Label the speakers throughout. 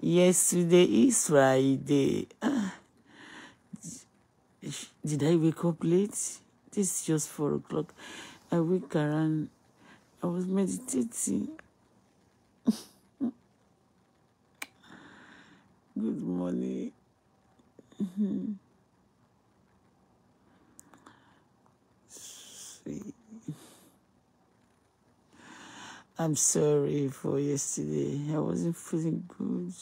Speaker 1: Yesterday is Friday. Ah. Did I wake up late? This is just four o'clock. I wake around. I was meditating. Good morning. See. I'm sorry for yesterday. I wasn't feeling good.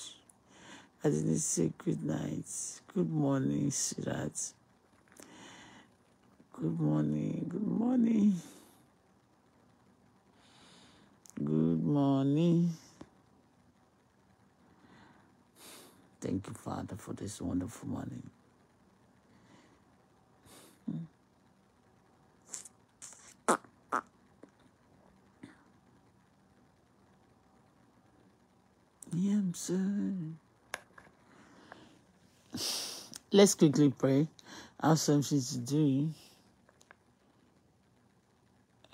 Speaker 1: I didn't say good night. Good morning, Sirat. Good morning. Good morning. Good morning. Thank you, Father, for this wonderful morning. Hmm. Let's quickly pray. Have something to do.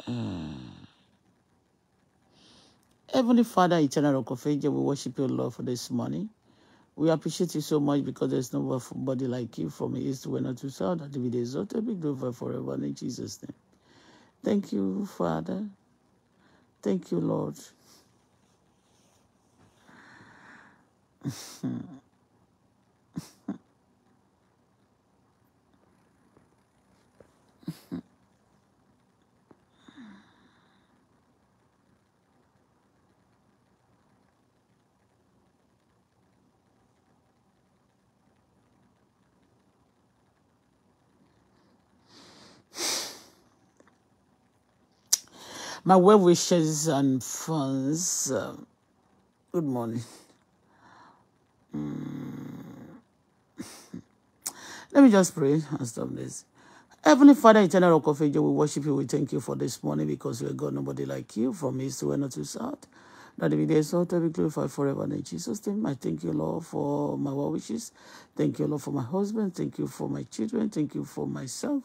Speaker 1: Uh, Heavenly Father, eternal rock of angel, we worship you, Lord, for this morning. We appreciate you so much because there's nobody like you from east to west not to south. That we be to be for forever in Jesus' name. Thank you, Father. Thank you, Lord. My well wishes and friends, uh, good morning. Mm. Let me just pray and stop this. Heavenly Father, eternal rock of angel, we worship you. We thank you for this morning because we are God, nobody like you, from east to west, not to south. That the day is all to be glorified forever in Jesus' name. I thank you, Lord, for my well wishes. Thank you, Lord, for my husband. Thank you for my children. Thank you for myself.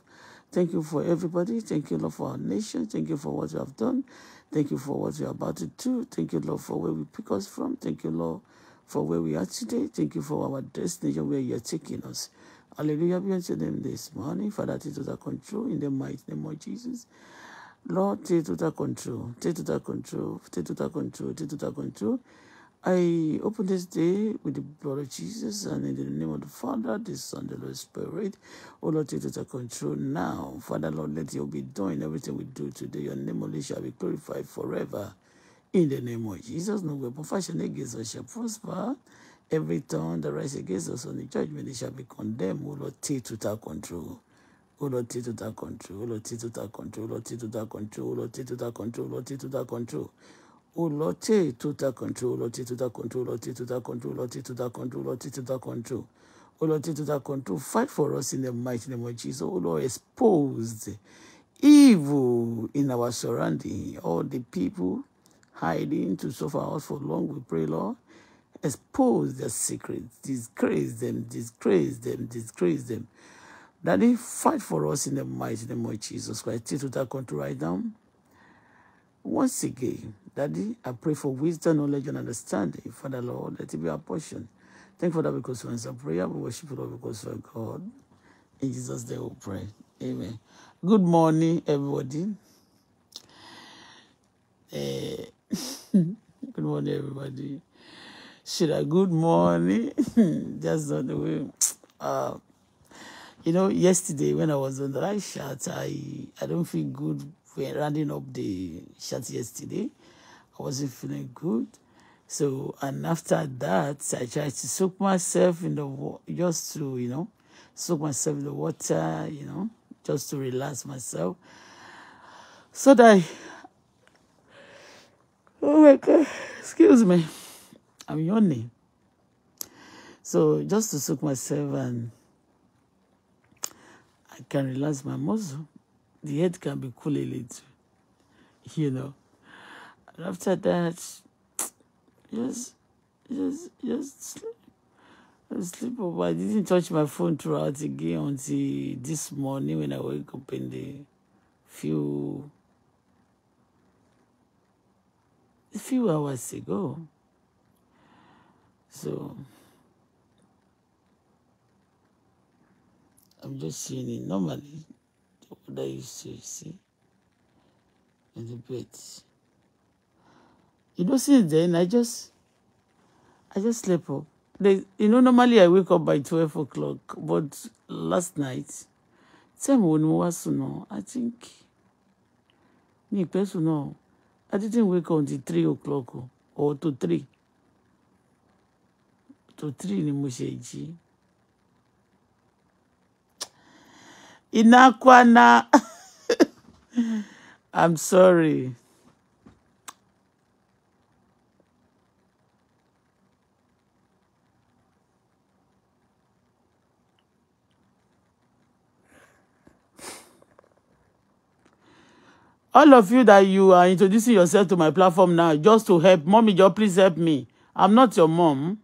Speaker 1: Thank you for everybody. Thank you, Lord, for our nation. Thank you for what you have done. Thank you for what you're about to do. Thank you, Lord, for where we pick us from. Thank you, Lord for where we are today. Thank you for our destination where you are taking us. Hallelujah be unto them this morning. Father, take total control in the mighty name of Jesus. Lord, take total control, take total control, take total control, take total control. I open this day with the blood of Jesus and in the name of the Father, the Son, the Holy Spirit. Oh Lord, take total control now. Father, Lord, let your be done in everything we do today. Your name only shall be glorified forever. In the name of Jesus, no weapon fashioned against us shall prosper. Every tongue that rises against us on the judgment, it shall be condemned. O Lord, take total control. O Lord, take total control. O Lord, take total control. O Lord, take total control. O Lord, take total control. O Lord, take total control. O Lord, take total control. O Lord, take total control. O Lord, take total control. O Lord, take total control. O Lord, take total control. O Lord, take total control. Fight for us in the mighty name of Jesus. O Lord, expose evil in our surrounding. All the people hiding to suffer us for long, we pray, Lord. Expose their secrets, disgrace them, disgrace them, disgrace them. Daddy, fight for us in the mighty name of Jesus Christ. Take to that country right now. Once again, Daddy, I pray for wisdom, knowledge, and understanding. Father, Lord, let it be our portion. Thank you, that because we answer prayer. We worship you, Lord, because we are God. In Jesus' name we pray. Amen. Good morning, everybody. Uh, good morning, everybody. Shira, uh, good morning. That's not the way. Uh, you know, yesterday when I was on the right shot, I, I don't feel good when running up the shot yesterday. I wasn't feeling good. So, and after that, I tried to soak myself in the water, just to, you know, soak myself in the water, you know, just to relax myself. So that Oh my God. Excuse me. I'm yawning. So just to soak myself and I can relax my muscle. The head can be cool a little, you know. And after that, just, just, just sleep. I sleep over. I didn't touch my phone throughout again until this morning when I woke up in the few a few hours ago. So I'm just seeing it normally. What I used to see in the bed. You know, since then I just I just slept up. They, you know, normally I wake up by twelve o'clock, but last night, time when I was I think, me personal. I didn't wake up until three o'clock or to three to three ni mo Inakwana. I'm sorry. all of you that you are introducing yourself to my platform now just to help mommy just please help me i'm not your mom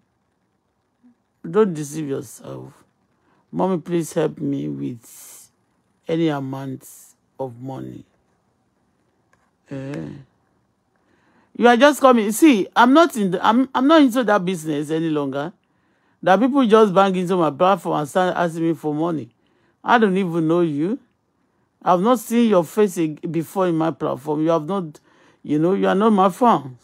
Speaker 1: don't deceive yourself mommy please help me with any amount of money eh you are just coming see i'm not in the, i'm i'm not into that business any longer that people just bang into my platform and start asking me for money i don't even know you I've not seen your face before in my platform. You have not, you know, you are not my fans.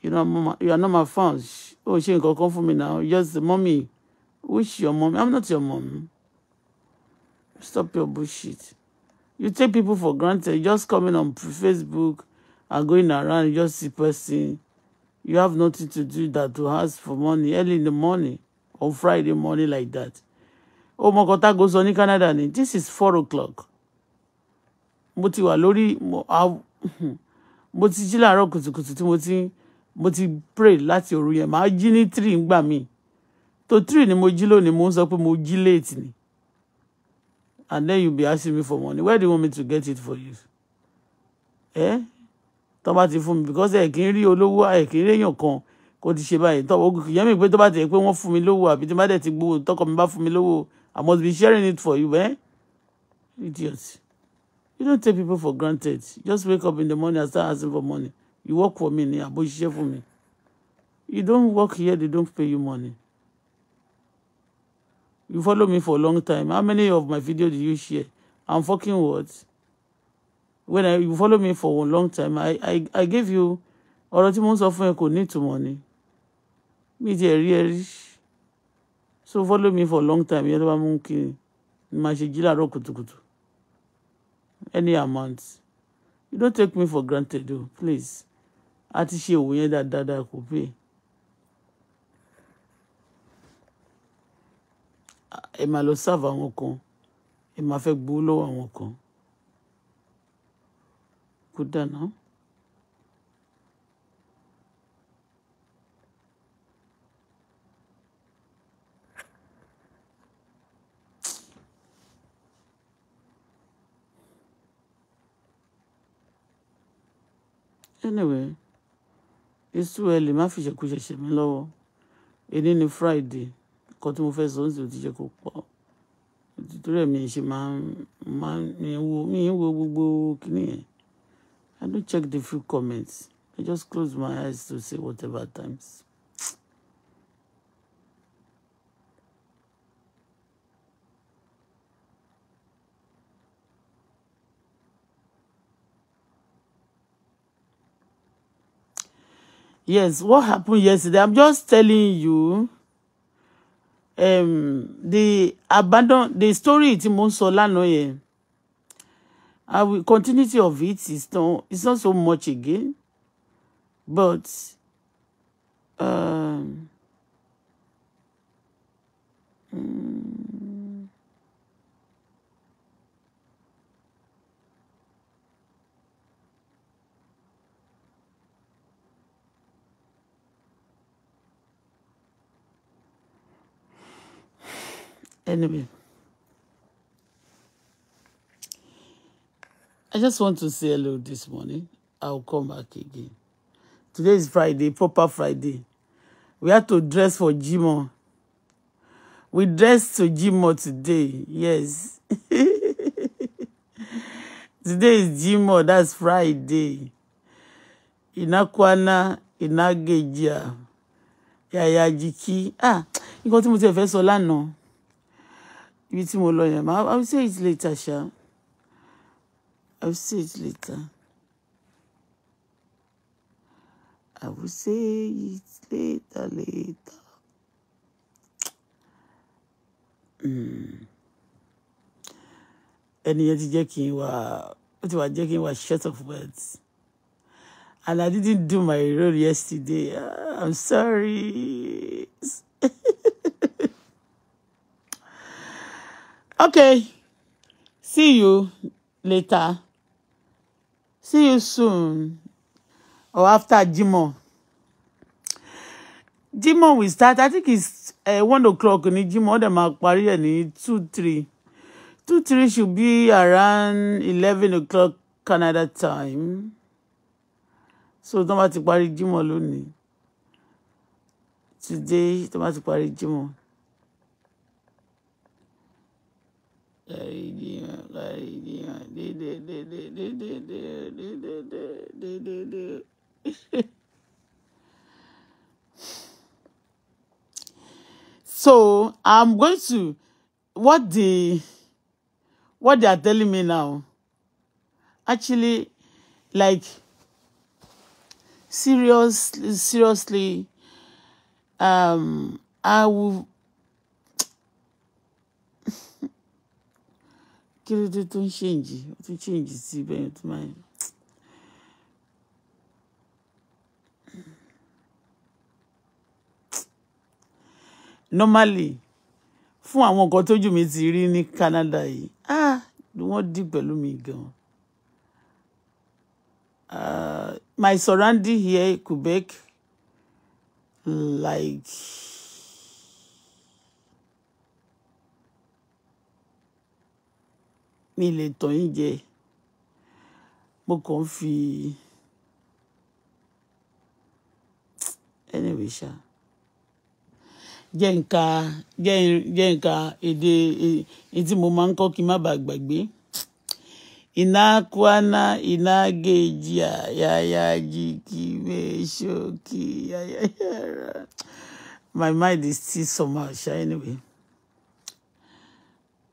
Speaker 1: You know, you are not my fans. Oh, she ain't gonna come for me now. Yes, mommy. wish your mommy? I'm not your mom. Stop your bullshit. You take people for granted. Just coming on Facebook and going around, just see person. You have nothing to do that to ask for money early in the morning on Friday morning like that. Oh, Mokota goes on in Canada. This is 4 o'clock mo ti wà lórí mo ti jí láàárọ̀ kùtùkùtù tí mo ti mo ti pray láti òru yẹn màá jí ní three ngbà míì tó three ni mo jí lónìí mo ń sọ pé mo jí late ni and then you be asking me for money where do you want me to get it for you ẹ tó bá ti fún mi because ẹ kì í rí olówó ẹ kì í réyàn kan kò ti ṣe báyìí tó ìyẹn mi pé tó bá ti yẹ pé wọ́n fún mi lówó àbí tí bá dẹ̀ ti gbowó tọkọ mi bá fún mi lówó I must be sharing it for you ẹ idiot. You don't take people for granted. Just wake up in the morning and start asking for money. You work for me, ni àbò share for me. You don't work here, they don't pay you money. You follow me for a long time. How many of my videos do you share? I'm fucking what? When I, you follow me for a long time, I, I, I gave you ọ̀rọ̀ tí mo ń sọ fún ẹ kò ní ìtumọ̀ ni. Mi So follow me for a long time. Yẹ́n tó bá mú kí any amount you don't take me for granted o please a ti ṣe òwò yẹn dáadáa kò pè ẹ máa lọ sáàfù àwọn kan ẹ máa fẹ́ gbowó lọ́wọ́ àwọn kan kò dáná. No? anyway it's too early má fi ìṣẹ̀kúṣẹ̀ ṣe mí lọ́wọ́ èní ni friday nǹkan tí mo fẹ́ sọ nítorí ti jẹ́ kó pọ̀ nítorí ẹ̀mí ṣe máa máa mi wo mi wo gbogbo kíní yẹn i don't check the few comments i just close my eyes to say whatever times. yes what happened yesterday i'm just telling you um, the abandon the story tí mo ń Yeah, i will continuity of it is not it's not so much again but um, mm, Anyway, I just want to say hello this morning. I'll come back again. Today is Friday, proper Friday. We had to dress for Jimo. We dressed to Jimo today. Yes. Today is Jimo. That's Friday. Inakwana, Yaya jiki. Ah, nǹkan tí mo ti fẹ́ sọ lánàá ibi tí mo lọ yẹn I will say it later ṣá I will say it later I will say it later later. Hmm. ẹni yẹn ti jẹ́ kí n wá ó ti wá jẹ́ kí n wá shut up words and I didn't do my role yesterday ah, I'm sorry. Okay. See you later. See you soon or after Jimo. Jimo will start. I think it's uh, one o'clock ní Jimo. Then máa parí ẹ̀ ní two three. Two three should be around eleven o'clock Canada time. So don't bá ti parí Jimo lónìí. Today don't bá ti parí Jimo. So I'm going to what the what they are telling me now. Actually, like seriously, seriously, um, I will kí ló dé tó ń ṣèǹjì ó tún ṣèǹjì sí ibẹ̀ yẹn tó máa yẹn. normally fún àwọn nǹkan tójú mi ti rí ní Canada yìí ah wọ́n dì pẹ̀lú mi gan-an. Uh, my surrounding here Quebec like mi lè tàn yín jẹ mo kàn ń fi anyway ṣá jẹ́ nǹka jẹ́ nǹka èdè ètí mo máa ń kọ́ kí n má bàa gbàgbé iná kwana iná gèjì àyàyà jìkì mẹ́ṣọ́kì àyàyà my mind is still somehow ṣá anyway.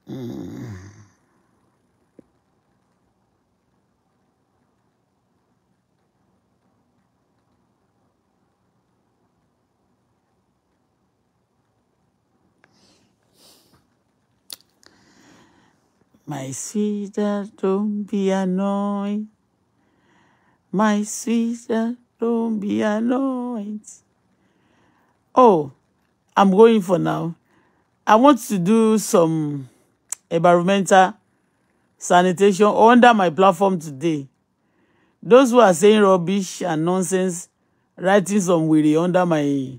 Speaker 1: Mm. My sweetheart, don't be annoyed. My sweetheart, don't be annoyed. Oh, I'm going for now. I want to do some environmental sanitation under my platform today. Those who are saying rubbish and nonsense, writing some weary under my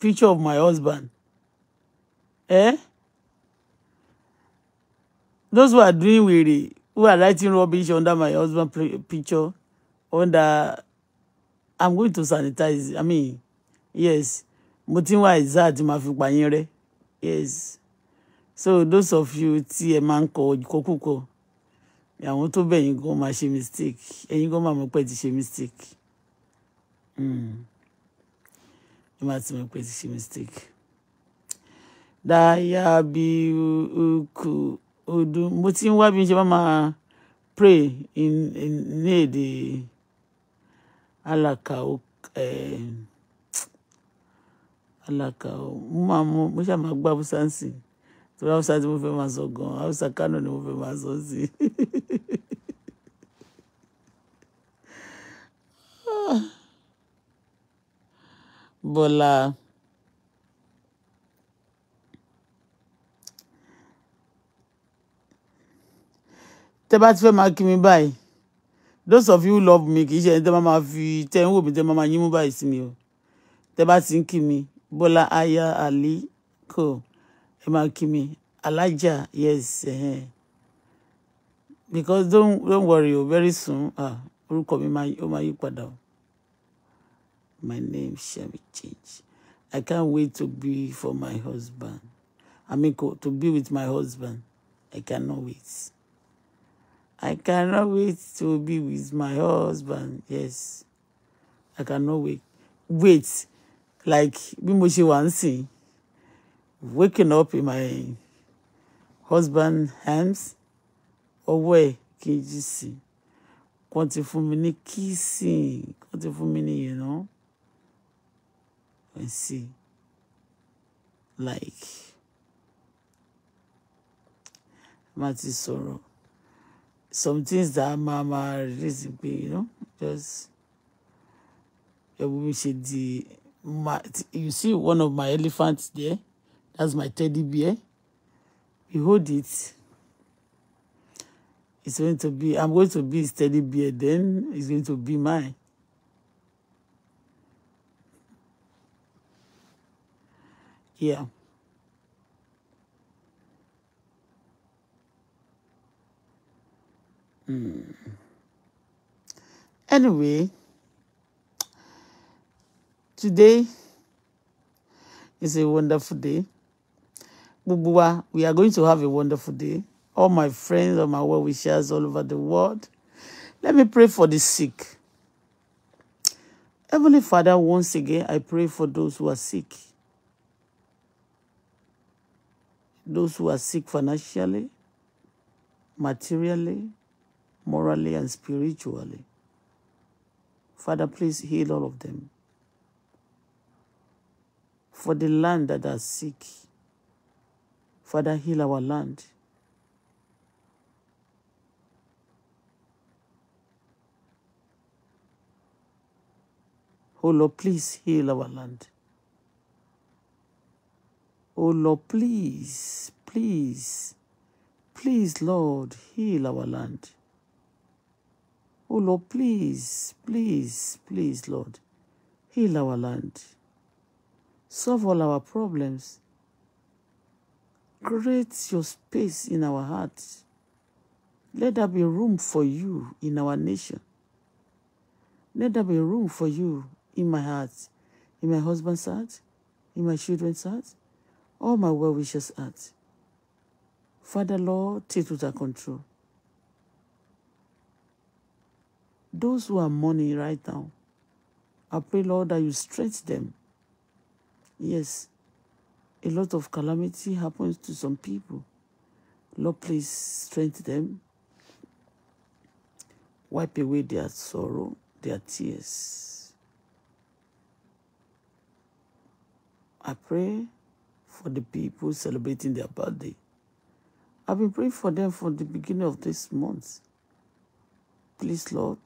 Speaker 1: picture of my husband. Eh? those who are doing wèrè who are writing rubbish under my husband picture under i'm going to sanitize i mean yes mo ti ń wá ìzá yes so those of you see a man called Kokuko, ìkọkúkọ àwọn tó bẹ̀yìn gan máa ṣe mistake ẹ̀yin gan máa mọ̀ pé ti ṣe mistake hmm. ẹ máa ti mọ̀ pé ti ṣe mistake. dáyà bí ukú odu mo ti ń wá bí n ṣe bá máa pray in in ní èdè alaka o eh, alaka o mo máa mú mo ṣáà máa gbá haúsá sí torí haúsá tí mo fẹ́ máa sọ gan haúsá kánò ni mo fẹ́ máa sọ sí. Ah. Bọ́lá. tẹ́ bá ti fẹ́ máa kí mi báyìí those of you love me kì í ṣe ẹni tẹ́ bá máa fi tẹ́ ń wò mí tẹ́ bá máa yín mú báyìí sí mi o tẹ́ bá ti ń kí mi Bọ́lá aya Ali kò ẹ máa kí mi alájà yes eh. because don't don't worry o very soon ah orúkọ mi ó máa yí padà o my name shall be changed I can't wait to be for my husband I mean to be with my husband I cannot wait. I cannot wait to be with my husband. Yes. I cannot wait. Wait. Like bí mo ṣe wà ń Waking up in my husband hands, Ọwọ́ ẹ̀ kejì sí. Kàn kissing. Kàn ti fún you know. And see. Like. Màá ti sọ̀rọ̀ some things that Mama máa release pé you know just ẹ̀wọ̀n mi di my you see one of my elephants there that's my teddy bear you hold it it's going to be i'm going to be his teddy bear then it's going to be mine. Yeah. Hmm. Anyway, today is a wonderful day. Bubuwa, we are going to have a wonderful day. All my friends, all my well wishers all over the world. Let me pray for the sick. Heavenly Father, once again, I pray for those who are sick. Those who are sick financially, materially, morally and spiritually. Father, please heal all of them. For the land that are sick, Father, heal our land. Oh Lord, please heal our land. Oh Lord, please, please, please, Lord, heal our land. Oh Lord, please, please, please, Lord, heal our land. Solve all our problems. Create your space in our hearts. Let there be room for you in our nation. Let there be room for you in my heart, in my husband's heart, in my children's heart, all my well wishers' heart. Father, Lord, take total control. Those who are mourning right now, I pray, Lord, that you strengthen them. Yes, a lot of calamity happens to some people. Lord, please strengthen them. Wipe away their sorrow, their tears. I pray for the people celebrating their birthday. I've been praying for them from the beginning of this month. Please, Lord,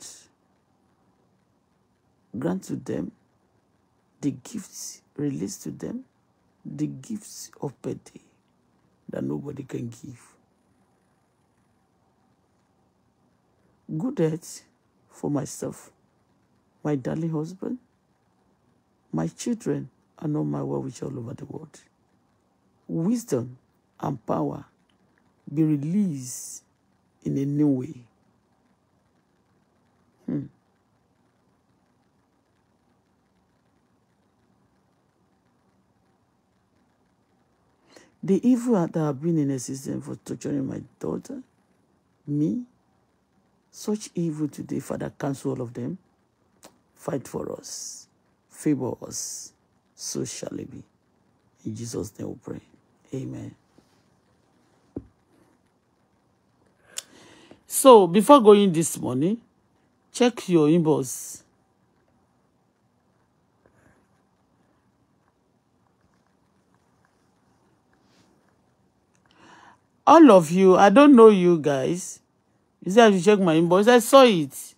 Speaker 1: grant to them the gifts released to them, the gifts of pity that nobody can give. Good health for myself, my darling husband, my children, and all my well-wishers all over the world. Wisdom and power be released in a new way Hmm. The evil that have been in existence for torturing my daughter, me, such evil today, Father, cancel all of them. Fight for us. Favor us. So shall it be. In Jesus' name we pray. Amen. So, before going this morning, check your inbox. All of you, I don't know you guys. You said I should check my inbox. I saw it.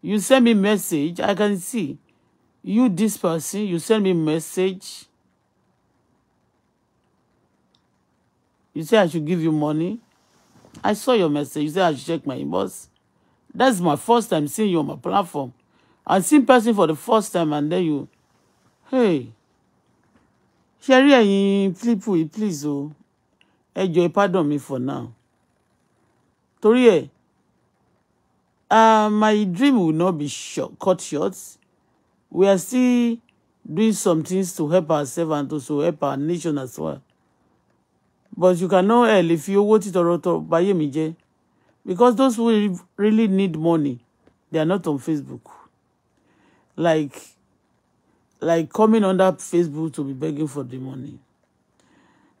Speaker 1: You send me message. I can see. You, this person, you send me message. You say I should give you money. I saw your message. You say I should check my inbox. That's my first time seeing you on my platform. I seen person for the first time and then you, hey, Sherry, please pílípù please oh, ẹ jọ̀ọ́ pardon me for now. Torí ẹ̀, uh, my dream will not be short, cut short. We are still doing some things to help ourselves and also help our nation as well. But you can cannot ẹ lè fi owó títọrọ tọrọ báyé mi jẹ́ because those who really need money they are not on Facebook like like coming under Facebook to be begging for the money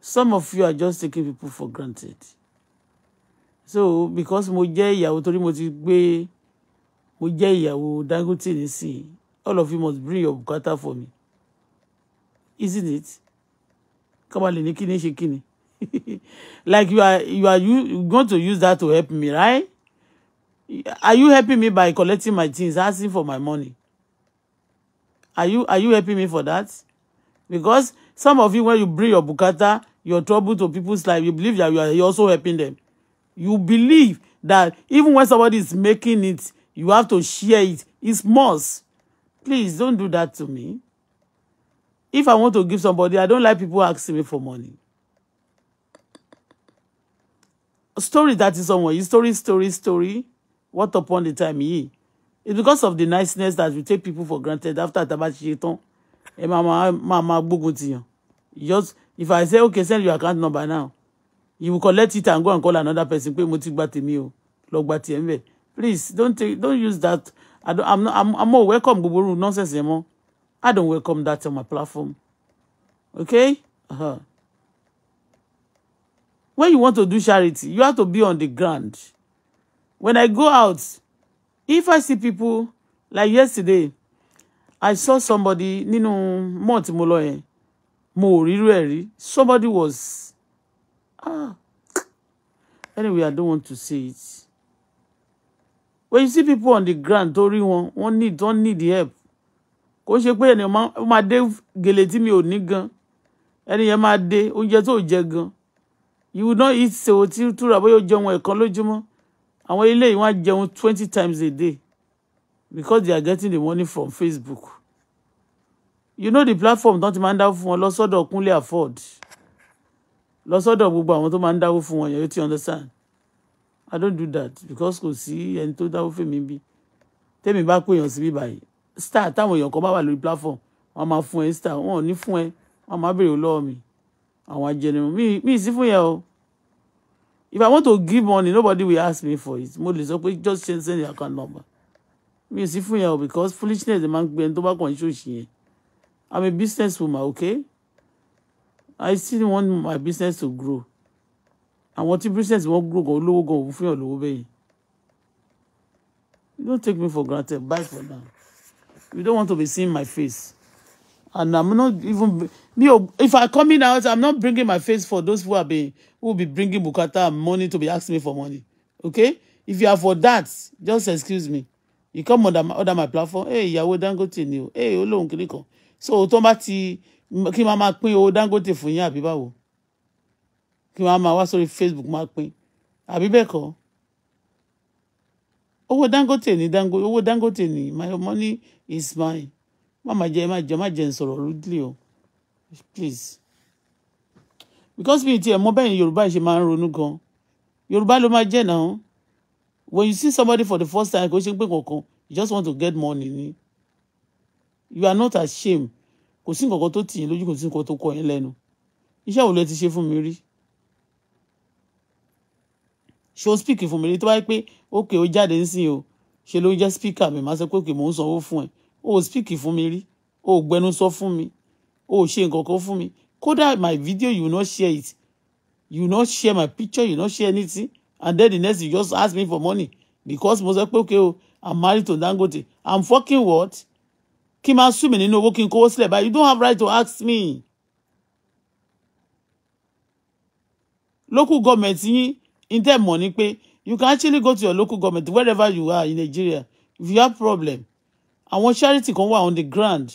Speaker 1: some of you are just taking people for granted so because mo jẹ́ ìyàwó torí mo ti gbé mo Dangote nísìnyí all of you must bring your bukata for me isn't it kábàlì ní kíni ṣe kíni like you are you are you going to use that to help me right are you helping me by collecting my things asking for my money are you are you helping me for that because some of you when you bring your bukata your trouble to people's life you believe that you are also helping them you believe that even when somebody is making it you have to share it it's must please don't do that to me if i want to give somebody i don't like people asking me for money story that is ọmọ yìí story story story what upon the time yìí it's because of the niceness that we take people for granted after tabaṣe tán ẹ máa máa máa gbógun tìyàn just if i say okay send your account number now you will collect it and go and call another person please don't take don't use that i don't i'm not i'm, I'm more welcome guburu nonsense yẹn i don't welcome that on my platform okay. Uh-huh when you want to do charity you have to be on the ground when i go out if i see people like yesterday i saw somebody you know, tí mo lọ yẹn mo somebody was ah anyway i don't want to say it when you see people on the ground torí one, one need wọn need help kò ṣe pé ẹni ó máa dé gèlè tí mi ò ní gan ẹni yẹn máa dé oúnjẹ tó jẹ gan you will not eat ṣèwò tí túra bóyá o jẹun ẹ̀kan lójúmọ́ àwọn ilé yìí wọ́n á jẹun twenty times a day because they are getting the money from Facebook you know the platform don't ti máa ń dáwó fún wọn afford lọ́sọ̀dọ̀ gbogbo àwọn tó máa ń dáwó fún you understand I don't do that because kò sí ẹni tó dáwó fèmí bí tèmi bá pè yàn síbí báyìí star táwọn èèyàn kan bá wà lórí platform wọ́n máa fún ẹ star wọn ò ní fún ẹ wọ́n máa mi àwọn ajẹnirun mi mi sí fún yẹn o if i want to give money nobody will ask me for it mo lè sọ pé just send send your account number mi sí fún yẹn o because foolishness dey man ń gbé ẹni tó bá kàn ṣòṣì yẹn i'm a business woman okay i still want my business to grow àwọn tí business wọn grow gan olówó gan òun fún yàn lówó bẹ́yìn you don't take me for granted bye for now you don't want to be seeing my face and i'm not even me oh, if i come in out i'm not bringing my face for those who are been who will be bringing bukata money to be asking me for money okay if you are for that just excuse me you come under my under my platform hey ìyàwó dangote ni o hey hello Uncle. so tó bá ti kí n máa máa pín owó dangote fún yín àbí báwo kí n máa máa wá sórí facebook máa pín àbí bẹ́ẹ̀ kọ́ owó dangote ni dangote my money is mine má má jẹ má jẹ má jẹ ń rudely o please because mi ti ẹ̀ mọ̀ bẹ́ẹ̀ ni yorùbá ṣe máa ń ronú gan yorùbá ló máa jẹ́ náà when you see somebody for the first time kò ṣe ń pè kankan you just want to get money ni you are not ashamed kò sí nǹkan kan tó tì yín lójú kò sí nǹkan tó kọ yín lẹ́nu iṣẹ́ wo lẹ ti ṣe fún mi rí ṣé o speak fún mi rí tó bá yẹ pé ókè o jáde ń sìn o ṣe ló ń jẹ́ speaker mi máa sọ pé òkè mò ń sanwó fún ẹ o speak fún mi rí o ò gbẹnu sọ fún mi o ò ṣe nǹkan kan fún mi kódà my video you not share it you not share my picture you not share anything and then the next you just ask me for money because mo sọ pé okay o i'm married to Dangote i'm fucking what kí n máa sùn mí nínú owó n kówó sílẹ̀ báyìí you don't have right to ask me. local government yín in tẹ́ mọ̀ ni pé you can actually go to your local government wherever you are in Nigeria if you have problem àwọn charity kan wà on the ground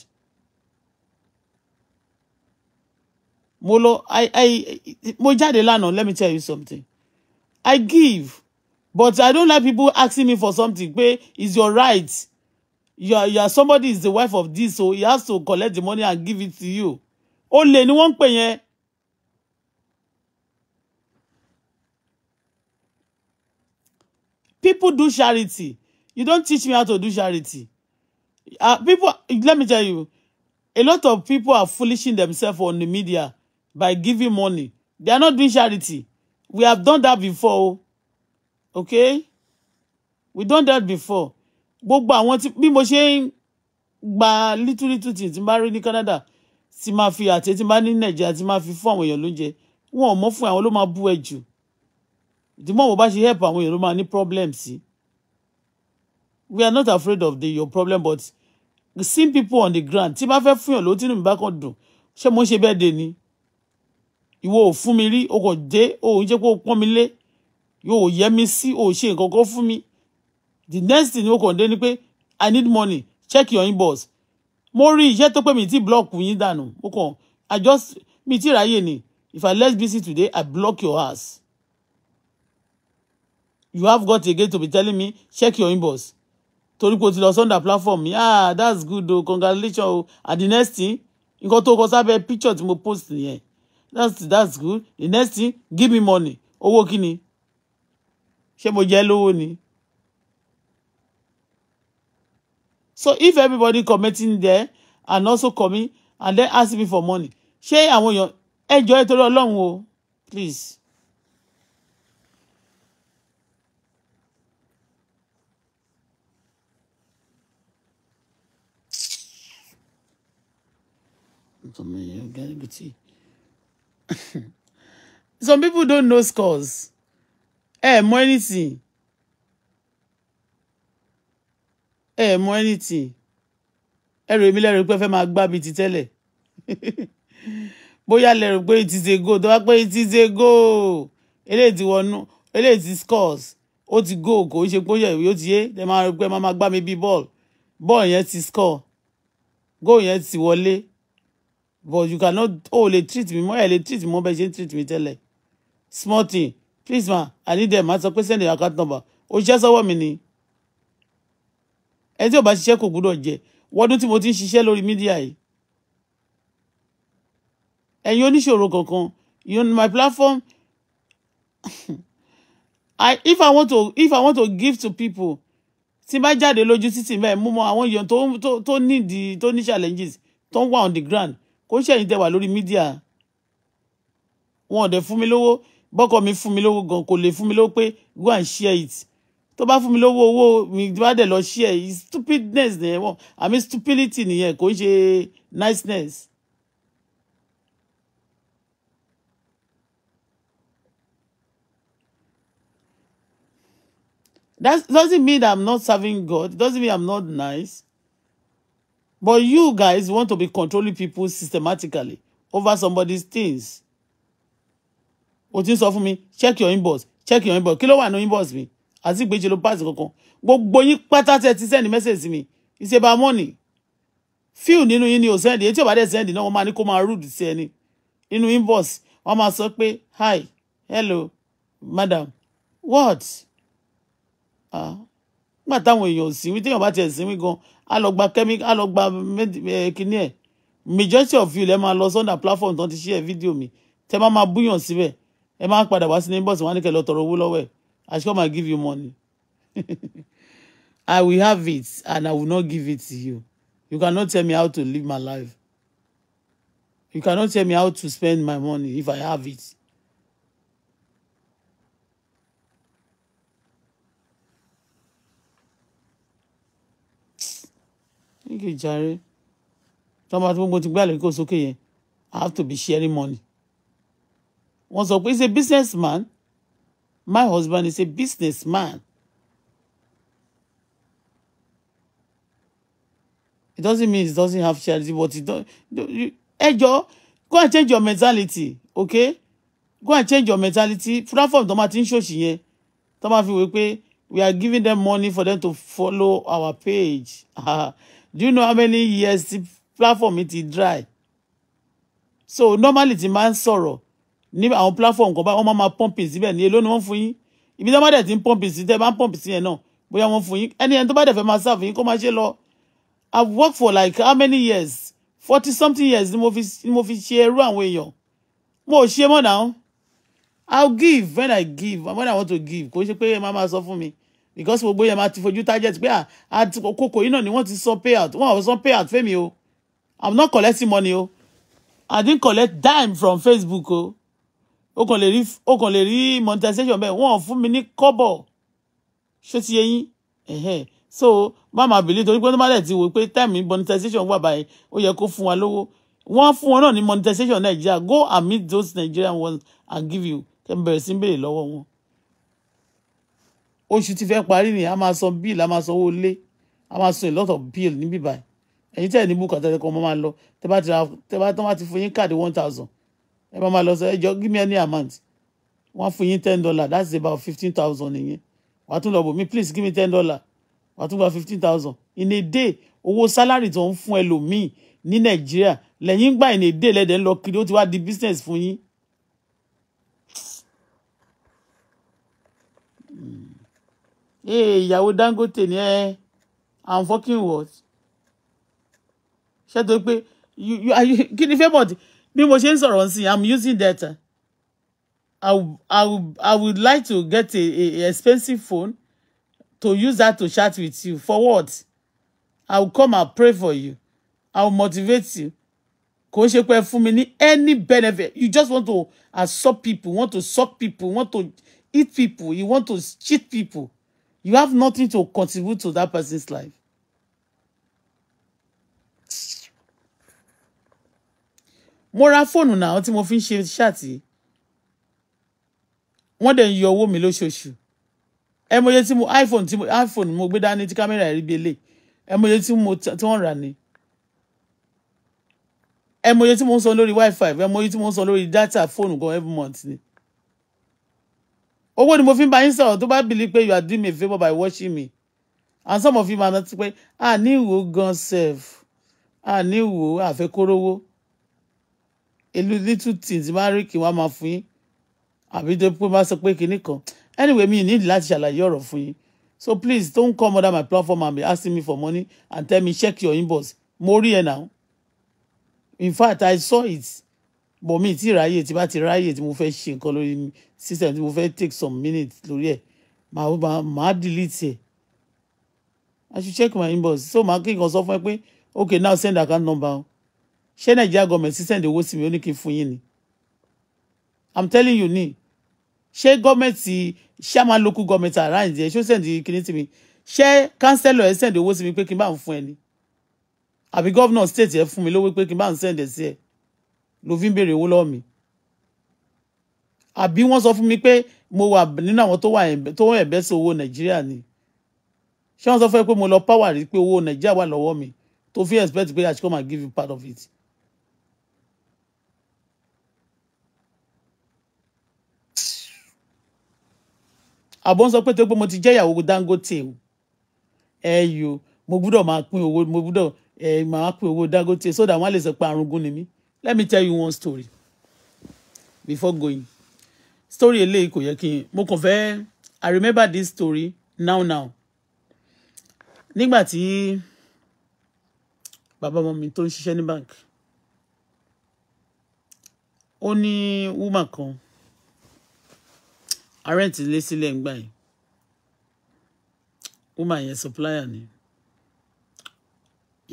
Speaker 1: mo lọ i i mo jáde lánàá let me tell you something i give but i don't like people asking me for something pé is your right you are, you are somebody is the wife of this so he has to collect the money and give it to you olè ni wọ́n ń yẹn people do charity you don't teach me how to do charity uh, people, let me tell you, a lot of people are foolishing themselves on the media by giving money. They are not doing charity. We have done that before. Oh. Okay? We done that before. But àwọn tí bí mo ṣe little little things, tí n Canada tí máa fi àti tí n bá ní Nàìjíríà tí máa fi fún àwọn more lóúnjẹ wọn ò mọ̀ fún àwọn ló máa bú ẹ jù. help àwọn èèyàn ló máa ní problem we are not afraid of the your problem but seeing people on the ground tí bá fẹ́ fún yàn ló tínú mi bá kàn dùn ṣé mo ń ṣe ni ìwọ ò fún mi rí o kò dé o ò ń jẹ́ pé o pọ́n mi lé yóò yẹ mi sí o ò ṣe nǹkan kan fún mi the next thing o kàn dé ni pé i need money check your inbox mo rí iṣẹ́ tó pé mi ti block yín dànù mo kàn i just mi ti ráyè ni if i less busy today i block your house you have got again to be telling me check your inbox torí pé o ti lọ sunday platform mi ah that's good o congratulations o and the next thing nǹkan tó kọ sábẹ́ picture tí mo post nìyẹn that's that's good the next thing give me money owó kí ni ṣé mo jẹ lówó ni so if everybody commenting there and also coming and then asking me for money ṣé àwọn èèyàn ẹjọ́ ẹ torí ọlọ́run o please. some people don't know scores Eh, mọ anything ẹ mọ anything ẹ rò èmi lẹ́rù pé fẹ́ máa gbá mi ti tẹ́lẹ̀ bóyá lẹ́rù pé it is a go. tó wá pé it is a goal eléyìí ti wọnú eléyìí ti scores ó ti go. kò ń ṣe pé ó yẹ ìwé ó ti yé ẹ máa rò pé ẹ máa gbá mi bí bọ́ọ̀lù bọ́ọ̀lù yẹn ti score goal yẹn ti wọlé but you cannot Oh, lè treat me more. ẹ̀ treat me more. bẹ́ẹ̀ ṣe ń treat mi tẹ́lẹ̀ small thing please ma i need them ma question. pé send your account number ó ṣiṣẹ́ sọ́wọ́ mi ni ẹni tí ò bá ṣiṣẹ́ kò gbúdọ̀ jẹ wọ́dún tí mo ti ń ṣiṣẹ́ lórí And you ẹ̀yin oníṣòro kankan you know my platform i if i want to if i want to give to people tí bá jáde lójú títì bẹ́ẹ̀ mú mọ́ to to to need the to need challenges To ń on the ground kó ṣẹ̀yìn tẹ wà lórí mídíà wọn ò dẹ̀ fún mi lówó bọ́kọ mi fún mi lówó gan kò lè fún mi lówó pé go and share it tó bá fún mi lówó owó mi bá dẹ̀ lọ share it stupidness nìyẹn wọn àmì stupidity nìyẹn kò ń ṣe niceness. That doesn't mean I'm not serving God. It doesn't mean I'm not nice. But you guys want to be controlling people systematically over somebody's things. What ti ń sọ fún check your inbox, check your inbox. Kí no wà ní inbox mi? Àti ìgbéjì ló pass kankan. But boy, you tẹ̀ ti send a message to me. It's about money. Few nínú yín ni ò send. Èyí tí ò bá dẹ̀ send náà wọ́n máa ní kó máa rude sí ẹni. Nínú inbox, wọ́n máa sọ hi, hello, madam, what? Ah, Nígbà táwọn èèyàn ò sínwí, téèyàn bá tiẹ̀ sínwí gan go a lọ gba chemical a lọ gba eh, kíní ẹ̀ majority of you lẹ́ máa lọ sunday platform tó ti ṣí ẹ̀ fídíò mi tẹ́ bá máa búyàn síbẹ̀ ẹ máa ń padà wá sí ní bọ́ọ̀sì wọn ní kẹ́ lọ tọrọ owó lọ́wọ́ ẹ̀ I sure ma give you money I will have it and I will not give it to you you cannot tell me how to live my life you cannot tell me how to spend my money if I have it. kíkì jàre tí wọ́n bá ti gbogbo ti gbé àlèkò sókè yẹn I have to be sharing money. wọ́n sọ pé he's a businessman my husband is a businessman. It doesn't mean he doesn't have charity, but it don't. Ẹ jọ̀ọ́, go and change your mentality, okay? Go and change your mentality. Platform tó máa ti ń ṣòṣì yẹn, tó máa fi wé pé we are giving them money for them to follow our page. do you know how many years the platform it is dry so normally ti máa sorrow. sọ̀rọ̀ ní àwọn platform kan báyìí wọ́n máa ma pumping síbẹ̀ ní èló ni wọ́n fún yín ibi tí wọ́n bá dẹ̀ ti ń pumping sí tẹ́ bá ń you sí yẹn náà bóyá wọ́n fún yín ẹni ẹni tó bá dẹ̀ fẹ́ I've worked for like how many years forty something years ni mo fi ni share run ṣe irú More èèyàn mo now. I'll give when I give and when I want to give because ṣe pé ẹ máa máa sọ fún because gbogbo yẹn máa ti fojú target pé àkókò ah, yìí náà ni wọ́n ti sọ payout wọ́n àwọn sọ payout fẹ́mi o i'm not collecting money o i didn't collect dime from facebook o o kàn lè rí o kàn lè rí monetization bẹ́ẹ̀ wọ́n fún mi ní kọ́bọ̀ ṣé ti yẹ yín so má máa believe torí pé tó má dẹ̀ ti wò pé time monetization wà báyìí ó yẹ kó fún wa lówó wọ́n fún wọn náà ní monetization Nigeria. go and meet those nigerian ones and give you kẹ́ ń bẹ̀rẹ̀ sí ń béèrè lọ́wọ́ wọn oṣù ti fẹ́ parí ni a máa san bíìlì a máa san owó lé a máa san a lot of bill níbí báyìí ẹ̀yin tẹ́ ẹ̀ ní bùkátà tẹ́lẹ̀ kan mo máa lọ tẹ́ bá ti ra tẹ́ bá tán bá ti fún yín káàdì one thousand ẹ bá máa lọ sọ ẹ jọ give me any amount wọ́n fún yín ten dollar that's about fifteen thousand nìyẹn wàá tún lọ bò mí please give me ten dollar wàá tún gba fifteen thousand in a day owó salary tó ń fún ẹlòmíì ní nàìjíríà lẹ́yìn gbà in a day lẹ́dẹ̀ẹ́ lọ kiri ó ti wá di business fún yín ee ìyàwó Dangote ni ẹ i'm fucking what ṣé tó pé kí ni favour bí mo ṣe ń sọ̀rọ̀ sí i'm using data I, I, i would like to get a, a, expensive phone to use that to chat with you for what i will come and pray for you i will motivate you kò ṣe pé fún mi ní any benefit you just want to assault people want to suck people want to eat people you want to cheat people you have nothing to contribute to that person's life. mo ra fóònù náà tí mo fi ń ṣe ṣáàtì wọ́n dẹ̀ ń yọ owó mi lóṣooṣù ẹ mọ̀ iye tí mo iphone tí mo iphone mo gbé dání tí kámẹ́rà rí bi eléyìí ẹ mo iye tí mo tí wọ́n rà ni ẹ mọ̀ iye tí mo ń san lórí wifi ẹ mọ̀ iye tí mo ń san lórí data fóònù gan every month ni owó ni mo fi ń bá yín sọ̀rọ̀ tó bá bìlí pé you are doing me a favour by washing me and some of you ma rántí pé a ní ìwò gan sef a ní ìwò àfẹ́kórówó ìlú little things máa rí kí wọ́n máa fún yín àbí tó pé máa sọ pé kinní kan anyway mi need láti ṣàlàyé ọ̀rọ̀ fún yín so please don't come under my platform and be asking me for money and tell me check your inbox mo rí ẹ now in fact i saw it but mi ti ráyè tí bá ti ráyè tí mo fẹ́ ṣe nǹkan lórí system tí mo fẹ́ take some minutes lórí ẹ̀ màá màá màá delete ẹ̀ i should check my inbox so màá kí nǹkan sọ fún ẹ pé okay now send account number o ṣé nàìjíríà gọọmenti sísẹ̀ǹdì owó sí mi ó ní kí n fún yín ni i'm telling you ni ṣé gọọmenti ṣé àmà local gọọmenti around ẹ ṣó the kìíní sí mi ṣé kánsẹ́lọ̀ ẹ sẹ̀ǹdì owó sí mi pé kí n bá ń fún ẹ ni àbí gọ́vnà state ẹ fún mi lówó pé kí n bá ń sẹ̀ǹdì sí ẹ ló fi ń béèrè owó lọ́wọ́ mi àbí wọ́n sọ fún mi pé mo wà nínú àwọn tó wà tó wọ́n ẹ̀bẹ́ sí owó nàìjíríà ni ṣé wọ́n sọ fún ẹ pé mo lọ power rí pé owó nàìjíríà wà lọ́wọ́ mi tó fi expect pé i should come and give you part of it. àbọ̀ ń sọ pé tó pé mo ti jẹ́ ìyàwó dangote o ẹ yo mo gbúdọ̀ máa pín owó mo gbúdọ̀ máa pín owó dangote sódà wọ́n á lè sọ pé arúgún ni mí let me tell you one story before going story eléyìí ko yẹ kí n mo kàn fẹ́ i remember this story now now nígbà tí bàbá ọmọ mi tó ń ṣiṣẹ́ ní bank ó ní woman kan arrent lé sílẹ̀ ń gbà yìí woman yẹn supplier ni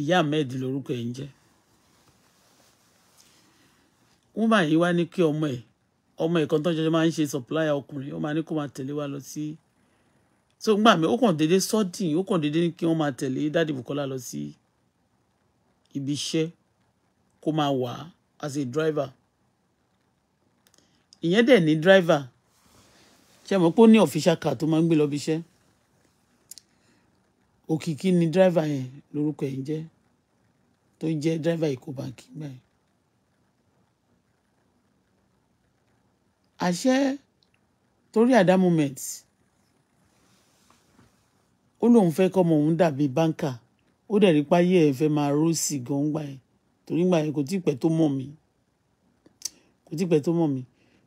Speaker 1: ìyá ahmed lórúkọ ẹ̀ ń jẹ́ woman yìí wá ní kí ọmọ ẹ̀ ọmọ ẹ̀ kan tó ń jọjọ máa ń ṣe supplier ọkùnrin ó máa ní kó máa tẹ̀lé wa lọ sí so ngbà mí ó kàn déédé sọ́dìn ó kàn déédé ní kí wọ́n máa tẹ̀lé dáàdì Bùkọ́lá lọ sí ibi iṣẹ́ kó máa wà as a driver ìyẹn dẹ̀ ní driver ṣe mọ̀ pé ó ní official car tó máa ń gbé lọ bí iṣẹ́ òkìkí ni driver yẹn lórúkọ yẹn jẹ́ tó ń jẹ́ driver Ecobank gbà yẹn àṣẹ torí at that moment ó lóun fẹ́ kọ́mọ òun dàbí báńkà ó dẹ̀ rí páyé ẹ̀ fẹ́ máa ró sí gan gbà yẹn torí gbà yẹn kò tí pẹ́ tó mọ̀ mí kò tí pẹ́ tó mọ̀ mí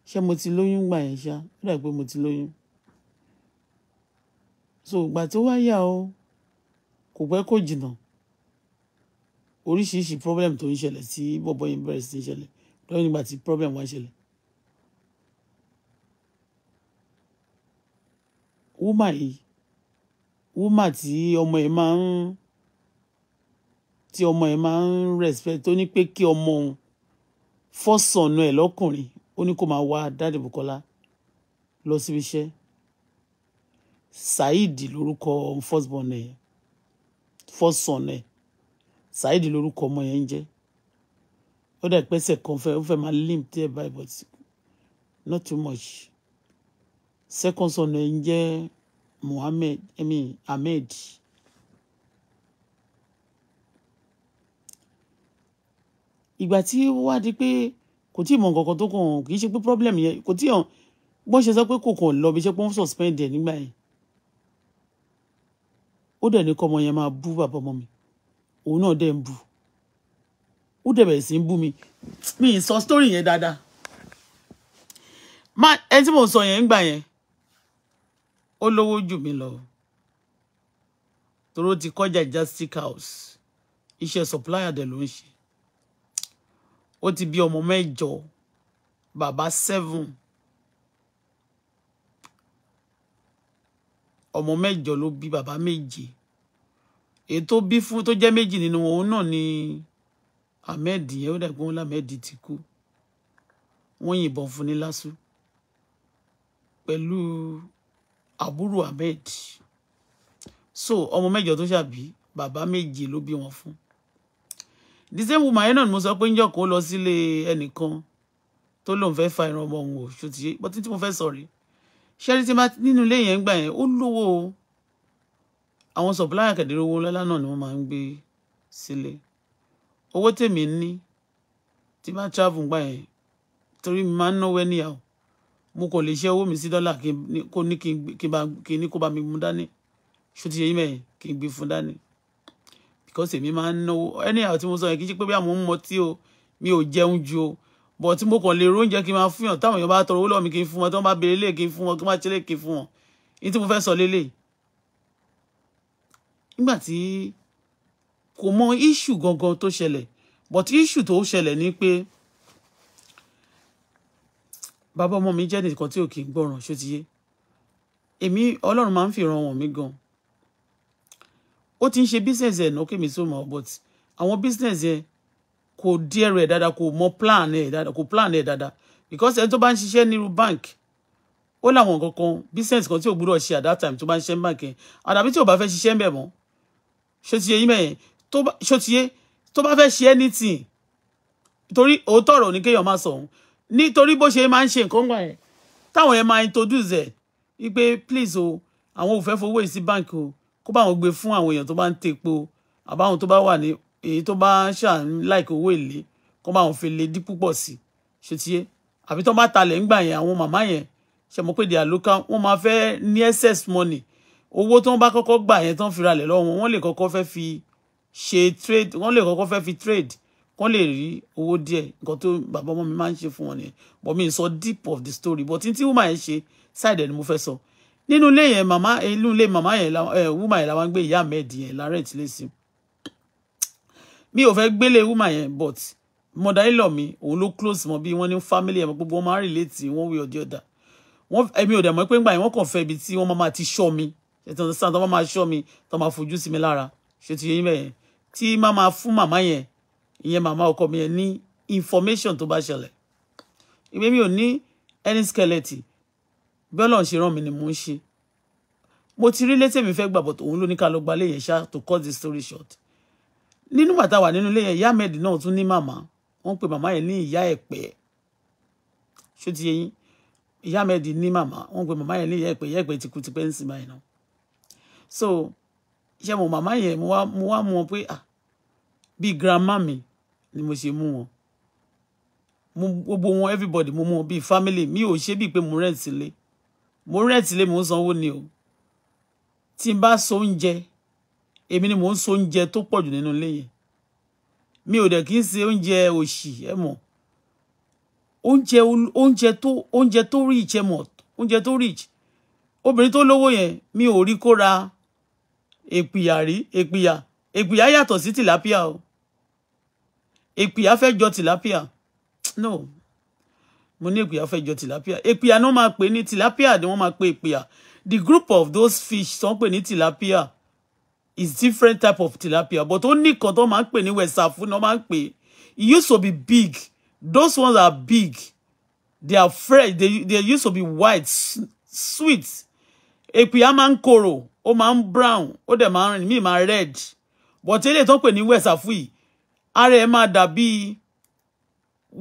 Speaker 1: ṣé mo ti lóyún gbà yẹn ṣá ó dà pé mo ti lóyún so ìgbà tó wá yà ó kò pẹ́ kò jìnnà oríṣiríṣi problem tó ń ṣẹlẹ̀ sí bọ̀bọ̀ yẹn bẹ̀rẹ̀ sí í ṣẹlẹ̀ lọ́yìn nígbà tí problem wá ṣẹlẹ̀ wúmà yìí wúmà tí ọmọ ẹ̀ máa ń tí ọmọ ẹ̀ máa ń respect tó ní pé kí ọmọ òun fọ́sànù ẹ̀ lọ́kùnrin ó ní kó máa wá dáàdì Bukola lọ síbi iṣẹ́ Saheed lórúkọ firstborn ẹ̀ fọ́sànù ẹ̀ Saheed lórúkọ ọmọ yẹn ń jẹ́ ó dà pẹ́sẹ̀ kan fẹ́ ó fẹ́ máa limp there by but not too much second son ẹ̀ ń Muhammad I mean, Ahmed ìgbà tí ó wá di pé kò tí ì mọ nǹkan kan tó kàn kì í ṣe pé problem yẹn kò tí ì hàn bọ́n ṣe sọ pé kò kàn lọ bí ṣe pé wọ́n suspend ẹ̀ nígbà yẹn ó dẹ̀ ní kọ́ ọmọ yẹn máa bú bàbá ọmọ mi òun náà dẹ̀ ń bú ó dẹ̀ bẹ̀rẹ̀ sí mi mi ì story yẹn dáadáa má ẹ tí mò ń sọ yẹn ń ó lówó jù mí lọ toró ti kọjá Majestic House iṣẹ́ supplier dẹ̀ ló ń ṣe ó ti bí ọmọ mẹ́jọ bàbá seven ọmọ mẹ́jọ ló bí bàbá méje èyí tó bí fún tó jẹ́ méjì nínú òun náà ni ahmed yẹn ó dàgbọn lamed ti kú wọ́n yìnbọn fún ní lásù pẹ̀lú àbúrò ahmed so ọmọ mẹ́jọ tó ṣàbí bàbá méje ló bí wọn fún the same woman yẹn náà ni mo sọ pé ń jọkọ lọ sílé ẹnìkan tó lóun fẹ́ fa ìran ọmọ òun ò ṣòtìyé bọ́ títí mo fẹ́ sọ̀rí ṣẹ́rí tí nínú ilé yẹn gbà yẹn ó lówó àwọn supplier kẹ̀dẹ̀rẹ̀ owó lọ́lá náà ni wọ́n máa ń gbé sílé owó tèmi ní tí bá travel gbà yẹn torí mi máa ń náwó ẹníyàwó mo kò lè ṣe owó mi sí dọ́là kó ní kí ní kó bá mi mú dání ṣó ti ṣe yí mẹ́yìn kí n gbé fún dání because èmi máa ń náwó ẹni àwọn tí mo sọ yẹn kì í ṣe pé bí àwọn ń mọtí o mi ò jẹun ju o but tí mo kàn lè róúnjẹ kí n máa fún yàn táwọn èèyàn bá tọrọ owó lọ́wọ́ mi kí n fún wọn tí wọ́n bá béèrè lè kí n fún wọn kí n má ṣe lè kí n fún wọn ní tí mo fẹ́ sọ lélẹ̀ nígbà tí kò mọ issue gangan tó ṣẹlẹ̀ but issue tó ṣẹlẹ̀ ni pé bàbá ọmọ mi jẹ́ nìkan tí ò kì í gbọ́ràn ṣó ti yé èmi ọlọ́run máa ń fìran wọn mi gan ó ti ń ṣe business ẹ̀ náà kémi tó mọ̀ but àwọn business yẹn kò díẹ̀ rẹ̀ dáadáa kò mọ plan ẹ̀ dáadáa kò plan ẹ̀ dáadáa because ẹni tó bá ń ṣiṣẹ́ nírú bank ó láwọn kankan business kan tí ò gbúdọ̀ ṣe at that time tó bá ń ṣiṣẹ́ bank yẹn àdàbí tí ò bá fẹ́ ṣiṣẹ́ ń bẹ̀ mọ́ ṣó ti yé yín mẹ́yẹn ṣó ti yé tó bá fẹ́ ṣe anything torí òótọ́ ọ̀rọ̀ ní kéèyàn má sọ nítorí bó ṣe máa ń ṣe nǹkan gbà yẹn táwọn yẹn máa introduce ẹ wípé please o àwọn ò fẹ́ fowó yìí sí báǹkì o kó bá àwọn gbé fún àwọn èèyàn tó bá ń tepo àbáwọn tó bá wà ní èyí tó bá ń ṣà láìkè owó èlé kó bá àwọn fi lè dín púpọ̀ sí ṣe tiye àbí tó bá talẹ̀ ń gbà yẹn àwọn màmá yẹn ṣe mọ̀ pé their local wọ́n máa fẹ́ ní excess money owó tó ń bá kọ́kọ́ gbà yẹn tó ń fi ralẹ̀ lọ́wọ́ wọn lè kọ́kọ́ fẹ́ fi ṣe trade wọ́n lè kọ́kọ́ fẹ́ fi trade kọ́ lè rí owó díẹ̀ nǹkan tó bàbá ọmọ mi máa ń ṣe fún wọn nìyẹn but mi sọ deep of the story but tí woman yẹn ṣe side ẹ̀ ni mo fẹ́ sọ nínú ilé yẹn màmá inú ilé màmá yẹn woman yẹn làwọn gbé ìyá mẹ́ẹ̀dì yẹn lárẹ̀ tí lè sí mi ò fẹ́ gbélé woman yẹn but mọ̀dáìlọ̀ mi òun ló close mọ́ bí wọ́n ní family ẹ̀ mọ́ gbogbo wọn máa ń relate one way or the other wọn èmi ò dẹ̀ mọ̀ pé ńgbà yẹn wọ́n kàn fẹ́ ibi tí wọ́n máa ti ṣọ́ mi ẹ̀tàn sàn tó máa ṣọ́ mi tó máa fojú sí mi lára ṣètò yẹn bẹ́ẹ̀ tí máa máa fún màmá yẹn ìyẹn màmá ọkọ mi yẹn ní information tó bá ṣẹlẹ̀ ìgbé mi ò ní any skeleton bí ọlọ́run ṣe rán mi ni mò ń ṣe mo ti rí létí mi fẹ́ gbàbọ̀ tòun ló ní ká lọ gba ilé ṣá to cut the story short nínú bàtà wà nínú ilé yẹn ìyá mẹ́ẹ̀dì náà tún ní màmá wọ́n pe màmá yẹn ní ìyá ẹ̀pẹ́ ṣó ti yẹn ìyá mẹ́ẹ̀dì ní màmá wọ́n pe màmá yẹn ní ìyá ẹ̀pẹ́ ìyá ẹ̀pẹ́ ti kú tipẹ́ ń sìn báyìí náà so ṣe mo màmá yẹn mo wá mo wá mọ̀ pé ah bíi grandma mi ni mo ṣe mu wọn mo gbogbo wọn everybody mo mú wọn family mi ò ṣe bíi pé mo rent ilé mo rent ilé mo ń sanwó ni o tí n so oúnjẹ èmi ni mo so oúnjẹ tó pọ̀ jù nínú ilé mi ò dẹ̀ kí n ṣe oúnjẹ òṣì ẹ mọ̀ oúnjẹ oúnjẹ tó oúnjẹ rich ẹ mọ̀ oúnjẹ tó rich obìnrin tó lówó yẹn mi ò rí kó epiya èpìyà rí èpìyà èpìyà yàtọ̀ sí o èpìyà fẹ́ jọ tilapia no mo epi èpìyà fẹ́ jọ tilapia èpìyà náà ma pè ní tilapia ni wọ́n máa epi. èpìyà the group of those fish tó ń pè tilapia is different type of tilapia but only koto ma tó máa ń pè ní wẹ̀sàfù náà it used to be big those ones are big they are fresh they, they used to be white sweet Epi máa ń korò ó máa brown o de máa ń rìn red but eléyìí tó ń pè ní wẹ̀sàfù yìí ara ẹ̀ máa dàbí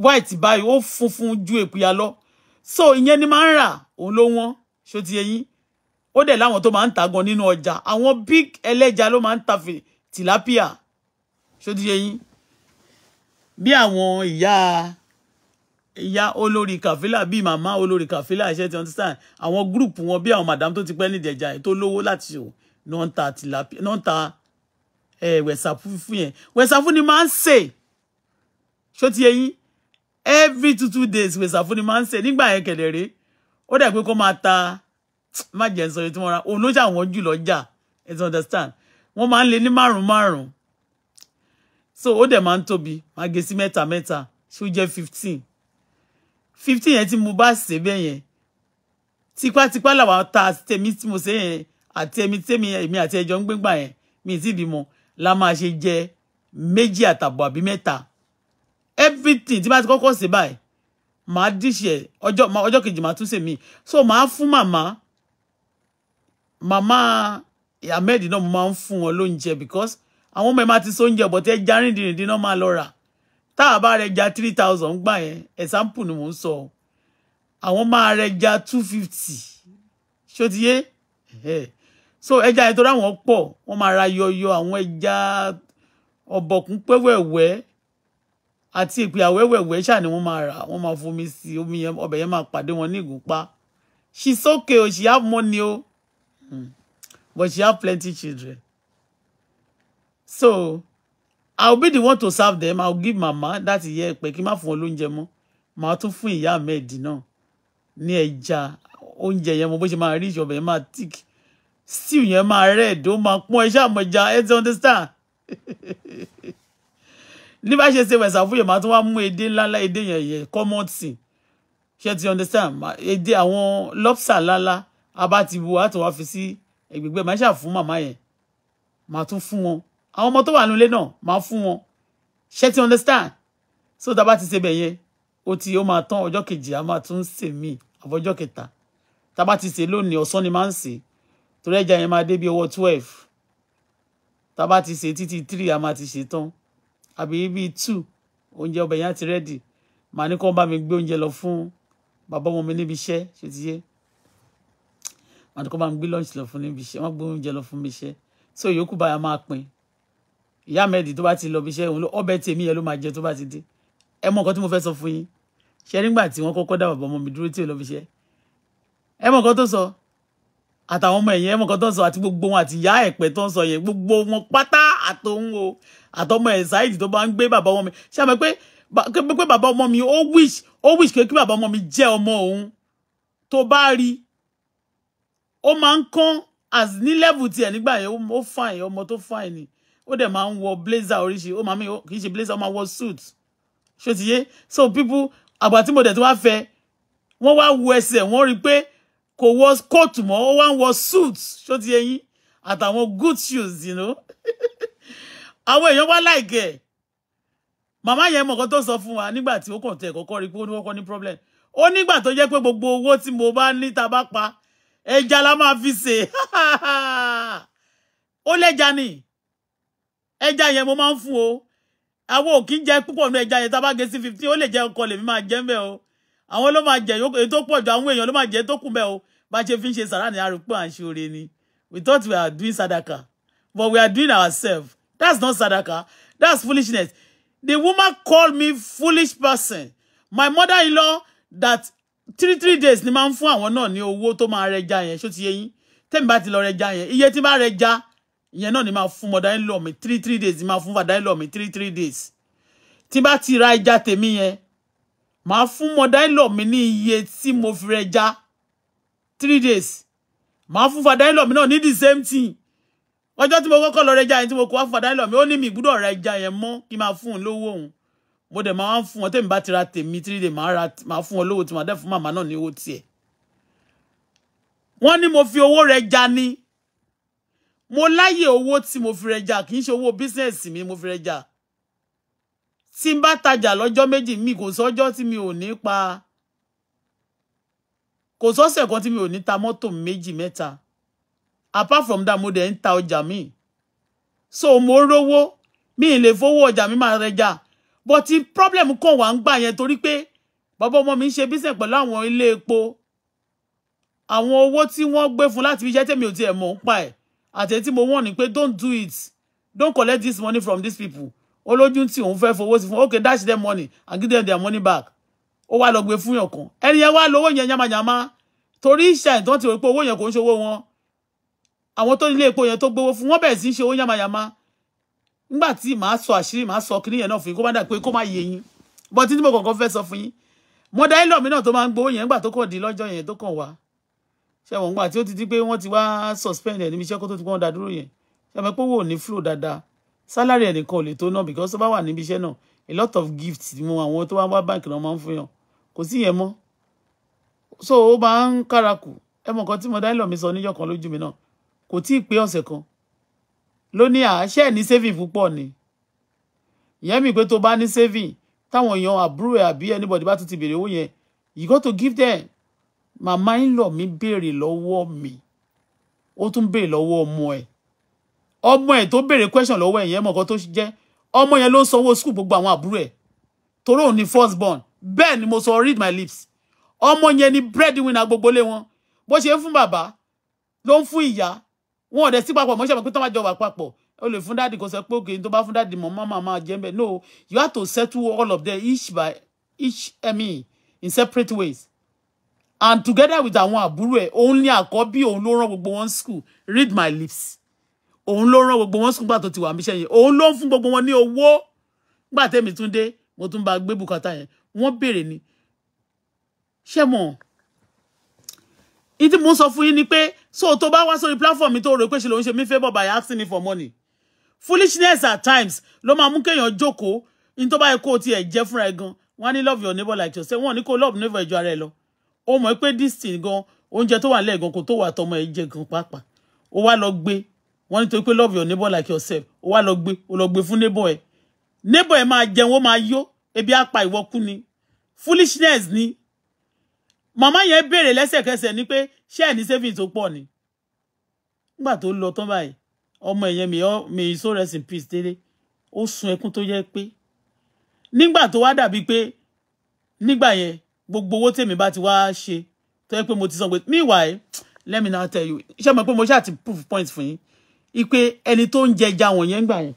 Speaker 1: white báyìí ó funfun ju èpìyà lọ so ìyẹn ni máa ń rà òun ló wọ́n ṣó ti yẹ ó dẹ̀ láwọn tó máa ń ta gan nínú ọjà àwọn big ẹlẹ́ja ló máa ń ta tilapia ṣó ti yẹ yín bí àwọn ìyá ìyá olórí kàfílà bíi màmá olórí kàfílà iṣẹ́ ti understand àwọn gúrùpù wọn bí àwọn madam tó ti pẹ́ nídìí ẹja tó lówó láti ṣòwò náà ń ta tilapia náà ń ta Eh, wẹ̀sàfù fífún yẹn wẹ̀sàfù ni máa ń sè ṣó ti yẹyìn every two two days wẹ̀sàfù ni máa ń sè nígbà yẹn kẹ̀lẹ̀ rèé ó dẹ̀ pé kó máa ta má jẹ́ sọ èyí tí wọ́n ra òun ló ṣàwọn jù lọ́jà ẹ ti understand wọ́n máa ń lé ní márùn-ún márùn-ún so ó dẹ̀ máa ń tóbi máa gé sí mẹ́ta mẹ́ta ṣó jẹ́ fifteen fifteen yẹn tí mo bá sè bẹ́ẹ̀ yẹn la wa ta tèmi tí mo sè yẹn àti èmi tèmi èmi àti ẹjọ́ ń gbégbà yẹn mi ì tí ì la máa ṣe jẹ méjì àtàbọ̀ àbí mẹ́ta everything tí bá ti kọ́kọ́ ṣe báyìí màá díṣẹ ọjọ́ ọjọ́ kejì màá tún ṣe mí so màá fún mama màmá ahmed náà mo máa ń fún wọn lóúnjẹ because àwọn ọmọ ẹ ti so oúnjẹ bọ̀ tẹ́ já rìndìnrìndín náà máa lọ rà tá a bá ja three thousand gbà yẹn example ni mò ń sọ àwọn máa ja two fifty ṣó ti yé so ẹja yẹn tó ráwọn pọ̀ wọ́n máa ra yọyọ àwọn ẹja ọ̀bọ̀kún pẹ́wẹ̀wẹ́ àti ìpè àwẹ́wẹ̀wẹ́ ṣáà ni wọ́n máa rà wọ́n máa fomi sí omi yẹn ọbẹ̀ yẹn máa pàdé wọn ní ìgúnpá she's okay o she have money o hmm. but she have plenty children so I will be the one to serve them I will give mama that year pé kí n má fún wọn lóúnjẹ mọ́ màá tún fún ìyá mẹ́ẹ̀dì náà ní ẹja oúnjẹ yẹn mo bó ṣe máa rí ìṣọ̀bẹ̀ yẹn máa tíkì stew yẹn máa red ó máa pọ́n ẹ ṣáà ẹ ti understand ní bá ṣe ṣe wẹ̀sà fún yẹn máa tún wá mú edé ńláńlá edé yẹn yẹn common thing ṣé ti understand edé àwọn lobster ńláńlá abá ti wo àti wá fi sí ẹgbẹgbẹ máa ṣáà fún màmá yẹn máa tún fún wọn àwọn ọmọ tó wà nílé náà máa fún wọn ṣé ti understand so tá a bá ti ṣe bẹ̀ yẹn ó ti ó máa tán ọjọ́ kejì a máa tún sè mí àbọ̀jọ́ kẹta tá a bá ti ṣe lónìí ọ̀sán ni máa ń sè torí ẹja yẹn máa dé bí twelve tá a bá ti ṣe títí three a máa ti ṣe tán àbí bíi two oúnjẹ ọbẹ̀ yẹn á ti rẹ́dì màá ní kó bá mi gbé oúnjẹ lọ fún bàbá ọmọ mi níbi iṣẹ́ ṣe ti yé màá ní kó bá mi gbé lunch lọ fún níbi iṣẹ́ wọ́n gbé oúnjẹ lọ fún mi iṣẹ́ so ìyókù báyà máa pín ìyá mẹ́ẹ̀dì tó bá ti lọ bí iṣẹ́ òun ló ọbẹ̀ tèmi yẹn ló máa jẹ tó bá ti dé ẹ mọ nǹkan tí mo fẹ́ sọ fún yín ṣe nígbà tí wọ́n kọ́kọ́ dá bàbá ọmọ mi dúró tí ò lọ bí iṣẹ́ ẹ mọ nǹkan tó sọ àtàwọn ọmọ ẹ̀yìn ẹ̀mọ̀kan tó ń sọ àti gbogbo wọn àti ìyá ẹ̀pẹ̀ tó ń sọ yẹn gbogbo wọn pátá àtòun o àtọmọ ẹ̀ Saheed tó bá ń gbé bàbá ọmọ mi ṣàmì pé pé bàbá ọmọ mi ó wish ó wish pé kí bàbá ọmọ mi jẹ́ ọmọ òun tó bá rí ó máa ń kán as ní level tiẹ̀ nígbà yẹn ó fine ọmọ tó fine ni ó dẹ̀ máa ń wọ blazer oríṣi ó máa mi kì í ṣe blazer ó máa wọ suit ṣó ti so people àgbà tí mo dẹ̀ tó wá fẹ́ wọ́n wá wo ẹsẹ̀ wọ́n rí pé kò wọ coat mọ́ ó wá ń wọ suit ṣó ti eyín àtàwọn good shoes you know àwọn èèyàn wá láìkẹ́ ẹ̀ màmá yẹn mọ̀kọ́ tó sọ fún wa nígbà tí ó kàn tẹ̀ kọ́kọ́ rí pé ó ní kọ́kọ́ ní problem ó nígbà tó jẹ́ pé gbogbo owó tí mo bá ní ta bá pa ẹja la máa fi ṣe ó lẹ́ja ni ẹja yẹn mo máa ń fún o àwọn ò kí ń jẹ púpọ̀ nínú ẹja yẹn tá a bá gé sí fifty ó lè jẹ́ ọkọ lèmi máa jẹ́ mbẹ́ o àwọn ló máa jẹ èyí tó pọ̀ ju àwọn èèyàn ló máa jẹ tó kù o bá ṣe fi ń ṣe sàrà ní arúgbó à ń ṣe oore ni we thought we are doing sadaka but we are doing ourselves that's not sadaka that's foolishness the woman called me foolish person my mother-in-law that three three days ni máa ń fún àwọn náà ní owó tó máa rẹja yẹn ṣó ti yé yín tẹ́mi bá ti lọ rẹja yẹn iye tí bá rẹja ìyẹn náà ni máa fún mother in mi three three days ni máa fún father in mi three three days tí bá ti ra ẹja tèmi yẹn màá fún mọdáìlọ mi ní iye tí mo fi rẹja three days màá fún fàdáìlọ mi náà ní the same thing ọjọ́ tí mo kọ́kọ́ lọ rẹja yẹn tí mo kó wá fún fàdáìlọ mi ó ní mi gbúdọ̀ rẹja yẹn mọ́ kí máa fún un lówó òun mo dẹ̀ máa ń fún wọn tèmi bá ti ra tèmi three days màá fún wọn lówó tí màá dẹ̀ fún màmá náà ní owó tiẹ̀ wọ́n ní mo fi owó rẹja ni mo láyè owó tí mo fi rẹja kì í ṣe owó bísíǹsì mi mo fi rẹja tí n bá tajà lọ́jọ́ méjì mi kò sọ́jọ́ tí mi ò ní pa kò sọ́sẹ̀ kan tí mi ò ní ta mọ́tò méjì mẹ́ta apart from that mo dẹ̀ ń ta ọjà mi so mo rówó mi ì lè fowó ọjà mi máa rẹjà but ti problem kàn wá ń gbà yẹn torí pé bàbá ọmọ mi ń ṣe business pẹ̀lú àwọn ilé epo àwọn owó tí wọ́n gbé fún láti fi jẹ́ tèmi ò tiẹ̀ mọ̀ ń pa ẹ̀ àtẹ̀tí mo wọ̀n ni pé don't do it don't collect this money from these people olójú tí òun fẹ́ fowó sí fún okay dash them money and give them their money back ó wá lọ gbé fún yàn kan ẹni yẹn wá lówó yẹn yamayama torí ìṣàyìn tó ti rò pé owó yẹn kò ń ṣowó wọn àwọn tó nílé epo yẹn tó gbowó fún wọn bẹ̀rẹ̀ sí í ṣe owó yamayama nígbà tí màá sọ àṣírí màá sọ kinní yẹn náà fún yín kó má dà pé kó má yé yín bọ́ títí mo kọ̀ọ̀kan fẹ́ sọ fún yín mo dá ìlọ̀ mi náà tó máa ń gbowó yẹn nígbà tó kàn di lọ́jọ́ yẹn tó kàn wá ṣe àwọn ìgbà tí ó ti di pé wọ́n ti wá suspend ẹ̀ níbi iṣẹ́ kó tó ti pọ́n dá dúró yẹn ṣe àmọ́ pé wò ní flow dáadáa salary ẹnìkan ò lè tó náà because tó bá wà níbi iṣẹ́ náà a lot of gifts ni mo àwọn tó bá wá báńkì náà máa ń fún yàn kò sí yẹn mọ́ so ó máa ń kárakù ẹ mọ̀ nǹkan tí mo dáìlọ̀ mi sọ níjọ́ kan lójú mi náà kò tí ì pé ọ̀sẹ̀ kan ló ní àṣẹ ní saving púpọ̀ ni ìyẹn mi pé tó bá ní saving táwọn èèyàn àbúrò ẹ àbí anybody bá tún ti béèrè owó yẹn you got to give them màmá ń lọ mi béèrè lọ́wọ́ mi ó tún béèrè lọ́wọ́ ọmọ ẹ̀ ọmọ ẹ̀ tó béèrè question lọ́wọ́ ẹ̀ yẹn mọ̀ nǹkan tó jẹ́ ọmọ yẹn ló ń sanwó school gbogbo àwọn àbúrò ẹ̀ torí òun ni first born bẹ́ẹ̀ ni mo sọ read my lips ọmọ yẹn ni breadwinner gbogbo lé wọn bó ṣe ń fún bàbá ló ń fún ìyá wọn ò dẹ̀ sí papọ̀ mọ́ṣẹ́ mọ́ pé tó máa jọ wà papọ̀ o lè fún dáàdì kò sọ pé òkè tó bá fún dáàdì mọ́ máma máa jẹ́ mbẹ́ no you have to settle all of them each by each I mean, in separate ways and together with àwọn àbúrò ẹ̀ òun ní àkọ́bí òun ló rán gbogbo wọn school read my lips òun ló rán gbogbo wọn sùgbà tó ti wà níṣẹ́ yẹn òun ló ń fún gbogbo wọn ní owó gbà tèmi tún dé mo tún bá gbé bùkátà yẹn wọ́n béèrè ni ṣé mọ̀ ìdí mo sọ fún yín ni pé so tó bá wá sórí platform mi tó rò pé ṣe lòun ṣe mí favour by asking me for money foolishness at times ló máa mú kéèyàn jókòó in tó bá yẹ kó o tiẹ̀ jẹ́ fúnra ẹ gan wọ́n á ní love your neighbor like yourself wọ́n ní kó love neighbor ẹjọ́ ara ẹ lọ ó mọ̀ pé this thing gan oúnjẹ tó wà nílẹ̀ gan kò tó wà tọmọ ẹ jẹ gan pàápàá ó wá lọ gbé wọ́n nítorí pé love your neighbor like yourself ó wá lọ gbé ó lọ gbé fún neighbor ẹ̀ neighbor ẹ̀ máa jẹun ó máa yó ebi á ìwọ kú ni foolishness ni màmá yẹn béèrè lẹ́sẹ̀kẹsẹ̀ ni pé ṣé ẹ̀ ní tó pọ̀ ni nígbà tó lọ tán báyìí ọmọ ẹ̀yẹn mi so rest in peace délé ó sun ẹkún tó yẹ pé nígbà tó wá dàbí pé nígbà yẹn gbogbo owó tèmi bá ti wá ṣe tó yẹ pé mo ti san pé meanwhile let me now tell you ṣé mo pé mo ṣáà ti proof point fún yín ipe ẹni tó ń jẹ ẹja wọ̀nyẹn gbà yẹn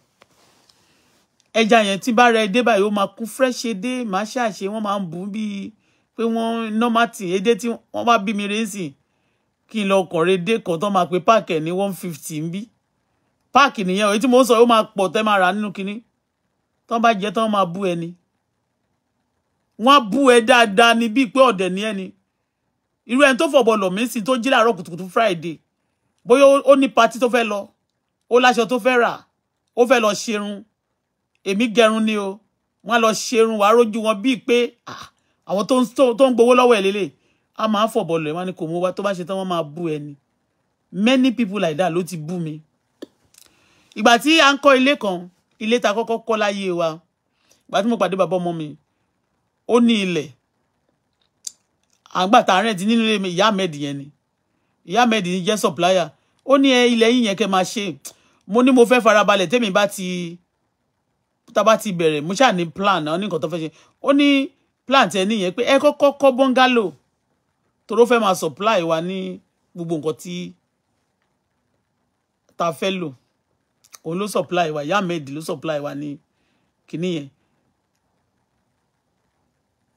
Speaker 1: ẹja yẹn tí bá rẹ edé báyìí ó máa kú fresh edé máa ṣàṣe wọ́n máa ń bù ú bíi pé wọ́n nọ́màtì edé tí wọ́n bá bí mi rẹ́sìn kí n lọ kọ̀rẹ́ edé kan tó máa pe páàkì ẹ̀ ní one fifty ń bí páàkì nìyẹn èyí tí mo ń sọ yóò máa pọ̀ tẹ́ máa rà nínú kinní tó bá jẹ́ tó máa bú ẹni wọ́n á bú ẹ dáadáa ní bíi pé ọ̀dẹ̀ ní ẹni irú ẹni tó fọ̀bọ̀ lọ̀ mí sí tó jí láàárọ̀ kùtùkùtù friday bóyá ó ní patí tó fẹ́ lọ ó láṣọ tó fẹ́ rà ó fẹ́ lọ ṣerun èmi gẹrun ni o wọ́n lọ ṣerun wàá rójú wọn bíi pé ah, àwọn tó ń gbowó lọ́wọ́ ẹ̀ lélẹ̀ a máa ń fọ̀bọ̀ lọ ẹ̀ wọ́n ní kò mú wa tó bá ṣe tán wọ́n máa bú ẹni many people like that ló ti bú mi ìgbà tí a ń kọ́ ilé kan ilé ta kọ́kọ́ kọ́ láyé wa ìgbà tí mo pàdé bàbá ọmọ mi ó ní ilẹ̀ àgbà tá ti nínú ilé ìyá ahmed yẹn ni ìyá ahmed yẹn jẹ́ supplier ó ní ilẹ̀ yín yẹn kẹ́ máa ṣe mo ní mo fẹ́ farabalẹ̀ tẹ́mi bá ti tá bá ti bẹ̀rẹ̀ mo ṣáà ní plan náà ní nǹkan tó fẹ́ ṣe ó ní plan tẹ níyẹn pé ẹ kọ́kọ́ kọ́ bọ́ngálò toró fẹ́ máa supply wa ní gbogbo nǹkan tí ta fẹ́ lò òun ló supply wa ìyá mẹ́ẹ̀dì ló supply wa ní kinní yẹn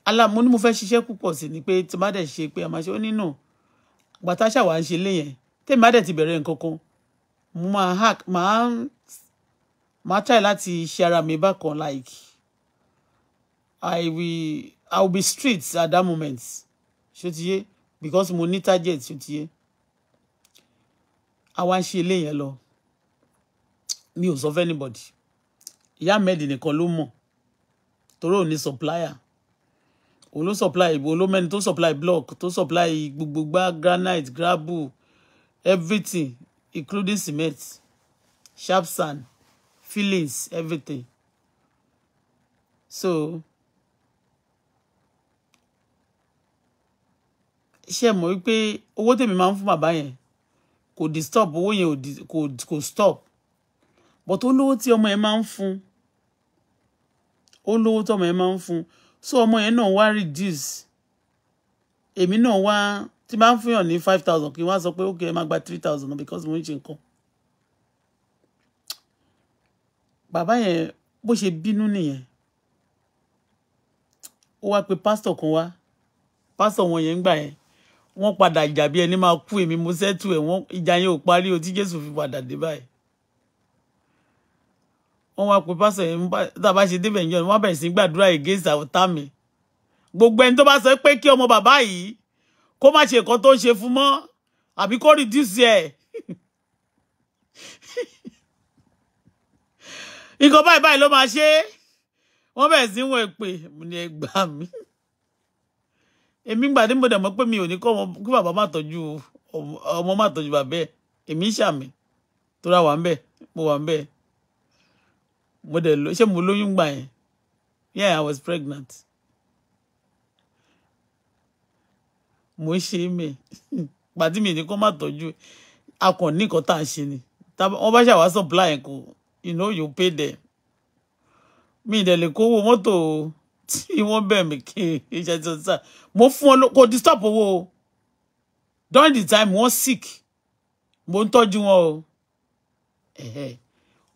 Speaker 1: aláàmú ni mo fẹ́ ṣiṣẹ́ púpọ̀ sí ni pé tí má dẹ̀ ṣe pé a máa ṣe ó nínú gbàtà ṣàwà ń ṣe léyẹn tèmi bá dẹ̀ ti bẹ̀rẹ̀ nǹkan kan máa hack máa máa try láti ṣe ara mi bákan like i will i will be straight at that moment ṣó because mo ní target ṣó ti yé àwa ń ṣe lọ mi ò sọ fún anybody ìyá ahmed nìkan ló mọ̀ torí ò ní supplier òun supply ìbò olómẹni tó supply block tó supply gbogbo gbá granite gravel everything including cement sharp sand fillings everything so ṣe mọ̀ wípé owó tèmi máa ń fún bàbá yẹn kò disturb owó yẹn kò kò stop but ó lówó tí ọmọ yẹn máa ń fún ó lówó tí ọmọ yẹn máa ń fún so ọmọ yẹn náà wá reduce èmi no wá tí máa ń fúnyàn ní five thousand kí wọ́n sọ pé ókè ẹ máa gba three thousand because mo ń ṣe nǹkan. bàbá yẹn bó ṣe bínú nìyẹn ó wá pe pásítọ̀ kan wá pásítọ̀ wọn yẹn ń gbà yẹn wọ́n padà ìjà bí ẹni máa kú èmi mo sẹ́tù ẹ̀ wọ́n ìjà yẹn ò parí o tí Jésù fi padà dé báyìí wọ́n wá pe pásítọ̀ yẹn tàbá ṣe débẹ̀ níjọ́ wọ́n bẹ̀rẹ̀ sí gbàdúrà against our tami gbogbo ẹni tó bá sọ pé kí ọmọ bàbá yìí kó má ṣe nǹkan tó ń ṣe fún mọ́ àbí kó reduce ẹ̀ nǹkan báyìí báyìí ló máa ṣe wọ́n bẹ̀rẹ̀ sí wọ́n pè ní ẹgbà mi èmi gbà ní mo dẹ̀ mọ́ pé mi ò ní kọ́ kí bàbá má tọ́jú ọmọ má tọ́jú bàbá ẹ̀ èmi ń ṣàmì tó ra wà ń bẹ̀ mo wà ń bẹ̀ mo dẹ̀ ṣé mo lóyún gbà yẹn yeah I was pregnant. mo ń ṣe email pàtí mi ní kó má tọ́jú a kàn ní nǹkan tá à ń ṣe ni wọ́n bá ṣàwá supply kò you know you pay them mi ìdẹ̀ lè kówó mọ́tò tí wọ́n bẹ̀ mí kí iṣẹ́ tí wọ́n sá mo fún ọ kò disturb owó o during the time wọ́n sick mo ń tọ́jú wọn o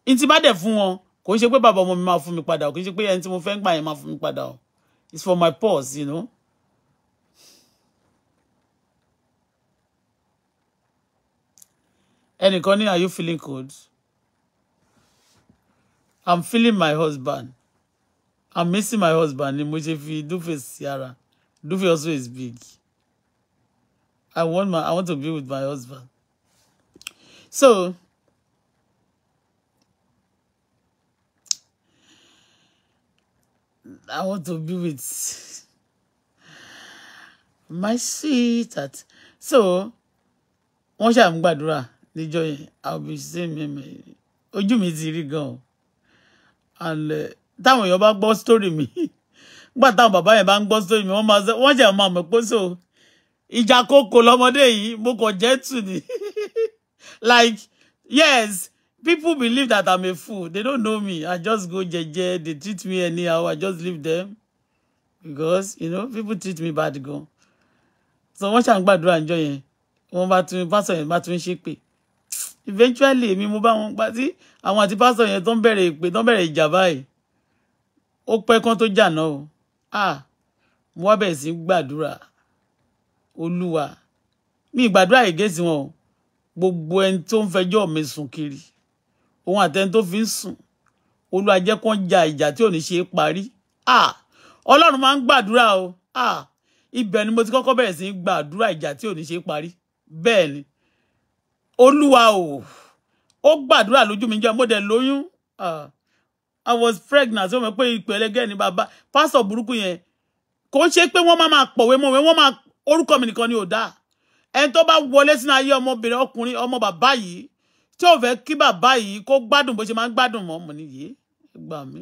Speaker 1: n ti bá dẹ̀ fún wọn kò ń ṣe pé bàbá ọmọ mi máa fún mi padà kò ń ṣe pé ẹni tí mo fẹ́ ń gbà yẹn máa fún mi padà o it's for my pause, you know. ẹnìkan ní are you feeling cold i'm feeling my husband i'm missing my husband ni mo ṣe fi dúfè sí ara also is big i want my i want to be with my husband so i want to be with my sweetheart so wọ́n ṣáà ń níjọ́ yẹn i'll be seeing him ojú mi ti rí gan and eh, táwọn èèyàn bá gbọ́ story mi nígbà táwọn bàbá yẹn bá ń gbọ́ story mi wọ́n máa sọ wọ́n jẹ́ máa mọ̀ pé so ìjà kókó lọ́mọdé yìí mo kàn jẹ́ tù ní like yes people believe that i'm a fool they don't know me i just go jeje they treat me anyhow i just leave them because you know people treat me bad gan so wọ́n ṣàn gbàdúrà níjọ́ yẹn wọ́n bá tún pásọ yẹn bá tún ṣépè eventually èmi mo bá wọn pa tí àwọn àti pásítọ̀ yẹn tó ń bẹ̀rẹ̀ ìpè tó ń bẹ̀rẹ̀ ìjà báyìí ó pẹ́ kán tó o ah mo wá bẹ̀rẹ̀ sí gbàdúrà olúwa mi ìgbàdúrà igesi wọn o gbogbo ẹni tó ń fẹjọ́ mi sùn kiri òun àtẹni tó fi ń sùn olúwa jẹ́ ja ìjà tí ò ní ṣe ah ọlọ́run máa ń o ah ibe ni mo ti kọ́kọ́ bẹ̀rẹ̀ sí gbàdúrà ìjà tí ò ní ṣe é ni olúwa o ó gbàdúrà lójú mi jẹ́ mo lóyún i was pregnant ṣé o mọ̀ pé ni baba. pásọ̀ burúkú yẹn kò ń ṣe pé wọ́n máa máa pọ̀wé mọ́wé wọ́n máa orúkọ mi nìkan ni ò dáa ẹni tó bá wọlé sínú ayé ọmọbìnrin ọkùnrin ọmọ bàbá yìí tí ò fẹ́ kí bàbá yìí kó gbádùn bó ṣe máa ń gbádùn mọ́ mọ́ nìyí gbà mí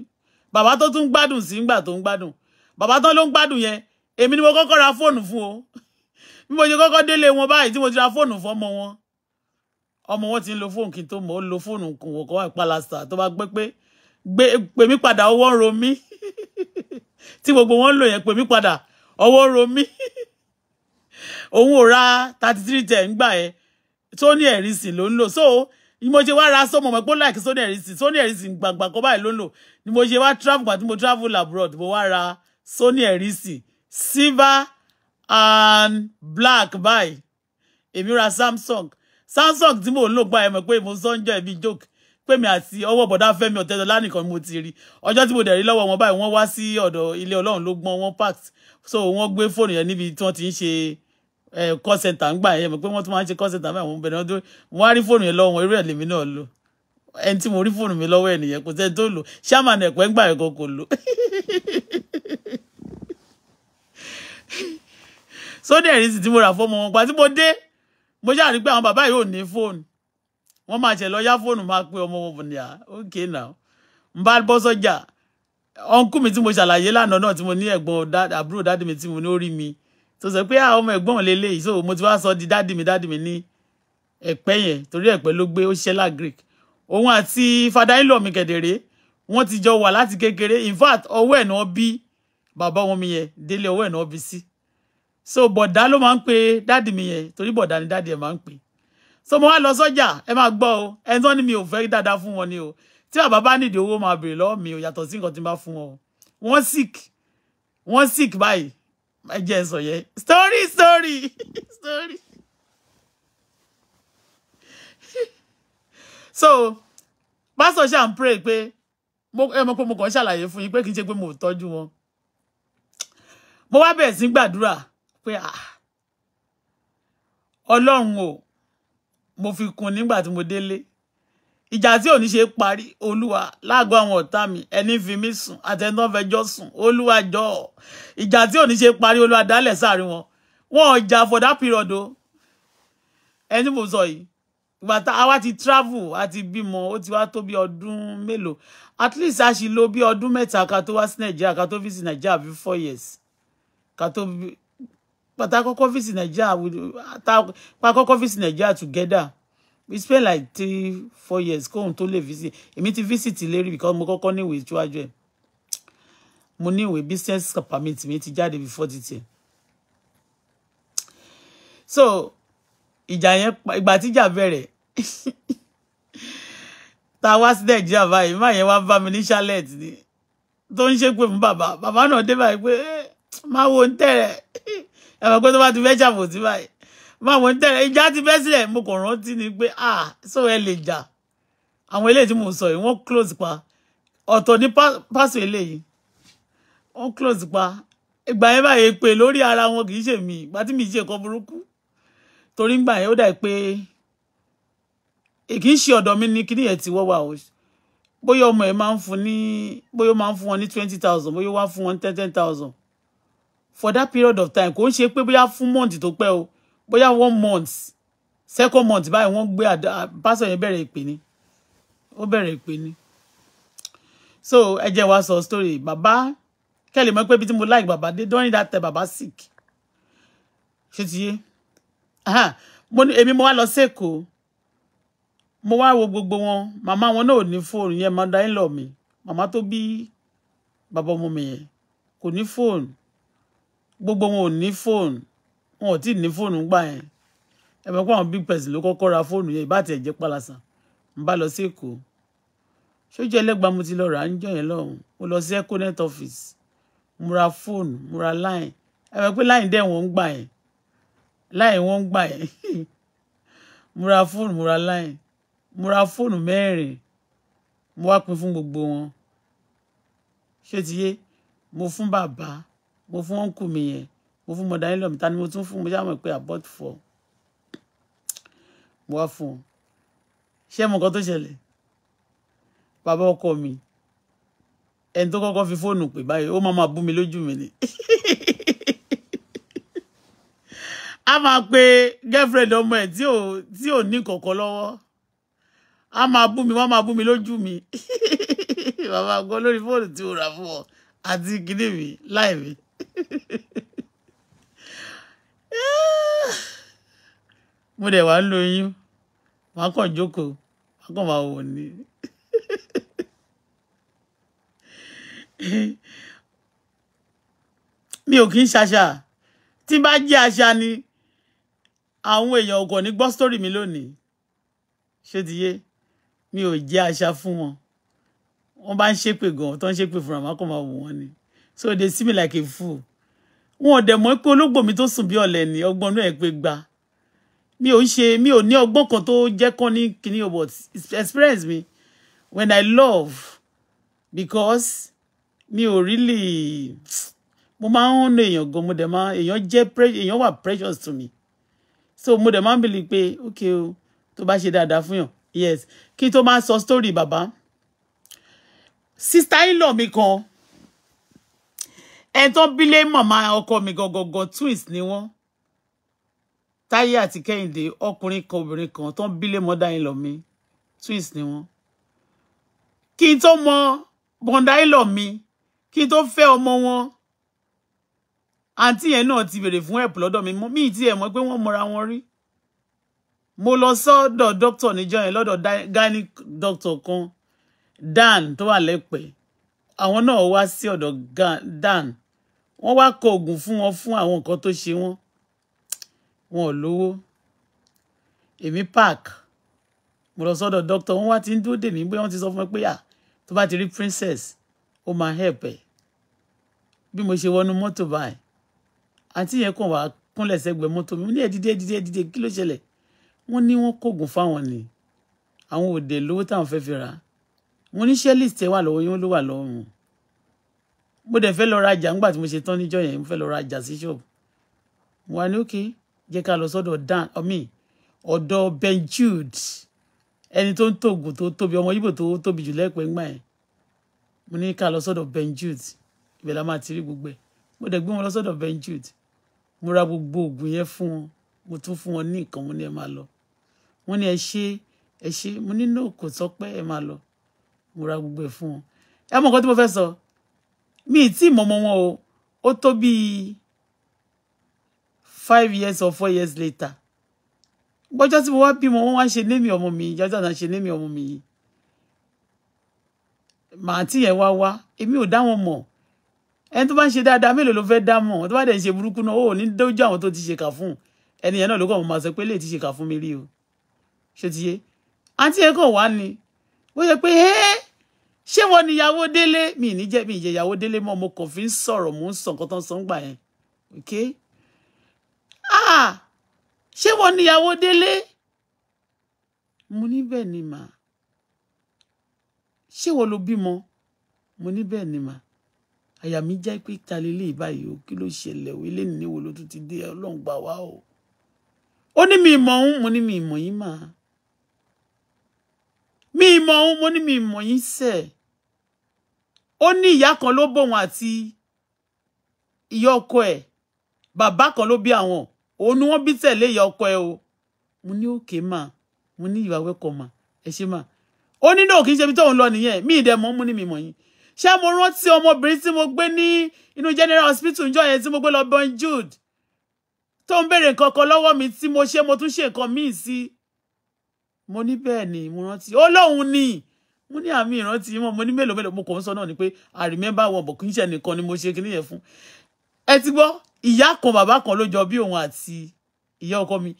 Speaker 1: bàbá tó tún gbádùn sí ńgbà tó ń gbádùn bàbá tó ló ń gbádùn yẹn èmi ni mo kọ́kọ́ ra fóònù fún o bí mo ṣe kọ́kọ́ délé wọn báyìí tí mo ti ra fóònù fún ọmọ wọn ọmọ wọn ti ń lo fóònù kí n tó mọ̀ ó lo fóònù kùn wò kó wà pálásà tó bá gbé pé gbé pè mí padà ọwọ́ ń ro mí tí gbogbo wọn ń lò yẹn pè mí padà ọwọ́ ń ro mí òun ò ra thirty three ten ń gbà yẹn Sony Ericsson ló ń lò so mo ṣe wá ra sọmọ mọ pé láìkí Sony Ericsson Sony Ericsson gbàgbà kan báyìí ló ń lò ni mo ṣe wá travel gbà tí mo travel abroad mo wá ra Sony Ericsson silver and black báyìí èmi ra Samsung samsung tí mò ń lò gba ẹ mọ̀ pé mo sọ ń jọ ẹ̀mí joke pé mi àti ọwọ́ bọ̀dá Fẹ́mi Ọ̀tẹ́dọ̀lá nìkan mo ti rí ọjọ́ tí mo dẹ̀ rí lọ́wọ́ wọn báyìí wọ́n wá sí ọ̀dọ̀ ilé Ọlọ́run ló gbọ́n wọn packed so wọ́n gbé fóònù yẹn níbi tí wọ́n ti ń ṣe call center ńgbà yẹn mọ̀ pé wọ́n tún máa ń ṣe call center báyìí wọ́n bẹ̀rẹ̀ wọn tó wọ́n á rí fóònù yẹn lọ́wọ́ irú ẹ̀ lèmi náà lò ẹni tí mo rí fóònù mi lọ́wọ́ ẹnìyẹn kò sẹ́ni tó lò ṣáàmàn ẹ̀pẹ́ ńgbà yẹn kò lò so there is tí mo rà fọ́mọ wọn pa tí mo dé mo ṣáà rí pé àwọn bàbá yìí ò ní fóònù wọn máa ṣe lọ yá fóònù máa pe ọmọ wọn ní à okay now n bá bọ́ sọ́jà ọ̀nkú mi tí mo ṣàlàyé lánàá náà tí mo ní ẹ̀gbọ́n àbúrò dáàdì mi tí mo ní ó rí mi tó sọ pé àwọn ah, ọmọ ẹ̀gbọ́n lélẹ́yìí so mo ti wá sọ di dáàdì mi dáàdì mi ní ẹ̀pẹ́ yẹn torí ẹ̀pẹ́ ló gbé ó ṣiṣẹ́ lágric òun àti fada ilọ̀ mi kẹ̀dẹ̀rẹ́ wọ́n ti jọ wà láti kékeré in fact ọwọ́ ẹ̀ náà bí bàbá wọn mi yẹn délé ọwọ́ ẹ̀ náà bí sí so bọ̀dá ló máa ń pe dáàdì mi yẹn torí bọ̀dá ni dáàdì ẹ̀ máa ń pe so mo wá lọ sọ́jà ẹ máa gbọ́ o ẹni tó mi ò fẹ́ dáadáa fún wọn ni o tí bàbá bá nídìí owó máa béèrè lọ́wọ́ mi ò yàtọ̀ sí nǹkan tí bá fún wọn o wọ́n sick wọ́n sick báyìí ẹ jẹ́ ẹ sọ yẹn story story story so pásítọ̀ ṣáà ń pray pé ẹ mọ̀ pé mo kàn ń ṣàlàyé fún yín pé kì í ṣe pé mo ò tọ́jú wọn mo wá bẹ̀rẹ̀ sí gbàdúrà pé ah ọlọ́run o mo fi kún nígbà tí mo délé ìjà tí ò ní ṣe parí olúwa láàgọ́ àwọn ọ̀tá mi ẹni fi mí sùn àtẹnudọ́ fẹjọ́ sùn olúwa jọ ìjà tí ò ní ṣe parí olúwa dálẹ̀ sáàrin wọn wọn ò jà for that period o ẹni mo sọ yìí ìgbà tá a wá ti travel a ti bímọ ó ti wá tó bí ọdún mélòó at least a sì lò bí ọdún mẹ́ta ká tó wá sí nàìjíríà ká tó visit nàìjíríà bí four years ká tó But pàtà kọ́kọ́ visit Nigeria pa kọ́kọ́ visit Nigeria together we spend like three four years on, to lè visit I èmi ti visit Larry because mo kọ́kọ́ ní ìwé ìtúwájú Money with business permit mi ti jáde before títí so ìjà yẹn ìgbà tíjà bẹ̀rẹ̀ ta wá sí nàìjíríà báyìí má yẹn wá bá mi ní charlotte Baba. tó ń ṣépè fún bàbá bàbá náà ẹ̀wọ̀n pé tó bá ti fẹ́ ṣàbòsí báyìí máa wọ́n tẹ̀lé ìjà ti fẹ́ sílẹ̀ mo kàn rántí ni pé ah so ẹ lè jà àwọn eléyìí tí mo sọ yìí wọ́n close pa ọ̀tọ̀ ní pásò eléyìí wọ́n close pa ìgbà yẹn báyìí pé lórí ara wọn kì í ṣe mí ìgbà tí mi ṣe nǹkan burúkú torí ń gbà yẹn ó dà pé kì í ṣe ọ̀dọ̀ mi ní kíní ti wọ́wọ́ àwọn bóyá ọmọ ẹ̀ máa ń fún ní bóyá ó máa ń fún wọn ní twenty thousand bóyá ó wá fún wọn ní ten ten thousand for that period of time kò ń ṣe pé bóyá fún month to pẹ́ o bóyá one month second month báyìí wọ́n gbé pásọ̀ yẹn bẹ̀rẹ̀ ìpè ni ó bẹ̀rẹ̀ ìpè ni so ẹ jẹ́ wá sọ story bàbá kẹ́lẹ̀ mọ́ pé bí tí mo like bàbá dé during that time bàbá sick ṣé ti yé mo ní èmi mo wá lọ sí Èkó mo wá wo gbogbo wọn màmá wọn náà ò ní fóònù yẹn màdá ń lọ mi màmá tó bí bàbá ọmọ mi yẹn kò ní fóònù gbogbo wọn ò ní fóònù wọn ò tí ì ní fóònù gbà yẹn ẹ mọ̀ pé àwọn big person ló kọ́kọ́ ra fóònù yẹn ìbá àti ẹ̀jẹ̀ palasan ń bá lọ sí èkó sójú ẹlẹ́gbàá mo ti lọ rà á ń jọ yẹn lọ́hùn mo lọ sí econet office mo ra fóònù mo ra line ẹ mọ̀ pé line dẹ̀ wọ́n ń gbà yẹn line wọ́n ń gbà yẹn mo ra fóònù mo ra line mo ra fóònù mẹ́rin mo wá pín fún gbogbo wọn ṣé ti yé mo fún bàbá mo fún ọ̀nkù mi yẹn mo fún mọ̀dá nílò mi ta ni mo tún fún mo ṣáà mọ̀ pé abort for mo wá fún un ṣé mo nǹkan tó ṣẹlẹ̀ bàbá ọkọ mi ẹni tó kọ́kọ́ fi fóònù pè báyìí ó máa máa bú mi lójú mi ni a máa pe girlfriend ọmọ ẹ tí ò tí ò ní kọ̀ọ̀kan lọ́wọ́ a máa bú mi wọ́n máa bú mi lójú mi bàbá gan lórí fóònù tí o rà fún ọ àti kíní mi láì mi mo dẹ̀ wá ń lo yín wàá kàn jókòó wàá kàn máa wò ní. mi ò kì í ṣaṣà tí bá jẹ́ àṣà ni àwọn èèyàn ọkọ̀ ní gbọ́ sítórì mi lónìí ṣé ti yé mi ò jẹ́ àṣà fún wọn wọ́n bá ń ṣépè gan-an tó ń ṣépè fúnra wọn kò máa wò wọ́n ni so they see me like a fool wọn ò dẹ̀ mọ̀ pé ológbò mi tó sùn bí ọ̀lẹ ni ọgbọ́n náà ẹ̀ pé gba mi ò ń ṣe mi ò ní ọgbọ́n kan tó jẹ́ kán ní kíní but experience me when I love because mi O really mo máa ń na èèyàn gan mo dẹ̀ máa èèyàn jẹ́ èèyàn wà precious to me so mo dẹ̀ máa ń bìlì pé o to bá ṣe dáadáa fún yàn yes kí n tó máa story Baba. Sister, in-law mi kan ẹ tó bílé màmá ọkọ mi gọgọgọ twins ni wọ́n táyé àti kẹ́hìndé ọkùnrin kan obìnrin kan tó ń bílé mọ́dá yín lọ mi twins ni wọ́n kí n tó mọ bọ̀ǹdá yín mi kí n tó fẹ́ ọmọ wọn àǹtí yẹn ti béèrè fún ẹ̀pù lọ́dọ̀ mi mí ti e mo pé wọ́n mọra wọn rí mo lọ sọ́dọ̀ dókítà níjọ yẹn lọ́dọ̀ gani doctor kan dan tó wà lẹ́pẹ́ àwọn náà wá sí ọ̀dọ̀ dan wọ́n wá kọ oògùn fún wọn fún àwọn nǹkan tó ṣe wọ́n wọn ò lówó èmi park mo lọ sọ́dọ̀ doctor wọ́n wá ti ń dúró dè mí pé wọ́n ti sọ fún mi pé à tó bá ti rí princess ó máa help ẹ̀ bí mo ṣe wọnú mọ́tò báyìí àǹtí yẹn kàn wá kúnlẹ̀ sẹ́gbẹ̀ẹ́ mọ́tò mi mo ní ẹ̀dídé ẹ̀dídé ẹ̀dídé kí ló ṣẹlẹ̀ wọ́n ní wọ́n kóògùn fáwọn ni àwọn òde lówó táwọn fẹ́ fi rà mo ní ṣé list lọ́wọ́ yín ló wà lọ́wọ́ wọn mo dẹ̀ fẹ́ lọ rajà ńgbà tí mo ṣe tán níjọ́ yẹn mo fẹ́ lọ rajà sí ṣọ́ọ̀bù mo wà ní òkè jẹ́ ká lọ sọ́dọ̀ dan omi ọ̀dọ̀ benjude ẹni tó ń tògùn tó tóbi ọmọ yìbò tó tóbi jù lẹ́pẹ́ ńgbà yẹn mo ní ká lọ sọ́dọ̀ benjude ibẹ̀ la máa ti rí gbogbo ẹ̀ mo dẹ̀ gbé wọn lọ sọ́dọ̀ benjude mo ra gbogbo oògùn yẹn fún wọn mo tún fún wọn ní nǹkan mo ní ẹ máa lọ wọn ní ẹ ṣe ẹ ṣe mo ní náà kò sọ pé ẹ máa lọ mo ra gbogbo ẹ fún wọn ẹ mọ nǹkan tí mo fẹ́ sọ mi tí mọmọ wọn o ó tó bíi five years or four years later gbọ́jọ́ tí mo wá bímọ wọ́n wá ṣe némi ọmọ mi jájá náà ṣe némi ọmọ mi yìí màá tí yẹn wá wá èmi ò dá wọn mọ̀ ẹni tó bá ń ṣe dáadáa mélòó ló fẹ́ dá mọ̀ tó bá dẹ̀ ṣe burúkú náà ó ní dójú àwọn tó ti ṣèkà fún ẹni yẹn náà ló kàn mọ́ máa sọ pé lè ti ṣèkà fún mi rí o ṣé ti yé àǹtí yẹn kàn wá ni ó yẹ pé ẹ́ẹ́ ṣé wọn ni ìyàwó délé mi ní jẹ́ mi ìjẹ́ ìyàwó délé mọ́ mo kàn fi ń sọ̀rọ̀ mò ń sọ nǹkan tó ń gbà yẹn ok ah ṣé wọn ni ìyàwó délé mo ní bẹ́ẹ̀ ni mà ṣé wọn ló bímọ mo ní bẹ́ẹ̀ ni mà àyà mi já pé ta lélẹ̀ báyìí o kí ló ṣẹlẹ̀ o eléyìí níwò ló tún ti dé ọlọ́run gbà wá o ó ní mi ìmọ̀ òun mo ní mi ìmọ̀ yín mà mi ìmọ̀ òun mo ní mi ìmọ̀ yín sẹ́ẹ̀ ó ní ìyá kan ló bòun àti ìyá ọkọ ẹ̀ bàbá kan ló bí àwọn òun ni wọ́n bí tẹ̀lé ìyá ọkọ ẹ̀ o mo ní òkè mà mo ní ìwà wẹkọ mà ẹ ṣe mà ó ní náà kì í ṣe ibi tóun lọ nìyẹn mí ìdẹ mọ mú ní mi mọ yín ṣé mo rántí ọmọbìnrin tí mo gbé ní inú general hospital ńjọ́ yẹn tí mo gbé lọ Bon Jude tó ń béèrè nǹkan kan lọ́wọ́ mi tí mo ṣe mo tún ṣe nǹkan míì sí mo ní bẹ́ẹ̀ ni mo rántí ó lóun ni mo ní àmì ìrántí wọn mo ní mélòó mélòó mo kàn ń sọ náà ni pé i remember wọn bọ̀ kì í ṣe nìkan ni mo ṣe kinní yẹn fún ẹ ti gbọ́ ìyá kan bàbá kan ló jọ bí òun àti ìyá ọkọ mi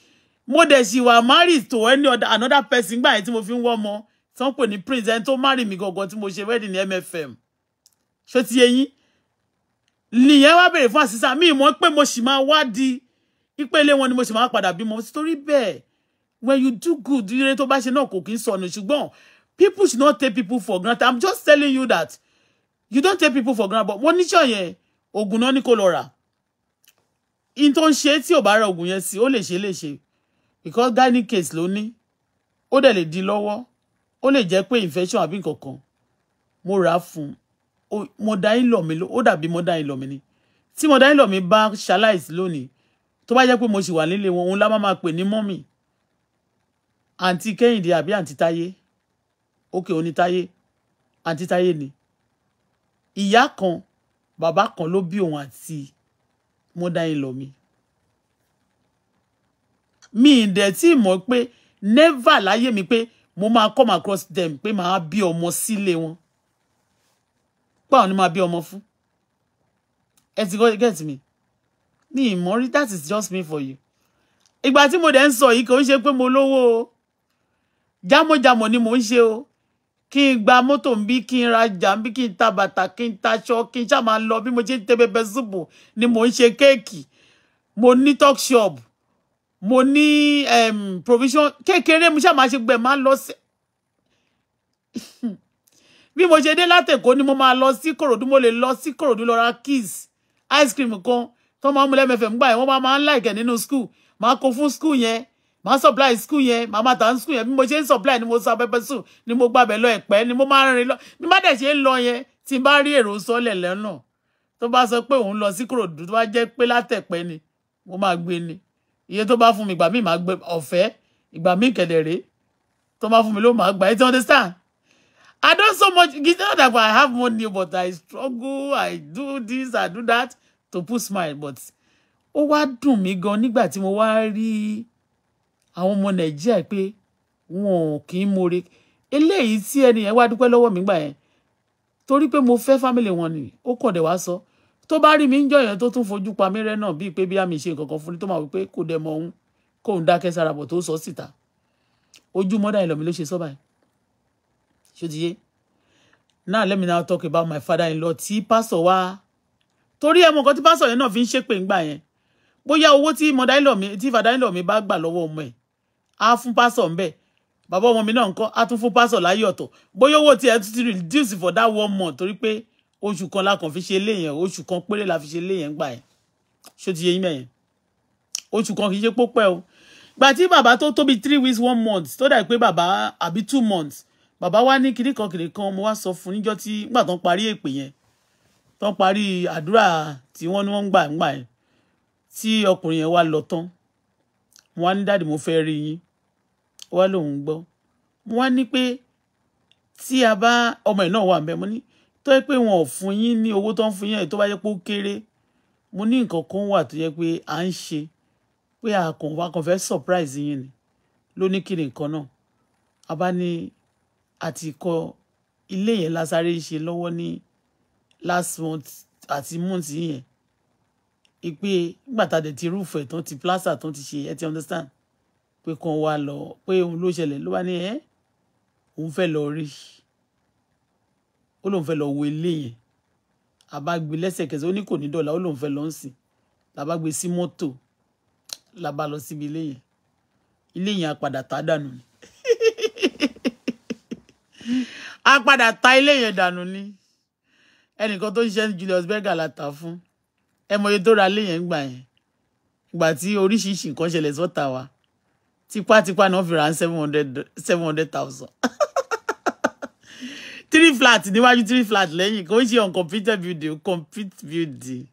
Speaker 1: mo dẹ̀ sì wà married to any other another person gbà yẹn tí mo fi ń wọ́ ọmọ tí wọ́n pè ní prince ẹni tó marry mi gangan tí mo ṣe wedding ní MFM ṣó ti yé yín nìyẹn wá bèrè fún àṣìṣà mi mọ̀ pé mo sì máa wá di ìpele wọn ni mo sì máa padà bímọ torí bẹ́ẹ̀ when you do good ire tó bá ṣe náà kò kí ń sọnù ṣùgbọ́n people should not take people for granted i'm just telling you that you don't take people for granted but wọ́n níṣọ yẹn ogunoni náà ní kò lọ rà in tó ń ṣe tí ò bá ra oògùn yẹn sí ó lè ṣe lè because gynae case ló ní ó dẹ̀ lè di lọ́wọ́ ó lè jẹ́ pé infection àbí nǹkan kan mo rà á fún un mo dá yín lọ mi ó dàbí mo dá yín lọ mi ni tí mo dá yín lọ mi bá ṣaláìsí lónìí tó bá jẹ́ pé mo sì wà nílé wọn òun lá máa òkè onítáyé àǹtí táyé ni ìyá kan bàbá kan ló bí òun àti mọ́dáyìnlọ mi mi ì dẹ̀ tí mọ̀ pé never láyé mi pé mo máa come across them pé màá bí ọmọ sílé wọn páwọn ni màá bí ọmọ fún ẹ ti get me mi ì that is just me for you ìgbà tí mo dẹ̀ ń sọ yìí kò ń ṣe pé mo lówó o jámọ̀jámọ̀ ni mò ń ṣe o kí n gba mọ́tò ń bí kí n rajà ń bí kí n ta bàtà kí n taṣọ kí n ṣáà máa lọ bí mo ṣe ń tẹ pẹpẹ súpù ni mò ń ṣe kéèkì mo ní talk shop mo ní provision kékeré mo ṣáà máa ṣe gbẹ máa lọ sí bí mo ṣe dé látẹ̀kọ́ ni mo máa lọ sí kòròdú mo lè lọ sí kòròdú lọ ra kiss ice cream kan tó máa ń mu lẹ́mẹ̀fẹ̀ ń gbà yẹn wọ́n máa ń láìkẹ̀ nínú school máa kó fún school yẹn màá supply school yẹn màá máa tà ní school yẹn bí mo ṣe ń supply ni mo sa pẹpẹ sùn ni mo gbàbẹ lọ ẹ̀pẹ́ ni mo máa ń rìn lọ bí má dẹ̀ ṣe ń lọ yẹn tí n bá rí èrò sọlẹ̀ lọ́nà tó bá sọ pé òun lọ sí Kòròdú tó bá jẹ́ pé látẹ̀pẹ́ ni mo máa gbé ni iye tó bá fún mi ìgbà míì máa gbé ọ̀fẹ́ ìgbà míì kẹ̀dẹ̀ rèé tó bá fún mi ló máa gbà you understand I don't so much it's not that I have money but I struggle I do this I do that to put smile but ó wá dùn mí gan nígbà tí mo wá rí àwọn ọmọ nàìjíríà pé wọn ò kì í more eléyìí tí ẹnìyẹn wá dúpẹ́ lọ́wọ́ mi gbà yẹn torí pé mo fẹ́ fámìlì wọn ni ó kàn dé wá sọ tó bá rí mi ń jọyàn tó tún fojú pa mí rẹ́ náà bíi pé bí àmì ṣe nǹkan kan fún ni tó máa wí pé kò dẹ̀ mọ òun kóun dákẹ́ sára bọ̀ tó sọ síta ojú mọ́dà ìlọ̀mí ló ṣe sọ́ báyìí ṣó ti yé now let me now talk about my father-in-law tí pásọ̀ wá torí ẹmọ kan tí pásọ̀ yẹn náà fi ń ṣépè ńgbà yẹn bóyá owó tí mọ̀dà ìlọ̀mí tí fàdà ìlọ̀mí bá gbà lọ́wọ́ ọmọ ẹ̀ á fún pásọ̀ ń bẹ̀ bàbá ọmọ mi náà ń kọ́ á tún fún pásọ̀ láyé Boyo bóyá owó tiẹ̀ tún ti reduce for that one month torí pé oṣù kan la kàn fi ṣe léyìn oṣù kan péré la fi ṣe léyìn gbà yẹn ṣó ti yẹ yín mẹ́yìn kan kì í ṣe pópẹ́ o gbà tí bàbá tó tóbi three weeks one month tó dà pé bàbá àbí two months bàbá wa ní kinní kan kinní kan mo wá sọ fún níjọ́ tí nígbà tó ń parí èpè yẹn tó ń parí àdúrà tí wọ́n ní wọ́n ń gbà ń gbà yẹn tí ọkùnrin wọ́n ní dáàdì mo fẹ́ rí yín ó wá lóun gbọ́ mo wá ní pé tí a bá ọmọ ẹ̀ náà wà ńbẹ̀ mo ní tó yẹ pé wọn ò fún yín ní owó tó ń fún yín ẹ̀ tó bá yẹ pé ó kéré mo ní nǹkan kan wà tó yẹ pé à ń ṣe pé àkàn wa kàn fẹ́ surprise yín ni ló ní kí ni nǹkan náà a bá ní àti kọ ilé yẹn lásáré ṣe lọ́wọ́ ní last month àti month yẹn ìpè nígbà tá a dẹ̀ ti rúfẹ̀ẹ́ tán ti plaza tán ti ṣe ẹ ti understand pé kàn wá lọ pé òun ló ṣẹlẹ̀ ló wá ní ẹ́ òun fẹ́ lọ rí ó lóun fẹ́ lọ wo ilé yẹn àbágbé lẹ́sẹ̀kẹsẹ̀ ó ní kò ní dọ̀là ó lóun fẹ́ lọ ń sìn làbágbé sí mọ́tò làbá lọ síbi ilé yẹn ilé yẹn apàdà tá dànù ni apàdà tá ilé yẹn dànù ni ẹnìkan tó ń ṣiṣẹ́ Julius Berger la ta fún ẹ mọ iye tó ra ilé yẹn ń gbà yẹn ìgbà tí oríṣiríṣi nǹkan ṣẹlẹ̀ sọ́ta wa tipátipá náà fi ra seven hundred seven hundred thousand three flat níwájú three flat lẹ́yìn kò ń ṣe uncompleted building complete building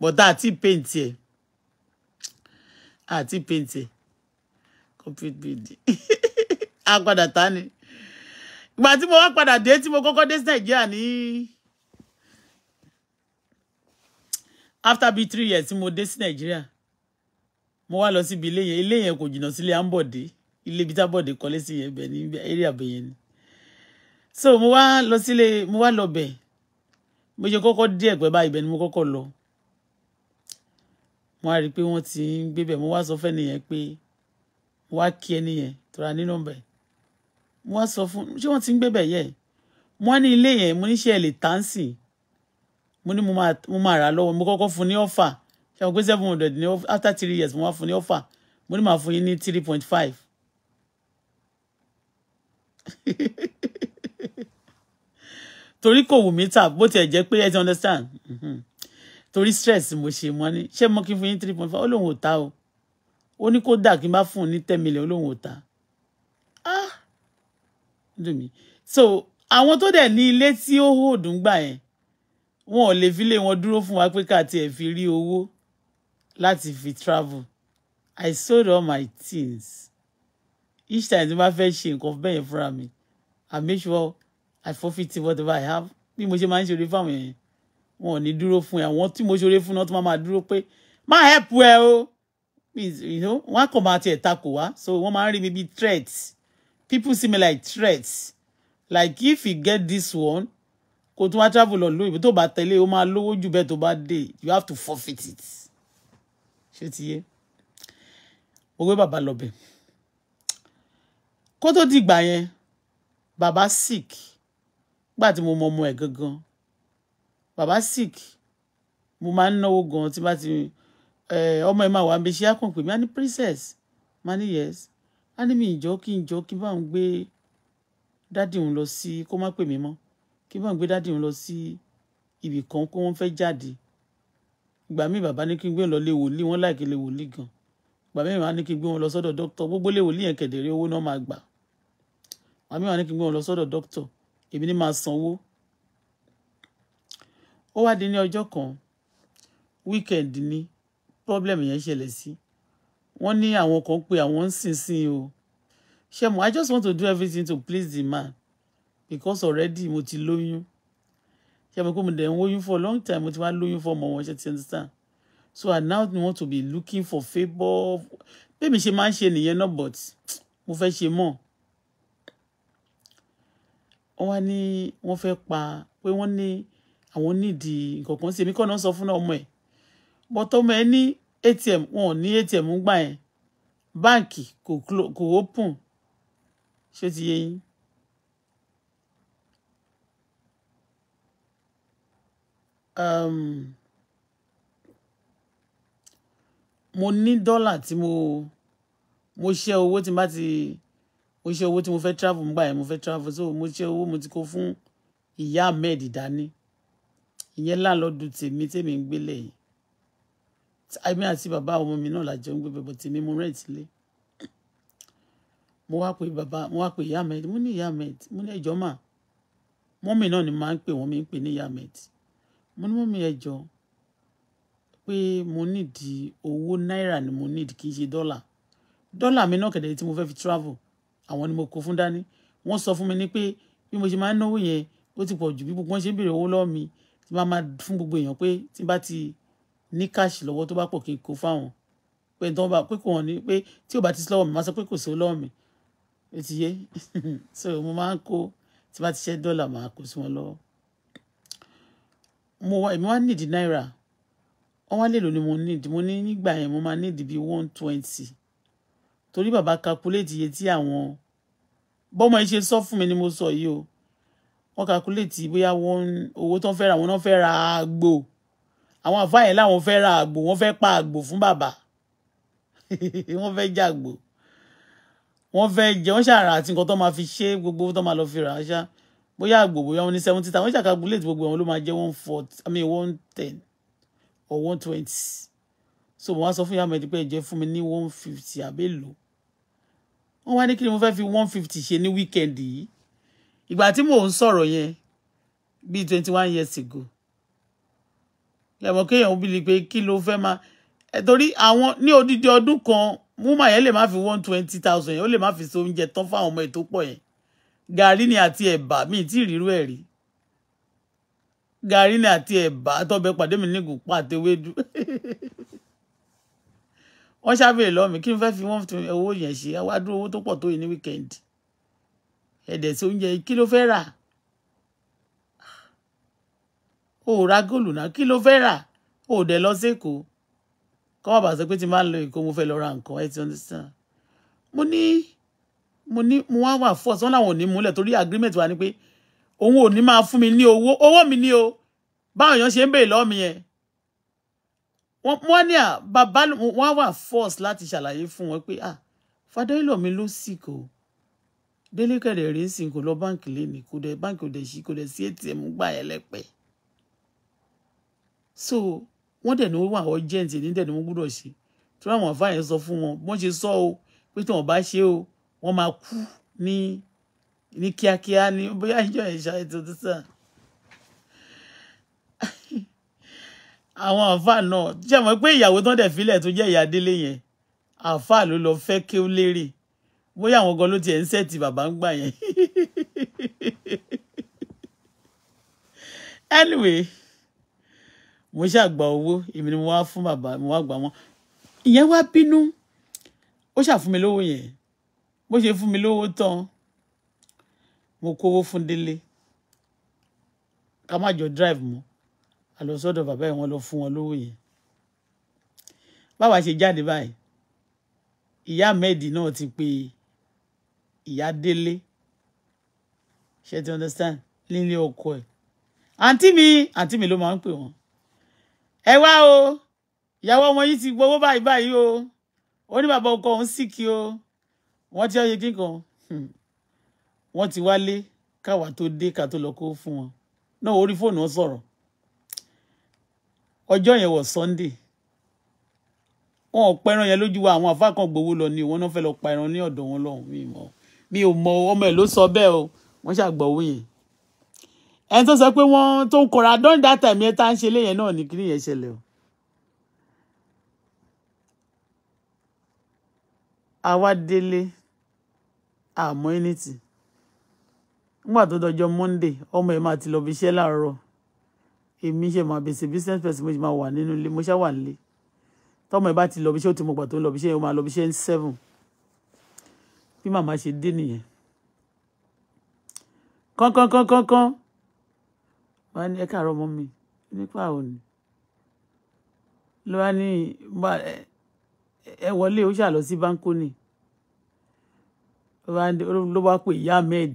Speaker 1: but àti paint ẹ̀ àti paint ẹ̀ complete building a padà ta ni ìgbà tí mo wá padà dé tí mo kọ́kọ́ dé sí nàìjíríà ní after bíi three years tí mo dé sí nàìjíríà mo wá lọ síbi ilé yẹn ilé yẹn kò jìnnà sílé Ambode ilé ibi tábọ̀dé kọ́lé sí yẹn bẹ̀ ní eré àbẹ̀yẹn ni so mo wá lọ sílé mo wá lọ bẹ̀ mo ṣe kọ́kọ́ dé ẹ̀pẹ́ báyìí bẹ̀ ni mo kọ́kọ́ lọ mo wá rí i pé wọ́n ti ń gbé bẹ̀ mo wá sọ fẹ́ni yẹn pé mo wá kí ẹni yẹn tó ra ní nọ́mbà mo wá sọ fún ṣé wọ́n ti ń gbé bẹ̀ yẹ̀ mo wá ní ilé yẹn mo ní ṣe ẹ̀ lè tàǹsì mo ní mo máa rà lọ́wọ́ mo kọ́kọ́ fún ní ọ̀fà ṣe wọn pé seven hundred ní after three years mo wá fún ní offer mo ní màá fún yín ní three point five. torí kò wù mí tà bó tiẹ̀ jẹ́ pé ẹ understand mhm. torí stress mo ṣe mọ́ ni ṣé mo kí n fún yín three point five ó lóun ò ta o ó ní kó dà kí n bá fún un ní ten million ó lóun ò ta ah dùn mí so àwọn tó dẹ̀ ní ilé tí ó hòdùn gbà yẹn wọn ò lè fi lé wọn dúró fún wa pé ká tiẹ̀ fi rí owó láti fi travel i sold all my things each time tí n bá fẹ́ ṣe nǹkan bẹ́ẹ̀ yẹn fúnra mi i make sure i forfeit whatever i have bí mo ṣe máa ń ṣe oore fáwọn yẹn wọn ò ní dúró fún ẹ àwọn tí mo ṣe oore fún náà tó máa máa dúró pé má help ẹ o wọn kàn máa tiẹ̀ takò wá so wọ́n máa ń rí mi bí threat people see me like threat like if you get this one kò tún wá travel lọ lóyìnbó tó bá tẹ̀lé o máa lówó jù bẹ́ẹ̀ tó bá dé you have to forfeit it ṣé ti yé mo gbé bàbá lọ bẹ̀ kó tó dìgbà yẹn bàbá sick nígbà tí mo mọ ọmọ ẹ̀ gangan bàbá sick mo máa ń náwó gan tí bá ti ọmọ ẹ̀ máa wà mí ṣe á kàn pè ní princess má ní yes á ní mi ìjọ kí n jọ kí bá ń gbé dádì òun lọ sí kó má pè mí mọ́ kí bá ń gbé dádì òun lọ sí ibì kan kó wọ́n fẹ́ jáde ìgbà míì bàbá ní kí n gbé lọ lé wòlíì wọn láìkí lé wòlíì gan ìgbà míì máa ní kí n gbé wọn lọ sọ́dọ̀ dókítà gbogbo lé wòlíì yẹn kẹ̀dẹ̀rẹ́ owó náà máa gbà ìgbà míì máa ní kí n gbé wọn lọ sọ́dọ̀ dókítà èmi ní máa sanwó. ó wá di ní ọjọ́ kan weekend ni problem yẹn ṣẹlẹ̀ sí wọ́n ní àwọn kan pé àwọn ń sìn sìn o ṣé mo i just want to do everything to please the man because already mo ti lóyún ṣe mo pé mo dẹ̀ ń wóyún for a long time mo ti wá lóyún fọmọ wọn ṣe ti understand so i now want to be looking for favour bẹ́ẹ̀ mi ṣe máa ń ṣe nìyẹn náà but mo fẹ́ ṣe mọ́ wọ́n wá ní wọ́n fẹ́ pa pé wọ́n ní àwọn nídìí nǹkan kan sí èmi kọ́ náà sọ fún ọmọ ẹ̀ but ọmọ ẹ̀ ní atm wọn ò ní atm ń gbà yẹn báǹkì kò open ṣé ti yé yín um, mo ní dọ́là tí mo mo ṣe owó tí n bá ti mo ṣe owó tí mo fẹ́ travel nígbà yẹn mo fẹ́ travel so mo ṣe owó mo ti kó fún ìyá ahmed dání ìyẹn láńlọ́ọ̀dù tèmi tèmi ń gbélé yìí èmi àti bàbá ọmọ mi náà làjọ ń gbé bẹ̀bọ̀ tèmi mo rẹ̀ǹtì lé mo wá pè bàbá mo wá pè ìyá ahmed mo ní ìyá ahmed mo ní ẹjọ́ mà mọ́mì náà ni máa ń pè wọ́n mi ń pè ní ìyá ahmed mo ní mọ́mí ẹ jọ̀ọ́ pé mo nídìí owó náírà ni mo nídìí kì í ṣe dọ́là dọ́là mi náà kẹ̀dẹ̀ tí mo fẹ́ fi travel àwọn ni mo kó fún dání wọ́n sọ fún mi ní pé bí mo ṣe máa ń náwó yẹn ó ti pọ̀ jù bí gbogbo wọn ṣe ń béèrè owó lọ́wọ́ mi tí máa máa fún gbogbo èèyàn pé tí bá ti ní káàṣì lọ́wọ́ tó bá pọ̀ kí n kó fáwọn pé tán bá pé kò wọ́n ní pé tí ò bá ti sí lọ́wọ́ mi máa sọ pé kò sí lọ́wọ́ mi ó ti yé so mo máa ń kó tí bá ti ṣẹ́ dọ́là máa kó sí wọn lọ́wọ́ mo wá èmi wá nídìí náírà wọ́n wá lèlò ni mo nídìí mo ní nígbà yẹn mo máa nídìí bíi one twenty torí bàbá calculate iye tí àwọn bọ́mọ yìí ṣe sọ fún mi ni mo sọ yìí o wọ́n calculate bóyá wọ́n owó tán fẹ́ ra àwọn náà fẹ́ ra àgbò àwọn àfáàyàn láwọn fẹ́ ra àgbò wọ́n fẹ́ pa àgbò fún bàbá wọ́n fẹ́ jàgbò wọ́n fẹ́ jẹ wọ́n ṣàrà àti nǹkan tó máa fi ṣe gbogbo tó máa lọ fi rà á bóyá àgbò bóyá wọn ní seventy thousand wọ́n ṣàkàgbúlẹ̀tì gbogbo wọn ló máa jẹ́ one forty i mean one ten or one twenty so mo wá sọ fún yàmẹ̀dì pé ẹ̀jẹ̀ fún mi ní one fifty àbẹ́lò wọ́n wá ní kí ni mo fẹ́ fi one fifty ṣe ní weekend yìí ìgbà tí mò ń sọ̀rọ̀ yẹn bíi twenty one years ago lẹ́mọ̀ kéèyàn bí li pé kí ló fẹ́ máa torí àwọn ní odidi ọdún kan múmà yẹn lè má fi one twenty thousand yẹn ó lè má fi so oúnjẹ tán fáwọn ọmọ ètò pọ̀ yẹn gàrí ni àti ẹ̀bà mi ì tí ì ẹ̀ rí gàrí ni àti ẹ̀bà tọ́bẹ̀ pàdé mi nígùn pa àtewédú wọ́n ṣàbẹ̀rẹ̀ lọ́mí kí n fẹ́ fi wọ́n fi owó yẹn ṣe wá dúró owó tó pọ̀ tó yìí ní wíkẹ́ndì ẹ̀dẹ̀ sí oúnjẹ kí ló fẹ́ rà ó ra góòlù náà kí ló fẹ́ rà ó dẹ̀ lọ sékòó kọ́ bàbá sọ pé tí n ń lọ Èkó mo fẹ́ lọ ra nǹkan ẹ ti understand mo ní mo ní mo wá wà force wọn làwọn ò ní múlẹ̀ torí agreement wa ni pé òun ò ní máa fún mi ní owó owó mi ní o báwọn èèyàn ṣe ń béèrè lọ́wọ́ mi yẹn wọ́n ní à bàbá wọn wà force láti ṣàlàyé fún wọn pé ah fadéyìnlọ mi ló sì kò délé kẹdẹ rèé sì kò lọ báǹkì lẹ́nìí kò dẹ báǹkì ò dẹ sí kò dẹ sí ATM gbà ẹ lẹ́pẹ́ so wọ́n dẹ̀ ní wọ́n wà urgent ní dẹ̀ ní wọ́n gbọ́dọ̀ ṣe tí wọ́n àwọn àfáà yẹn sọ fún wọn wọ́n ṣe sọ o pé tí wọ́n bá ṣe o wọ́n máa kú ní ní kíákíá ní bóyá ìjọ ìṣá ètò tó sàn. àwọn àáfàá náà ṣe mọ̀ pé ìyàwó tán dẹ̀ filẹ̀ tó jẹ́ ìyá délé yẹn àáfàá ló lọ fẹ́ kí ó lérè bóyá àwọn gan ló tiẹ̀ ń sẹ́ẹ̀tì bàbá ń gbà yẹn. anyway mo ṣàgbà owó èmi ni mo wá fún bàbá mo wá gbà wọn ìyẹn wá bínú ó ṣàfún lówó yẹn bó ṣe fún mi lówó tán mo kówó fún délé ká má jọ drive mọ́ a lọ sọ́dọ̀ bàbá yẹn wọ́n lọ fún wọn lówó yẹn báwa ṣe jáde báyìí ìyá mẹ́ẹ̀dì náà ti pe ìyá délé ṣe ti understand nílé ọkọ ẹ̀ àǹtí mi àǹtí mi ló máa ń pè wọ́n ẹ wá o ìyàwó ọmọ yìí ti gbowó báyìí báyìí o ó ní bàbá ọkọ òun sì kí o wọ́n ti ayé kíkan hmm. wọ́n ti wálé káwa tó dé ká tó lọ kó fún wọn náà orí fóònù wọn sọ̀rọ̀ ọjọ́ yẹn wọ̀ Sunday wọn ò pẹran yẹn lójú wa àwọn àfáà kan gbowó lọ ni wọn náà fẹ́ lọ pa ẹran ní ọ̀dọ̀ wọn lọ́hùn mi mọ̀ mi ò mọ ọmọ ẹ̀ ló sọ bẹ́ẹ̀ o wọ́n ṣàgbọ̀wé yẹn ẹni tó sọ pé wọ́n tó ń kọra don that time tá ń ṣe léyẹn náà ní kíní yẹn ṣẹlẹ̀ o. àwa délé àmọ́ anything nígbà tó dọjọ́ Monday ọmọ ẹ̀ máa ti lọ bí iṣẹ́ láàárọ̀ èmi ṣe máa bèsè business person mo ṣe máa wà nínú ilé mo ṣá wà nílé tọmọ ẹ̀ bá ti lọ bí iṣẹ́ ó ti mọ̀ gbà tó ń lọ bí iṣẹ́ ó máa lọ bí iṣẹ́ ń seven bí màmá ṣe dé nìyẹn kánkánkánkán wà ní ẹ káàárọ̀ ọmọ mi nípa òní ló wá ní ẹ wọlé ó ṣàlọ sí báńkónì ló bá pè ìyá ahmed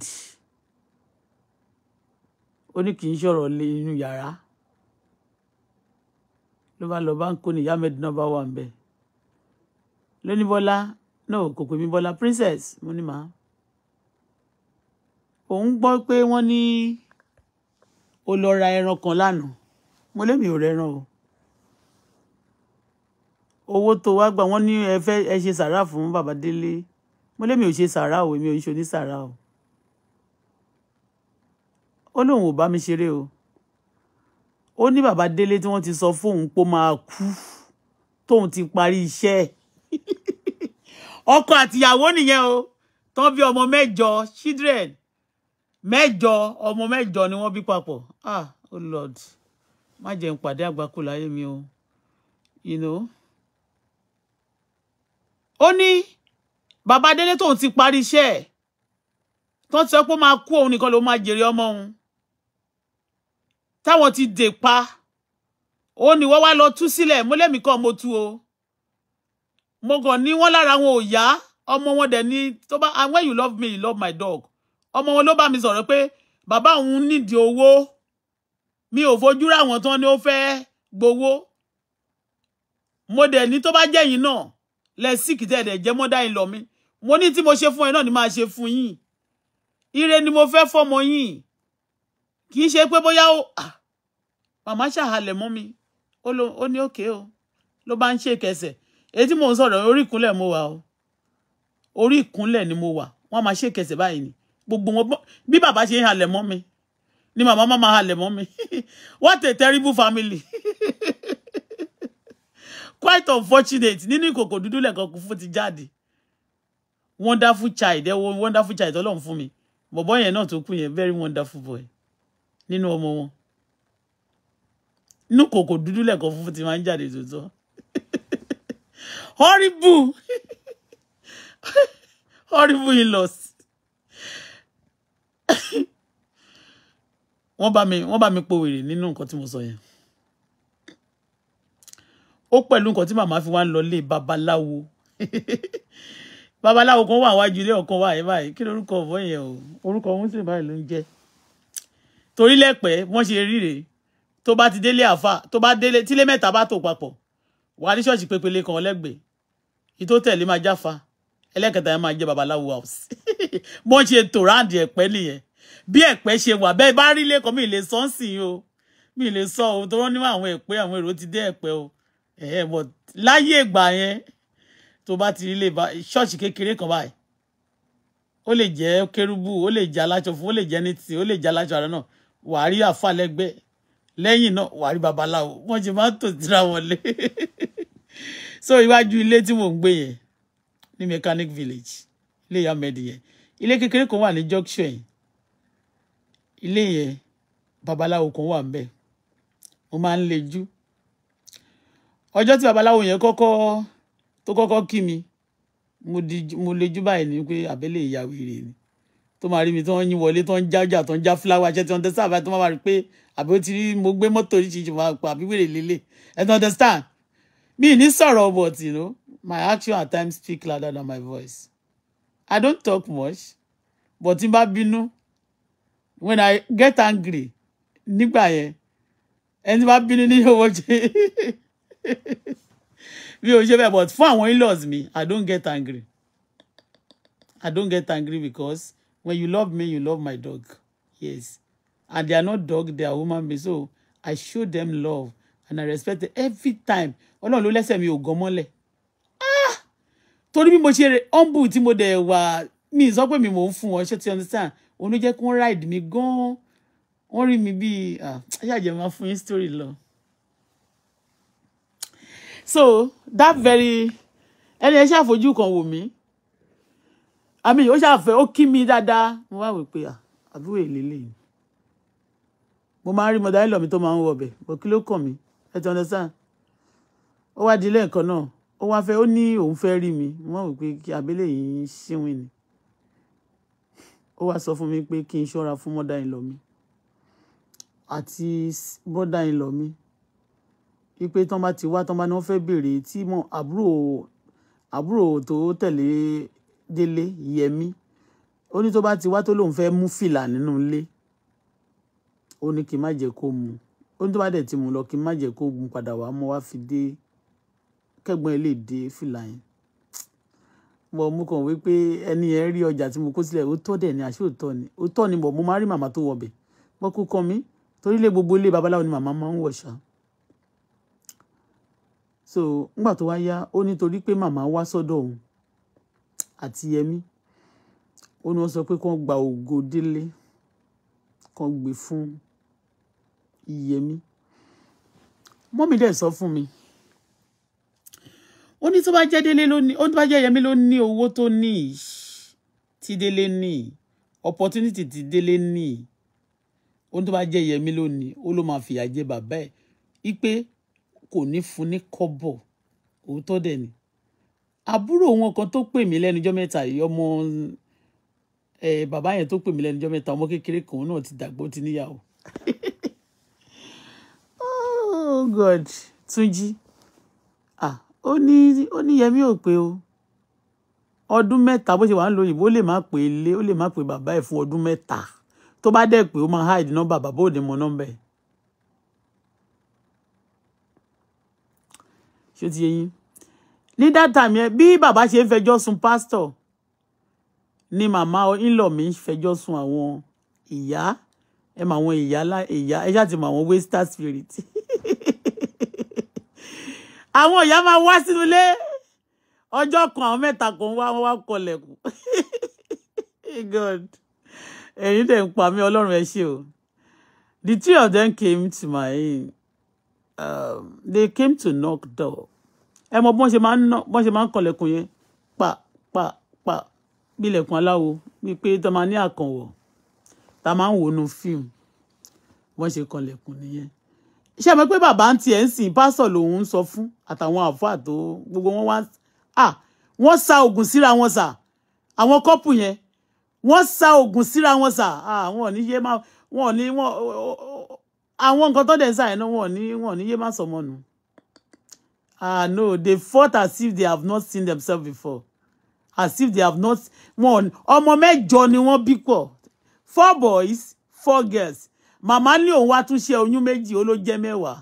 Speaker 1: ó ní kì í sọ̀rọ̀ lé inú yàrá ló bá lọ bá ń kó ní ìyá ahmed náà bá wà ń bẹ̀ lóní bọ́lá náà kò pè mí bọ́lá princess mo ní màá òun gbọ́ pé wọ́n ní ó lọ ra ẹran kan lánàá mo lémi ò rẹran o owó tó wá gbà wọ́n ní ẹ fẹ́ ẹ ṣe sàrà fún bàbá délé mo lé mi ò ṣe sàrà o èmi ò ń ṣe onísàrà o ó lóun ò bá mi ṣeré o ó ní bàbá délé tí wọ́n ti sọ fóun pó máa kú tóun ti parí iṣẹ́ ọkọ àtìyàwó nìyẹn o tán bí ọmọ mẹ́jọ children mẹ́jọ ọmọ mẹ́jọ ni wọ́n bí papọ̀ ah oh lord má jẹ́ n pàdé àgbákò láyé mi o you know ó ní bàbá délé tóun ti parí iṣẹ́ ẹ̀ tó ti sọ pé ó máa kú òun nìkan ló máa jèrè ọmọ òun táwọn ti dè pa ó ní wọ́n wá lọ tú sílẹ̀ mo lẹ́mìí kan mo tú o mo kàn ní wọ́n lára wọn ò yá ọmọ wọn dẹ̀ ní tó bá and when you love me you love my dog ọmọ wọn ló bá mi sọ̀rọ̀ pé bàbá òun nídìí owó mi ò fojú ra àwọn tán ni ó fẹ́ gbowó mo dẹ̀ ní tó bá jẹ́ yìí náà lẹ́sìkì tẹ̀ dẹ̀ jẹ́ mọ́dá ìlọ mi mo ní tí mo ṣe fún ẹ náà ni máa ṣe fún yín ire ni mo fẹ́ fọmọ yín kì í ṣe pé bóyá ó màmá ṣàhalẹ̀ mọ́ mi ó ní òkè o ló bá ń ṣe kẹsẹ̀ èyí tí mò ń sọ̀rọ̀ orí ìkúnlẹ̀ mo wà o orí ìkúnlẹ̀ ni mo wà wọ́n máa ṣe kẹsẹ̀ báyìí ni gbogbo wọn bí bàbá ṣe ń halẹ̀ mọ́ mi ni màmá má máa halẹ̀ mọ́ mi what a terrible family quite unfortunate nínú ìkòkò dúdú lẹ́kọ̀ọ́kù fún ti jáde wonderful child ẹ eh, wo wonderful child ọlọ́run fún mi bọ̀bọ́ yẹn náà tó kú yẹn very wonderful boy nínú ọmọ wọn koko, Dudu dúdú lẹ́kọ̀ọ́ fún ti máa ń jáde horrible horrible in loss. wọ́n bá mi wọ́n bá mi po Ninu nínú nǹkan tí mo sọ yẹn ó pẹ̀lú nǹkan tí màmá fi wá ń lọ lé babaláwo kan wà wájú ilé ọkàn wa yẹn báyìí kí lorúkọ ọ̀bọ yẹn o orúkọ muslim báyìí ló ń jẹ́ torí lẹ́pẹ́ wọ́n ṣe ríre tó bá ti délé àfa tó bá délé tílé mẹ́ta bá tò papọ̀ wà ní ṣọ́ọ̀ṣì pépele kan ọlẹ́gbẹ̀ẹ́ ìtó tẹ̀lé máa jáfa ẹlẹ́kẹta yẹn máa jẹ́ babaláwo house bọ́n ṣe tò ráǹdì ẹ̀pẹ́ nìyẹn bí ẹ̀pẹ́ ṣe wà bẹ́ẹ̀ bá rí lẹ́kọ̀ọ́ mi lè sọ́ sí o mi lè sọ ohun tó rán níwọ̀n àwọn ẹ̀pẹ́ àwọn èrò ti dé ẹ̀pẹ́ o ẹ̀ẹ́ bọ̀ láyé ìgbà yẹn tó bá ti rí lè bá ṣọ́ọ̀ṣì kékeré kan báyìí ó lè jẹ́ kérúbù ó lè jẹ́ aláṣọ fún ó lè jẹ́ nítì ó lè jẹ́ aláṣọ àrẹ náà wà rí àfa lẹ́gbẹ́ lẹ́yìn náà wà rí babaláwo wọ́n ṣe máa ń tò síra wọn so iwájú ilé tí mò ń gbé yẹn ní mechanic village ilé ya mẹ́ẹ̀dì yẹn ilé kékeré kan wà ní junction yẹn ilé yẹn babaláwo kan wà ńbẹ̀ mo máa ń lejú ọjọ́ tí babaláwo yẹn kọ́kọ́ tó kọ́kọ́ kí mi mo lejú báyìí ni pé àbẹ́lẹ̀ ìyàwó rẹ̀ ni tó máa rí mi tó ń yín wọlé tó ń jájà tó ń já fúláwà ṣẹ́ tí wọ́n tẹ́sán àbáyé tó máa rí pé àbí ó ti rí mo gbé mọ́tò oríṣiríṣi máa pa àbí wèrè lélẹ̀ ẹ tó understand mi ní sọ̀rọ̀ but you know my action at times speak louder than my voice I don't talk much but tí n bá bínú when I get angry nígbà yẹn ẹni bá bínú ní owó jẹ. mi ò ṣe bẹ́ẹ̀ but fún àwọn in-laws mi i don't get angry i don't get angry because when you love me you love my dog yes and they are not dog they are human being so i show them love and i respect them every time ọlọ́run ló lẹ́sẹ̀ mi ò gan mọ́lẹ̀ ah torí bí mo ṣe humble tí mo dẹ̀ wà mi sọ pé mi mò ń fún wọn ṣé ti understand òun ló jẹ́ kí wọ́n ride mi gan-an wọ́n rí mi bíi ah ayé àjẹmọ́ fún yín story lọ so that very ẹni ẹ ṣàfojú kan wò mí àmì ó ṣàfẹ́ ó kí mi dáadáa mo wá wò pé ah, àbúrò èlélẹ̀ yìí mo máa ń rí mọ̀dá ìlọ̀ mi tó máa ń wọbẹ̀ bó kí ló kàn mí ẹ ti understand ó wá di lẹ́ẹ̀kan náà ó wá fẹ́ ó ní òun fẹ́ rí mi mo wá wò pé kí abẹ́lẹ̀ yìí ṣíwìn ni ó wá sọ fún mi pé kí n ṣọ́ra fún mọ̀dá ìlọ̀ àti mọ̀dá ìlọ̀ wípé tán bá ti wá tán bá ní wọ́n fẹ́ béèrè tí mọ̀ àbúrò àbúrò tó tẹ̀lé délé yẹmí ó ní tó bá ti wá tó lóun fẹ́ mú fìlà nínú ilé ó ní kí n má jẹ́ kó mu ó ní tó bá dẹ̀ ti mú lọ kí n má jẹ́ kó gun padà wá mo wá fi dé kẹ́gbọ́n ẹ lè dé fìlà yẹn mo kàn wípé ẹni yẹn rí ọjà tí mo kó sílẹ̀ ó tọ́ dẹ̀ ni àṣé òótọ́ ni òótọ́ ni bọ̀ mo máa rí màmá tó wọbẹ̀ wọ́n kú kọ́ mi torí ilé gbogbo ilé babaláwo ni màmá máa ń wọ̀ so ngbà tó wá yá ó nítorí pé màmá wá sọ́dọ̀ òun àti yẹmí ó ní wọ́n sọ pé kàn gba ògo délé kàn gbé fún yẹmí mọ́mí dẹ̀ sọ fún mi ó ní tó bá jẹ́ délé ló ní ó ní tó bá jẹ́ yẹmí ló ní owó tó ní opportunity tí délé ní ó ní tó bá jẹ́ yẹmí ló ní ó ló máa fìyà jẹ bàbá ipe kò ní fún ní kọ́bọ̀ òótọ́ dẹ̀ ni àbúrò wọn kan tó pè mí lẹ́nujọ́ mẹ́ta yìí ọmọ ẹ bàbá yẹn tó pè mí lẹ́nujọ́ mẹ́ta ọmọ kékeré kan náà ti dàgbó ti níyàwó oh god túnjí ah ó ní ó ní yẹmí ò pé o ọdún mẹ́ta bó ṣe wà ń lo òyìnbó ó lè má pè é lé ó lè má pè bàbá ẹ̀ fún ọdún mẹ́ta tó bá dẹ̀ pé ó máa háìdì nọ́mbà bàbá òde mọ nọ́mbà ẹ̀ ṣé ti yé yín ní that time yẹn bí bàbá ṣe ń fẹjọ́ sun pásítọ̀ ni màmá ńlọ mi ń fẹjọ́ sun àwọn ìyá ẹ mọ àwọn ìyá ìyá ẹ ṣáà ti mọ àwọn waster spirit àwọn ìyá máa wá sínú ilé ọjọ́ kan àwọn mẹ́ta kan wá wọ́n wá kọlẹ̀kùn God ẹ̀yin ń pa mí ọlọ́run ẹ ṣé o the three of them came to my aid Um, they came to knock door ẹ mo bọ́n ṣe máa ń ná bọ́n ṣe máa ń pa pa pa Bi ilẹ̀kùn aláwo bíi pé tó máa ní àkànwọ̀ tá a máa ń wò nu fíìmù bọ́n ṣe kọlẹ̀kùn nìyẹn ṣé ẹ mọ̀ pé bàbá ń tiẹ̀ ń sìn pásọ̀ lòun ń sọ fún àtàwọn àfáà tó gbogbo wọn wá à wọ́n sa oògùn síra wọn sà àwọn kọ́pù yẹn wọ́n sa oògùn síra wọn sà àwọn ò ní yé máa wọn ò ní àwọn nǹkan tó dẹ̀ sá ẹ̀ náà wọ́n ní wọ́n ní yé má sọmọ nù ah no they fought as if they have not seen themselves before as if they have not won ọmọ mẹ́jọ ni wọ́n bí pọ̀ four boys four girls màmá ní òun wá tún ṣe oyún méjì ó ló jẹ́ mẹ́wàá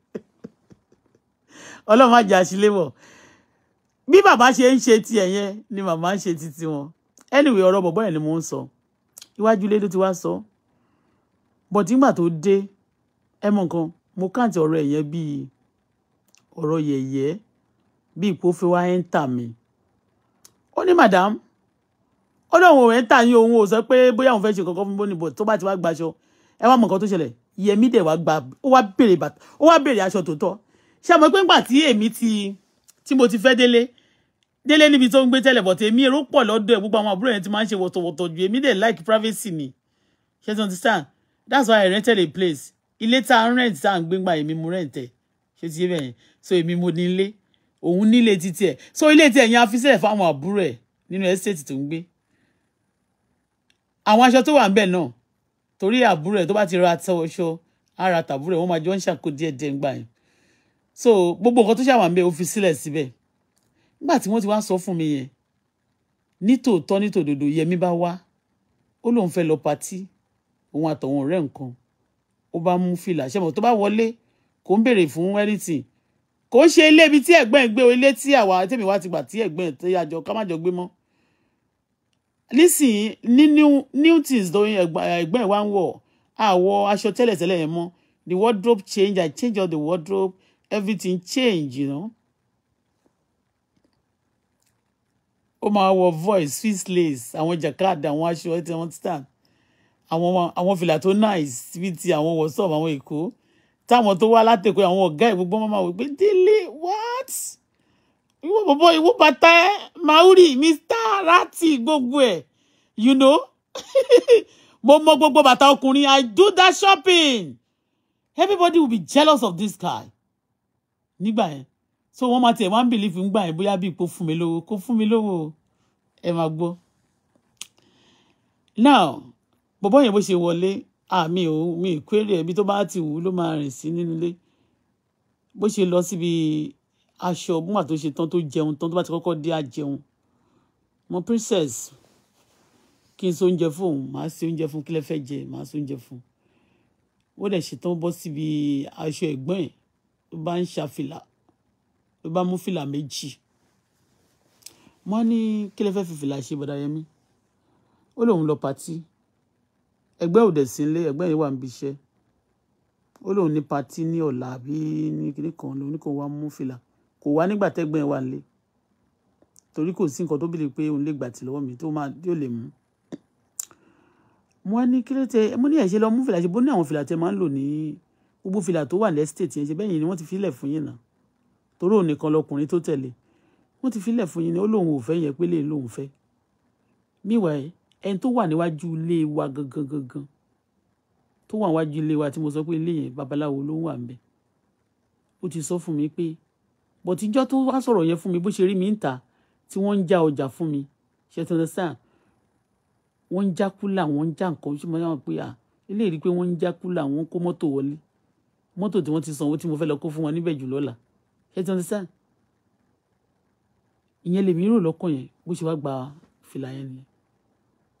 Speaker 1: ọlọ́run àjà àṣìléwọ̀ bí bàbá ṣe ń ṣe tiẹ̀ yẹn ni màmá ń ṣe ti tiwọn anyway ọ̀rọ̀ bọ̀bọ́ yẹn ni mò ń sọ iwájú ilé ló ti wá sọ. So but nígbà tó dé ẹ mọ nǹkan mo káàntì ọ̀rọ̀ ẹ̀ yẹn bíi ọ̀rọ̀ yẹ̀yẹ́ bíi ipò fi wá ẹ̀ ń tà mí ó ní madam ó ní òun ẹ̀ ń tà yín òun ò sọ pé bóyá òun fẹ́ ṣe kankan fún bóni bò tó bá ti wá gbaṣọ ẹ wá mọ nǹkan tó ṣẹlẹ̀ yẹmí dẹ̀ wá gba ó wá béèrè bàtà ó wá béèrè aṣọ tó tọ́ ṣé àmọ́ pé ńgbà tí èmi ti tí mo ti fẹ́ délé délé níbi tó ń gbé tẹ́lẹ̀ bọ̀ tèmi èrò pọ̀ lọ́dọ̀ ẹ̀ gbogbo àwọn àbúrò yẹn ti máa ń ṣe wọ̀tọ̀wọ̀tọ̀ ju èmi dẹ̀ like privacy ni ṣé tí wọ́n ti sàn that's why i rented a place I tá a rent tá a ń gbégbá èmi mo rent ẹ ṣé ti yé bẹ́ẹ̀ yẹn so èmi mo ní ilé òun nílé títí ẹ so ilé tí ẹ̀yin afisẹ̀ fáwọn àbúrò ẹ̀ nínú ẹ́sítéètì tó ń gbé àwọn aṣọ tó wà ń bẹ̀ náà torí àbúrò ẹ̀ tó bá ti ra aṣọ ara tàbúrò ẹ̀ wọ́n máa jọ ń ṣàkó díẹ̀ díẹ̀ ń gbà yẹn so gbogbo nǹkan tó ṣàwà ń bẹ̀ ó fi sílẹ̀ síbẹ̀ nígbà tí wọ́n ti wá So fún mi yẹn nítòótọ́ nítòdodo Yẹmí bá wá ó lóun fẹ́ lọ patí òun àtọ̀wọn ọ̀rẹ́ nǹkan ó bá mú fìlà ṣe mọ̀ tó bá wọlé kò ń béèrè fún anything kò ń ṣe ilé ibi tí ẹ̀gbọ́n ẹ̀ gbé ilé tí àwa tèmi wá ti gbà tí ẹ̀gbọ́n ẹ̀ tó jọ ká má jọ gbé mọ́ nísìnyí ní new things tó ẹ̀gbọ́n ẹ̀ wá ń wọ̀ àwọ̀ aṣọ tẹ́lẹ̀tẹ́lẹ̀ yẹn mọ́ the wardrobe change i change all the wardrobe everything change you know. ó máa wọ voice swiss lace àwọn jacquard àwọn aṣọ ẹ̀ tí wọ́n ti tàn àwọn àwọn fìlà tó nice bíi ti àwọn wọ̀sọ̀ọ̀bù àwọn èkó táwọn tó wá látẹ̀kọ́ àwọn ọ̀gá ẹ̀ gbogbo máa wò pé délé what ìwọ bọ̀bọ̀ ìwọ bàtà ẹ̀ maori mr rati gbogbo ẹ̀ you know mo mọ gbogbo bàtà ọkùnrin i do that shopping everybody will be jealous of this guy nígbà yẹn so wọ́n máa tiẹ̀ wá ń bìlífù ńgbà yẹn bóyá bíi kó fún mi lówó kó fún mi lówó ẹ máa gbọ́ now bọ̀bọ́ yẹn bó ṣe wọlé àmì ò mi ìkéré ẹbí tó bá ti wù ú ló máa rìn sí nínú ilé bó ṣe lọ síbi aṣọ bùnmà tó ṣe tán tó jẹun tán tó bá ti kọ́kọ́ dé àjẹun mo princess kí n so oúnjẹ fóun màá se oúnjẹ fún kí lẹ fẹ́ jẹ màá so oúnjẹ fún ó dẹ̀ ṣe tán bọ́ síbi aṣọ ẹ̀gbọ́n ẹ̀ ló bá ń ṣàfìlà ló bá mú fìlà méjì mo ní kí lẹ fẹ́ fi ṣe bọ̀dá yẹmí ó lóun lọ pàtí ẹgbẹ́ òde sílé ẹgbẹ́ yẹn wà níbi iṣẹ́ ó lóun ní patí ní ọ̀la àbí ní kinní kan lóun ní kò wá mú fìlà kò wá nígbà tẹ́gbẹ́ yẹn wà nílé torí kò sí nǹkan tó bìlì pé òun lè gbà tì lọ́wọ́ mi tó máa yóò lè mú mo ní kí tẹ mo ní ẹ̀ṣẹ̀ lọ mú fìlà ṣe bó ní àwọn fìlà tẹ máa ń lò ní gbogbo fìlà tó wà ní estate yẹn ṣe bẹ́ẹ̀ yẹn ni wọ́n ti filẹ̀ fún yín náà torí òun nìkan lọkùnrin tó tẹ̀lé wọ́n ti filẹ̀ fún yín ó lóun ò fẹ́ yẹn pé lóun fẹ́ míwàá ẹni tó wà níwájú ilé wa gangan gangan tó wà níwájú ilé wa tí mo sọ pé ilé yẹn babaláwo ló wà ń bẹ ó ti sọ fún mi pé bọ̀tíjọ́ tó wá sọ̀rọ̀ yẹn fún mi bó ṣe rí mi ń ta tí wọ́n ń já ọjà fún mi ṣe tó ń sàn wọ́n ń já kúlà wọ́n ń já nǹkan ṣé mo yàn pé à ilé rí i pé wọ́n ń já kúlà wọ́n kó mọ́tò wọlé mọ́tò tí wọ́n ti sanwó tí mo fẹ́ lọ kó fún wọn níbẹ̀ jù lọ́la ṣe tó ń sàn ìyẹn lèmi rò lọ́kàn yẹn bó ṣe wá gba fìlà yẹn nìyẹn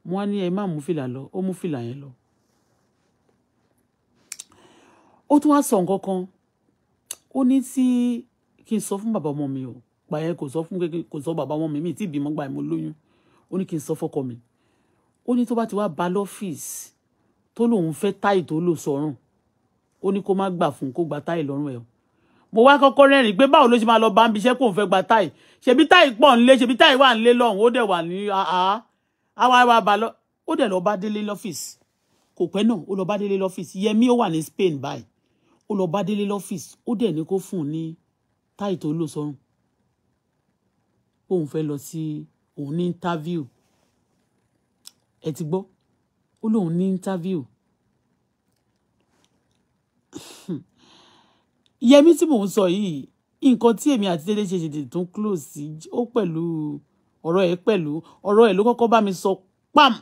Speaker 1: mo wá ní ẹ má mú fìlà lọ ó mú fìlà yẹn lọ ó tún wá sọ nǹkan kan ó ní tí kí n sọ fún bàbá ọmọ mi o gbà yẹn kò sọ fún kò sọ bàbá ọmọ mi mi tí ìbímọ gbà mo lóyún ó ní kí n sọ fọ́kọ mi ó ní tó bá ti wá ba lọ́fíìsì tó lòun fẹ́ táì tó lò sọ́rùn ó ní kó má gbà fún kó gba táì lọ́rùn ẹ̀ o mo wá kọ́kọ́ rẹ́rìn pé báwo ló ṣe máa lọ bá ń bí iṣẹ́ kó ń fẹ́ gba táì ṣebí táì pọ̀ ń ṣebí táì wà ń lé ó dẹ̀ wà ní àá àwa àwa bá lọ ó dẹ̀ lọ bá délé lọ́fíìsì kò pẹ́ náà ó lọ bá délé lọ́fíìsì yẹmi ó wà ní Spain báyìí o lo ba délé lọ́fíìsì ó dẹ̀ ní kó fún un ní táì tó lò sọ́run òun fẹ́ lọ sí interview ẹ ti gbọ́ ó lóun ní interview Yemi tí mo ń sọ yìí nǹkan tí èmi àti délé ṣe ṣètò close sí ó ọ̀rọ̀ ẹ̀ pẹ̀lú ọ̀rọ̀ ẹ̀ ló kọ́kọ́ bá mi sọ pam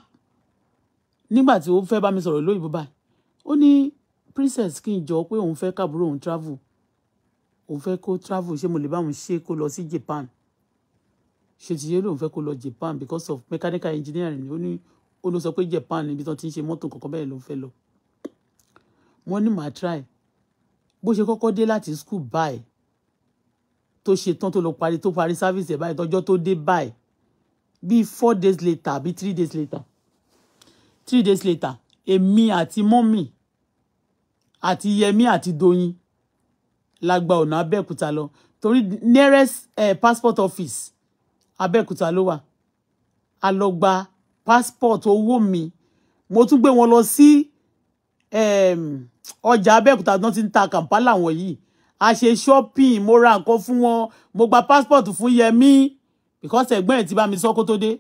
Speaker 1: nígbà tí ó fẹ́ bá mi sọ̀rọ̀ lóyìnbó báyìí ó ní princess kí n jọ pé òun fẹ́ káàbúrò òun travel òun fẹ́ kó travel ṣé mo lè bá òun ṣe kó lọ sí Japan ṣètìyé lòun fẹ́ kó lọ Japan because of mechanical engineering ó ní ó ló sọ pé Japan níbi tó ti ń ṣe mọ́tò kọ̀ọ̀kan bẹ́ẹ̀ ló fẹ́ lọ wọ́n ní màá try bó ṣe kọ́kọ́ dé láti school báyìí tó ṣe tán tó lọ parí tó parí service ẹ̀ báyìí tọ́jọ́ tó dé báyìí bíi four days later àbí three days later three days later èmi àti mọ́mì àti yẹmi àti doyin la gba ọ̀nà abẹ́òkúta lọ torí nearest eh, passport office abẹ́òkúta ló wà a lọ gba passport owó mi mo tún gbé wọn lọ sí ehm, ọjà abẹ́òkúta tí wọ́n ti ń ta kàǹpálà wọ̀nyí a ṣe shopping mo ra nǹkan fún wọn mo gba passport fún yẹmi because ẹ̀gbọ́n ẹ̀ ti bá mi sọ kó tó dé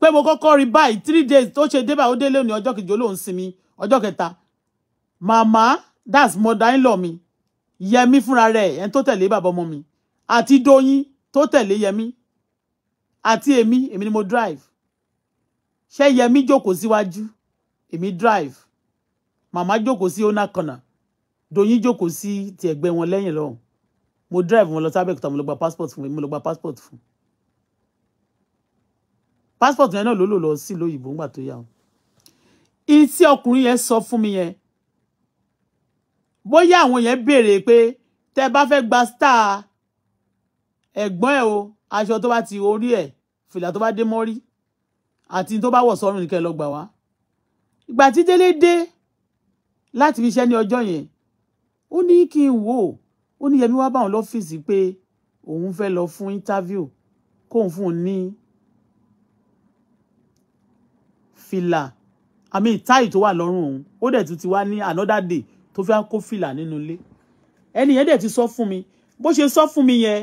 Speaker 1: pé mo kọ́kọ́ rí báyìí three days tó ṣe débà ó délé ní ọjọ́ kejì olóhùn sinmi ọjọ́ kẹta màmá that's mother in law mi yẹmi fúnra rẹ̀ ẹni tó tẹ̀lé bàbá ọmọ mi àti doyin tó tẹ̀lé yẹmi àti èmi èmi ni mo drive ṣé yẹmi jókòó síwájú èmi drive màmá jókòó sí ọ̀nà kànnà doyin jókòó sí ti ẹ̀gbẹ́ wọn lẹ́yìn lọ́hùn mo drive wọn lọ sí kuta mo lọ gba passport fún mi mo lọ gba passport fún passport yẹn náà ló lò lọ sí ìlú òyìnbó ńgbà tó yà wọn ìyí tí ọkùnrin yẹn sọ fún mi yẹn bóyá àwọn yẹn béèrè pé tẹ bá fẹ́ gba star ẹ̀gbọ́n ẹ̀ o aṣọ tó bá ti orí ẹ̀ fìlà tó bá dé mọ́rí àti tó bá wọ̀ sọ́run nìkẹ́ lọ gbà wá ìgbà tí délé dé láti fi ṣẹ́ ní ọjọ́ yẹn ó ní kí n wò ó ó ní Yẹmí wá bá òun lọ́fíìsì pé òun fẹ́ lọ fún interview kóun fún un ní fìlà àmì táì tó wà lọ́rùn òun ó dẹ̀ tún ti wá ní another day tó fẹ́ kó fìlà nínú ilé ẹni yẹn dẹ̀ ti sọ fún mi bó ṣe sọ fún mi yẹn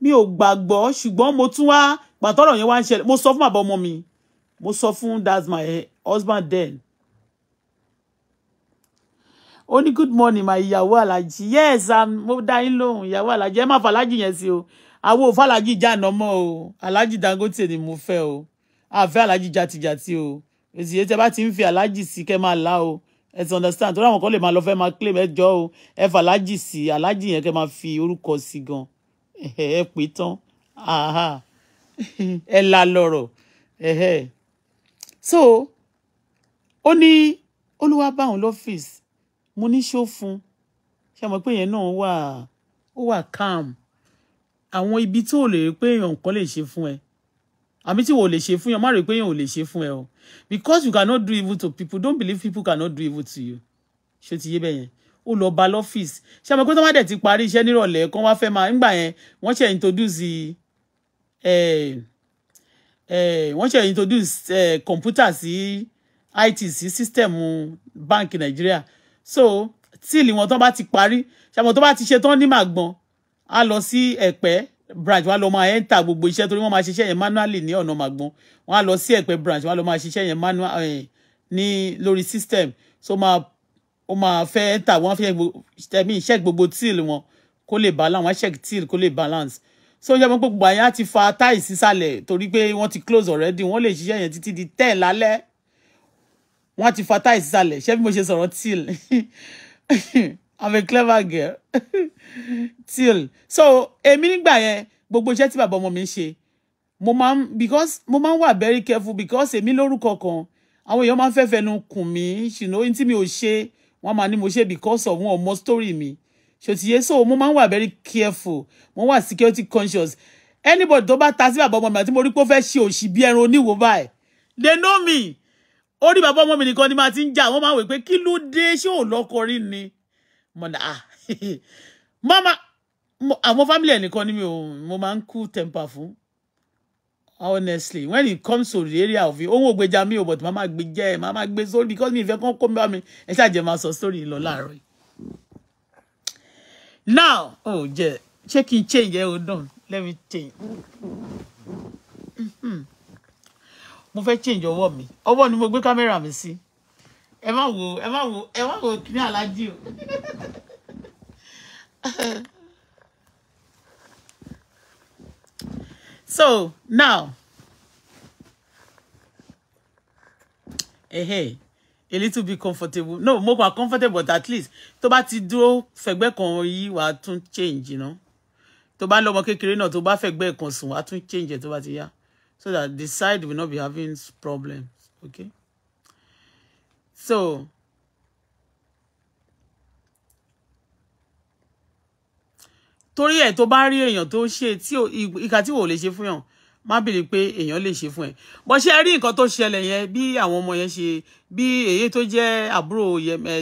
Speaker 1: mi ò gbàgbọ́ ṣùgbọ́n mo tún wá pàtọ́rọ̀ yẹn wá ń ṣẹlẹ̀ mo sọ fún àbọ̀ mi mo sọ fún that's my husband then ó ní good morning my ìyàwó alájí yes mo dá yín lóhùn ìyàwó alájí ẹ má fàlájì yẹn sí o àwo fàlájì jáná mọ́ o alájí dangote ni mo fẹ́ o àfẹ́ alájí jatijati o èsì yẹn tẹ bá ti ń fi alájí sí kẹ́ máa la o ẹ ti understand torí àwọn kan lè máa lọ fẹ́ máa claim ẹ jọ o ẹ fàlájì sí alájí yẹn kẹ́ máa fi orúkọ sí gan ẹ pè tán ẹ la lọ̀rọ̀ so ó ní olúwa bá òun mo ní ṣó fún ṣe mọ̀ pé yẹn náà wà ó wà calm àwọn ibi tó lè rí pé èèyàn nǹkan lè ṣe fún ẹ àmì tí wò lè ṣe fún yẹn má rí pé èèyàn ò lè ṣe fún ẹ o because you cannot do evil to people don't believe people cannot do evil to you ṣé ti yé bẹ́ẹ̀ yẹn ó lọ ba lọ́fíìsì ṣe mọ̀ pé tó má dẹ̀ ti parí iṣẹ́ nírọ̀lẹ́ kan wá fẹ́ máa ńgbà yẹn wọ́n ṣe introduce ẹ̀ ẹ̀ wọ́n ṣe introduce ẹ̀ computer sí IT sí system bank Nigeria so tíìlì wọn tó bá ti parí ṣàmọ tó bá ti ṣe tán ní màgbọn á lọ sí ẹ̀pẹ́ branch wa lọ máa enter gbogbo iṣẹ́ torí wọ́n máa ṣiṣẹ́ yẹn manually ní ọ̀nà màgbọn wọ́n á lọ sí ẹ̀pẹ́ branch wa lọ máa ṣiṣẹ́ yẹn manual eh, ní lórí system so máa ó máa fẹ́ enter wọ́n fẹ́ tẹ̀mí iṣẹ́ gbogbo tíìlì wọn kó lè balance wọ́n ṣẹ́ẹ̀kì tíìlì kó lè balance so yẹ mọ pé gbogbo àyà ti fa táì sísàlẹ̀ torí pé wọ́n ti close already wọ́n lè ṣiṣẹ́ yẹn títí di ten lálẹ́ wọ́n ti fa táì sísàlẹ̀ ṣé bí mo ṣe sọ̀rọ̀ till i'm a clever girl till so èmi nígbà yẹn gbogbo iṣẹ́ tí bàbá ọmọ mi ń ṣe mo máa ń because mo máa ń wà very careful because èmi lórúkọ kan àwọn èèyàn máa ń fẹ́fẹ́ nu kùn mí ṣùnà ohun tí mi ò ṣe wọ́n máa ní mo ṣe because of wọn ọmọ story mi ṣòtìyẹ so mo máa ń wà very careful mo wà security conscious anybody tó bá ta sí bàbá ọmọ mi àti mo rí pé ó fẹ́ ṣe òṣì bí ẹran oníwò báyìí they know me ó ní bàbá ọmọ mi nìkan ni máa ti ń jà wọ́n máa wè pé kí ló dé ṣé ò lọ́kọ ni mọ̀nà ah mama àwọn family ẹ̀ nìkan ni mi ò mo máa ń kú temper fún honestly when it comes to the area of it ohun ògbèjà mi ò but màá máa gbé jẹ́ màá máa gbé sórí because mi ìfẹ́ kàn kó mi bá mi ẹ ṣàjẹ́ máa sọ story lọ láàárọ̀ now oh jẹ ṣé kí n change ẹ o dùn let me change. Mm-hmm mo fẹ́ change ọwọ́ mi ọwọ́ ni mo gbé kámẹ́rà mi sí ẹ má wo ẹ má wo ẹ má wo kíní alájí o so now eh, a little bit comfortable no mo pa comfortable but at least tó bá ti dúró fẹ̀gbẹ́ kan yìí wàá tún change you know? tó bá lọ́mọ kékeré náà tó bá fẹ̀gbẹ́ kan sùn wàá tún change ẹ̀ tó bá ti yá so that the side will not be having problems. Okay. So torí ẹ̀ to bá rí èèyàn tó ṣe tí ìka tí wò lè ṣe fún yàn má bìrì pé èèyàn lè ṣe fún ẹ bó ṣe rí nǹkan tó ṣẹlẹ̀ yẹn bí àwọn ọmọ yẹn ṣe bí to tó jẹ́ àbúrò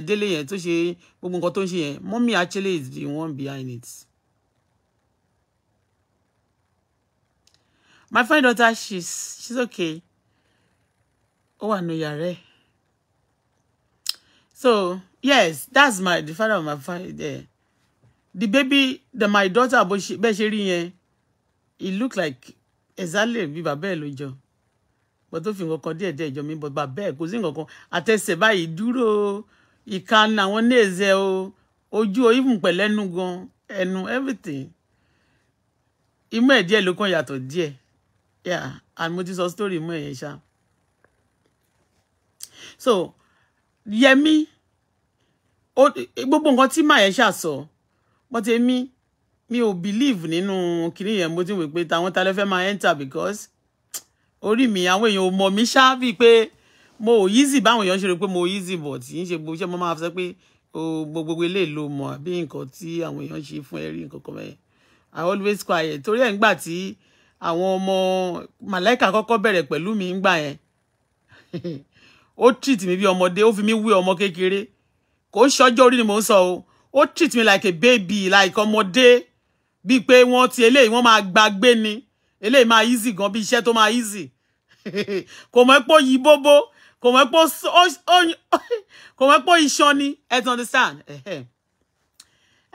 Speaker 1: Délé yẹn to ṣe gbogbo nǹkan tó ń ṣe Mommy actually is the one behind it. my fine daughter she's she's okay Oh, I know you're ẹ so yes that's my the father of my fine there the baby the my daughter but she, but she rí yẹn it like exactly bí bàbá ẹ̀ but don't think nǹkan kan díẹ̀ díẹ̀ but mí but bàbá ẹ̀ kò sí nǹkan kan he báyìí dúró ìkànnì àwọn néèzẹ o ojú o even pẹ̀lẹ́nu and everything He made the ló kàn yàtọ̀ díẹ̀ yeah and mo ti sọ story mú ẹ̀yẹ ṣá so yẹmi gbogbo nǹkan tí màá yẹn ṣà sọ but èmi mi ò believe nínú kini yẹn mo ti wò pé tàwọn ta lè fẹ́ máa enter because orí mi àwọn èèyàn ò mọ̀ mí ṣá bíi pé mo ò easy báwọn èèyàn ṣe rò pé mo easy but kì í ṣe gbogbo iṣẹ́ mo máa sọ pé gbogbo eléyìí ló mọ̀ àbí nǹkan tí àwọn èèyàn ṣe fún ẹ̀rí nǹkan kan mẹ́yìn i always quiet Tori ẹ̀ ń gbà àwọn ọmọ màláìka kọ́kọ́ bẹ̀rẹ̀ pẹ̀lú mi ń gbà yẹn ó treat mi bí ọmọdé ó fi mí wé ọmọ kékeré kò ń ṣọjọ́ orí ni mò ń sọ o ó treat mi like a baby like ọmọdé bíi pé wọ́n ti eléyìí wọ́n máa gbàgbé ni eléyìí máa easy gan bí iṣẹ́ tó máa easy kò mọ̀ pé ó yí bóbó kò mọ̀ pé kò mọ̀ pé iṣan ni ẹ ti understand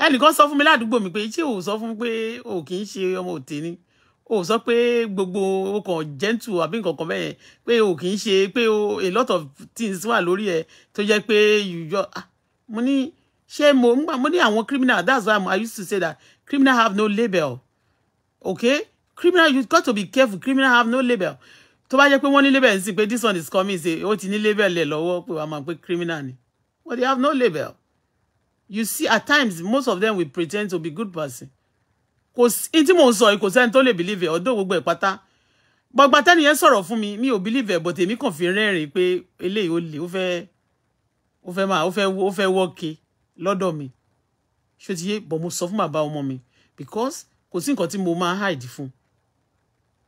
Speaker 1: ẹnìkan sọ fún mi ládùúgbò mi pé ṣé ò sọ fún mi pé ò kì í ṣe ọmọ òtẹ́ ni o sọ pé gbogbo o kàn gentle àbí nǹkan kan bẹ́ẹ̀ pé o kì í ṣe pé o a lot of things wà lórí ẹ tó jẹ́ pé you ah mo ní ṣé mo ń gbà mo ní àwọn criminal that's why i used to say that criminal have no label okay criminal you got to be careful criminal have no label tó bá jẹ́ pé wọ́n ní label ń sìn pé this one is coming ṣe ó ti ní label lẹ̀ lọ́wọ́ pé wàá máa pé criminal ni but they have no label you see at times most of them will pretend to be good person kò sí tí mò ń sọ yìí kò sẹ́ni believe lè bìlíìfẹ̀ ọ̀dọ́ gbogbo ẹ̀ pátá gbọgbà tẹ́nìyẹn sọ̀rọ̀ fún mi mi ò bìlíìfẹ̀ but èmi kàn fi rẹ́rìn pé eléyìí ó lè ó fẹ́ ó fẹ́ máa ó fẹ́ ó fẹ́ wọ́ọ̀kì lọ́dọ̀ mi ṣó ti yé bọ̀ mo sọ fún bàbá ọmọ mi because kò sí nǹkan tí mo máa hide fún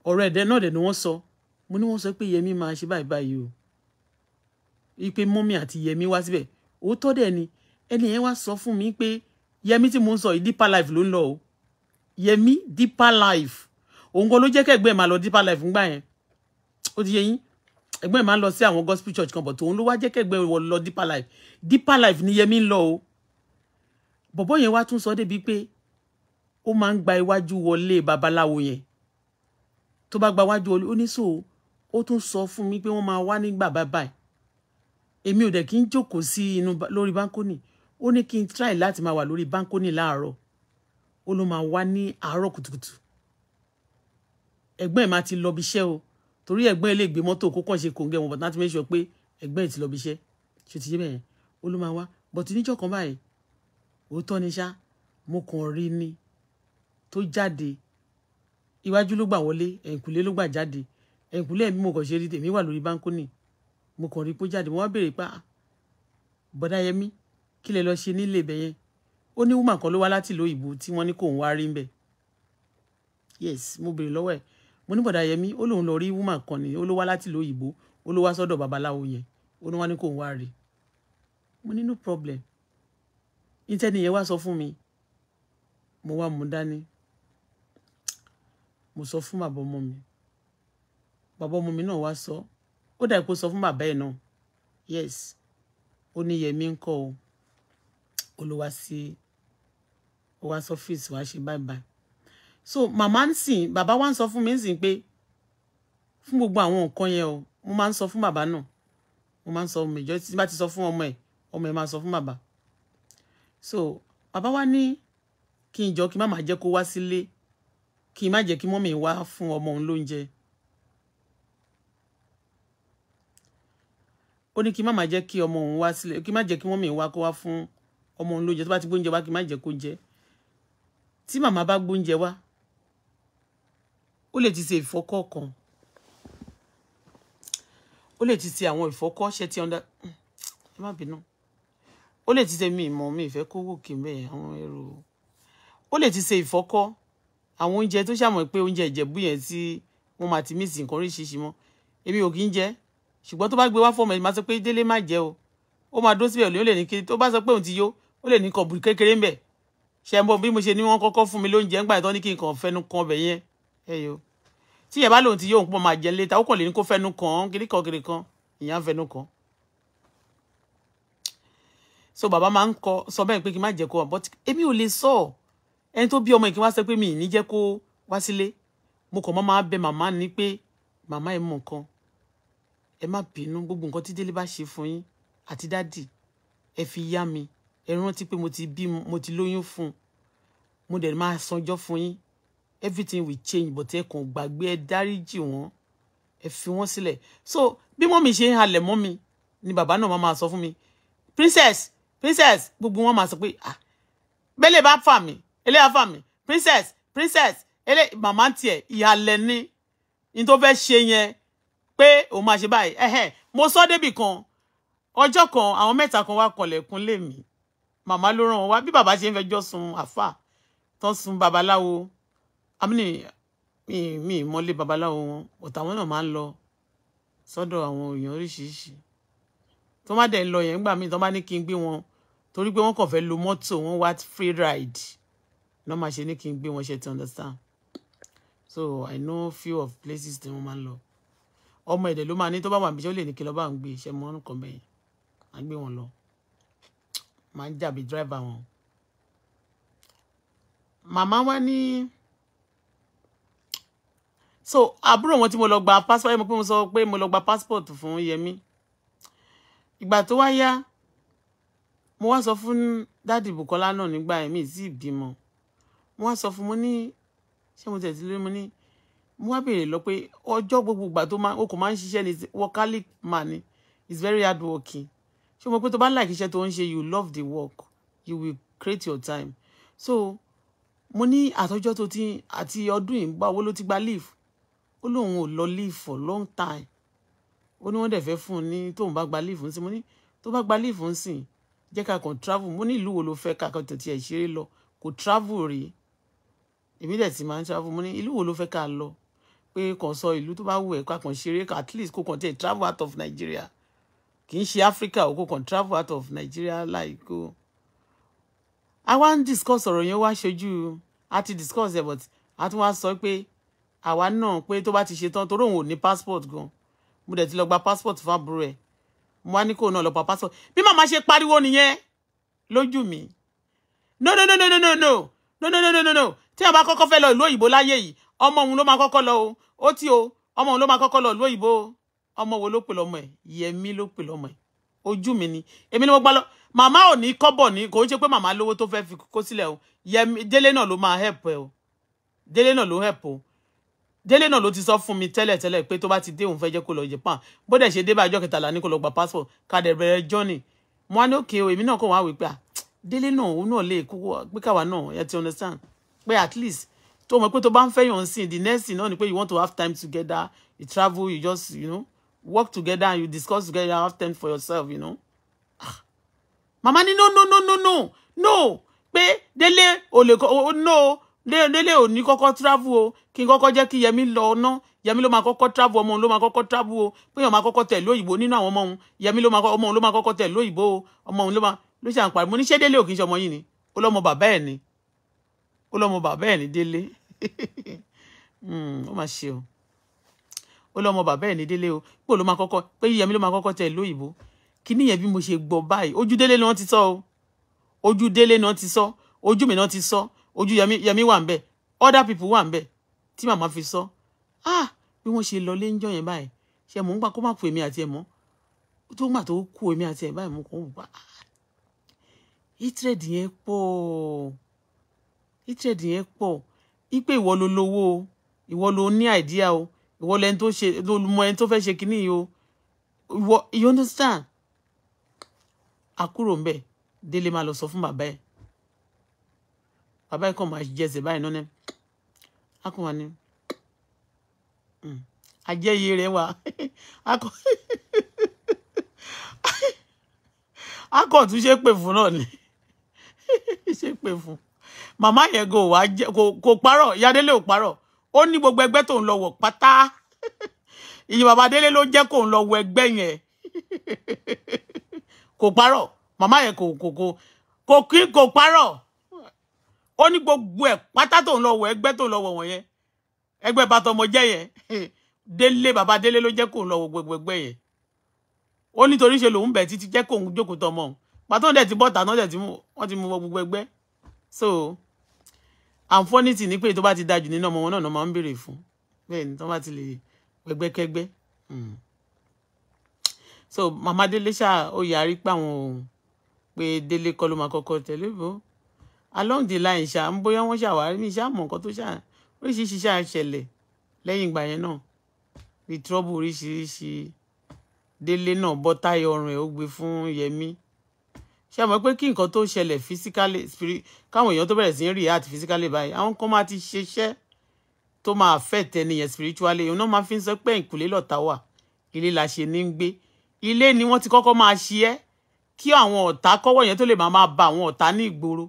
Speaker 1: ọ̀rọ̀ ẹ̀dẹ́ náà dẹ̀ ni so. sọ mo ní wọ́n sọ pé Yẹmí máa ṣe báyìí báyìí o ipe mọ́mí àti Yẹmí wá síbẹ̀ òótọ́ dẹ̀ ni ẹni yẹn wá sọ fún mi pé Yẹmí tí mo ń sọ yìí deeper life ló ń lọ o Yemi deeper life òun kò ló jẹ́ kẹ́gbẹ́ ẹ̀ máa lọ deeper life ńgbà yẹn ó ti yé yín ẹgbẹ́ ẹ̀ máa ń gospel church kan but òun ló wá jẹ́ kẹ́gbẹ́ ẹ̀ lọ deeper life deeper life ni yemi lo. lọ o bọ̀bọ́ yẹn wá tún sọ débi pé ó máa ń gba iwájú wọlé babaláwo yẹn tó bá gba iwájú wọlé oníṣòwò ó tún sọ fún mi pe wọ́n máa wá nígbà báyìí èmi ò dẹ̀ kí n jókòó sí inú lórí báńkónì ó ní kí n try láti máa wà lórí báńkónì láàárọ̀ ó ló máa wá ní àárọ̀ kùtùkùtù ẹ̀gbọ́n ẹ̀ máa ti lọ bí iṣẹ́ o torí ẹ̀gbọ́n ẹ̀ lè gbé mọ́tò kó kàn ṣe kòǹgẹ́ wọn bàtà ti mẹ́sọ̀ pé ẹ̀gbọ́n ẹ̀ ti lọ bí iṣẹ́ ṣe ti ṣe bẹ́ẹ̀ ó ló máa wá bọ̀tí níjọ́ kan báyìí òótọ́ ni ṣá mo kàn rí ni tó jáde iwájú ló gbà wọlé ẹ̀ǹkùlé ló gbà jáde ẹ̀ǹkùlé mi mo kàn ṣe rí tèmi wà lórí báńkónì mo kàn rí pé jáde mo wá béèrè pa ah, bọ̀dá yẹmí kí lọ ṣe nílé ibẹ̀ yẹn ó ní woman kan ló wá láti ìlú òyìnbó tí wọ́n ní kò wá rí ń yes mo béèrè lọ́wọ́ ẹ̀ mo ní bọ̀dà yẹmi ó lóun lọ rí woman kan ní ó ló wá láti ìlú òyìnbó ó ló wá sọ́dọ̀ babaláwo yẹn ó ní wọ́n ní kò wá rí mo ní no problem intanet yẹn wá sọ fún mi mo wá mú dání mo sọ fún bàbá ọmọ mi bàbá ọmọ mi náà wá sọ ó dà kó sọ fún bàbá ẹ̀ náà yes ó ní yẹmi ń kọ́ o ó ó so sọ́fíìsì wa ṣe báyìí báyìí so màmá ń sìn bàbá wa so sọ fún mi ń sìn pé fún gbogbo àwọn nǹkan yẹn o mo máa ń sọ fún bàbá náà mo máa ń sọ ọmọ ìjọ tí ti so fún ọmọ ẹ ọmọ ẹ máa sọ fún bàbá so Baba wa ní kí n jọ kí má máa wa kó wá sílé kí n má jẹ́ kí mọ́mì wá fún ọmọ òun lóúnjẹ ó ní kí n má máa jẹ́ kí ọmọ òun wá sílé kí n má jẹ́ kí mọ́mì wá kó wá fún ọmọ ti gbóúnjẹ wá kí n má jẹ́ kó jẹ tí màmá bá gbóúnjẹ wá ó lè ti ṣe ìfọkọ kan ó lè ti ṣe àwọn ìfọkọ ṣe ti ọ̀dà ẹ má bínú ó lè ti ṣe mi ìmọ̀ mi ìfẹ́ kówó kì í bẹ́ẹ̀ àwọn ẹrù ó lè ti ṣe ìfọkọ àwọn oúnjẹ tó ṣàmọ̀ pé oúnjẹ ìjẹ̀bú yẹn tí wọ́n máa ti mísì nǹkan oríṣiríṣi mọ́ èmi ò kì í jẹ ṣùgbọ́n tó bá gbé wá fọ́ọ̀mù ẹ̀ máa sọ pé délé má jẹ o ó máa dó síbẹ̀ ó lè ní kí tó bá sọ pé òun ti yó ó lè ní kọ̀bùrù kékeré ń bẹ̀ ṣe ń bọ bí mo ṣe ní wọ́n kọ́kọ́ fún mi lóúnjẹ ńgbà tó ní kí n kàn fẹnu kan ọbẹ̀ yẹn ẹyọ tí yẹn bá lòun ti yóò ń pọ máa jẹun léta ó kàn lè ní kó fẹnu kan kiri kan kiri kan ìyá ń fẹnu kan so bàbá máa ń kọ sọ bẹ́ẹ̀ pé kí n má jẹ́ kó wà but èmi ò lè sọ ẹni tó bí ọmọ yìí kí n wá sọ pé mi ì ní jẹ́ kó wá sílé mo kàn máa bẹ màmá ni pé màmá ẹ mọ nǹkan ẹ má bínú gbogbo nǹkan tí délé bá ṣe fún yín àti dádì ẹ fi yá mi ẹ rántí pé mo ti bí mo ti lóyún fún un mo dẹ̀ máa sanjọ́ fún yín everything will change but ẹ kàn gbàgbé ẹ dáríjì wọn ẹ fi wọn sílẹ̀ so bí mọ́mì ṣe ń halẹ̀ mọ́ ni bàbá náà máa sọ fún mi princess princess gbogbo wọn máa sọ pé ah bẹ́lẹ̀ bá fà mí eléyà fà mí princess princess ele màmá tiẹ̀ ìhalẹ̀ ni ní tó fẹ́ ṣe yẹn pé òun máa ṣe báyìí mo sọ débì kan ọjọ́ kan àwọn mẹ́ta kan wá kọlẹ̀kùn lé mi màmá ló ràn wọn wá bí bàbá ṣe ń fẹjọ́ sun àfà tán sun babaláwo àmì mi mi mọlé babaláwo wọn ọ̀tá wọn náà máa ń lọ sọ́dọ̀ àwọn èèyàn oríṣiríṣi tó má dẹ̀ ń lọ yẹn nígbà míì tó bá ní kí n gbé wọn torí pé wọ́n kàn fẹ́ lo mọ́tò wọn wá free ride náà máa ṣe ní kí n gbé wọn ṣe ti understand so i know few of places tí wọ́n máa ń lọ ọmọ ẹ̀dẹ̀ ló máa ní tó bá wà níbi tí ó lè ní kí lọ́ọ́ bá ń gbé iṣẹ́ mọ́ nǹkan bẹ́yẹn á gbé wọn lọ máa ń jàbí dírẹ́fà wọn màmá wa ní so àbúrò wọn tí mo lọ gba passport mo pé mo sọ pé mo lọ gba passport fún Yẹmí ìgbà tó wá yá mo wá sọ fún dáàdì Bùkọ́lá náà nígbà ẹ̀mí sí ìbímọ mo wá sọ fún mo ní ṣé mo tẹ̀sí lórí mo ní mo wá béèrè lọ pé ọjọ́ gbogbo ìgbà tó máa ń ṣiṣẹ́ ní workaholic man ni is very hard working ṣé mo pé tó bá ń like iṣẹ́ to ń ṣe you love the work you will create your time so mo ní àtọ́jọ́ tó ti àti ọdún yìí ń gbà owó ló ti gba leave ó lóun ò lọ leave for long time ó ní wọ́n dẹ̀ fẹ́ fún un ní tóun bá gba leave nsìn mo ní tó bá gba leave nsìn jẹ́ ká kàn travel mo ní ìlú wo ló fẹ́ ká kàn tètè ẹ̀ ṣeré lọ kò travel rí èmi dẹ̀ ti máa ń travel mo ní ìlú wo ló fẹ́ ká lọ pé kàn sọ ìlú tó bá wù ẹ́ ká kàn ṣeré at least kó kàn tẹ̀ travel out of Nigeria kì í ṣe Africa o kò travel out of Nigeria láìkó a wá ń discuss ọ̀rọ̀ yẹn wá ṣojú a ti discuss ẹ̀ but a tún wá sọ pé àwa náà pé tó bá ti ṣe tán torí òun ò ní passport gan mo dẹ̀ ti lọ gba passport fún àbúrò ẹ̀ mo wá ní kó náà lọ pa passport bí màmá ṣe pariwo nìyẹn lójú mi no no no no no no no no no no no no tí wọn bá kọ́kọ́ fẹ́ lọ ìlú òyìnbó láyé yìí ọmọ òun ló máa kọ́kọ́ lọ o ó tí o ọmọ òun ló máa kọ́kọ́ lọ ìlú òyìnbó o ọmọ wo ló pè lọ́mọ ẹ̀ yẹmí ló pè lọ́mọ ẹ̀ ojú mi ni èmi ni mo gbá lọ màmá ò ní kọ́bọ̀ ní kò ń ṣe pé màmá lówó tó fẹ́ẹ́ fi kó sílẹ̀ o yẹmí délé náà ló máa help ẹ o délé náà ló help o délé náà ló ti sọ fún mi tẹ́lẹ̀ tẹ́lẹ̀ pé tó bá ti dé òun fẹ́ jẹ́ kó lọ Japan bó dẹ̀ ṣe dé bá ọjọ́ kẹtàlá ní kó lọ gba passport kàdé bẹ̀rẹ̀ journey mo wá ní òkè o èmi náà kò wá wí pé ah, délé náà òun náà lè kó pé káwa náà ẹ ti understand pé at least tó mọ̀ pé tó bá ń fẹ́ yàn sí the next thing náà ni pé you want to have time together you travel you just you know work together and you discuss together You have time for yourself you know ah. mama ni no no no no no no pé dele ò oh kọ no Dele ò ní kọ́kọ́ travel o kí n kọ́kọ́ jẹ́ kí yẹmi lọ ọ̀nà yẹmi ló máa kọ́kọ́ travel ọmọ òun ló máa kọ́kọ́ travel o pé yẹn máa kọ́kọ́ tẹ̀ lóyìnbó nínú àwọn ọmọ òun yẹmi lo ma ọmọ òun ló máa kọ́kọ́ tẹ̀ lóyìnbó o ọmọ òun ló máa ló ṣe mo ní ṣé délé ò kì í ṣe ọmọ yìí ni ó lọ́mọ bàbá ẹ̀ ni ó lọ́mọ bàbá ni délé hmm, ó máa ṣe o ó lọ́mọ bàbá ẹ̀ ní délé o pé ló máa kọ́kọ́ pé yíyẹmí ló máa kọ́kọ́ tẹ ìlú òyìnbó kíní yẹn bí mo ṣe gbọ́ báyìí ojú délé ni wọ́n ti sọ o ojú délé ni wọ́n ti sọ ojú mi ni wọ́n ti sọ ojú yẹmí wà ń bẹ̀ other people wà ń bẹ̀ tí màmá fi sọ ah bí wọ́n ṣe lọ léńjọ́ yẹn báyìí ṣe mò ń gbà kó má kú èmi àti ẹ̀ mọ́ tó gbà tó kú èmi àti ẹ̀ báyìí mo kàn ń gbà ah! hatred yẹn pọ̀ hatred yẹn pọ̀ ipe ìwọ lo lówó ìwọ lo ní àìdíyà o ìwọ lẹni tó ṣe mọ ẹni tó fẹ́ ṣe kínní yìí o ìwọ you understand àkúrò ńbẹ délé máa lọ sọ fún bàbá ẹ bàbá ẹ kàn máa jẹsẹ báyìí náà akọwà ni ajẹyẹ hmm, rẹ wà akọ akọ tún ṣe pè fún náà ni ṣe pè fún màmá yẹn kò wá jẹ kò parọ́ Ìyá Délé ò parọ́ ó ní gbogbo ẹgbẹ́ tó ń lọ wọ̀ pátá ìyẹn bàbá délé ló jẹ́ kó ń lọ wọ ẹgbẹ́ yẹn kò parọ́ màmá yẹn kò kò kò kò kí kò parọ́ ó ní gbogbo ẹ̀ pátá tó ń lọ wọ ẹgbẹ́ tó ń lọ wọ wọ̀nyẹn ẹgbẹ́ bàtọ́mọ jẹ́ yẹn délé bàbá délé ló jẹ́ kó ń lọ wọ gbogbo ẹgbẹ́ yẹn ó nítorí ṣe lòun bẹ̀ títí jẹ́ kóun jókòó tọmọ pàtó dẹ̀ ti bọ́ta náà dẹ̀ ti mú wọ́n ti mú gbogbo ẹgbẹ́ so àǹfọ́nìtì ní pé tó bá ti dájú nínú ọmọ wọn náà máa ń béèrè fún bẹ́ẹ̀ ni tó bá ti lè gbẹgbẹ́kẹ́gbẹ́ hmm. so màmá délé ṣá ó yarí pé àwọn òun pé délé kọ́ ló máa kọ́kọ́ tẹ̀lé bó along the line ṣá ń bóyá wọ́n ṣàwárí ní ṣá mọ̀ nǹkan tó ṣá oríṣiríṣi ṣá ṣẹlẹ̀ lẹ́yìn ìgbà yẹn náà bí trọ́bù oríṣiríṣi délé náà bọ́ táyọ̀ ọrùn ẹ̀ ó gbé fún yẹmí ṣé mọ̀ pé kí nǹkan tó ṣẹlẹ̀ physically spirit káwọn èèyàn tó bẹ̀rẹ̀ sí ń react physically báyìí àwọn kan máa ti ṣeṣẹ́ tó máa affect ẹnìyẹn spiritually òun náà máa fi ń sọ pé ìkùlé lọ̀tá wà ilé la ṣe ní ń gbé ilé ni wọ́n ti kọ́kọ́ máa ṣe ẹ́ kí àwọn ọ̀tá kọ́wọ́ yẹn tó lè máa máa ba àwọn ọ̀tá ní ìgboro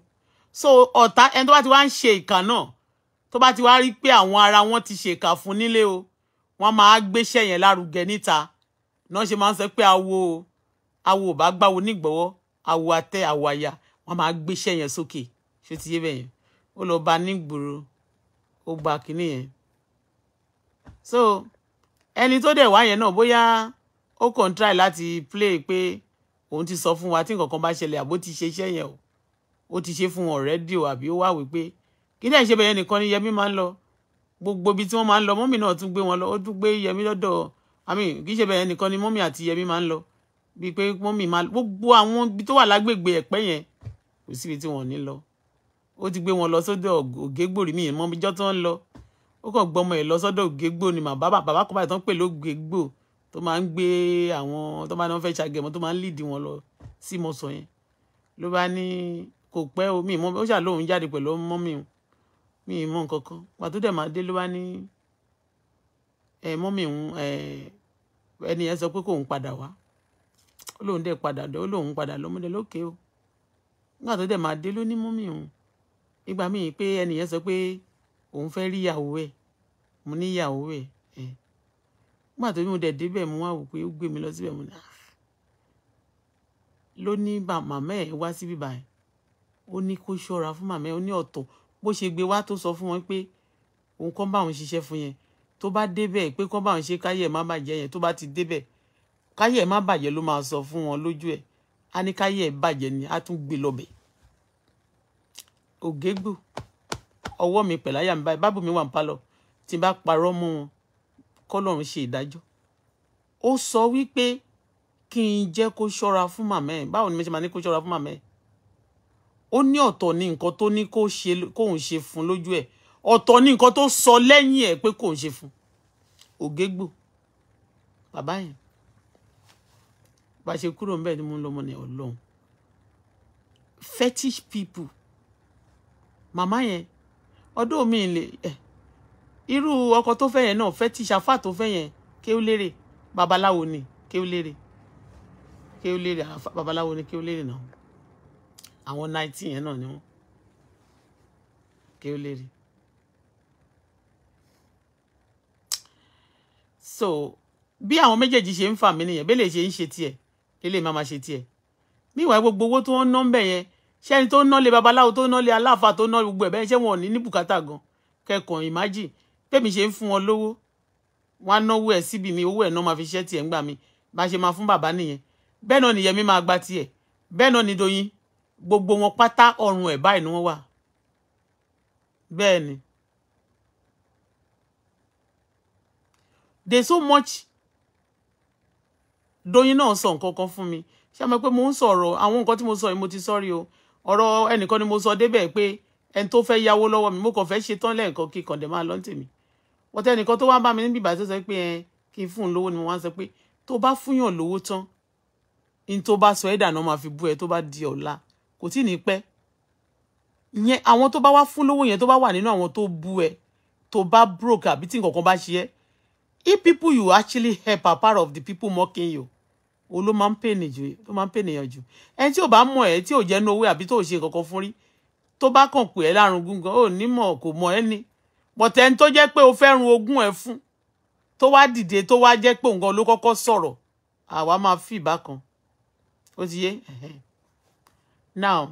Speaker 1: so ọ̀tá ẹni tó bá ti wá ń ṣe ìkà náà tó bá ti wá rí pé àwọn ara wọn ti ṣèkà fún nílé o wọ́n máa gbéṣẹ́ yẹn lárugẹ níta náà ṣe máa ń sọ pé awo awo ò bá gbáwo nígbọ̀wọ́ àwọ̀ àtẹ àwọ̀ àyà wọ́n máa gbéṣẹ́ yẹn sókè ṣé ti yé bẹ́ẹ̀ yẹn ó lọ bá nígboro ó gba kínní yẹn so ẹni tó dẹ̀ wá yẹn náà bóyá ó kàn try láti play pé òun ti sọ fún wa tí nǹkan kan bá ṣẹlẹ̀ àbó ti ṣe iṣẹ́ yẹn o ó ti ṣe fún already o àbí ó wà wípé kí dẹ̀ ṣe bẹ̀yẹn nìkan ni Yẹmí máa ń lọ gbogbo ibi tí wọ́n máa ń lọ mọ́mì náà tún gbé wọn lọ ó tún gbé Yẹmí lọ́dọ̀ àmì kì ṣe bẹ̀yẹn nìkan ni mọ́mì àti Yẹmí máa ń lọ bíi pé mọ́mì máa gbogbo àwọn ibi tó wà lágbègbè ẹ̀pẹ́ yẹn kò síbi tí wọ́n ní lọ ó ti gbé wọn lọ sọ́dọ̀ ògégbòrí mi yẹn mọ́míjọ́ tó ń lọ ó kàn gbọ́ ọmọ ẹ̀ lọ sọ́dọ̀ ògégbò ni bàbá bàbá kọ́ báyìí tó ń pè lógégbò tó máa ń gbé àwọn tó máa ń fẹ́ ṣàgẹ̀mọ́ tó máa ń lead wọn lọ sí mọ̀sán yẹn ló bá ní kò pẹ́ omi ìmọ̀ ó ṣàlóhùn jáde pẹ̀lú mọ́mì mi ìmọ̀ nǹkan kan pàtó dẹ̀ máa dé ló bá ní ẹ̀ mọ́mì ẹni yẹn sọ pé kò ń padà wá ó lóun dẹ̀ padà dé ó lóun padà lọ múlẹ̀ lókè o nígbà tó dẹ̀ máa dé ló ní mú mi òun nígbà míì pé ẹnìyẹn sọ pé òun fẹ́ rí ìyàwó ẹ̀ mo ní ìyàwó ẹ̀ ẹ̀ nígbà tó mo dẹ̀ débẹ̀ mo wá wò pé ó gbé mi lọ síbẹ̀ mo ní ah ló ní màmá ẹ̀ wá síbí báyìí ó ní kó ṣọ́ra fún màmá ẹ̀ ó ní ọ̀tọ̀ bó ṣe gbé wá tó sọ fún wọn pé òun kọ́ bá òun ṣiṣẹ́ fún yẹn tó bá débẹ̀ pé kọ́ bá òun ṣe káyé má bàjẹ́ yẹn tó bá ti débẹ̀ káyé ẹ̀ má bàjẹ́ ló máa sọ fún wọn lójú ẹ̀ á ní káyé bàjẹ́ ni á tún gbé lọ́bẹ̀ ògégbò ọwọ́ mi pẹ̀láyà mi báyìí bábù mi wà ń palọ̀ tí n bá parọ́ mọ́ wọn kọ́lọ́run ṣe ìdájọ́ ó sọ wípé kí n jẹ́ kó ṣọ́ra fún màmá báwo ni mo ṣe máa ní kó ṣọ́ra fún màmá ẹ̀ ó ní ọ̀tọ̀ ní nǹkan tó ní kóun ṣe fún lójú ẹ̀ ọ̀tọ̀ ní nǹkan tó sọ lẹ́yìn ẹ̀ pé kóun ṣe fún ògégbò bàbá yẹn bá ṣe kúrò níbẹ̀ ni mo ń lọ ọmọ ní ọlọ́run fetish people màmá yẹn ọdún mi lè ẹ irú ọkọ tó fẹ́ yẹn náà fetish afá tó fẹ́ yẹn kéwú lérè babaláwo ni kéwú lérè kéwú lérè babaláwo ni kéwú lérè náà àwọn nineteen yẹn náà ni wọn kéwú lérè. so bí àwọn méjèèjì ṣe ń fà mí nìyẹn bẹ́ẹ̀ lè ṣe ń ṣe tiẹ̀ lélẹ̀ máa máa ṣe tiẹ̀ míwàá gbogbo owó tó ń ná bẹ̀ yẹn ṣé ẹni tó ń ná lé babaláwo tó ń ná lé aláfa tó ń ná gbogbo ẹ̀ bẹ́ẹ̀ ṣé wọn ò ní ní bùkátà gan kẹkàn ìmájì tèmi ṣe ń fún wọn lówó wọn á náwó ẹ̀ síbi mi owó ẹ̀ náà máa fi ṣẹ́ tiẹ̀ ńgbà mi bá ṣe máa fún bàbá nìyẹn bẹ́ẹ̀ náà nìyẹn mi máa gba tiẹ̀ bẹ́ẹ̀ náà ni Doyin gbogbo wọn pátá ọrùn ẹ̀ báyìí ni wọ́n wà bẹ́ẹ̀ ni there's so much Doyin náà sọ nǹkan kan fún mi ṣé mo pé mo ń sọ̀rọ̀ àwọn nǹkan tí mo sọ yìí mo ti sọ́rí o ọ̀rọ̀ ẹnìkan ni mo sọ débẹ̀ pé ẹni tó fẹ́ yáwó lọ́wọ́ mi mo kàn fẹ́ ṣe tán lẹ́ẹ̀kan kí kàn dé máa lọ́n tèmi wọ́n tẹ́ ẹnìkan tó wá bá mi níbi ìbàdí tó sọ pé ẹ kí n fún un lówó ni mo wá sọ pé tó bá fúnyàn lówó tán ní tó bá sọ ẹ̀dà náà máa fi bú ẹ tó bá di ọ̀la kò tí ì ní pẹ́ ìyẹn àwọn tó bá wá fún lówó yẹn tó bá wà nínú àwọn tó bú ẹ tó bá broke àbí tí nǹkan kan bá ṣe ẹ if people you actually help are part of the people mocking you Olo ló máa ń pènì jù ló máa ń pènìyàn jù ẹni tí ò bá mọ̀ ẹ́ tí ò jẹ́ nowó àbí tó ṣe kankan fún rí tó bá kàn pè ẹ́ lárùn gúngan ò ní mọ̀ kò mọ̀ ẹ́ ni bọ̀tẹ́ ẹni tó jẹ́ pé o fẹ́ run ogún ẹ̀ fún tó wá dìde tó wá jẹ́ pé òǹgan ló kọ́kọ́ sọ̀rọ̀ àwa máa fi ìbá kan ó ti yé now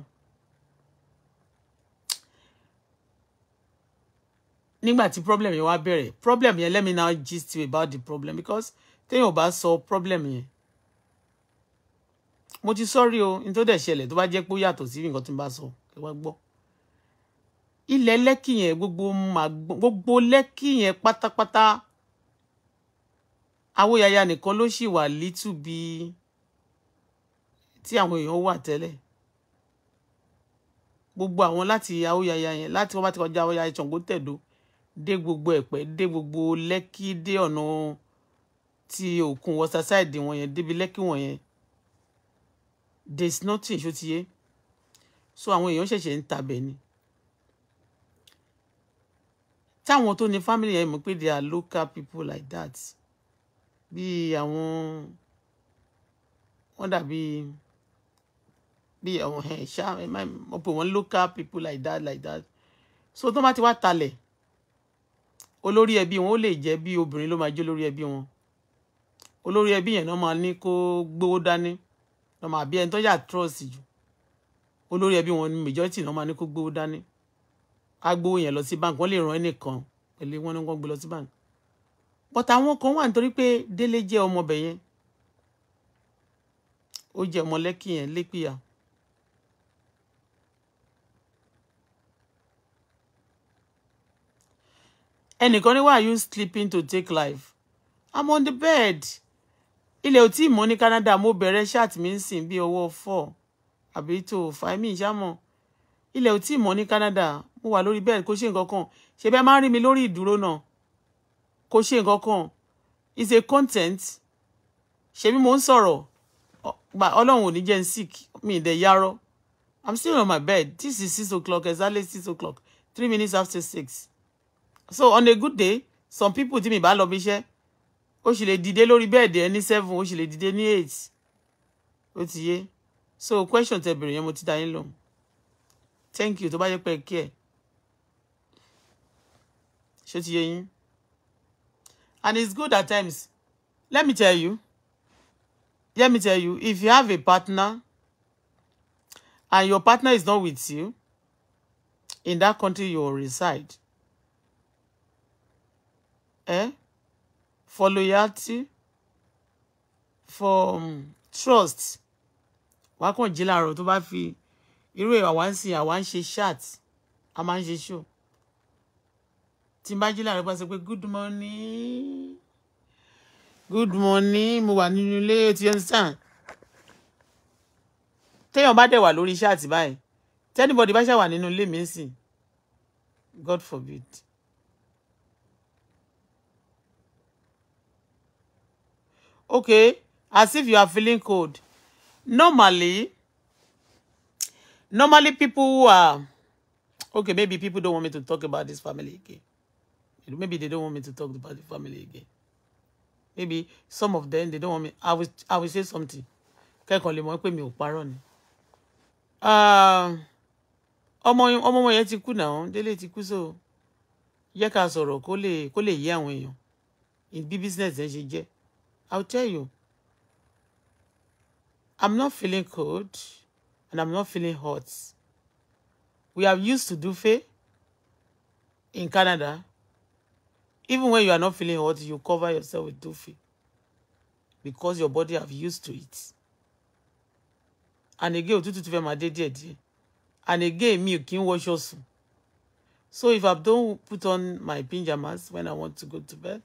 Speaker 1: nígbà tí problem yẹn wá bẹ̀rẹ̀ problem yẹn let me now gist you about the problem because téèyàn ò bá sọ problem yẹn mo ti sọ́rí o ní tó dẹ̀ ṣẹlẹ̀ tó bá jẹ́ pé ó yàtọ̀ sí nǹkan tí n bá sọ ẹ wá gbọ́ ilẹ̀ lẹ́kì yẹn gbogbo mà gbogbo lẹ́kì yẹn pátápátá awóyaya nìkan ló sì wà lítùbí tí àwọn èèyàn wà tẹ́lẹ̀ gbogbo àwọn láti awóyaya yẹn láti wọ́n bá ti kọjá awóyaya Ṣàngó Tẹ̀dó dé gbogbo Ẹ̀pẹ́ dé gbogbo Lẹ́kì dé ọ̀nà ti òkun wọ́sà sáìdì wọn yẹn débi Lẹ́kì wọn yẹn There's is nothing ṣó ti yé so àwọn èèyàn ṣẹ̀ṣẹ̀ ń tabẹ̀ ni táwọn tó ní family yẹn mọ̀ pé they are local people like that bí àwọn wọ́n dàbí bí àwọn ẹ̀ ṣá ẹ̀ máa mọ̀ pé wọ́n local people like that like that so tó bá ti wá talẹ̀ olórí ẹbí wọn ó lè jẹ́ bí obìnrin ló máa jẹ́ olórí ẹbí wọn olórí ẹbí yẹn náà máa ní kó gbowó dání lọ máa bí ẹni tó yà trust jù olórí ẹbí wọn majority náà máa ní kó gbowó dání á gbowó yẹn lọ sí bank wọn lè ràn ẹnìkan pẹ̀lú wọn ni wọn gbé lọ sí bank but àwọn kan wà nítorí pé Délé jẹ́ ọmọbẹ yẹn ó jẹ́ ọmọ Lẹ́kì yẹn lépìyà. ẹnìkan ní why are you sleeping to take life i'm on the bed ilẹ̀ ò tí ì mọ́ ní Canada mo bẹ̀rẹ̀ ṣáàtì mi ń sìn bí ọwọ́ four àbí tó five mi ìṣàmọ̀ ilẹ̀ ò tí ì mọ́ ní Canada mo wà lórí bẹ́ẹ̀ kó ṣe nǹkan kan ṣe bẹ́ẹ̀ máa ń rí mi lórí ìdúró náà kó ṣe nǹkan kan is a content ṣebí mo ń sọ̀rọ̀ ọlọ́run ò ní jẹ́ sick mi ìdẹ̀ yarọ́ i'm still on my bed this is six o'clock exactly six o'clock three minutes after six so on a good day some people tí mi bá lọ bí iṣẹ́ ó sì lè dìde lórí bẹ́ẹ̀dì ẹ ní seven ó sì lè dìde ní eight ó ti yé so question tẹ bèrè yẹn mo ti dá yín lóhùn thank you To bá yẹ pé kí ẹ ti yé yín and it's good at times let me tell you let me tell you if you have a partner and your partner is not with you in that country you reside eh for loyalty for um, trust Wakon jila jí láàárọ̀ tó bá fi irú àwa ń sìn àwa ń ṣe chat a máa ń ṣe show tí n bá jí láàárọ̀ good morning good morning mo wà nínú ilé o ti understand téèyàn bá dẹ̀ wà lórí chat báyìí tẹ́nibọ̀dì bá ṣàwà nínú ilé mi sìn God forbid. okay as if you are feeling cold normally normally people who are okay maybe people don't want me to talk about this family again maybe they don't want me to talk about the family again maybe some of them they don't want me i will i will say something kẹ́kọ̀ọ́ lè mọ̀ pé mi ò parọ́ ni ah, ọmọ ọmọ ọmọ yẹn ti kú náà délé ti kú so yẹ ká sọ̀rọ̀ kó lè kó lè yé àwọn in bí business yẹn ṣe jẹ́ I'll tell you. I'm not feeling cold and I'm not feeling hot. We are used to duvet in Canada. Even when you are not feeling hot, you cover yourself with duvet because your body have used to it. And again, òtútù ti fẹ́ máa dé díẹ̀díẹ̀. And again, mi ò kí ń wọṣọ So if I don't put on my pajamas when I want to go to bed,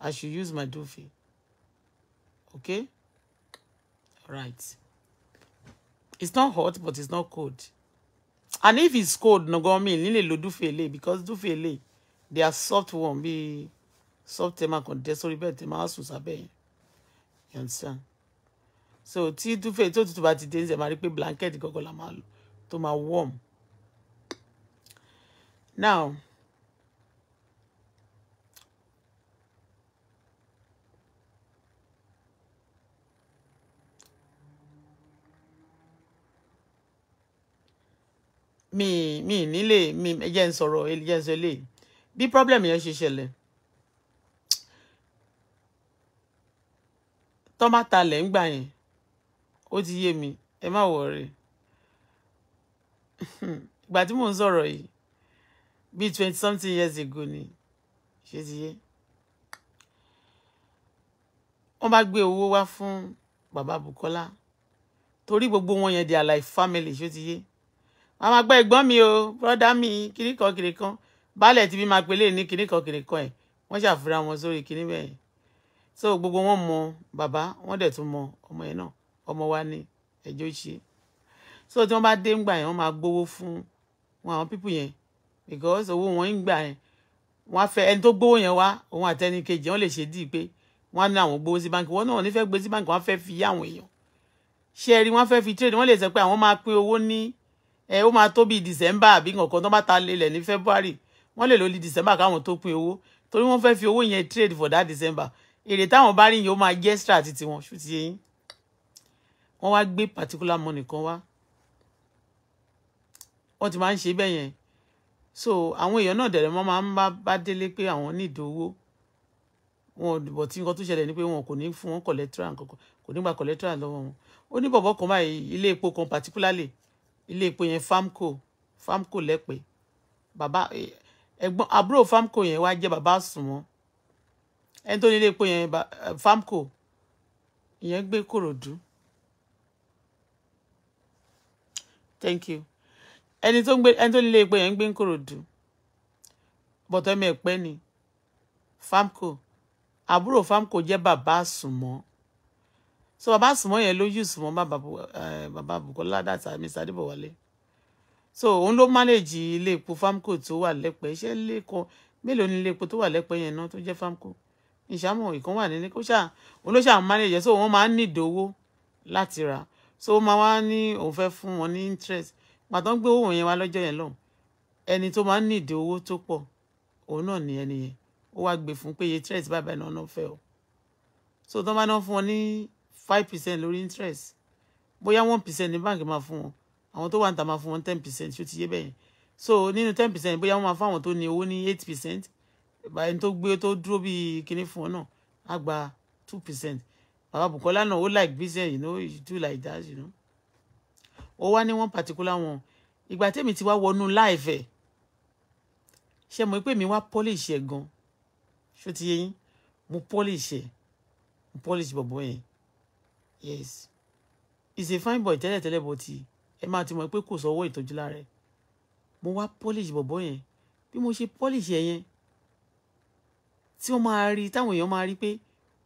Speaker 1: I should use my duvet okay right it's not hot but it's not cold and if it's cold no go mean nílè lo dúfèlè because dúfèlè they are soft one be soft tema kọ̀ǹtẹ́ sorry, but tema asu sábẹ́ you understand so tí dúfèlè tó tutù bá ti dé ń sẹ̀ máa rí pé blanket kọ̀ọ̀kan la máa to ma warm now. mi mi nílé mi ẹjẹ ń sọ̀rọ̀ ẹjẹ ń sọ bí problem yẹn ṣe ṣẹlẹ̀ tọ́mátà lẹ̀ ń gbà yẹn ó ti yé mi ẹ má wọ̀ọ́rẹ́ ìgbà tí mò ń sọ̀rọ̀ yìí bíi twenty something years ago ni ṣé ti yé wọ́n bá gbé owó wá fún bàbá Bukola torí gbogbo wọn yẹn they are family ṣé ti yé wọn máa gbọ́ ẹ̀gbọ́n mi o bọ́dá mi kiri kan kiri kan baálẹ̀ tí bí máa pelé ní kiri kan kiri kan ẹ̀ wọ́n ṣàfura wọn sórí kiri bẹ́ẹ̀ so gbogbo wọn mọ bàbá wọn dẹ̀ tún mọ ọmọ yẹn náà ọmọ wa ní ẹjọ́ ṣe so tí wọ́n bá dé ńgbà yẹn wọ́n máa gbowó fún wọn àwọn pípù yẹn because owó wọn ń gbà yẹn wọ́n á fẹ́ ẹni tó gbowó yẹn wá òun àtẹnikejì wọ́n lè ṣe díì pé wọ́n á ní àwọn gbowó sí báńkì wọ́n náà nífẹ̀ẹ́ gbé sí báńkì wọ́n á fẹ́ fi yá àwọn èèyàn ṣe é wọ́n fẹ́ fi trade wọ́n lè sọ pé àwọn máa pín owó ní ẹ ó máa tó bíi december àbí nǹkan tó bá ta lélẹ̀ ní february wọ́n lè lò ó di december káwọn tó pín owó torí wọ́n fẹ́ fi owó yẹn trade for that december èrè táwọn bá rí yẹn ó máa jẹ́ extra àti tiwọn ṣùtì yẹn wọ́n wá gbé particular money kan wá wọ́n ti máa ń ṣe bẹ́ẹ̀ yẹn so àwọn èèyàn náà dẹ̀rẹ̀ mọ́ máa ń bá délé pé àwọn nídìí owó wọn ò bọ̀ tí nǹkan tó ṣẹlẹ̀ ni pé wọn kò ní fún wọn collateral kankan kò ní gba collateral lọ́wọ́ wọn ó ní bọ̀bọ̀ kan báyìí ilé epo kan particularly ilé epo yẹn famco famco lẹpẹ bàbá ẹ̀gbọ́n àbúrò famco yẹn wá jẹ́ bàbá àsùnwọ̀n ẹni tó ní ilé epo yẹn famco ìyẹn gbé kòròdú thank you ẹni tó ń gbé ẹni tó ní ilé epo yẹn ń gbé kòròdú bọ̀tọ́ mi ẹ̀pẹ́ ni famco àbúrò famco jẹ́ bàbá àsùnwọ̀n so bàbá àsùnmọ́ yẹn ló use mọ́ bàbá Bukola eh, that Mr. Adébọ̀wálé so òun ló manage ilé epo famco tó wà lẹ́pẹ́ iṣẹ́ ilé kan mélòó ni ilé epo tó wà lẹ́pẹ́ yẹn náà tó jẹ́ famco ìṣàmọ̀ ìkan wà nílé kó ṣáà òun ló ṣáà manage so wọ́n máa ń ní ìdówó láti so ó máa wá ní òun fẹ́ fún wọn interest pàtó ń gbé owó yẹn wá lọ́jọ́ yẹn lọ́hùn ẹni tó máa ń ní ìdí owó tó pọ̀ ni ẹni yẹn ó wá gbé fún pé iye interest báyìí na náà náà o so tó bá náà fún wọn ní five percent lórí interest bóyá one percent ní báǹkì máa fún wọn àwọn tó wà níta máa fún wọn ten percent ṣó ti yé bẹ́yẹn so nínú ten percent bóyá wọ́n máa fún àwọn tó ní owó ní eight percent ẹni tó gbé tó dúró bíi kinní fún ọ náà á gba two percent bàbá Bukola náà ó like business you know you do like that you know ó wá ní one particular one ìgbà tèmi ti wá wọnú láìfẹ́ ṣe mọ̀ pé mi wá polish ẹ̀ gan ṣó ti yé yín mo polish ẹ̀ mo polish bọ̀bọ̀ yẹn yes he's a fine boy tẹ́lẹ̀ tẹ́lẹ̀ bó ti ẹ máa ti mọ̀ pé kò sọ́wọ́ ìtọ́jú lára ẹ̀ mo wá polish bọ̀bọ̀ yẹn bí mo ṣe polish ẹ̀ yẹn tí wọ́n máa rí táwọn èèyàn máa rí pé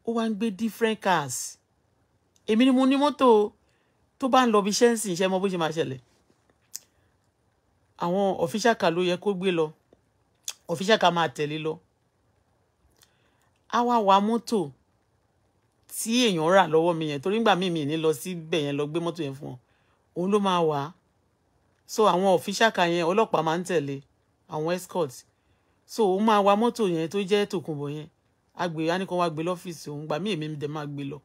Speaker 1: ó wá ń gbé different cars èmi ni mo ní mọ́tò tó bá ń lọ bí iṣẹ́ ń sìn iṣẹ́ mọ bó ṣe máa ṣẹlẹ̀ àwọn official car ló yẹ kó gbé lọ official car máa tẹ̀lé lọ á wá wa mọ́tò tí èèyàn rà lọ́wọ́ mi yẹn torí nígbà míì mi ní lọ síbẹ̀ yẹn lọ gbé mọ́tò yẹn fún ọ òun ló máa wà á so àwọn official car yẹn ọlọ́pàá máa ń tẹ̀lé àwọn escort so òun máa wa mọ́tò yẹn tó jẹ́ tòkùnbọ̀ yẹn agbè anìkan wá gbé lọ́fíìsì òun gbà mí èmi dẹ̀ máa gbé lọ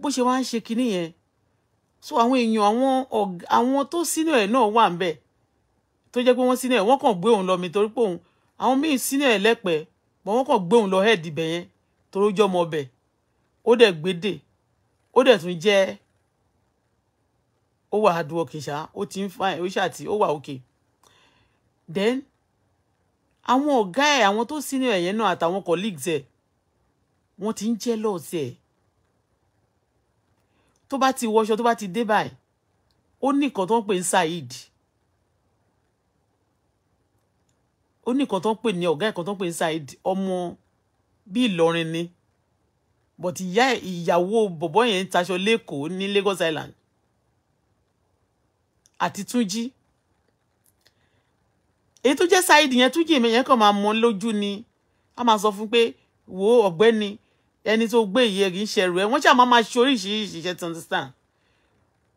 Speaker 1: bó ṣe wá ń ṣe kinní yẹn so àwọn èèyàn àwọn àwọn tó sínú ẹ̀ náà wà ń bẹ̀ tó jẹ́ pé wọ́n sínú ẹ̀ wọ́n kàn gbé òun lọ mi torí pé òun àwọn míì sínú ẹ̀ lẹ́pẹ̀ẹ́ wọ́n kàn gbé òun lọ hẹ́ẹ̀dì bẹ̀ yẹn torí ó jọ́ ọmọ ọbẹ̀ ó dẹ̀ gbédè ó dẹ̀ tún jẹ́ ó wà adúọkì ṣá ó ti ń fine ó ṣáà ti ó wà òkè then àwọn ọ̀gá ẹ̀ àwọn tó sínú ẹ̀yẹ náà àtàwọn colleagues ẹ̀ wọ́n ti ń jẹ́ lọ́ọ̀sì ẹ̀ tó bá ti wọṣọ tó bá ti dé báyìí ó ní nǹkan tó ń pè ní Saheed ó ní nǹkan tó ń pè ní ọ̀gá ẹ̀ kan tó ń pè ní Saheed ọmọ bíi Ìlọrin ni but ìyá ìyàwó bọ̀bọ́ yẹn ń taṣọ lẹ́kọ̀ọ́ ní Lagos Island àti Túnjí èyí tó jẹ́ Saidi yẹn Túnjí èmi yẹn kàn máa mọ lójú ni a máa sọ fún pé wo ọ̀gbẹ́ni ẹni tó gbé ìyẹ́ kì í ṣe ẹrù ẹ wọ́n ṣáà máa máa ṣe oríṣiríṣi iṣẹ́ tí understand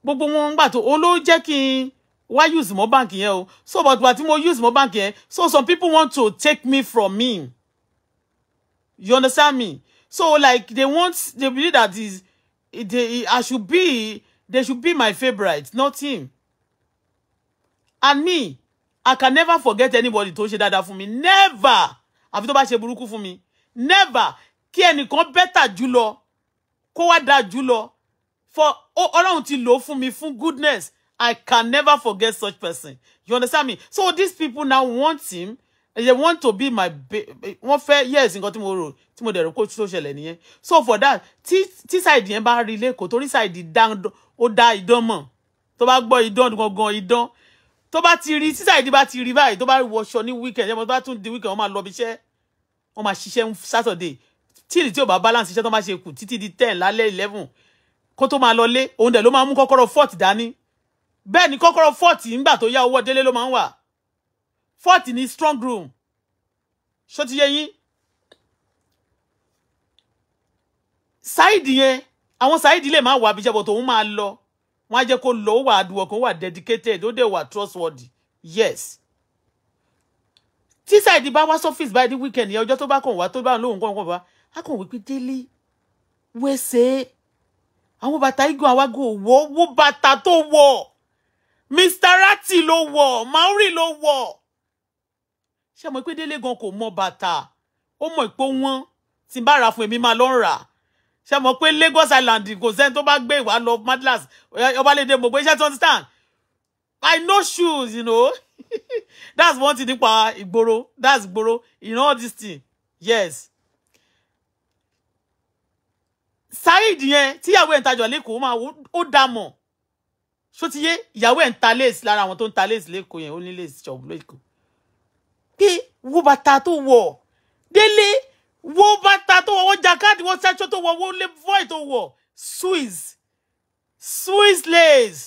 Speaker 1: gbogbo wọn ń gbà tó o ló jẹ́ kí n wá use mọ́ báǹkì yẹn o so but but tí mo use mọ́ báǹkì yẹn so some people want to take me from me you understand me So like they want they believe that is they I should be they should be my favorite, not him. And me, I can never forget anybody tó ṣe that for me, Never. Àfi tó bá ṣe for me, mi. Never. Kí ẹnìkan better julo, Kó wá julo, For oh, around ti lò fún mi fún goodness. I can never forget such person. You understand me? So these people now want him they want to be my wọ́n fẹ́ yes in tí mo rò tí mo dẹ̀rọ kó tó ṣẹlẹ̀ nìyẹn so for that tí tí side yẹn bá rí lẹ́kọ̀ọ́ torí side dán ó dá idán mọ̀ tó bá gbọ́ idán gangan idán tó bá ti rí tí side bá ti rí báyìí tó bá wọṣọ ní weekend yẹn bá tún di weekend wọ́n máa lọ bí iṣẹ́ wọ́n máa ṣiṣẹ́ saturday Till tí ò bá balance iṣẹ́ tó máa ṣe kù títí di ten lálẹ́ eleven kó tó máa lọlé òun dẹ̀ ló máa mú kọ́kọ́rọ́ fort dání bẹ́ẹ̀ ni kọ́kọ́rọ́ fort ńgbà tó yá owó délé ló máa ń fort ní strong room ṣó ti yé yín Saidi yẹn àwọn Saidi lè máa wà bí jẹ́bọ̀ tòun máa lọ wọ́n á jẹ́ kó lọ ó wà àdúgbò kó wà dedicated ó dẹ̀ wà trustworthy yes tí Saidi bá wá sọ́fíìsì báyìí ní weekend yẹn ọjọ́ tó bá kàn wá tó bá lóhùn kàn kàn wá á kàn wí pé délé wẹ́sẹ̀ àwọn bàtà igun àwágò wọ́ wọ́ bàtà tó wọ̀ Mr. Ratty ló wọ̀ Maori ló wọ̀ ṣé mo pé délé gan kò mọ bàtà ó mọ ìpó wọn tí n bá ra fún èmi máa lọ ń rà ṣé mo pé Lagos Island kò sẹ́ni tó bá gbé ìwà lọ madlas ọbalẹ̀dẹ mo pé iṣẹ́ tó understand I know shoes you know that's one thing nípa ìgboro that's ìgboro you know all this thing yes. Saheed yẹn tíyàwó ẹ̀ ń tajọ̀ lẹ́kọ̀ọ́ máa ó dá mọ̀ ṣó ti yé ìyàwó ẹ̀ ń ta lace lára àwọn tó ń ta lace lẹ́kọ̀ọ́ yẹn ó ní lace ṣọ̀bù lẹ́kọ̀ọ́ pé wo bàtà tó wọ̀ délé wo bàtà tó wọ̀ wo jacquard wo sẹ́ṣọ tó wọ̀ wo lè void tó wọ̀ swiss swiss lace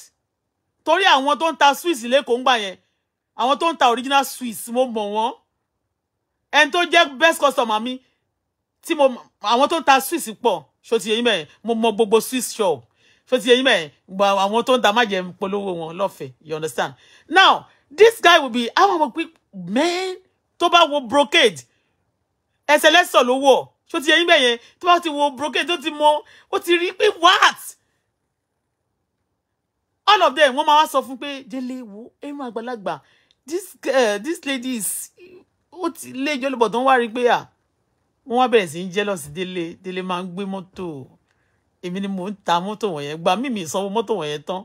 Speaker 1: torí àwọn tó ń ta swiss lẹ́kọ̀ọ́ ń gbà yẹn àwọn tó ń ta original swiss mo mọ̀ wọ́n ẹni tó jẹ́ best customer mi tí mo àwọn tó ń ta swiss pọ̀ ṣó ti yẹ yín mẹ́rin mo mọ gbogbo swiss shop so ti eyin me àwọn tó ń da májẹ̀ polówó wọn lọ́fẹ̀ẹ́ you understand now this guy will be àwọn ọmọ pé man tó bá wo brocade ẹsẹ̀ lẹ́sọ̀ ló wọ̀ ṣó ti yẹ yín bẹ́ẹ̀ yẹn tó ti wo brocade tó ti mọ ó ti rí pé what all of them wọ́n máa wá sọ fún pé délé wo ẹ̀rùn àgbàlagbà this uh, this ladies. is ó ti lé ìjọlọ́bọ̀ tó ń wá rí pé à wọ́n wá bẹ̀rẹ̀ jealous délé délé máa ń gbé mọ́tò èmi ni mò ń ta mọ́tò wọ̀nyẹn gba mímì ìsanwó mọ́tò wọ̀nyẹn tán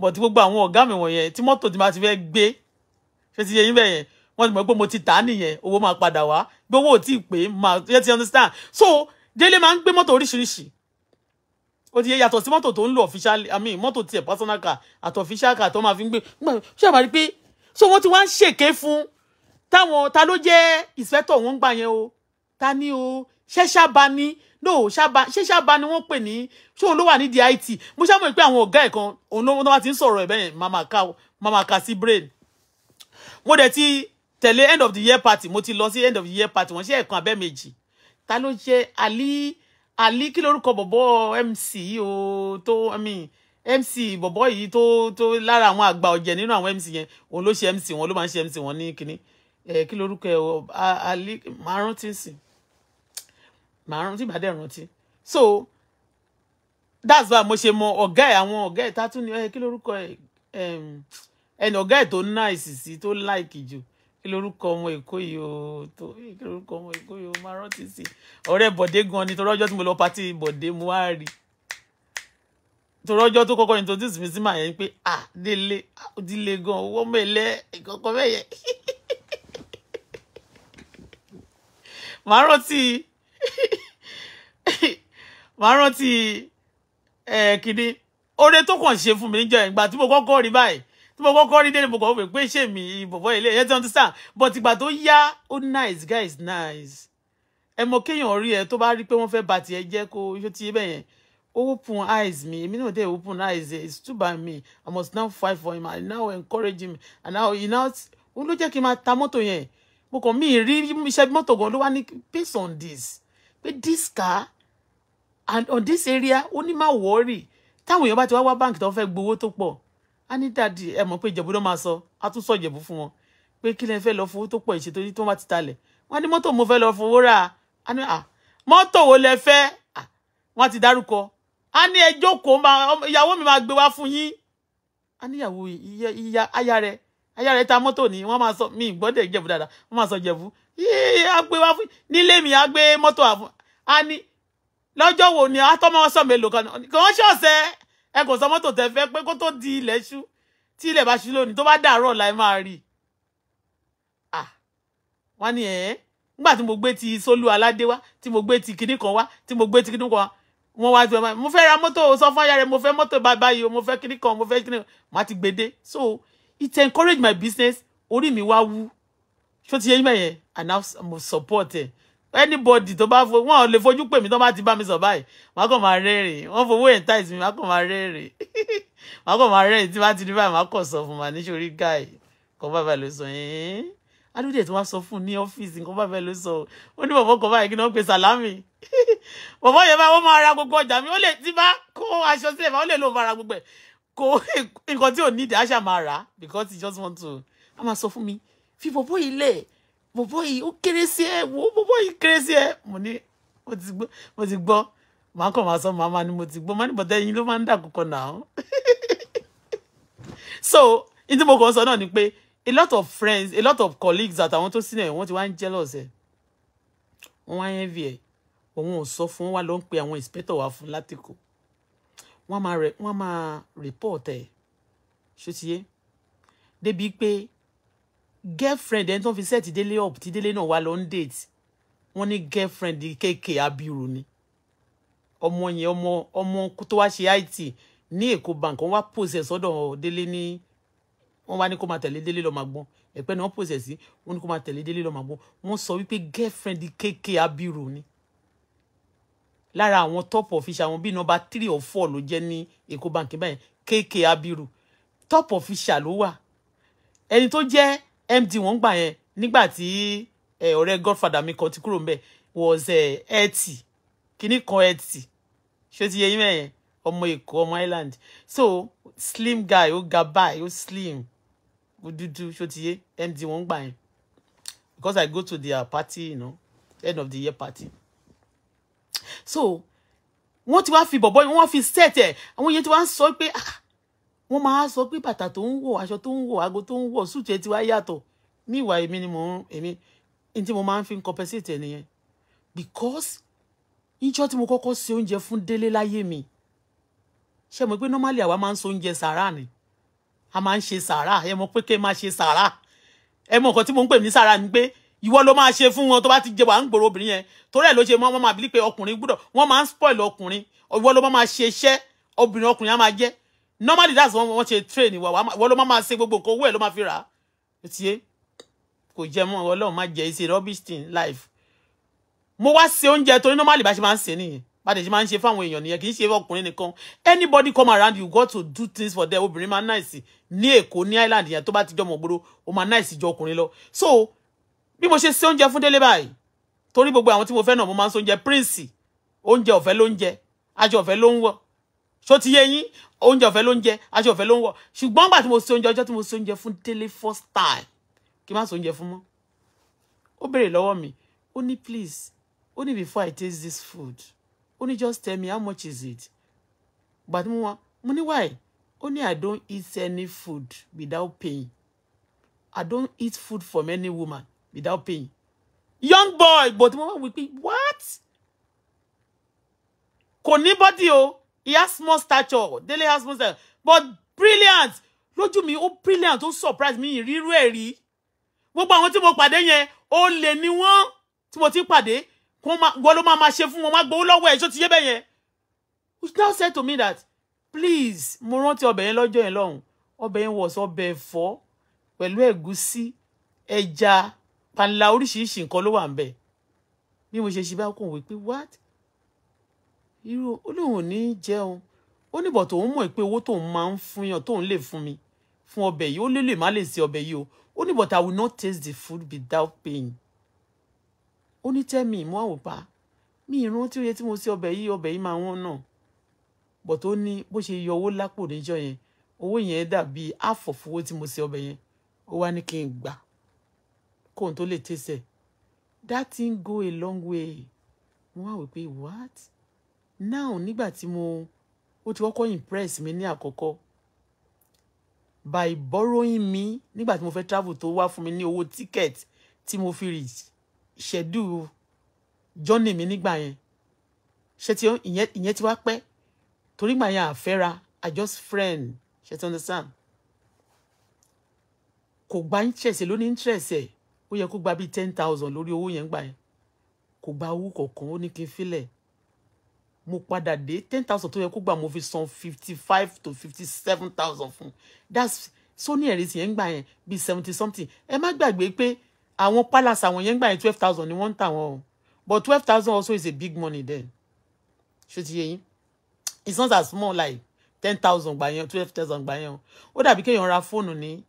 Speaker 1: bọ̀dí gbogbo àwọn ọ̀gá mi wọ̀nyẹn tí mọ́tò tí ma ti fẹ́ gbé ṣe ti yẹ yín bẹ́ẹ̀ yẹn wọ́n ti mọ̀ pé mo ti tà á nìyẹn owó máa padà wá bí ò tí ì pé máa yẹ ti understand so délé máa ń gbé mọ́tò oríṣiríṣi ó ti yẹ yàtọ̀ sí mọ́tò tó ń lò official i mean mọ́tò tiẹ̀ personal car àti official car tó máa fi ń gbé ṣé àmà rí pé so wọ́n ti wá ń ṣèké fún táwọn ta ló jẹ́ inspector wọn gbà yẹn o ta ni o ṣẹ́ ṣába no ṣába ṣẹ́ ṣába ni wọ́n pè ní ṣé òun ló wà nídìí IT mo ṣàmọ̀ pé àwọn ọ̀gá ẹ̀ kan òun ló wọ́n ti ń sọ̀rọ̀ Mama bẹ́ẹ̀ Mama ká sí brain mo dẹ̀ ti tẹ̀lé end of the year party mo ti lọ sí end of the year party wọ́n ṣe ẹ̀kan abẹ́ méjì ta ló jẹ́ Ali Ali kí lórúkọ bọ̀bọ̀ MC o tó I mean MC bọ̀bọ̀ yìí tó tó lára àwọn àgbà ọ̀jẹ̀ nínú àwọn MC yẹn òun ló ṣe MC wọn ló máa ń ṣe MC wọn ní kinní ẹ̀ kí lórúkọ ẹ̀ o Ali máa rántí sí máa rántí bá dẹ̀ rántí so that's why mo ṣe mọ ọ̀gá ẹ̀ àwọn ọ̀gá ẹ̀ tá tún ní ẹ̀ kí lórúkọ ẹ̀ ẹnì ọ̀gá ẹ̀ tó náìsì sí tó láìkì jù kí lorúkọ ọmọ èkó yìí o tó kí lorúkọ ọmọ èkó yìí o máa rántí sí ọ̀rẹ́ bọ̀dé gan ni torí ọjọ́ tí mo lọ patí bọ̀dé mo wá rí torí ọjọ́ tó kọ́kọ́ introduce mi sí màá yẹn pé ah délé délé gan owó mẹ́lẹ́ ìkọ̀kọ̀ mẹ́yẹ màá rántí màá rántí ẹ̀ kìíní oore tó kàn ṣe fún mi níjọ́ ìgbà tí mo kọ́kọ́ rí báyìí tí mo kọ́kọ́ rí dé ni pé ṣé mi bọ̀bọ̀ ilé ẹ̀yẹ́ tí wọ́n ti sàn but ìgbà tó yá ó nice guy nice ẹ mọ kéèyàn rí ẹ tó bá rí pé wọ́n fẹ́ bà tiẹ̀ jẹ́ kó iṣẹ́ ti bẹ́ẹ̀ yẹn open eyes me èmi náà dé open eyes it's too bad me I must now fight for him I now encourage him and now he now ló jẹ́ kí n máa ta mọ́tò yẹn mo kàn mí rí iṣẹ́ mọ́tò gan ló wá ní based on this pé this car and on this area ó ní má wọ́ọ̀rì táwọn èèyàn bá ti wá wá báǹkì tó fẹ́ gbowó tó pọ̀ á ní dàdí ẹ mọ̀ pé ìjẹ̀bú ló máa sọ á tún sọ ìjẹ̀bú fún wọn pé kí lẹ́n fẹ́ lọ fowó tó pọ̀ ìṣe torí tó bá ti talẹ̀ wọ́n ní mọ́tò mo fẹ́ lọ fowó rà á ní à wo lẹ fẹ́ à ti dárúkọ á ní ẹ jókòó ìyàwó mi máa gbé wá fún yín á ní ìyàwó ìyá aya rẹ aya rẹ ta mọ́tò ni wọ́n máa sọ mi ìgbọ́dẹ̀ ìjẹ̀bú dáadáa wọ́n máa sọ ìjẹ̀bú yíyí á gbé wá fún nílé mi á gbé mọ́tò àfún á ní lọ́jọ́ wo ni atọ́mọ́ sọ̀mẹ́lò kan kò wọ́n ṣọ̀ṣẹ́ ẹ kò sọ mọ́tò tẹ fẹ́ pé kó tó di ilẹ̀ ṣú tí ilẹ̀ bá ṣú lónìí tó bá dàárọ̀ la ẹ máa rí i wọ́n ní ẹ̀ nígbà tí mo gbé ti sólú aládé wá tí mo gbé ti kinní kan wá tí mo gbé ti kinní kan wá wọ́n wá ti wọ́n mo fẹ́ ra mọ́tò sọ fún ayára mo fẹ́ mọ́tò bàbá yìí mo fẹ́ kinní kan mo fẹ́ kinní kan má ti gbèdé so it encourage my business orí mi wá wú ṣó ti yẹ yín mẹ́yẹn and now mo support ẹ̀ anybody to bá fo wọn lè fojú pè mí tó bá ti bá mi sọ báyìí wọn kàn máa rẹ́rìn wọn fowó entice mi wọn kàn máa rẹ́rìn wọn kàn máa rẹ́rìn tí bá ti ní báyìí wọn kàn sọ fún wa nítorí guy kan bàbá ló sọ yẹn adúlé tó to sọ fún ní ọ́fíìsì nǹkan bàbá ló sọ ó ní bọ̀bọ̀ kan báyìí kí ni wọ́n pe sàlámì bọ̀bọ̀ yẹn báyìí wọ́n máa ra gbogbo ọjà mi ó lè ti bá kó aṣọ sílẹ̀ báyìí ó lè lóun bá ra gbogbo ẹ̀ kó nǹkan tí ò ní ìdí àṣà máa rà because he just want to a máa sọ fún mi fi bọ̀bọ̀ yìí bọ̀bọ̀ yìí ó kéré sí ẹ wò ó yìí kéré sí ẹ mo ní mo ti gbọ́ mo ti gbọ́ màá kàn máa sọ màá máa ní mo ti gbọ́ máa ní bọ̀dẹ́ yín ló máa ń dàkúkọ náà so ní tí mo kàn sọ náà ni pé a lot of friends a lot of colleagues àtàwọn tó sílẹ̀ wọ́n ti wá ń jealous ẹ̀ wọ́n wá ń envy ẹ̀ òun ò sọ fún wa ló ń pe àwọn inspector wa fún látìkù wọ́n máa report ẹ̀ ṣó ti yé débi pé girlfriend ẹni tó fi set délé up tí délé náà wà lọ date wọ́n ní girlfriend kéèké abiru ni ọmọ yẹn ọmọ ọmọ tó wá ṣe it ní èkó bank wọ́n wá process ọ̀dọ̀ délé ní wọ́n wá ní kó máa tẹ̀lé délé lọ máa gbọ́n ẹ̀pẹ́ ni wọ́n process sí wọ́n ní kó máa tẹ̀lé délé lọ máa gbọ́n wọ́n sọ wípé girlfriend kéèké abiru ni lára àwọn top official àwọn bíi number three or four ló jẹ́ ní èkó bank báyìí kéèké abiru top official ló wà ẹni tó jẹ́ md wọn gbà yẹn nígbà tí eh, ọ̀rẹ́ godfather mi kan ti kúrò ńbẹ̀ was ẹtì eh, kínní kan ẹtì ṣé ti yẹ yín mẹ́yẹn ọmọ èkó ọmọ island so slim guy ó ga báyìí ó slim ó dúdú ṣó ti yé md wọn gbà yẹn because i go to their party you know, end of the year party so wọ́n ti wá fi bọ̀bọ́ yìí wọ́n fi set ẹ̀ àwọn yẹn ti wá ń sọ pé ah wọ́n máa sọ pé bàtà tó ń wọ̀ aṣọ tó ń wọ̀ aago tó ń wọ̀ sùtù ẹ ti wá ní ìwà èmi ni mò ń èmi ní tí mo máa ń fi compensate ẹ because ìjọ tí mo kọ́kọ́ ṣe oúnjẹ fún délé láyé mi ṣe mọ̀ pé normally àwa máa ń sọ oúnjẹ sàrà ni a máa ń ṣe sàrà ẹ mọ̀ pé kí ẹ máa ṣe sàrà ẹ mọ̀ nǹkan tí mo ń pè ní sàrà ni pé ìwọ ló máa ṣe fún wọn tó bá ti jẹ wà ń gbòòrò obìnrin yẹn torí ẹ ló ṣe mọ wọn máa bí pé ọkùnrin gbúdọ̀ wọn máa ń spoil ọkùnrin ìwọ ló máa ṣe iṣẹ́ obìnrin ọkùnrin á máa jẹ normally that's wọn wọn ṣe train wa wọn ló máa ma ṣe gbogbo nǹkan owó ẹ ló máa fi rà á tiẹ kò jẹ mọ Ọlọ́run má jẹ ṣe rubbish thing life mo wá ṣe oúnjẹ torí normally bá ṣe máa ń ṣe nìyẹn bá dẹ̀ ṣe máa ń ṣe fáwọn èèyàn nìyẹn kì í ṣe ọkùnrin nìkan anybody come around you got to do things for them obìnrin máa nice ní Èkó ní Island yẹn tó bá ti jọ mọ̀ gbòòrò ó máa nice jọ ọkùnrin lọ so bí mo ṣe ṣe oúnjẹ fún Délé báyìí torí gbogbo àwọn tí mo fẹ́ náà mo máa ń ṣe oúnjẹ prince oúnjẹ ọ̀fẹ́ ló ń jẹ aṣọ ọ̀fẹ́ ló ń wọ̀ ṣó ti ye yín oúnjẹ ọ̀fẹ́ ló ń jẹ aṣọ ọ̀fẹ́ ló ń wọ̀ ṣùgbọ́n mo ṣe oúnjẹ ọjọ́ tí mo ṣe oúnjẹ fún délé first time kí n má ṣe oúnjẹ fún mọ́ ó béèrè mi ó ní please ó ní before I taste this food ó ní just tell me how much is it But tí mo wá mo ní why ó ní I don't eat any food without paying I don't eat food from any woman without paying young boy but mo wá wí pé what kò ní bọ́dí o he has small stature Dele has small stature but brilliant lójú mi ó brilliant ó surprise me? ìrírú ẹ̀ rí gbogbo àwọn tí mo pàdé yẹn ó lè ní wọ́n tí mo ti pàdé wọ́n ló máa ma ṣe fún wọn má gbowó lọ́wọ́ ẹ̀ ṣó ti yé bẹ́ẹ̀ yẹn which now said to me that please mo rántí ọbẹ̀ yẹn lọ́jọ́ yẹn lọ́hùn ọbẹ̀ yẹn wọ̀ sọ ọbẹ̀ ẹ̀fọ́ pẹ̀lú ẹ̀gúsí ẹja panla oríṣiríṣi nǹkan ló wà ń bẹ̀ bí mo ṣe ṣe bá kò wí pé what irú ó lóun ò ní jẹun ó níbọ̀ tóun mọ̀ pé owó tóun máa ń fún yàn tóun lè fún mi fún ọbẹ̀ yìí ó lè lè má lè ṣe ọbẹ̀ yìí o ó ní but I will not taste the food without pain. ó ní tẹ́ ah, mi ìmọ̀ àwòbá mi ìran tí ó yẹ tí mo ṣe ọbẹ̀ yìí ọbẹ̀ yìí máa wọ́n náà but ó ní bó ṣe yọ owó lápò níjọ yẹn owó yẹn dàbí àfọ̀fowó tí mo ṣe ọbẹ̀ yẹn ó wá ní kí n gbà kóun tó lè tẹ̀sẹ̀ that thing go a long way wọ́n á wò pé what now nígbà tí mo ó ti kọ́kọ́ impress mi ní àkọ́kọ́ by borrowing me nígbà tí mo fẹ́ travel tó wá fún mi ní owó ticket tí mo fi rí schedule journey mi nígbà yẹn ṣe ti ìyẹn ti wá pẹ́ torí gbà yẹn àfẹ́ra i just friend ṣe ti understand kò gba interest ló interest ẹ̀ ó yẹ kó gba bíi ten thousand lórí owó yẹn gbà yẹn kò gba owó kọ̀ọ̀kan ó ní kí n filẹ̀ mo padà dé ten thousand tó yẹ kó gbà mo fi san fifty five to fifty seven thousand fún that's Sony. ẹ̀rí sì yẹn ń gbà yẹn bíi seventy something ẹ má gbàgbé pé àwọn palace àwọn yẹn ń gbà yẹn twelve thousand ni wọ́n ń tà wọ́n o but twelve thousand also is a big money then ṣé ti yé yín it's not as small like ten thousand gbà yẹn twelve thousand gbà yẹn o ó dàbí kéèyàn ra fóònù ní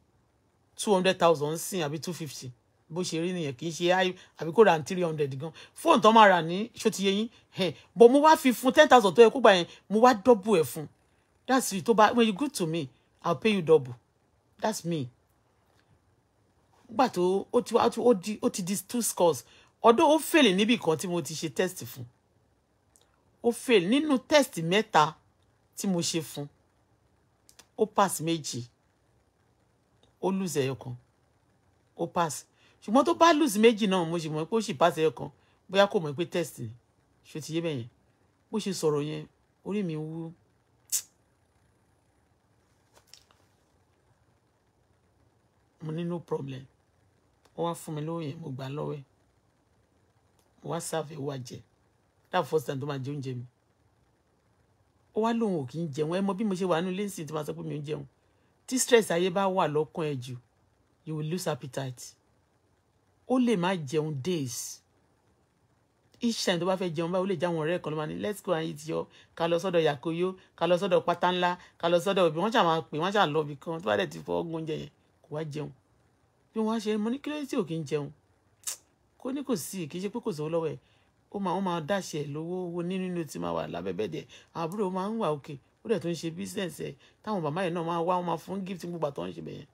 Speaker 1: two hundred thousand sìn àbí two fifty bó ṣe rí nìyẹn kì í ṣe àbí kó ra ní three hundred gan fóònù tó máa rà ní ṣó ti yín bọ̀ mo wá fi fún ten thousand tó yẹ kó gbà yẹn mo wá double ẹ̀ fún that's it tó bá when you good to me i'll pay you double that's me gbà tó ó ti ó di ó ti di two scores ọdún ó fèlè níbi kan tí mo ti ṣe test fún ó fèlè nínú test mẹ́ta tí mo ṣe fún ó pass méjì ó lùzẹ̀ ẹyọkan ó pass ṣùgbọ́n tó bá lùsì méjì náà mo sì mọ̀ pé ó sì pàṣẹ ọkàn bóyá kò mọ̀ pé test ni ṣó ti yé bẹ́yẹn bó ṣe sọ̀rọ̀ yẹn orí mi wú. mo ní no problem ó wá fún mi lówó yẹn mo gbà lọ́wọ́ ẹ̀ mo wá sáfẹ́ wá jẹ that first time tó máa jẹ oúnjẹ mi ó wá lóun ò kì í jẹun ẹ mọ bí mo ṣe wà nínú lẹ́sìn tó máa sọ pé mi ò jẹun tí stress ayé bá wà lọ́kàn ẹ jù you will lose appetite ó lè má jẹun days each time tó bá fẹ́ jẹun báyìí ó lè jáwọn ọ̀rẹ́ kan ló máa ní let's go and eat yọ ká lọ sọ́dọ̀ yakoyo ká lọ sọ́dọ̀ pátá ńlá ká lọ sọ́dọ̀ òbí wọ́n ṣà máa pè wọ́n ṣà lọ ibì kan tó bá dẹ̀ ti fọ́ ọgbọ́n oúnjẹ yẹn kò wá jẹun bí wọ́n á ṣe mọ ní kí ló tí ò kí ń jẹun kó ní kò sí kì í ṣe pé kò sówó lọ́wọ́ ẹ̀ ó máa ó máa dáṣẹ lówó owó nínú inú ti máa wà lábẹ́bẹ́ dẹ̀ àbúrò máa ń wà òkè ó dẹ̀ tó ń ṣe business ẹ̀ táwọn bàbá yẹn náà máa wá wọn máa fún gift gbogbo àtọ́ ń ṣe bẹ̀yẹn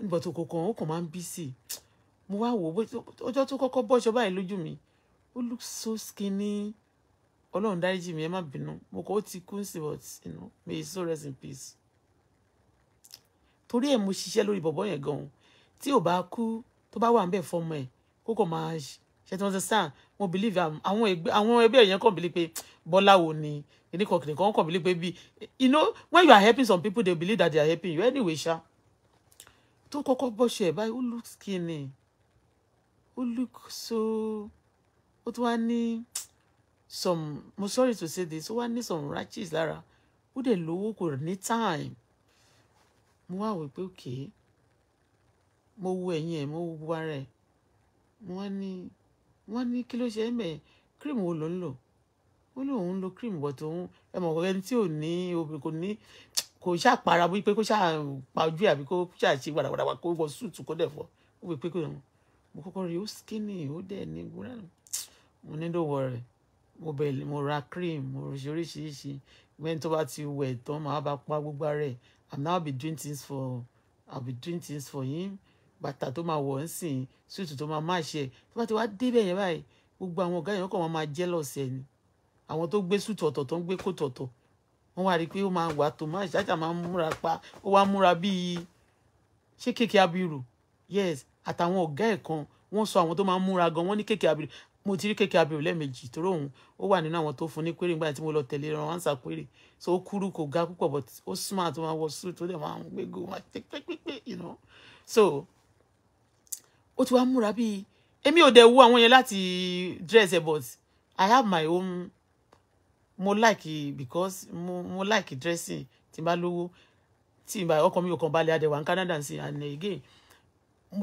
Speaker 1: nígbà tó kọ̀ọ̀kan ó kàn máa ń bí sí i mo wá wò ó ọjọ́ tó kọ́kọ́ bọ́ ṣọ báyìí lójú mi ó look so skinny ọlọ́run dáríjì mi ẹ má bínú mo kọ́ ó ti kú sí but you know may he so rest in peace torí ẹ̀ mo ṣiṣẹ́ lórí bọ̀bọ̀ yẹn gan-an tí ò bá kú tó bá wà ń bẹ̀ fọmọ ẹ̀ kó kàn máa ṣe tí wọ́n ti sàn mo believe um, àwọn ẹgbẹ́ àwọn ẹgbẹ́ yẹn kàn believe pé bọ́lá wo ni kìnìkan kìnìkan kàn believe pé bí you know when you are helping some people they believe that they are helping you anyway ṣá tó kọ́kọ́ bọ́ ṣe ẹ̀ báyìí ó look skinny ó look so ó tún wá ní some mo sorry to say this ó wá ní some rashes lára ó dẹ̀ lówó kò ní time mo wá wò pé òkè mo wo ẹ̀yìn ẹ̀ mo wo gbogbo ara ẹ̀ wọ́n ní wọ́n ní kí ló ṣe é mẹ́ cream wo ló ń lò ó lóun ń lo cream bọ̀ tóun ẹ mọ̀ ẹni tí ò ní obìnrin kò ní kò ṣàpara wípé kó ṣàpàjú àbí kó ṣàṣe wàràwàrà kó wọ súùtù kó dẹ̀ fọ́ ó wípé kò yẹn mo kọ́kọ́ rí ó skinny ó dẹ̀ ní gbúra mo ní ló wọ rẹ̀ mo bẹ̀rẹ̀ mo ra cream mo ṣe oríṣiríṣi when tó bá ti wẹ̀ tán màá bá pa gbogbo rẹ̀ i'm now be doing things for I'll be doing things for him bàtà tó máa wọ̀ ń sìn suit tó máa máa ṣe tó bá ti wá débẹ̀ yẹn báyìí gbogbo àwọn ọ̀gá yẹn kàn máa máa jealous ẹ̀ ni àwọn tó gbé suit ọ̀tọ̀ tó ń gbé coat ọ̀tọ̀ wọ́n wá rí i pé ó máa wà tó máa ṣáṣà máa múra pa ó wá múra bíi ṣé kéèké abiru yes àtàwọn ọ̀gá ẹ̀ kan wọ́n sọ àwọn tó máa ń múra gan wọ́n ní kéèké abiru mo ti rí kéèké abiru lẹ́ẹ̀mejì torí òun ó wà nínú àwọn tó fún ní query nígbà tí mo lọ tẹ̀lé ran ansa query so ó kúrú kò ga púpọ̀ but ó smart tó máa wọ suit tó dẹ̀ máa ń gbégo máa pẹ́pẹ́pẹ́ you know so ó ti wá múra bíi èmi ò dẹ̀ wo àwọn yẹn láti dress ẹ̀ but I have my own mo like because mo mo like dressing tí n bá lówó tí n bá ọkàn mi ò kàn balẹ̀ adẹ̀wà ní Canada sí and again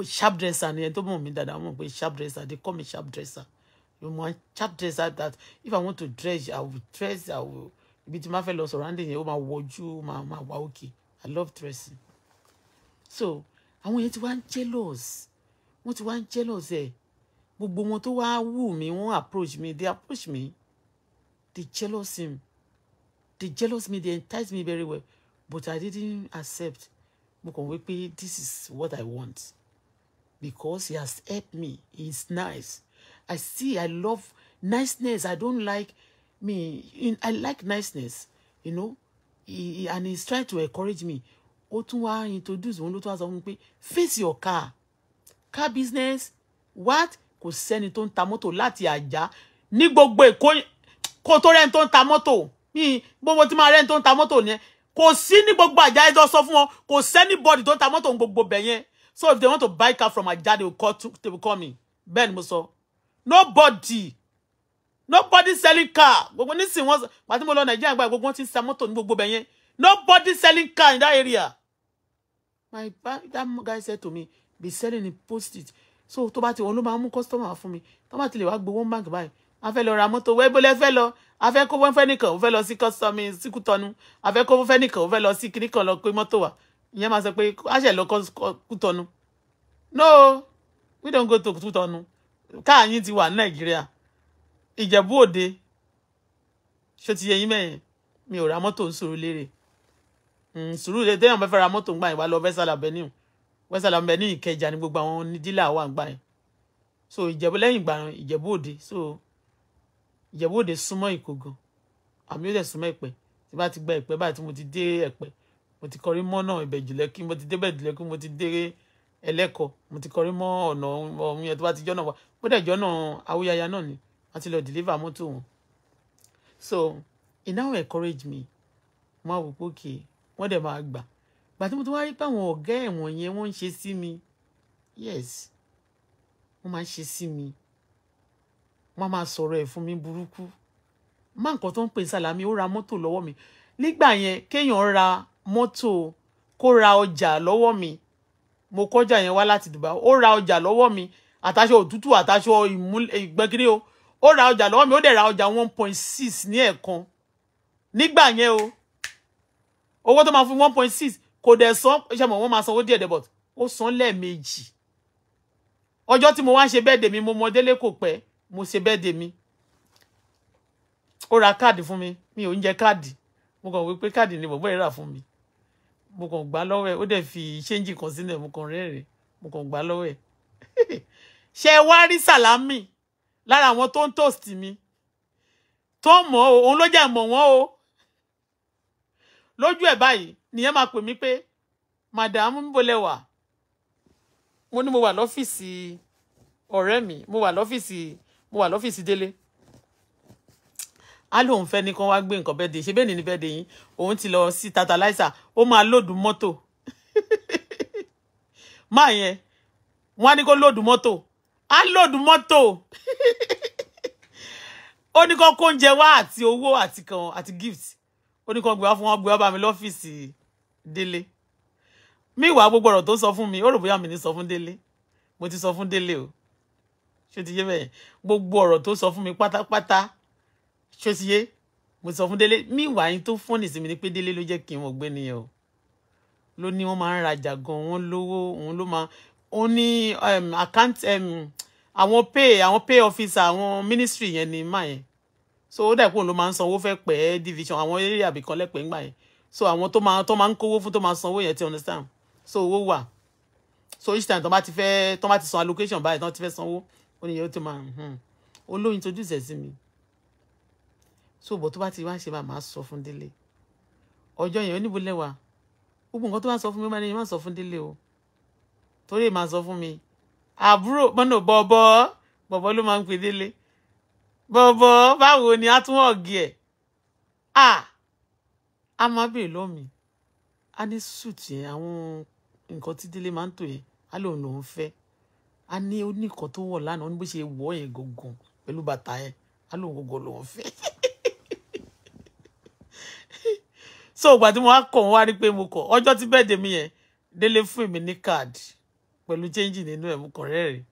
Speaker 1: sharp dresser ni ẹni tó mọ̀ mí dáadáa mọ̀ pé sharp dresser they call me sharp dresser you mọ̀ sharp dresser that if i want to dress i will dress i will be tí ma fẹ́ lọ surrounding yẹn ó máa wọjú máa máa wá i love dressing so àwọn yẹn ti wá jealous wọ́n ti wá jealous Eh. gbogbo wọn tó wá wù mí wọ́n approach me they approach me they jealous him they jealous me they entice me very well but i didn't accept mo kàn wí pé this is what i want because he has helped me. He's nice. I see, I love niceness. I don't like me. I like niceness, you know. He, and he's trying to encourage me. introduce face your car. Car business what? Kò sẹ́ni tó ń ta mọ́tò láti àjà ní gbogbo Èkó kó tó rẹ́ni tó ń ta mọ́tò. Mi gbogbo tí máa rẹ́ni tó ń ta mọ́tò nìyẹn. Kò sí ní gbogbo àjà ẹjọ́ sọ so if they want to buy car from ajá they will call to, they will call me Ben Muso. nobody nobody selling car When this thing was, but lọ nàìjíríà gba gbogbo wọn ti ń sa mọ́tò nobody selling car in that area my that guy said to me be selling in post-it so tó bá ti wọn ló customer for me. mi tó bá ti lè wá buy. ń báńkì báyìí a fẹ́ lọ ra mọ́tò wẹ́ẹ́ bọ́lẹ́ fẹ́ lọ a fẹ́ kó wọ́n fẹ́ nìkan ó fẹ́ lọ sí kọ́sọ́mì síkútọ́nu a fẹ́ kó wọ́n fẹ́ ìyẹn máa sọ pé àṣẹ lọ Kútọ̀nù no we don't go to Kútọ̀nù káàyín ti wà ní Nàìjíríà Ìjẹ̀bú Òde ṣó ti yẹ yín mẹ́yìn mi ò ra mọ́tò hmm, sùúrù lérè sùúrù lérè téèyàn bá fẹ́ ra mọ́tò ńgbà yẹn wá lọ Western Avenue Western Avenue Ìkẹjà ni gbogbo àwọn onídílà wà ńgbà yẹn so Ìjẹ̀bú lẹ́yìn ìgbà Ìjẹ̀bú Òde so Ìjẹ̀bú Òde súnmọ́ Ìkó gan àmì ó dẹ̀ súnmọ́ Ẹ̀pẹ́ tí bá ti gba Ẹ̀pẹ́ báyìí tí mo ti dé Ẹ̀pẹ́ mo ti kọrí mọ́ náà ìbẹ̀jù lẹ́kí mo ti débẹ̀ jù lẹ́kí mo ti dé ẹlẹ́kọ mo ti kọrí mọ́ ọ̀nà ọ̀hún yẹn tó bá ti jọ́nà wá ó dẹ̀ jọ́nà awúyáyá náà ni wọ́n ti lọ deliver mọ́tò wọn so he now encourage me mo á wò pé òkè wọ́n dẹ̀ máa gbà gbà tí mo ti wá rí pé àwọn ọ̀gá ẹ̀wọ̀n yẹn wọ́n ń ṣe sí mi yes wọ́n máa ń ṣe sí mi wọ́n máa sọ̀rọ̀ ẹ̀ fún mi burúkú má nǹkan tó ń pè sálámì ó ra mọ́tò lọ́wọ́ mi nígbà yẹn kéèyàn ra mọ́tò kó ra ọjà lọ́wọ́ mi mo kọjá yẹn wá láti Dubai ó ra ọjà lọ́wọ́ mi àtàṣọ òtútù àtàṣọ ìgbẹ́kiri o ó ra ọjà lọ́wọ́ mi ó dẹ̀ ra ọjà one point six ní ẹ̀ẹ̀kan nígbà yẹn o owó tó máa fún one point six kò dẹ̀ san ṣe mọ̀ wọ́n máa sanwó díẹ̀ dẹ̀bọ̀t ó san lẹ́ẹ̀mejì ọjọ́ tí mo wá ṣe bẹ́ẹ̀dẹ̀ mi mo mọ délé kò pẹ́ mo ṣe bẹ́ẹ̀dẹ̀ mi ó ra káàdì fún mi mi ò ń jẹ káàdì mo kàn wí káàdì ni bọ̀bọ́ yẹn rà fún mi mo kàn gbà lọ́wọ́ ẹ̀ ó dẹ̀ fi ṣéǹjì kan sílẹ̀ mo kàn rẹ́rìn mo kàn gbà lọ́wọ́ ẹ̀ ṣe é wá rí sàlámì lára àwọn tó ń toast mi tó mọ̀ ọ́ òun ló jẹ́ mọ̀ wọ́n o lójú ẹ̀ báyìí nìyẹn máa pè mí pé màdàmú ń bolẹ̀ wà mo ní mo wà lọ́fíìsì ọ̀rẹ́ mi mo wà lọ́fíìsì mo wà lọ́fíìsì délé á lóun fẹ́ ní kán wá gbé nǹkan bẹ́ẹ̀ dé ṣe bẹ́ẹ̀ ni ní bẹ́ẹ̀ dé yín òun ti lọ sí tantalizer ó máa lòdù mọ́tò máa yẹn wọ́n á ní kó lòdù mọ́tò á lòdù mọ́tò ó ní kán kó oúnjẹ wá àti owó àti kan àti gift ó ní kán gbé wá fún wọn gbé wá bá mi lọ́fíìsì délé mi ìwà gbogbo ọ̀rọ̀ tó sọ fún mi ó rò bóyá mi ní sọ fún délé mo ti sọ fún délé o ṣé ti yé bẹ́ẹ̀ gbogbo ọ̀rọ̀ tó sọ fún mi pátápátá ṣé ti yé mo sọ fún délé mi ìwà yín tó fọ́nì sí mi ni pé délé ló jẹ́ kí n wọ́n gbé nìyẹn o ló ní wọ́n máa ń rajà gan wọ́n lówó òun ló máa ó ní um, account um, àwọn pay àwọn pay officer àwọn ministry yẹn ni má yẹn so ó dàpọ̀ òun ló máa ń sanwó fẹ́ pẹ́ division àwọn area àbíkan lẹ́pẹ́ ńgbà yẹn so àwọn tó máa tó máa ń kówó fún tó máa sanwó yẹn ti understand so owó wà so each time tó bá ti fẹ́ tó bá ti san allocation báyìí tó ti fẹ́ sanwó ó ní yẹn hmm. ó ti máa ó lóyún tó jù sẹ́ mi so bọ̀ tó bá ti wá ṣe bá máa sọ fún délé ọjọ́ yẹn oníbo lẹ́wà gbogbo nǹkan tó bá sọ fún mi máa ní yẹn máa sọ fún délé o torí máa sọ fún mi àbúrò mọ́nà bọ̀bọ̀ bọ̀bọ̀ ló máa ń pè délé bọ̀bọ̀ báwo ni a tún ọ̀gì ẹ̀ à á máa bèè lọ́mìí á ní sùtì yẹn àwọn nǹkan tí délé máa ń tò yẹn á lòun lòun fẹ́ á ní oníkan tó wọ̀ lánàá ó ní bó ṣe wọ̀ yẹn gọ̀gàn pẹ̀lú bàtà yẹn á lòun gọ̀gàn lòun fẹ́ so ìgbà tí mo wá kọ̀ wọ́n wá rí pé mo kọ̀ ọjọ́ tí bẹ́ẹ̀ dé mi yẹn délé fún èmi ní card pẹ̀lú change nínú ẹ̀ mo kàn rẹ́rìn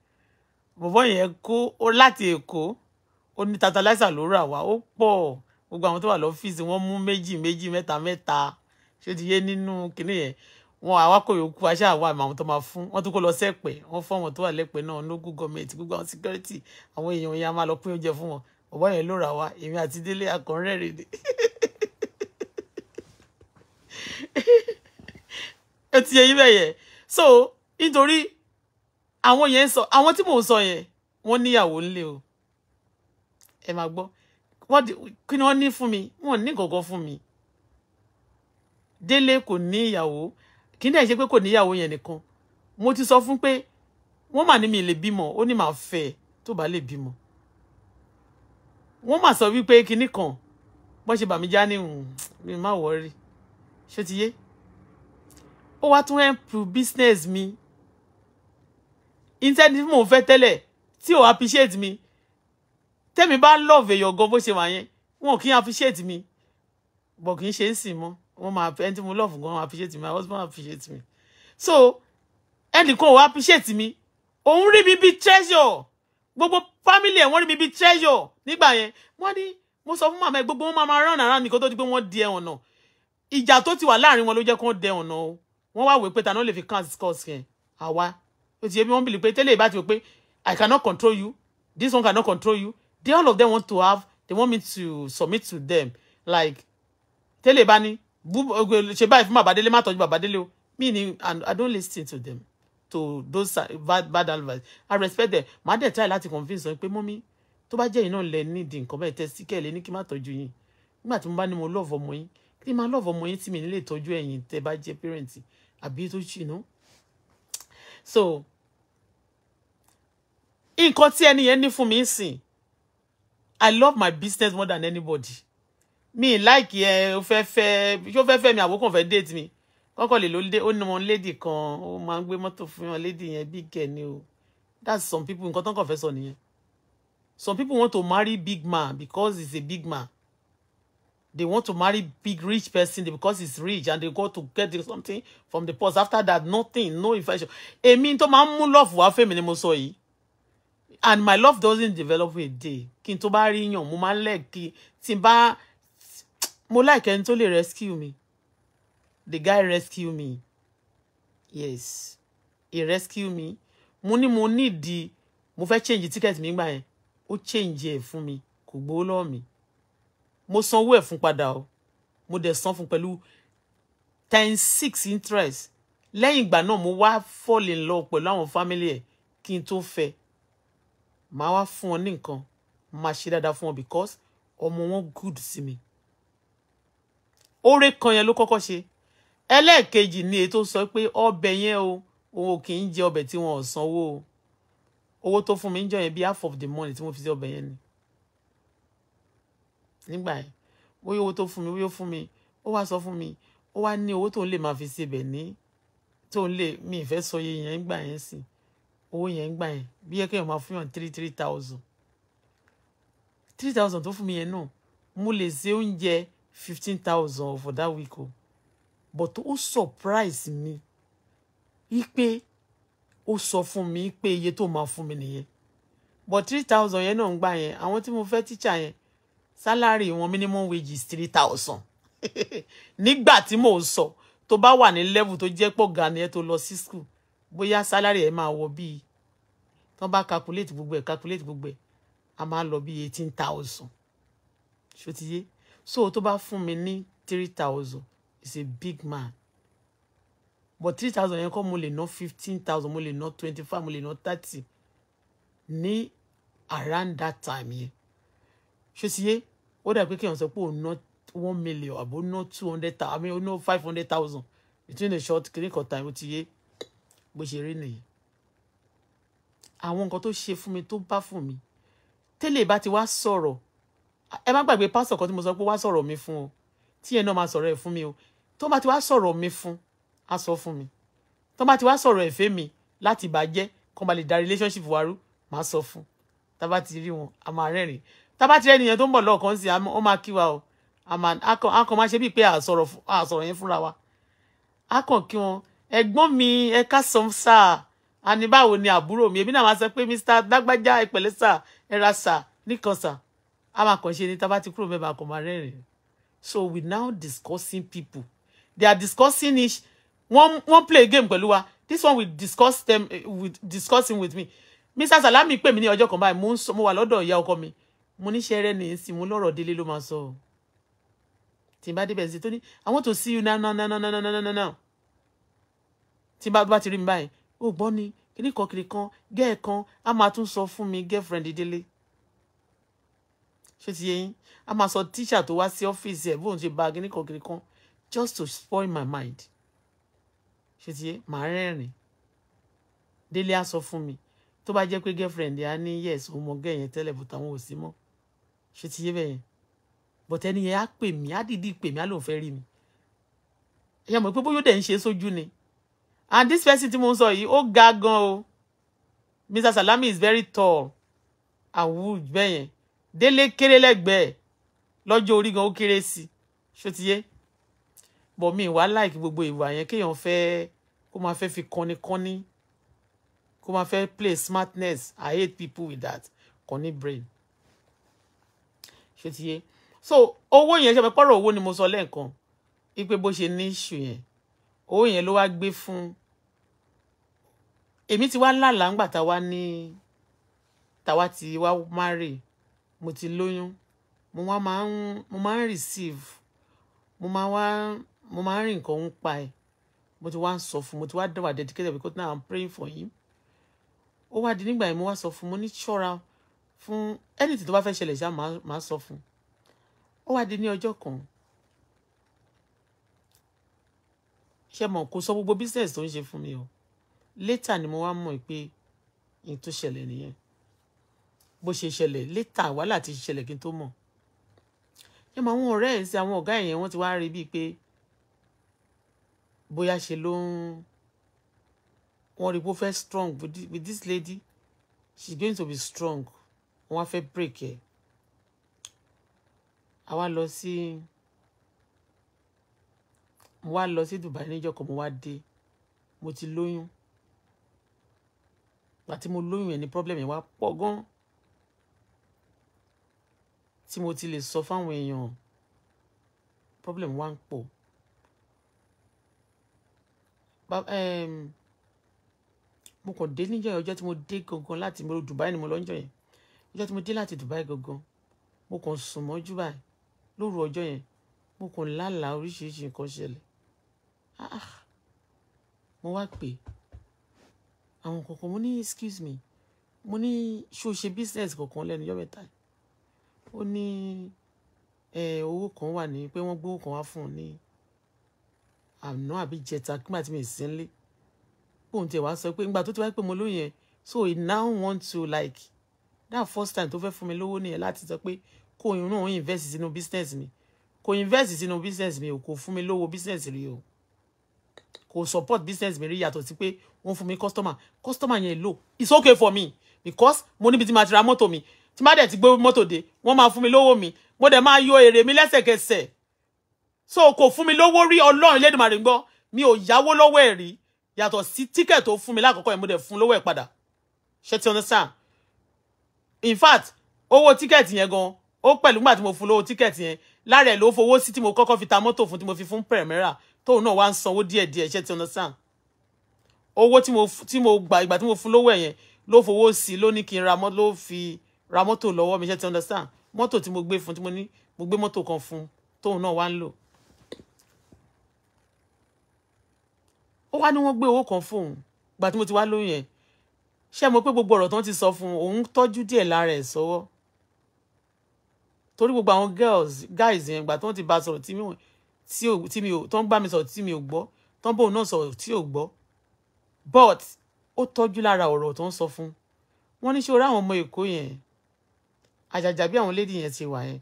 Speaker 1: bọ̀bọ́ yẹn kó ó láti èkó ó ní tantalizer ló rà wá ó pọ̀ gbogbo àwọn tó wà lọ́fíìsì wọ́n mú méjì méjì mẹ́ta mẹ́ta ṣé ti yé nínú kinní yẹn wọn àwa kò yòókù aṣá àwa àmọ́ àwọn tó máa fún wọn tó kó lọ sẹ́pẹ̀ wọn fún àwọn tó wà lẹ́pẹ̀ náà lógún gọọmẹ̀ntì gbogbo àwọn security àwọn èèyàn yẹn a máa lọ pín oúnjẹ fún wọn bọ̀bọ́ yẹn ló rà wá èmi àti délé akọ̀rẹ́rẹ́ ẹ ti yẹ yín bẹ́ẹ̀ yẹ so nítorí àwọn yẹn sọ àwọn tí mò ń sọ yẹn wọ́n níyàwó ńlé o ẹ máa gbọ́ kí ni wọ́n ní fún mi wọ́n ní gọ̀gọ́ fún mi délé kò ní ìyàwó kì í dẹ̀ ṣe pé kò níyàwó yẹn nìkan mo ti sọ fún pé wọ́n mà ní mi lè bímọ ó ní màá fẹ́ tó bá lè bímọ wọ́n mà sọ wípé kinní kan bọ́n ṣe bàmí já ní hmm, mi má wọ́rí ṣó ti yé ó wá tún help business mi instead tí mò ń fẹ́ tẹ́lẹ̀ tí ò appreciate mi tẹ́mi bá love èèyàn gan bó ṣe wà yẹn wọn kì í appreciate mi bọ̀ kì í ṣe ń sìn mọ́ wọn máa ẹni tí mo love gan appreciate mi my husband appreciate me. so ẹnìkan ò appreciate mi òun rí mi bí treasure gbogbo family ẹ̀ wọ́n rí mi bí treasure nígbà yẹn wọ́n ní mo sọ fún màmá ẹ gbogbo wọn máa máa rán àrán mi kó tó di pé wọ́n di ẹ̀wọ̀n náà ìjà tó ti wà láàrin wọn ló jẹ́ kó dẹ ọ̀nà o wọ́n wá wò pé ta náà lè fi kàn discuss yẹn àwa ó ti yẹ bí wọ́n bìlì pé tẹ́lẹ̀ ìbá ti wò pé I cannot control you this one cannot control you they all of them want to have they want me to submit to them like tẹ́lẹ̀ ìbá ni ṣe báyìí fún bàbá délé má tọ́jú bàbá o me ni and I don't listen to them to those bad bad advice I respect them màá dẹ̀ try láti convince wọn pé mọ́mí tó bá jẹ́ yìí náà lẹ nídìí nǹkan bẹ́ẹ̀ tẹ́ síkẹ́ lé ní kí má tọ́jú yín nígbà tí mo bá ní mo lọ́ọ̀fọ́ ọmọ yín kí máa lọ́ọ̀fù ọmọ yín tí mi nílé ìtọ́jú ẹ̀yin tẹ́ bá jẹ́ pẹ́rẹ́ǹtì àbí tó ṣì so nǹkan tí ẹni yẹn ní fún mi sìn i love my business more than anybody mi like ẹ o fẹ́ fẹ́ ṣó fẹ́ fẹ́ mi àbókò fẹ́ date mi kọ́kọ́ lè ló dé ó ní wọn lady kan ó máa ń gbé mọ́tò fún wọn lady yẹn big girl ni o that's some people nǹkan tó ń kàn fẹ́ sọ nìyẹn some people want to marry big man because he's a big man they want to marry big rich person because he's rich and they go to get something from the post after that nothing no infection èmi tó máa ń love wá fẹ́mi ni mo sọ and my love doesn't develop in a day kí n tó bá rí yàn mo máa ń lẹ́ẹ̀kí tí n mo like ẹni tó rescue me the guy rescue me yes he rescue me mo ní mo ní ìdí mo fẹ́ change ticket mi gbà yẹn ó change ẹ̀ fún mi kò gbowó lọ́wọ́ mi mo sanwó ẹ̀ fún padà o mo dẹ̀ san fún pẹ̀lú times six interest lẹ́yìn ìgbà náà mo wá fall in love pẹ̀lú àwọn family ẹ̀ kí n tó fẹ́ màá wá fún wọn ní nǹkan màá ṣe dáadáa fún wọn because ọmọ wọn good sí mi oore kan yẹn ló kọ́kọ́ ṣe ẹlẹ́ẹ̀kejì ni èyí tó sọ pé ọbẹ̀ yẹn o òun kì í jẹ ọbẹ̀ tí wọn ò sanwó o owó tó fún mi ń jọ yẹn bí half of the money tí mo fi sí ọbẹ̀ yẹn ni nígbà yẹn bóyá owó tó fún mi bóyá ó fún mi ó wá sọ fún mi ó wá ní owó tóun lè máa fi ṣe ibẹ̀ ní tóun lè mi ìfẹ́ sọ iye yẹn ń gbà yẹn sí owó yẹn gbà yẹn bí yẹ kéèyàn máa fún yàn three three thousand three thousand tó fún mi yẹn náà mo lè ṣe oúnjẹ fifteen thousand for that week o but ó surprise mi wípé ó sọ fún mi pé iye tó máa fún mi nìyẹn but three thousand yẹn náà ń gbà yẹn àwọn tí mo fẹ́ tíṣà yẹn sálárì wọn minimum wage is three thousand nígbà tí mò ń sọ tó bá wà ní level tó jẹ́ pọ̀ gan ni ẹ tó lọ sí school bóyá sálárì ẹ máa wọ bíi tó bá calculate gbogbo ẹ calculate gbogbo ẹ a máa lọ bíi eighteen thousand ṣòtíyé so tó bá fún mi ní three thousand is a big man but three thousand yẹn kọ́ mo lè ná fifteen thousand mo lè ná twenty five mo lè ná thirty ní around that time yẹn ṣòtíyé ó dà pé kí n sọ pé òun ná one million àbò ná two hundred thousand àmì òun ná five hundred thousand between the short clinical time ó ti yé bó ṣe rí nìyí àwọn nǹkan tó ṣe fún mi tó bá fún mi tẹ́lẹ̀ bá ti wá sọ̀rọ̀ ẹ má gbàgbé pásítọ̀ kan tí mo sọ pé wá sọ̀rọ̀ mi fún o tí ẹ náà máa sọ̀rọ̀ ẹ̀ fún mi o tó bá ti wá sọ̀rọ̀ mi fún á sọ fún mi tó bá ti wá sọ̀rọ̀ ẹ̀fẹ́ mi láti bàjẹ́ kó ba lè da relationship wa rú màá sọ fún tá bá ti rí wọn a máa rẹ́rìn-ín tá ti rẹ́ tó ń bọ̀ lọ́ọ̀kan sí ó máa kí wa o akàn máa ṣe bíi pé àsọ̀rọ̀ yẹn fúnra wa akàn kí wọn ẹ̀gbọ́n mi ẹ ká sọ ni àbúrò mi èmi náà máa sọ pé mr dágbájá ẹ pẹ̀lẹ́ sáà ẹ a máa kàn ṣe ni tá ti kúrò mẹ́ba kò máa rẹ́rìn so we now discussing people they are discussing each one one play game pẹ̀lú wa this one will discuss them uh, eh, with discussing with me mr salami pè mí ní ọjọ́ kan báyìí mo wà lọ́dọ̀ ìyá ọkọ mi mo níṣẹ́ rẹ̀ ní ìsìn mo lọ́rọ̀ délé ló máa sọ ọ́ tí n bá débẹ̀ sí tó ní I want to see you now now now now now now now now tí n bá bá ti rí mi báyìí ó gbọ́ ni kíníkan kíníkan gẹ́ẹ̀ kan á máa tún sọ fún mi girlfriend délé ṣé ti yé yín á máa sọ tíṣà tó wá sí ọ́fíìsì ẹ̀ bóun ṣe ba kíníkan kíníkan just to spoil my mind ṣé ti yé màá rẹ́rìn délé á sọ fún mi tó bá jẹ́ pé girlfriend á ní yes òun mọ gẹ́yìn tẹ́lẹ̀ bùtà wọn ò sí mọ́ ṣe ti yé bẹ́yẹn bọ̀tẹ́ ẹni yẹn á pè mí á dìdí pè mí á lòun fẹ́ rí mi ẹ mọ̀ pé bóyá dẹ̀ ń ṣe sójú ni and this person tí mo ń sọ yìí ó ga gan o Mr. Salami is very tall àwù bẹ́yẹn délé kéré lẹ́gbẹ̀ẹ́ lọ́jọ́ orí gan ó kéré sí ṣó ti yé bọ̀ mi ìwà láìkí gbogbo ìwà yẹn kéèyàn fẹ́ kó máa fẹ́ fi kọ́nikọ́ni kó máa fẹ́ play smartness I hate people with that kọ́ni brain ṣé ti yé so owó yẹn ṣe pẹ́pọ́rọ̀ owó ni mo sọ lẹ́ẹ̀kan ipe bó ṣe ní ìṣù yẹn owó yẹn ló wá gbé fún èmi ti wá lálàá ńgbà táwa ní táwa ti wá márè mo ti lóyún mo wá máa ń mo máa ń receive mo máa wá mo máa ń rìn nǹkan ń pa ẹ mo ti wá ń sọ fún mo ti wá dẹwà dedicated because now I'm praying for him ó wá di nígbà yẹn mo wá sọ fún mo ní ṣọ́ra o fún anything tó bá fẹ́ ṣẹlẹ̀ ṣá máa sọ fún ó wá di ní ọjọ́ kan ṣe mọ̀ kó sọ gbogbo business tó ń ṣe fún mi o later ni mo wá mọ̀ pé n tó ṣẹlẹ̀ nìyẹn bó ṣe ṣẹlẹ̀ later wàhálà ti ṣẹlẹ̀ kí n tó mọ̀ ṣe mọ̀ àwọn ọ̀rẹ́ ẹ̀ sí àwọn ọ̀gá ẹ̀yẹn wọ́n ti wá rí bíi pé bóyá ṣe ló ń wọ́n rí bó fẹ́ strong with this lady she's going to be strong wọ́n wá fẹ́ break ẹ̀ a wá lọ sí mo wá lọ sí Dubai níjọ́ kan mo wá dé mo ti lóyún àti mo lóyún ẹ̀ ní problem yẹn wá pọ̀ gan tí mo ti lè sọ fáwọn èèyàn problem wá ń pọ̀ ehm, mo kàn dé níjọ́ ọjọ́ tí mo dé gangan láti mo Dubai ni mo lọ ń jọ yẹn ọjọ́ tí mo dé láti Dubai gangan mo kàn sùn mọ́jú báyìí lóru ọjọ́ yẹn mo kàn lálàá oríṣiríṣi nǹkan ṣẹlẹ̀ ah, mo wá pè àwọn kankan mo ní excuse me mo ní ṣó ṣe business kankan lẹ́nu ọjọ́ mẹ́ta ó ní owó kan wà ní pé wọ́n gbówó kan wá fún un ní àná àbí jẹta kí màtí mi sí ń lé bóun tiẹ̀ wá sọ pé ńgbà tó ti wáyé pé mo lóyún yẹn so he now want to like that first time tó fẹ́ fún mi lówó nìyẹn láti sọ pé kò irun òun invest sínú business mi kò invest sínú business mi o kò fún mi lówó business rí o kò support business mi rí yàtọ̀ sí pé wọ́n fún mi customer customer yẹn low. it's okay for me because mo níbi tí ma ti ra mọ́tò mi tí má dẹ̀ ti gbé mọ́tò dé wọ́n máa fún mi lówó mi mo dẹ̀ máa yọ èrè mi lẹ́sẹ̀kẹsẹ̀ so kò fún mi lówó rí ọlọ́run Elédùmarè ń gbọ́ mi ò yáwó lọ́wọ́ ẹ̀ rí yàtọ̀ sí tíkẹ̀ tó fún mi lákọ̀ọ́kọ́ yẹn mo dẹ̀ fún lówó ẹ̀ padà ṣé ti understand in fact owó tíkẹ́ẹ̀tì yẹn gan ó pẹ̀lú gbà tí mo fún lówó tíkẹ́ẹ̀tì yẹn lára ẹ̀ ló fowó sí tí mo kọ́kọ́ fi ta mọ́tò fún tí mo fi fún pẹ̀rẹ̀mẹ́rà tóun náà wá ń sanwó díẹ̀díẹ̀ ṣé ti understand owó tí mo gbà ìgbà tí mo fún lówó ẹ̀ yẹn ló fowó sí ló ní kí n ra mọ́tò ló fi ra mọ́tò lọ́wọ́ mi ṣé ti understand mọ́tò tí mo gbé fún tí mo ní mo gbé mọ́tò kan fún tóun náà wá ń lò ó wá ní wọ́n gbé owó kan fóun ìgbà tí mo ti wá lóyún yẹn ṣé mo pé gbogbo ọ̀rọ̀ tán ti sọ fún òun tọ́jú díẹ̀ lára ẹ̀ sọ́wọ́ torí gbogbo àwọn girls guys yẹn gbà tán ti bá sọ̀rọ̀ tí mi ò tí mi ò tán bá mi sọ̀rọ̀ tí mi ò gbọ́ tán bóun náà sọ̀rọ̀ tí ò gbọ́ but ó tọ́jú lára ọ̀rọ̀ tán sọ fún wọ́n ní ṣé o àwọn ọmọ èkó yẹn àjàjà bí àwọn lady yẹn ti wà yẹn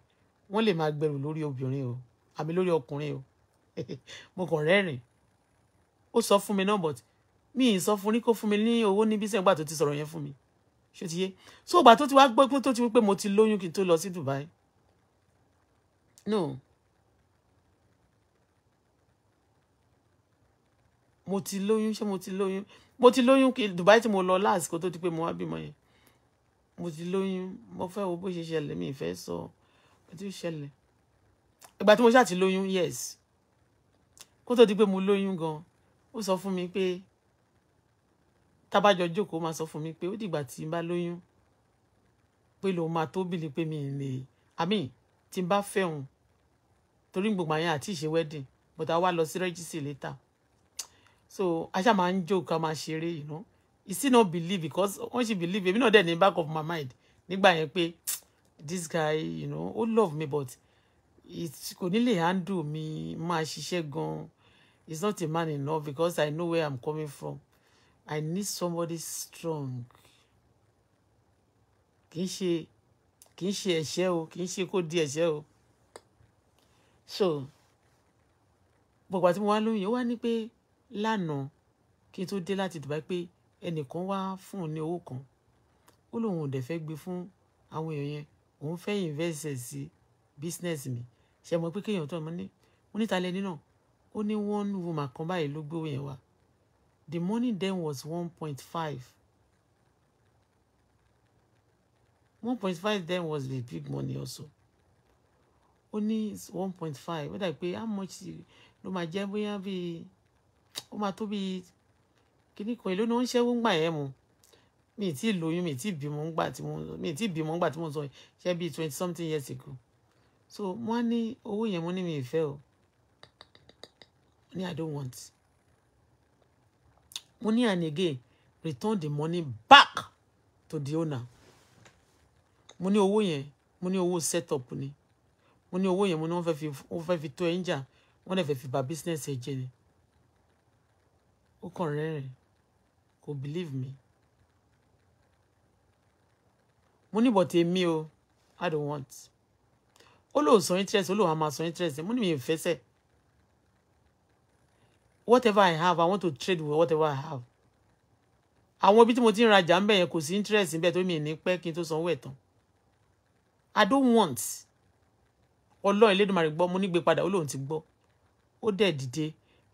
Speaker 1: wọ́n lè máa gbẹrù lórí obìnrin o àmì lórí ọkùnrin o mo kàn rẹ́rìn ó sọ fún mi náà but mi ì sọ fún ní kó fún mi ní owó níbi sẹ́yìn gbà tó ti sọ̀rọ̀ yẹn fún mi ṣé ti yé so ìgbà tó ti wá gbọ́ pé tó ti wípé mo ti lóyún kí n tó lọ Dubai no mo ti lóyún ṣé mo ti lóyún mo ti lóyún kí Dubai tí mo lọ lásìkò tó ti pé mo wá bímọ yẹn mo ti lóyún mo fẹ́ wo bó ṣe ṣẹlẹ̀ mi fe so, bó ti ṣẹlẹ̀ ìgbà tí mo ṣáà ti lóyún yes kó tó di pé mo lóyún gan ó sọ fún mi pe tábàjọ jókòó máa sọ fún mi pé ó dìgbà tí n bá lóyún pé lòun máa tó bìlì pé mi ì lè àmì tí n bá fẹ́ òun torí gbogbo àyàn àti ìṣe wedding but a wá lọ sí rẹ́jísì later so aṣá máa ń jókòó máa ṣeré you know you still no believe because wọ́n sì believe èmi náà dẹ̀ ní back of my mind nígbà yẹn pé this guy you know ó love me but kò ní lè handle mi máa ṣiṣẹ́ gan-an it's not a man enough because I know where I'm coming from I need somebody strong kì í ṣe kì í ṣe ẹ̀ṣẹ̀ o kì í ṣe kó di ẹ̀ṣẹ̀ o so gbogbo àti mo wá lóyún ó wá ní pé lánàá kí n tó dé láti Dubai pé ẹnìkan wá fún un ní owó kan ó lóun ò dẹ̀ fẹ́ gbé fún àwọn èèyàn yẹn òun fẹ́ invest sí business mi ṣe mọ̀ pé kéèyàn tó ọmọ ní mo níta lẹ́ni náà ó ní one woman kan báyìí ló gbé owó yẹn wá The money then was 1.5. 1.5 then was the big money also. Ó ní 1.5. Ó I pay how much no máa jẹ́ bóyá bíi ó máa tó bíi kíní kan èló ni wọ́n ń ṣẹ́wó ń gbà yẹn mu. Mi ì tí ì lóyún mi ì tí ì bímọ ń gbà tí mo mi She be ì twenty something years ago. So money, á your money may mo Money I don't want. Money ní and again return the money back to the owner mo ní owó yẹn mo set up ni money owo owó money mo ní wọ́n fẹ́ fi wọ́n fẹ́ fi tó ẹ̀ ń jà fi bà business ẹ̀ jẹ́ ni ó kàn rẹ́rìn kò believe me Money ní bọ̀tẹ̀ mi o i don't want ó lóun san interest ó lóun á máa interest money ní mi ò fẹ́ whatever I have I want to trade with whatever I have àwọn ibi tí mo ti ń rajà ń bẹ̀ yẹn kò sí interest níbẹ̀ tó mi ní pẹ́ kí n tó sanwó ẹ̀ I don't want ọlọ́run Elédùmarè gbọ́ mo ní gbé padà ó lóun ti gbọ́ ó dẹ̀ dìde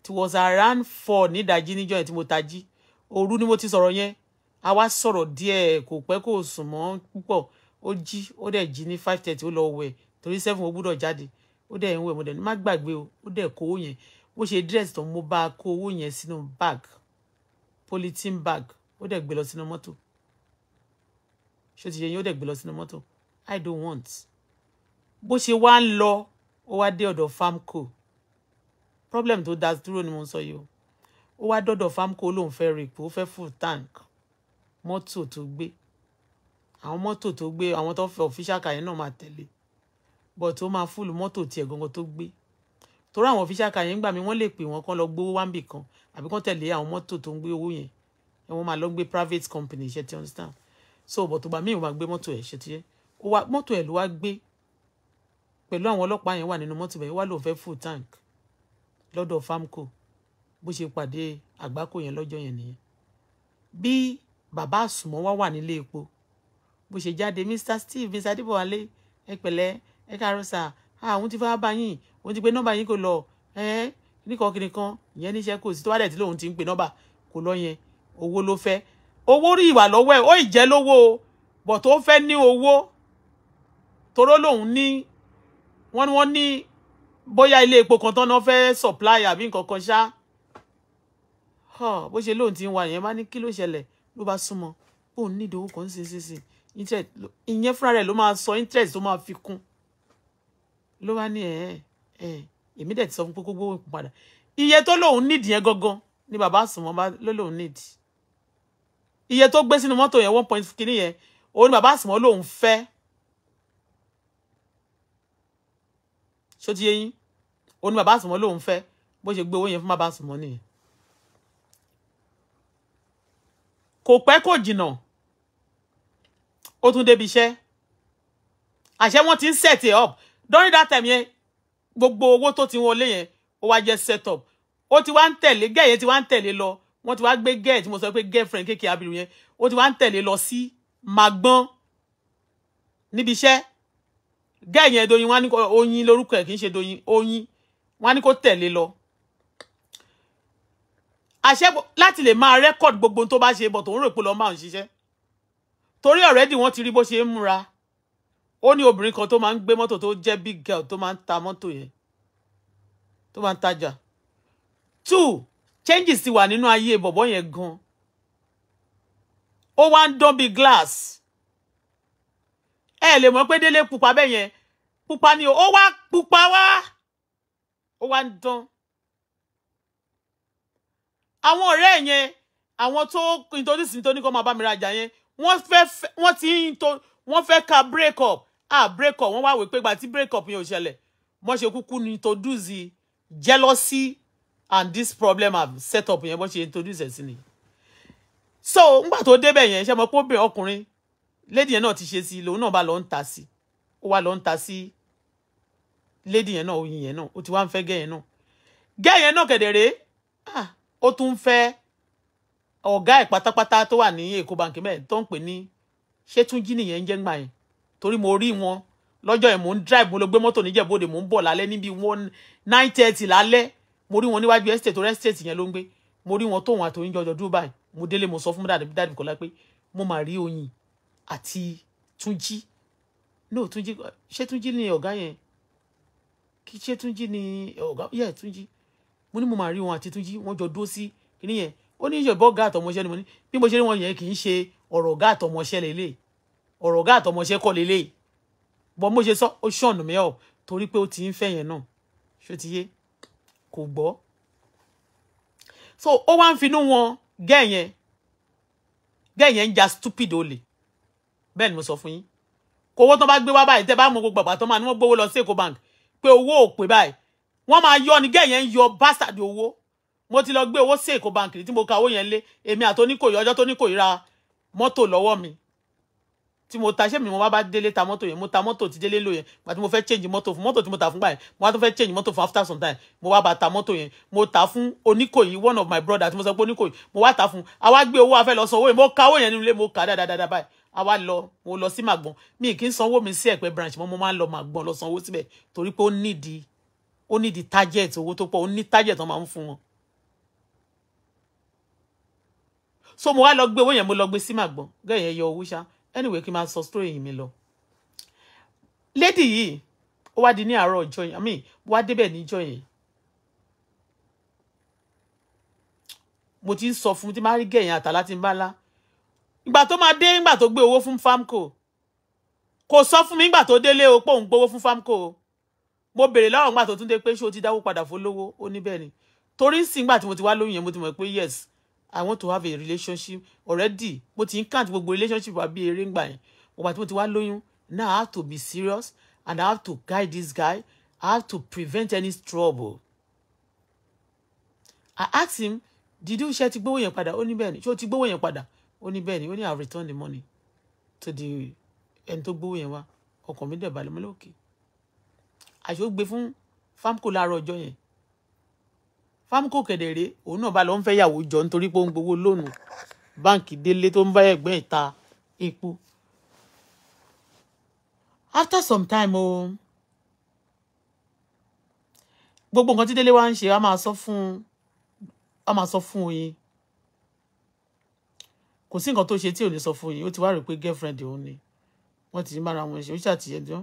Speaker 1: it was around four nídàjí níjọ́ yẹn tí mo tají òru ni mo ti sọ̀rọ̀ yẹn a wá sọ̀rọ̀ díẹ̀ kò pẹ́ kò sùn mọ́ púpọ̀ ó jí ó dẹ̀ jí ní five thirty ó lọ wẹ̀ torí seven ó gbúdọ̀ jáde ó dẹ̀ ń wẹ̀ mo dẹ̀ ní má gbàgbé o ó dẹ̀ kó yẹn bó ṣe dírẹ̀sì tó mo bá kó owó yẹn sínú bag polythene bag ó dẹ̀ gbé lọ sínú mọ́tò ṣó ti yẹ yín ó dẹ̀ gbé lọ sínú mọ́tò i don't want bó ṣe wá ń lọ ó wá dé ọ̀dọ̀ farmco problem tó dá dúró ni mo ń sọ yìí o ó wá dọ́dọ̀ farmco lòun fẹ́ rí ipò ó fẹ́ full tank mọ́tò tó gbé àwọn mọ́tò tó gbé àwọn tó fẹ́ official car yẹn náà máa tẹ̀lé but ó máa fúlù mọ́tò tiẹ̀ gangan tó gbé torí àwọn official car yẹn ń gbà mí wọ́n lè pè wọ́n kán lọ gbowó wáǹbì kan àbí kán tẹ̀lé àwọn mọ́tò tó ń gbé owó yẹn ẹ wọ́n máa lọ gbé private company ṣe ti understand so bọ̀ tó bá mí ìwà gbé mọ́tò ẹ̀ ṣe ti yẹ ó wá mọ́tò ẹ̀ ló wá gbé pẹ̀lú àwọn ọlọ́pàá yẹn wà nínú mọ́tò bẹ́ẹ̀ wá lóun fẹ́ full tank lọ́dọ̀ farmco bó ṣe pàdé àgbákò yẹn lọ́jọ́ yẹn nìyẹn bí bàbá àsùnmọ́ wá wà nílé epo bó ṣe jáde mr steve mr adébọ̀wálé ẹ pẹ̀lẹ́ ẹ káàárọ̀ àwọn ah, ti fẹ́ bá yín òun ti pé nọ́mbà yín kò lọ ẹ́ẹ́ nìkan kiri kan ìyẹn níṣẹ́ kò sí tó bá dẹ̀ tí lòun ti ń pè nọ́mbà kò lọ yẹn owó ló fẹ́ owó rí ìwà lọ́wọ́ ẹ̀ ó ì jẹ́ lówó o bọ̀ tó fẹ́ ní owó toró lòun ní wọ́n wọ́n ní bóyá ilé epo kan tán náà fẹ́ supply àbí nǹkan kan ṣá bó ṣe lóun ti ń wà yẹn má ní kí ló ṣẹlẹ̀ ló bá súnmọ́ òun nídìí owó kan ṣinṣinṣin ìyẹn fúnra rẹ̀ ló máa sọ interest tó máa fi kún ló wá ní ẹ ẹ èmi dẹ̀ ti sọ fún pé gbogbo òun padà iye tó lóun nídìí yẹn gangan ni bàbá àsùnmọ́ bá ló lóun nídìí iye tó gbé sínú mọ́tò yẹn one point kìíní yẹn òun ni bàbá àsùnmọ́ lóun fẹ́ ṣó ti yé yín òun ni bàbá àsùnmọ́ lóun fẹ́ bó ṣe gbé owó yẹn fún bàbá àsùnmọ́ nìyẹn kò pẹ́ kò jìnnà ó tún débi iṣẹ́ àṣẹ wọn ti ń set it up during that time yẹn gbogbo owó tó ti wọlé yẹn ó wá jẹ́ set up ó ti wá ń tẹ̀lé gẹ́ẹ̀ yẹn ti wá ń tẹ̀lé lọ wọ́n ti wá gbé gẹ́ẹ̀ tí mo sọ pé girlfriend kékeré abiru yẹn ó ti wá ń tẹ̀lé lọ sí magbọ́n níbi iṣẹ́ gẹ́ẹ̀ yẹn doyin wọ́n ní kó oyin lórúkọ ẹ̀ kì í ṣe doyin oyin wọ́n ní kó tẹ̀lé lọ àṣẹ láti lè máa Record, gbogbo tó bá ṣe bọ̀ tó ń rò pé lọ́ọ́ máa ń ṣiṣẹ́ torí already wọ́n ti rí bó ṣe ń ó ní obìnrin kan tó máa ń gbé mọ́tò tó jẹ́ big girl tó máa ń ta mọ́tò yẹn tó máa ń tajà two changes ti wà nínú ayé bọ̀bọ̀ yẹn gan ó wá ń dán bíi glass ẹ lè mọ̀ pé délé pupa bẹ́ẹ̀ yẹn pupa ni ó wá pupa wá ó wá ń dán àwọn ọ̀rẹ́ yẹn àwọn tó nítorí sí nítorí kọ́ máa bá mi rajà yẹn wọ́n fẹ́ wọ́n ti ń to wọ́n fẹ́ ka break up ah break up wọ́n wá we pé gba tí break up yẹn ò ṣẹlẹ̀ mo ṣe kúkú ni introduce jealousy and this problem have set up yẹn bó ṣe introduce ẹ̀ sí ni so ngbà tó débẹ̀ yẹn ṣe mo pé obìnrin ọkùnrin lady yẹn náà ti ṣe sí lòun náà bá lọ ń ta sí ó wá lọ ń ta sí lady yẹn náà oyin yẹn náà ó ti wá ń fẹ́ gẹ́ yẹn náà gẹ́ yẹn náà ah o tún fe. fẹ́ ọ̀gá ẹ̀ pátápátá tó wà ní èkó me. mẹ́ẹ̀ tó ń pè ní ṣé Túnjí nìyẹn ń jẹ́ ńgbà torí mo rí wọn lọ́jọ́ yẹn mò ń drive mo lọ gbé mọ́tò níjẹ̀bọ́dè mò ń bọ̀ lálẹ́ níbi one nine thirty lálẹ́ mo rí wọn níwájú estate torí estate yẹn ló ń gbé mo rí wọn tóun àtòyìn jọjọ dúró báyìí mo délé mo sọ fún dàdí dàdí Bùkọ́lá pé mo mà rí Oyin àti Túnjí no Túnjí ṣé Túnjí ni ọ̀gá yẹn kí ṣé Túnjí ni ọ̀gá yẹ Túnjí mo ní mo mà rí wọn àti Túnjí wọn jọ dúró sí kíní yẹn ó ní ìṣòro bọ́ ọ̀gá àtọmọṣẹ́ ni mo ní bí mo ṣe rí wọn yẹn kì í ṣe ọ̀rọ̀ ọ̀gá àtọmọṣẹ́ lélẹ́yìí ọ̀rọ̀ ọ̀gá àtọmọṣẹ́ kọ́ lélẹ́yìí bọ́n mo ṣe sọ ó ṣọ̀nù mi ọ̀ torí pé ó ti ń fẹ́ yẹn náà ṣó ti yé kò gbọ́ so ó wá ń finú wọn gẹ́ẹ̀ yẹn gẹ́ẹ̀ yẹn ń ja stupid olè bẹ́ẹ̀ ni mo sọ fún yín kò owó tán bá gbé wá báyìí tẹ́ bá mọ gbogbo àgbàtàn máa ní wọ́n gbówó lọ sí Èkó bank pé owó ò pé báyìí wọ́n máa yọ ni gẹ́ẹ̀ yẹn ń yọ bastard owó mo ti lọ gbé owó sí Èkó bank tí mo ka owó yẹn lé èmi àti oníkòyí ọjọ́ tó níkòyí ra mọ́tò lọ́wọ́ mi tí mo ta ṣé mi mo bá bá délé ta mọ́tò yẹn mo ta mọ́tò tí délé lò yẹn gba tí mo fẹ́ change mọ́tò fún mọ́tò tí mo ta fún gbà yẹn mo wá tó fẹ́ change mọ́tò fún after some time mo wá bá ta mọ́tò yẹn mo ta fún oníkòyí one of my brother tí mo sọ pé oníkòyí mo wá ta fún àwa gbé owó afẹ́ lọ san owó yẹn mo ka owó yẹn nílé mo kà dáadáa báyìí àwa lọ mo lọ sí màgbọ́n mi kì í sanwó mi sí ẹ̀pẹ́ branch mo máa ń lọ màgbọ́n lọ sanwó síbẹ̀ torí pé ó nídìí ó nídìí target owó tó pọ̀ ó ní target wọn máa ń fún wọn. so mo wá lọ gbé owó yẹn mo lọ gbé sí màgbọ́n gẹ́yẹ̀ yọ owó ṣáá anyway kí n máa sọ story yìí mi lọ lady yìí ó wá di ní àárọ̀ ọjọ́ yẹn i mean wá débẹ̀ níjọ́ yẹn mo ti ń sọ fún tí máa rí gẹ̀yìn àtàlá tí ń bá lá ìgbà tó máa dé ìgbà tó gbé owó fún famco kò sọ fún mi ìgbà tó délé o pé òun gbowó fún famco o mo béèrè lọ́wọ́ ìgbà tó tún dé pé ṣé o ti dáwó padà fún lówó ó ní bẹ́ẹ̀ ni torí ń sìn ìgbà tí mo ti wá lóyún yẹn mo ti mọ̀ pé yes i want to have a relationship already mo ti ń count gbogbo relationship wa bí eré ń gbà yẹn ọgbà tí mo ti wá lóyún now i have to be serious and i have to guide this guy i have to prevent any trouble i asked him did you ṣe ti gbówó yẹn padà ó ní bẹ́ẹ̀ ni ṣé o ti gbówó yẹn padà ó ní bẹ́ẹ̀ ni ó ní i have returned the money to the ẹni tó gbówó yẹn wá ọkàn mi dẹ̀ balẹ̀ mọ́lẹ́ òkè àṣọ gbé fún fámkò láàárọ̀ ọjọ́ yẹn fámkò kẹ̀dẹ̀rẹ́ òun náà bá lọ ń fẹ́ yàwó jọ nítorí pé ó ń gbowó lónìí báǹkì délé tó ń bá ẹ̀gbọ́n ìta epo after some time o gbogbo nǹkan tí délé wa ń ṣe a máa sọ fún a máa sọ fún oyin kò sí nǹkan tó ṣe tí ò ní sọ fún yín ó ti wá rò pé girlfriend òun ni wọ́n ti ń bára wọn ṣe ó ṣàtìyẹjọ́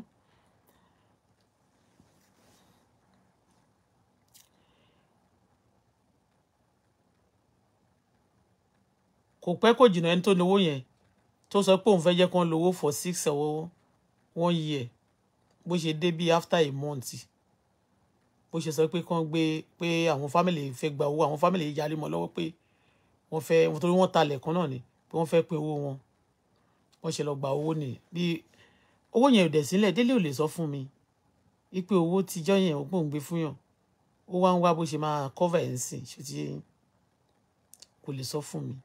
Speaker 1: kò pẹ́ kò jìnnà ẹni tó lówó yẹn tó sọ pé òun fẹ́ jẹ́ kán lówó for six or one year bó ṣe dé bí after a month bó ṣe sọ pé kán gbé pé àwọn family fẹ́ gba owó àwọn family yìí yarí mọ́ lọ́wọ́ pé wọ́n fẹ́ wọ́n torí wọ́n talẹ̀ kan náà ni pé wọ́n fẹ́ pín owó wọn wọ́n ṣe lọ gba owó nìyí bí owó yẹn ò dẹ̀ sílẹ̀ délé ò lè sọ fún mi ipe owó tíjọ́ yẹn ò gbóǹgbé fún yàn ó wá ń wá bó ṣe máa cover ẹ̀ ń sìn ṣe ti kò lè sọ fún mi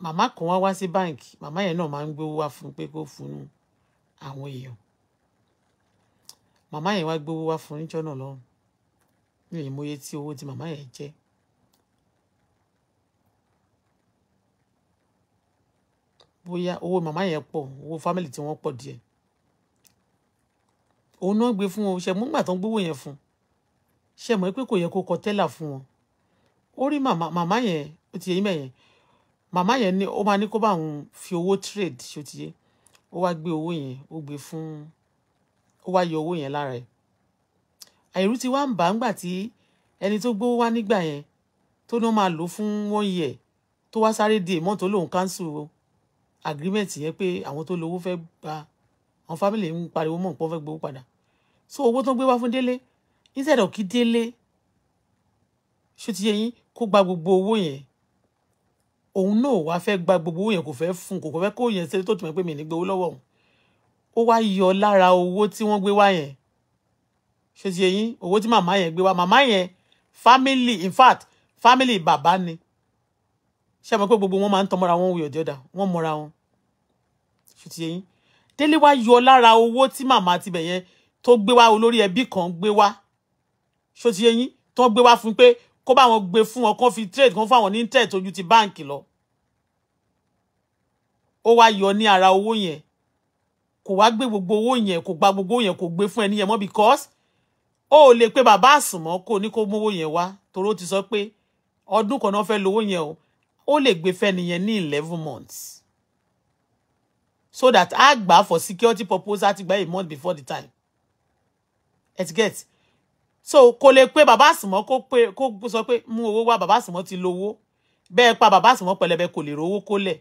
Speaker 1: màmá kan wá wá sí báǹkì màmá yẹn náà máa ń gbowó wá fún pé kó fún àwọn èèyàn màmá yẹn wá gbowó wá fún níjọ́ náà lọ́rùn mi ò mọye tí owó tí màmá yẹn jẹ́ bóyá owó màmá yẹn pọ̀ owó fámìlì tí wọ́n pọ̀ díẹ̀ òun náà gbé fún wọn ṣe mú gbà tán gbówó yẹn fún ṣe mọ̀ pé kò yẹ kó kọ tẹ́là fún wọn ó rí màmá yẹn ó ti yẹ yín mẹ́yẹn màmá yẹn ní ó máa ní kó bá òun fi owó trade ṣó ti yé ó wá gbé owó yẹn ó gbé fún ó wá yọ owó yẹn lára ẹ̀ àìrú ti wá ń bà ńgbà tí ẹni tó gbówó wá nígbà yẹn tó ní wọ́n máa lò fún one year tó wá sáré di èèmọ tó lòun cancel agreement yẹn pé àwọn tó lówó fẹ́ gba àwọn family ń pariwo mọ̀ nǹkan fẹ́ gbowó padà so owó tó ń gbé wá fún délé instead of kí délé ṣó yín kó gba gbogbo owó yẹn òun náà wá fẹ́ gba gbogbo owó yẹn kò fẹ́ fún kò fẹ́ kó yẹn ṣe tó tún mọ̀ pé mi ní gbowó lọ́wọ́ òun ó wá yọ lára owó tí wọ́n gbé wá yẹn ṣe ti yẹn owó tí màmá yẹn gbé wá màmá yẹn family in fact family bàbá ni ṣe mọ̀ pé gbogbo wọn máa ń tọmọ́ra wọn wí ọ̀dẹ́ọ̀dà wọn mọ́ra wọn ṣe ti yẹn délé wá yọ lára owó tí màmá ti bẹ̀ yẹn tó gbé wá olórí ẹbí kan gbé wá ṣe ti yẹn tó gbé wá fún pé kó bá wọn gbé fún wọn kó fi trade kó fún àwọn ní tẹ̀ tójú ti báǹkì lọ ó wá yọ ní ara owó yẹn kò wá gbé gbogbo owó yẹn kò gba gbogbo yẹn kò gbé fún ẹni yẹn mọ́ because ó ò lè pé bàbá àsùnmọ́ kò ní kó mówó yẹn wá torí ó ti sọ pé ọdún kan náà fẹ́ lówó yẹn o ó lè gbé fẹ́ni yẹn ní eleven months so that a gbà for security purpose a ti gba month before the time etiquette so kò lè pé bàbá àsùnmọ́ kó pé kó sọ pé mú owó wá bàbá àsùnmọ́ ti lówó bẹ́ẹ̀ pa bàbá àsùnmọ́ pẹlẹbẹ kò lè rówó kólẹ̀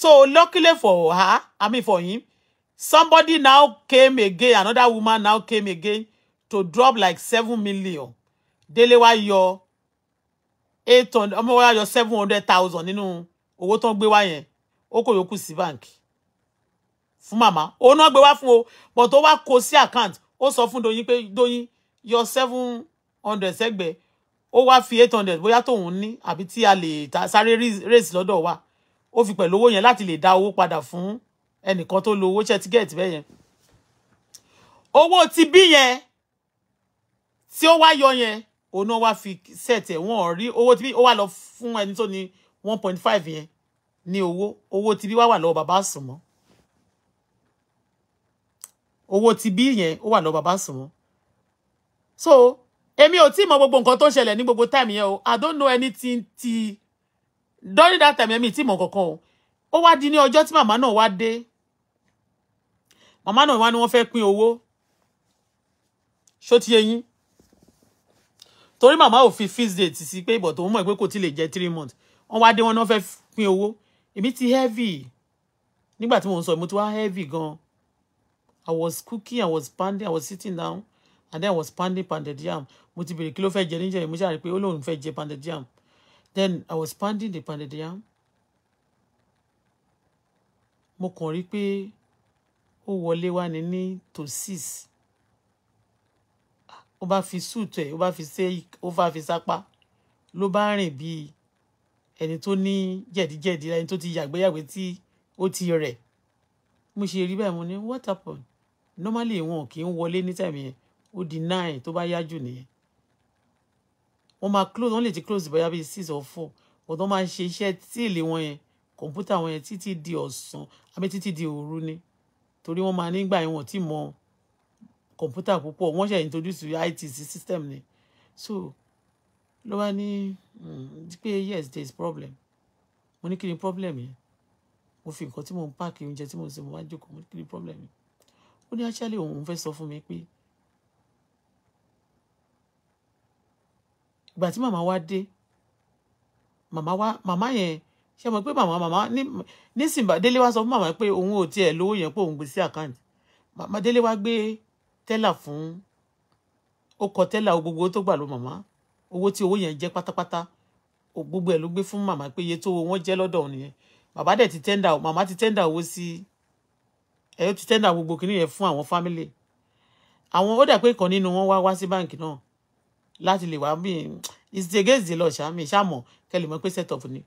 Speaker 1: so luckily for her i mean for him somebody now came again another woman now came again to drop like seven million délé wá yọ eight hundred ọmọ wa yọ seven hundred thousand nínú owó tó ń gbé wá yẹn ó kò yókù sí báǹkì fún màmá òun náà gbé wá fún o but ó wá kó sí account ó sọ fún Doyin pé Doyin yọ seven hundred sẹ́gbẹ̀ẹ́ ó wá fi eight hundred bóyá tóun ní àbí tí a lè ta sáré race lọ́dọ̀ wa ó fi pẹ̀lú owó yẹn láti lè dá owó padà fún ẹnìkan tó lo owó ṣẹtígẹẹtì bẹ́ẹ̀ yẹn owó ti bí yẹn tí ó wá yọ yẹn òun náà wá fi sẹẹtì wọn rí owó ti bí ó wá lọ fún ẹni tó ní one point five yẹn ní owó owó ti bí wá wà lọ́wọ́ bàbá Sùnmọ́ owó ti bí yẹn ó wà lọ́wọ́ bàbá Sùnmọ́ so èmi ò tí mọ gbogbo nǹkan tó ń ṣẹlẹ̀ ní gbogbo time yẹn o i don't know anything ti during that time èmi tí mọ kankan o ó wá di ní ọjọ́ tí màmá náà wá dé màmá náà wá ní wọ́n fẹ́ pín owó ṣó ti eyín torí màmá ò fi fees date sí pé ìbọ̀ tó ń mọ̀ pé kò tí lè jẹ́ three months wọ́n wá dé wọn náà fẹ́ pín owó èmi ti heavy nígbà tí mò ń sọ mo ti wá heavy gan i was cooking i was pounding i was sitting down and then I was pounding pounded yam mo ti bèrè kí ló fẹ́ jẹ níjẹ̀ mo ṣàrí pé ó lóun fẹ́ jẹ pounded yam then I was pounding the pounded yam mo kàn rí pé ó wọlé wá ní ní to six ó bá fi suit e, ó bá fi ṣe ó bá fi sápá ló bi, rìn bíi ẹni tó ní jẹ̀díjẹ̀dí ẹni tó ti yàgbéyàgbé tí ó ti rẹ̀ mo ṣe rí báyìí mo ní what happened normally wọn kì í wọlé ní tẹ̀mí yẹn ó di nine tó bá yá jù nìyẹn wọ́n máa close wọ́n lè ti close bóyá bíi six or four but wọ́n máa ń ṣe iṣẹ́ tíìlì wọn yẹn kọ̀ǹpútà wọn yẹn títí di ọ̀sán àbí títí di òru ni torí wọ́n máa nígbà yẹn wọ́n ti mọ kọ̀ǹpútà púpọ̀ wọ́n ṣe introduce IT system ni so ló wá ní hmm, pé yes there is problem mo ní kí ni problem yẹn mo fi nǹkan tí mo ń páàkì oúnjẹ tí mo ń sè mo wá jókòó mo ní kí ni problem yẹn ó ní actually òun fẹ́ sọ fún mi pé. ìgbà tí màmá wa dé màmá wa màmá yẹn ṣe mọ̀ pé màmá màmá nísìnyí délé wa sọ fún màmá pé òun ò tiẹ̀ lówó yẹn pé òun gbé sí àkáǹtì màmá délé wa gbé tẹ́là fún ó kọ tẹ́là gbogbo tó gbà ló màmá owó tí owó yẹn jẹ́ pátápátá gbogbo ẹ̀ ló gbé fún màmá pé iye tó owó wọn jẹ́ lọ́dọ̀ òun nìyẹn bàbá dẹ̀ ti tẹ́ndà màmá ti tẹ́ndà owó sí ẹ̀ ti tẹ́ndà gbogbo kìnìyẹn fún àwọn fámílì àwọn ó dà pé ìkan nínú wọn wá wá sí báǹkì náà láti lè wá bí it's against the law ṣá mi ṣá mọ̀ kẹlẹ̀ mọ́ pé set up ni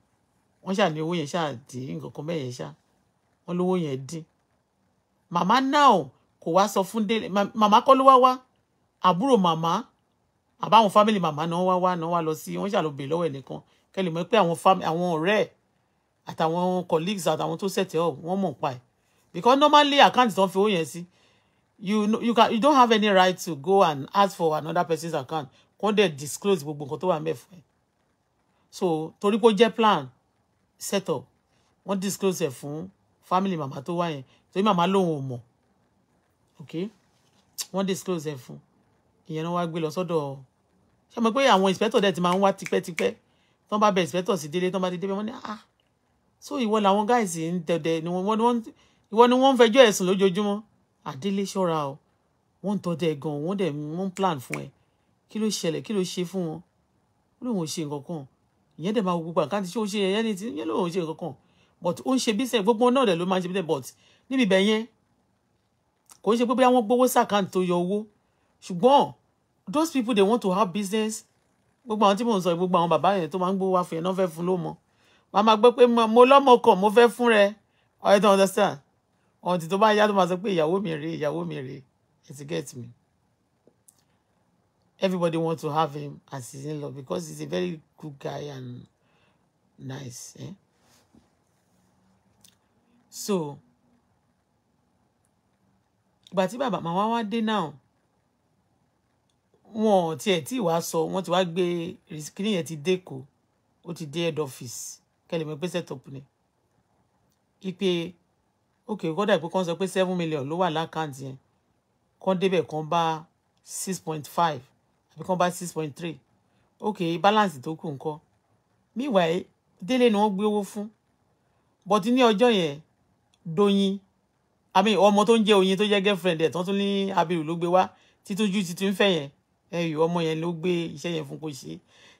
Speaker 1: wọ́n ṣà ní owó yẹn ṣá dín nǹkan kan bẹ́ẹ̀ yẹn ṣá wọ́n lówó yẹn dín màmá náà kò wá sọ fún délé màmá kọ́ ló wá wá àbúrò màmá àbáwọn fámìlì màmá náà wá wá náà wá lọ sí wọ́n ṣà lọ bèè lọ́wọ́ ẹnìkan kẹlẹ̀ mọ́ pé àwọn ọ̀rẹ́ ẹ̀ àtàwọn colleagues àtàwọn tó set up wọ́n mọ̀ pa ẹ̀ because normally account tó ń fi owó yẹn sí you you can you don't have any right to go and ask for another person's account kó dẹ̀ disclose gbogbo nǹkan to wà mẹ́fọ́ ẹ̀ so torí pé ó plan set up wọ́n disclose ẹ̀ fún family màmá tó wá yẹn torí màmá lòun ò mọ̀ ok wọ́n disclose ẹ̀ fún ìyẹn náà wá gbé lọ sọ́dọ̀ ṣé mo pé àwọn inspector dẹ̀ ti máa ń wá tipẹ́tipẹ́ tán bá bẹ inspector sí délé tán bá ti débẹ̀ wọ́n ní ah so ìwọ làwọn guys ń dẹ̀dẹ̀ ni wọ́n ìwọ ni wọ́n ń fẹjọ́ ẹ̀sùn lójoojúmọ́ àdélé ṣọ́ra o wọ́n ń tọ́ dẹ̀ gan-an wọ́n dẹ̀ wọ́n ń plan fún kí ló ṣẹlẹ̀ kí ló ṣe fún wọn ó lóun ò ṣe nǹkan kan ìyẹn dẹ̀ máa wo gbogbo àkáǹtì tí ó ṣe ẹyẹ ní ti ìyẹn lóun ò ṣe nǹkan kan but ó ń ṣe business gbogbo náà dẹ̀ ló máa ń ṣe business but níbi ibẹ̀ yẹn kò ń ṣe pé bóyá wọ́n gbowó sàkáǹtì tó yọ owó ṣùgbọ́n those people they want to have business gbogbo àwọn tí mò ń sọ gbogbo àwọn bàbá yẹn tó máa ń gbowó àfẹ́ náà fẹ́ fún lómọ wọ́n máa gbọ́ pé mo lọ́mọ kan mo fẹ́ fún rẹ I don't understand ọ̀n tí tó bá yá tó máa sọ pé ìyàwó mi rèé ìyàwó mi rèé ẹ̀ ti get me everybody wants to have him as his in-law because he's a very good guy and nice. Eh? So, but if bàbá màmá wa dé náà wọn ò tiẹ̀ tí wàá sọ wọn ti wá gbé kínní yẹn ti dẹ́kọ̀ ó ti dé head office kẹlẹ̀ mọ́ pé set up ni ipe okay kọ́dà ìpè kan sọ pé seven million ló wà lákàntì yẹn kan débẹ̀ kan bá six point five àbí kán bá six point three okay balance tó kù ńkọ́ meanwhile délé no wọ́n gbé owó fún but ní ọjọ́ yẹn doyin i mean ọmọ tó ń jẹ́ oyin tó jẹ́ girlfriend ẹ̀ tán tún ní abiru ló gbé wá títújú títún fẹ́ yẹn ẹyọ ọmọ yẹn ló gbé iṣẹ́ yẹn fún kó ṣe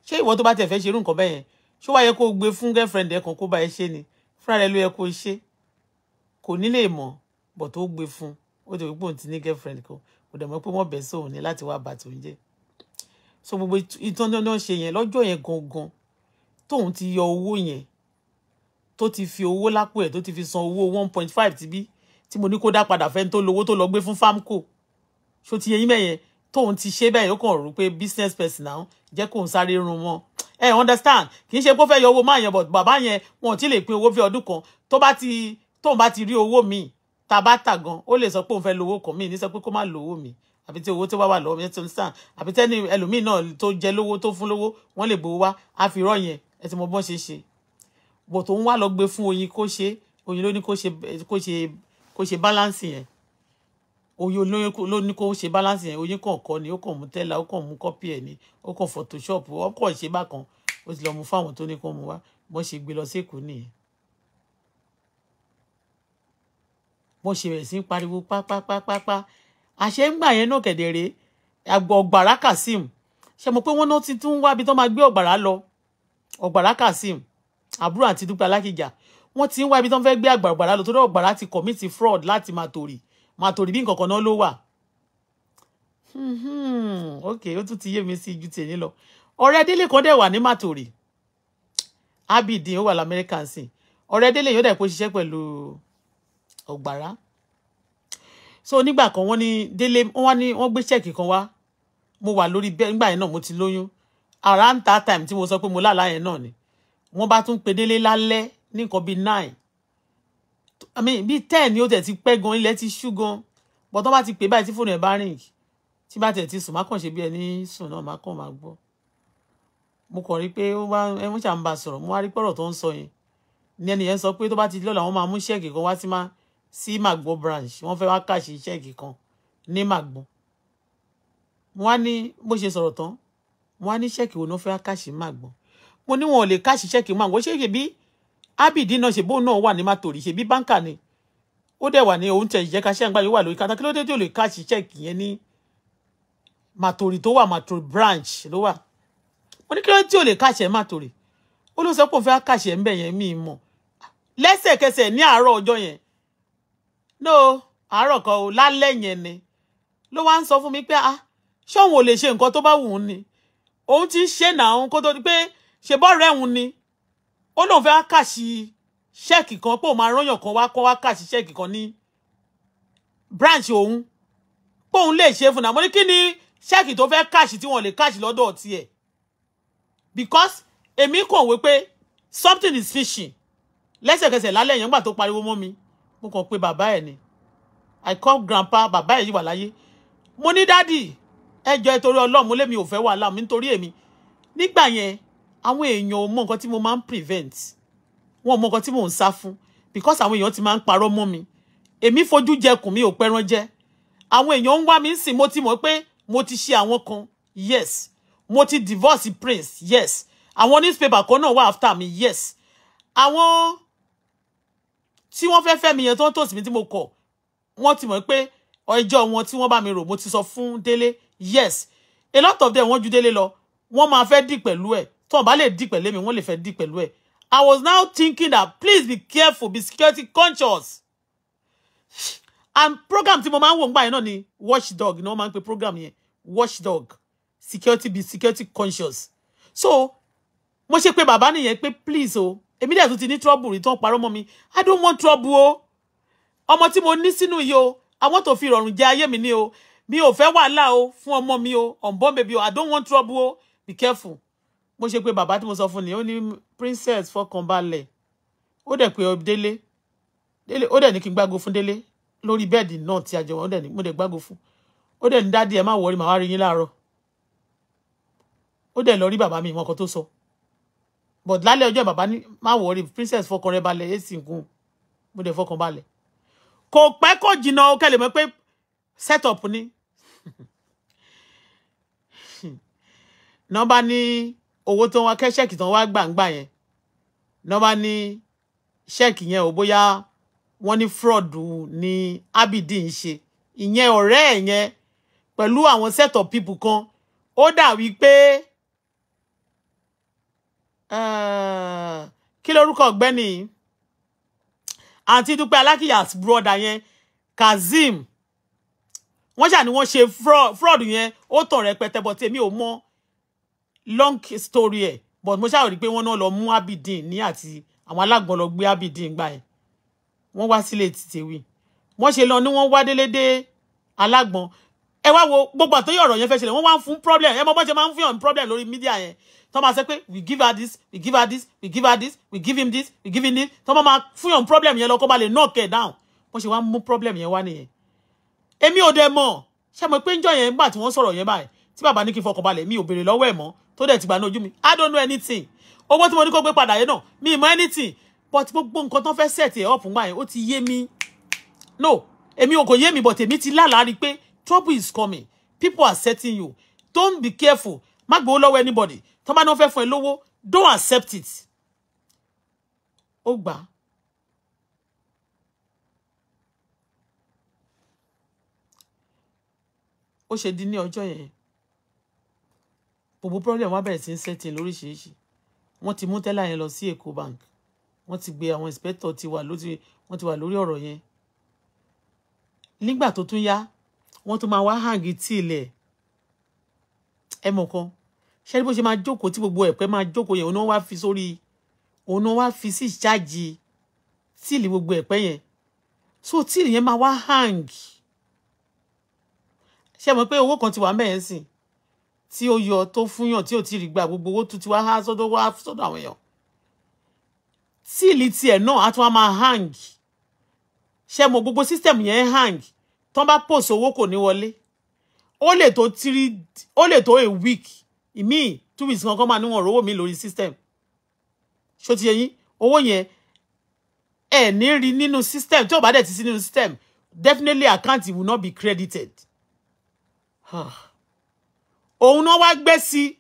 Speaker 1: ṣé ìwọ tó bá tẹ̀ fẹ́ ṣerú nǹkan bẹ́ẹ̀ yẹn ṣó wáyé kó gbé fún girlfriend ẹ̀ kan kó bá ẹ ṣe ni fúnra rẹ̀ ló yẹ kó ṣe kò nílé mọ̀ bọ̀ tó gbé fún ó ti wípé òun ti ní girlfriend kan kò dẹ̀ mọ́ pé wọ́n be so. ni láti wá bàtò ń jẹ́ so gbogbo ìtàn dandan ṣe yẹn lọ́jọ́ yẹn gangan tóun ti yọ owó yẹn tó ti fi owó lápò ẹ̀ tó ti fi san owó one point five ti bí tí mo ní kó dá padà fẹ́ni tó lówó tó lọ gbé fún famco ṣó ti yẹyin mẹ́yẹn tóun ti ṣe bẹ́ẹ̀ yóò kàn rò pé business person àwọn jẹ́ kóun sáré run wọn ẹ understand kì í ṣe kó fẹ́ yọ owó máa yẹn but bàbá yẹn wọn ò tí lè pín owó fi ọdún kan tó bá ti tóun bá ti rí owó míì tá a bá tà gan ó lè sọ pé òun fẹ́ lówó kan míì ní sọ pé kó má lówó mi àbí tí owó tó bá wà lọ́wọ́ ẹ ti understand àbí tẹ́ni ẹlòmíì náà tó jẹ lówó tó fún lówó wọ́n lè gbowó wá á fi rọ́ yẹn ẹ ti mọ bọ́n ṣe ṣe bò tó ń wá lọ gbé fún oyin kó ṣe oyin ló ní kó ṣe kó ṣe kó yẹn oyin ló ní kó ṣe balance yẹn oyin kàn kọ́ ni ó kàn mú tẹ́lá ó kàn mú kọ́pì ẹ̀ ni ó kàn photoshop ó kàn ṣe bákan ó ti lọ mú fáwọn tó ní kó mú wá bọ́n ṣe gbé lọ sí èkó nìyẹn. ṣe rẹ̀ sí pariwo pápápápápá àṣẹ ń gbà yẹn náà kẹ̀dẹ̀rẹ́ ọ̀gbàrá Kazeem ṣe mọ̀ pé wọ́n náà ti tún wábi tó máa gbé ọ̀gbàrá lọ ọ̀gbàrá Kazeem àbúrò àti dúpẹ́ alákìjà wọ́n ti ń wábi tó ń fẹ́ gbé àgbàrá lọ torí ọ̀gbàrá ti commit fraud láti máa tòrì máa tòrì bí nǹkan kan náà ló wà. ok ó tún ti yé mi sí ju tèmi lọ ọ̀rẹ́ délé kan dẹ̀ wà ní màtòrì abidin ó wà lamẹ́ríkà sí ọ̀rẹ́ délé yóò dẹ̀ kó ṣiṣẹ́ pẹ̀lú ọ̀gbàrá so nígbà kan wọ́n ní délé wọ́n ní wọ́n gbé ṣẹ́ẹ̀kì kan wá mo wà lórí bẹ́ẹ̀ nígbà yẹn náà mo ti lóyún around that time tí mo sọ pé mo lálàá yẹn náà ni wọ́n bá tún pe délé lálẹ́ ní nǹkan bíi nine i mean bíi ten ni ó tẹ̀ ti pẹ́ gan ilẹ̀ ti ṣú gan bọ́ tó bá ti pè báyìí tí fóònù ẹ̀ bá rìn tí bá tẹ̀ ti sùn má kàn ṣe bí ẹni sùn náà má kàn má gbọ́ mo kàn rí pé ó bá ẹ mú ṣàǹbà sọ̀rọ̀ mo wá rí pọ̀rọ̀ tó ń sọ yẹn ní ẹni yẹn sọ pé tó bá ti lọ́la wọ́n máa mú ṣẹ́ẹ̀kì kan wá sí máa sí Magbo branch wọ́n fẹ́ wá káàṣì ṣẹ́ẹ̀kì kan ní Magbo wọ́n á ní bó ṣe sọ̀rọ̀ tán wọ́n á ní ṣẹ́ẹ̀kì wo ni wọ́n fẹ́ wá káàṣì Magbo mo ni wọn ò lè káàṣì ṣẹ́ẹ̀kì Magbo ṣé ṣe bí Abidi náà ṣe bóun náà wà ní Màtòrí ṣe bí báńkà ni ó dẹ̀ wà ní òun tẹ̀ ìjẹ́ka ṣẹ́ àgbáyé wà lórí kátà kí ló dé tí ò lè káàṣì ṣẹ́ẹ̀kì yẹn ní Màtòrí tó wà Màtòrí branch ló wà mo ní kí ló dé tí ò lè káàṣì Màtòrí ó ló sọ pé òun fẹ́ káàṣì ẹ̀ ń bẹ̀ yẹn mí mọ̀ lẹ́sẹ̀kẹsẹ̀ ní àárọ̀ ọjọ́ yẹn no àárọ̀ kan o lálẹ́ yẹn ni ló wá ń sọ fún mi pé ah ṣé òun ò lè ṣe nǹkan tó bá wù ú ni òun ti ń ṣe náà kó tó di pé ṣe bọ́ọ̀rẹ́ òun ni ó lóun fẹ́ kàṣì ṣẹ́ẹ̀kì kan pé òun máa rányàn kan wá kọ́ wá kàṣì ṣẹ́ẹ̀kì kan ní branch òun pé òun lè ṣe fúnra mo ní kí ni ṣẹ́ẹ̀kì tó fẹ́ kàṣì tí wọ́n lè kàṣì lọ́dọ̀ tiẹ̀ because èmi kò wé pé something is fishing lẹ́sẹ̀kẹsẹ̀ lálẹ́ yẹn gbà tó pariwo mọ́ mi mo kàn pé bàbá ẹ̀ ni i call grandpa bàbá ẹ̀ yìí wà láyé mo ní dádì ẹ jọ̀ọ́ ẹ torí ọlọ́run mo lémi ò fẹ́ wàhálà mi nítorí èmi nígbà yẹn àwọn èèyàn ò mọ nǹkan tí mo máa ń prevent wọn ò mọ nǹkan tí mò ń sá fún because àwọn èèyàn ti máa ń parọ́ mọ́ mi èmi fojú jẹkùn mi ò pẹ́ran jẹ àwọn èèyàn ń wá mi ń sìn mo ti mọ̀ pé mo ti ṣe àwọn kan yes mo ti divorce prince yes àwọn newspaper kan náà wà after mi yes àwọn tí wọ́n fẹ́ẹ́ fẹ́ mi yẹn tó ń tòsí mi tí mo kọ̀ wọ́n ti mọ̀ pé ọjọ́ wọn tí wọ́n bá mi rò mo ti sọ fún Délé yes a lot of them wọ́n ju Délé lọ wọ́n máa fẹ́ dì pẹ̀lú ẹ̀ tó bá lè dì pẹ̀lú mi wọ́n lè fẹ́ dì pẹ̀lú ẹ̀ I was now thinking that please be careful be security conscious and program tí mo máa ń wò ń gbà yẹn ni watchdog No man pe program yẹn watchdog security be security conscious so mo ṣe pé bàbá nìyẹn pé please o. Oh, èmi dẹ̀ tún ti ní trouble rí tán parọ́ mọ́ mi i don't want trouble o ọmọ tí mo ní sínú yìí i want to fi ìrọ̀rùn jẹ ayé mi ní o mi ò fẹ́ wàhálà o fún ọmọ mi o unborn baby o i don't want trouble o be careful mo ṣe pé bàbá tí mo sọ fún ni ó ní princess for balẹ̀ ó dẹ̀ pé ọ délé délé ó dẹ̀ ní kí n gbágo fún délé lórí bẹ́ẹ̀dì náà tí a jọ wọn ó dẹ̀ ní mo dẹ̀ gbágo fún ó dẹ̀ ní dádì ẹ má wọrí màá wá rí yín láàárọ̀ ó dẹ̀ lọ rí bàbá mi ìmọ̀kan tó sọ but lálẹ́ ọjọ́ bàbá ní má wọrí princess fọkàn rẹ balẹ̀ èsì nǹkan mo dẹ̀ fọkàn balẹ̀ kò pẹ́ kò jìnnà o mọ́ pé set up ni nọ́mbà ní owó tó ń wá kẹ́ ṣẹ́ẹ̀kì tó ń wá gbàǹgbà yẹn nọ́mbà ní ṣẹ́ẹ̀kì yẹn ò bóyá wọ́n ní fraud ní abidi ń ṣe ìyẹn ọ̀rẹ́ ẹ̀ yẹn pẹ̀lú àwọn set up people kan ó dà pé. Eh, kí lorúkọ ọ̀gbẹ́ni àǹtí dúpẹ́ alákìyà's brother yẹn kazeem wọ́n ṣà ni wọ́n ṣe fraud yẹn ó tàn rẹpẹtẹ but èmi ò mọ long story ẹ̀ but mo ṣàwòrí pé wọ́n náà lọ mú abidin ní àti àwọn alágbọ̀n lọ gbé abidin gbà ẹ̀ wọ́n wá sílé títí wí wọ́n ṣe lọ ní wọ́n wá délédé alágbọ̀n ẹ wá wo gbogbo àtọ́yẹ ọ̀rọ̀ yẹn fẹ́ ṣẹlẹ̀ wọ́n wá ń fún problem ẹ mọ bọ́ ṣe máa ń fún yàn problem lórí media yẹn tó máa sọ pé we give her this we give her this we give her this we give him this we give him this tó máa fún yàn problem yẹn lọ kó ba lè knock ẹ down wọ́n ṣe wá mú problem yẹn wá nìyẹn èmi ò dẹ̀ mọ̀ ṣe mọ̀ pé ń jọ yẹn nígbà tí wọ́n sọ̀rọ̀ yẹn báyìí tí bàbá ní kí n fọkàn balẹ̀ mi ò béèrè lọ́wọ́ ẹ̀ mọ́ tó dẹ̀ ti gbà ní ojú mi i don't know anything owó tí mo ní kó gbé padà yẹn náà mi ì mọ̀ anything but gbogbo nǹkan tó fẹ́ set ẹ̀ up ńgbà yẹn ó ti yé mi no èmi ò kò yé mi but èmi ti lálàá rí pé trouble is coming people are setting you don't be careful má gbowó lọ́wọ́ anybody tó bá ní for a fún don't accept it ó gbà á. ó ṣe di ní ọjọ́ problem wá bẹ̀rẹ̀ sí ń setting lóríṣiríṣi wọ́n ti mú tẹ́lá yẹn lọ sí Èkó bank wọ́n ti gbé àwọn inspector ti wà lórí wọ́n ti wà lórí ọ̀rọ̀ yẹn nígbà tó tún yá wọ́n tún máa wá hàngì tí ilẹ̀ ẹ mọ̀ kan ṣé bó ṣe máa jókòó tí gbogbo ẹ̀pẹ́ máa jókòó yẹn òun náà wá fi sórí òun náà wá fi sí ìṣáàjì tíìlì gbogbo ẹ̀pẹ́ yẹn so tíìlì yẹn máa wá hàngì ṣé mọ̀ pé owó kan ti wà mẹ́ẹ̀ sìn tí ó yọ tó fúnyàn tí ò tí rí gbà gbogbo owó tún ti wá há sọ́dọ̀ wá sọ́dọ̀ àwọn èèyàn tíìlì tiẹ̀ náà á tún wá máa hàngì ṣé mọ̀ gbogbo sísítẹ̀mù yẹn hàngì tán bá post owo ko ni wole, o le to three o le to a week ìmíì two weeks kankan máa níwọ̀n rówó mi lórí system ṣó ti yé yín owó yẹn ẹ ní rí system tí ba bá dẹ̀ ti sí nínú system definitely account will not be credited ah. òun náà wá gbé sí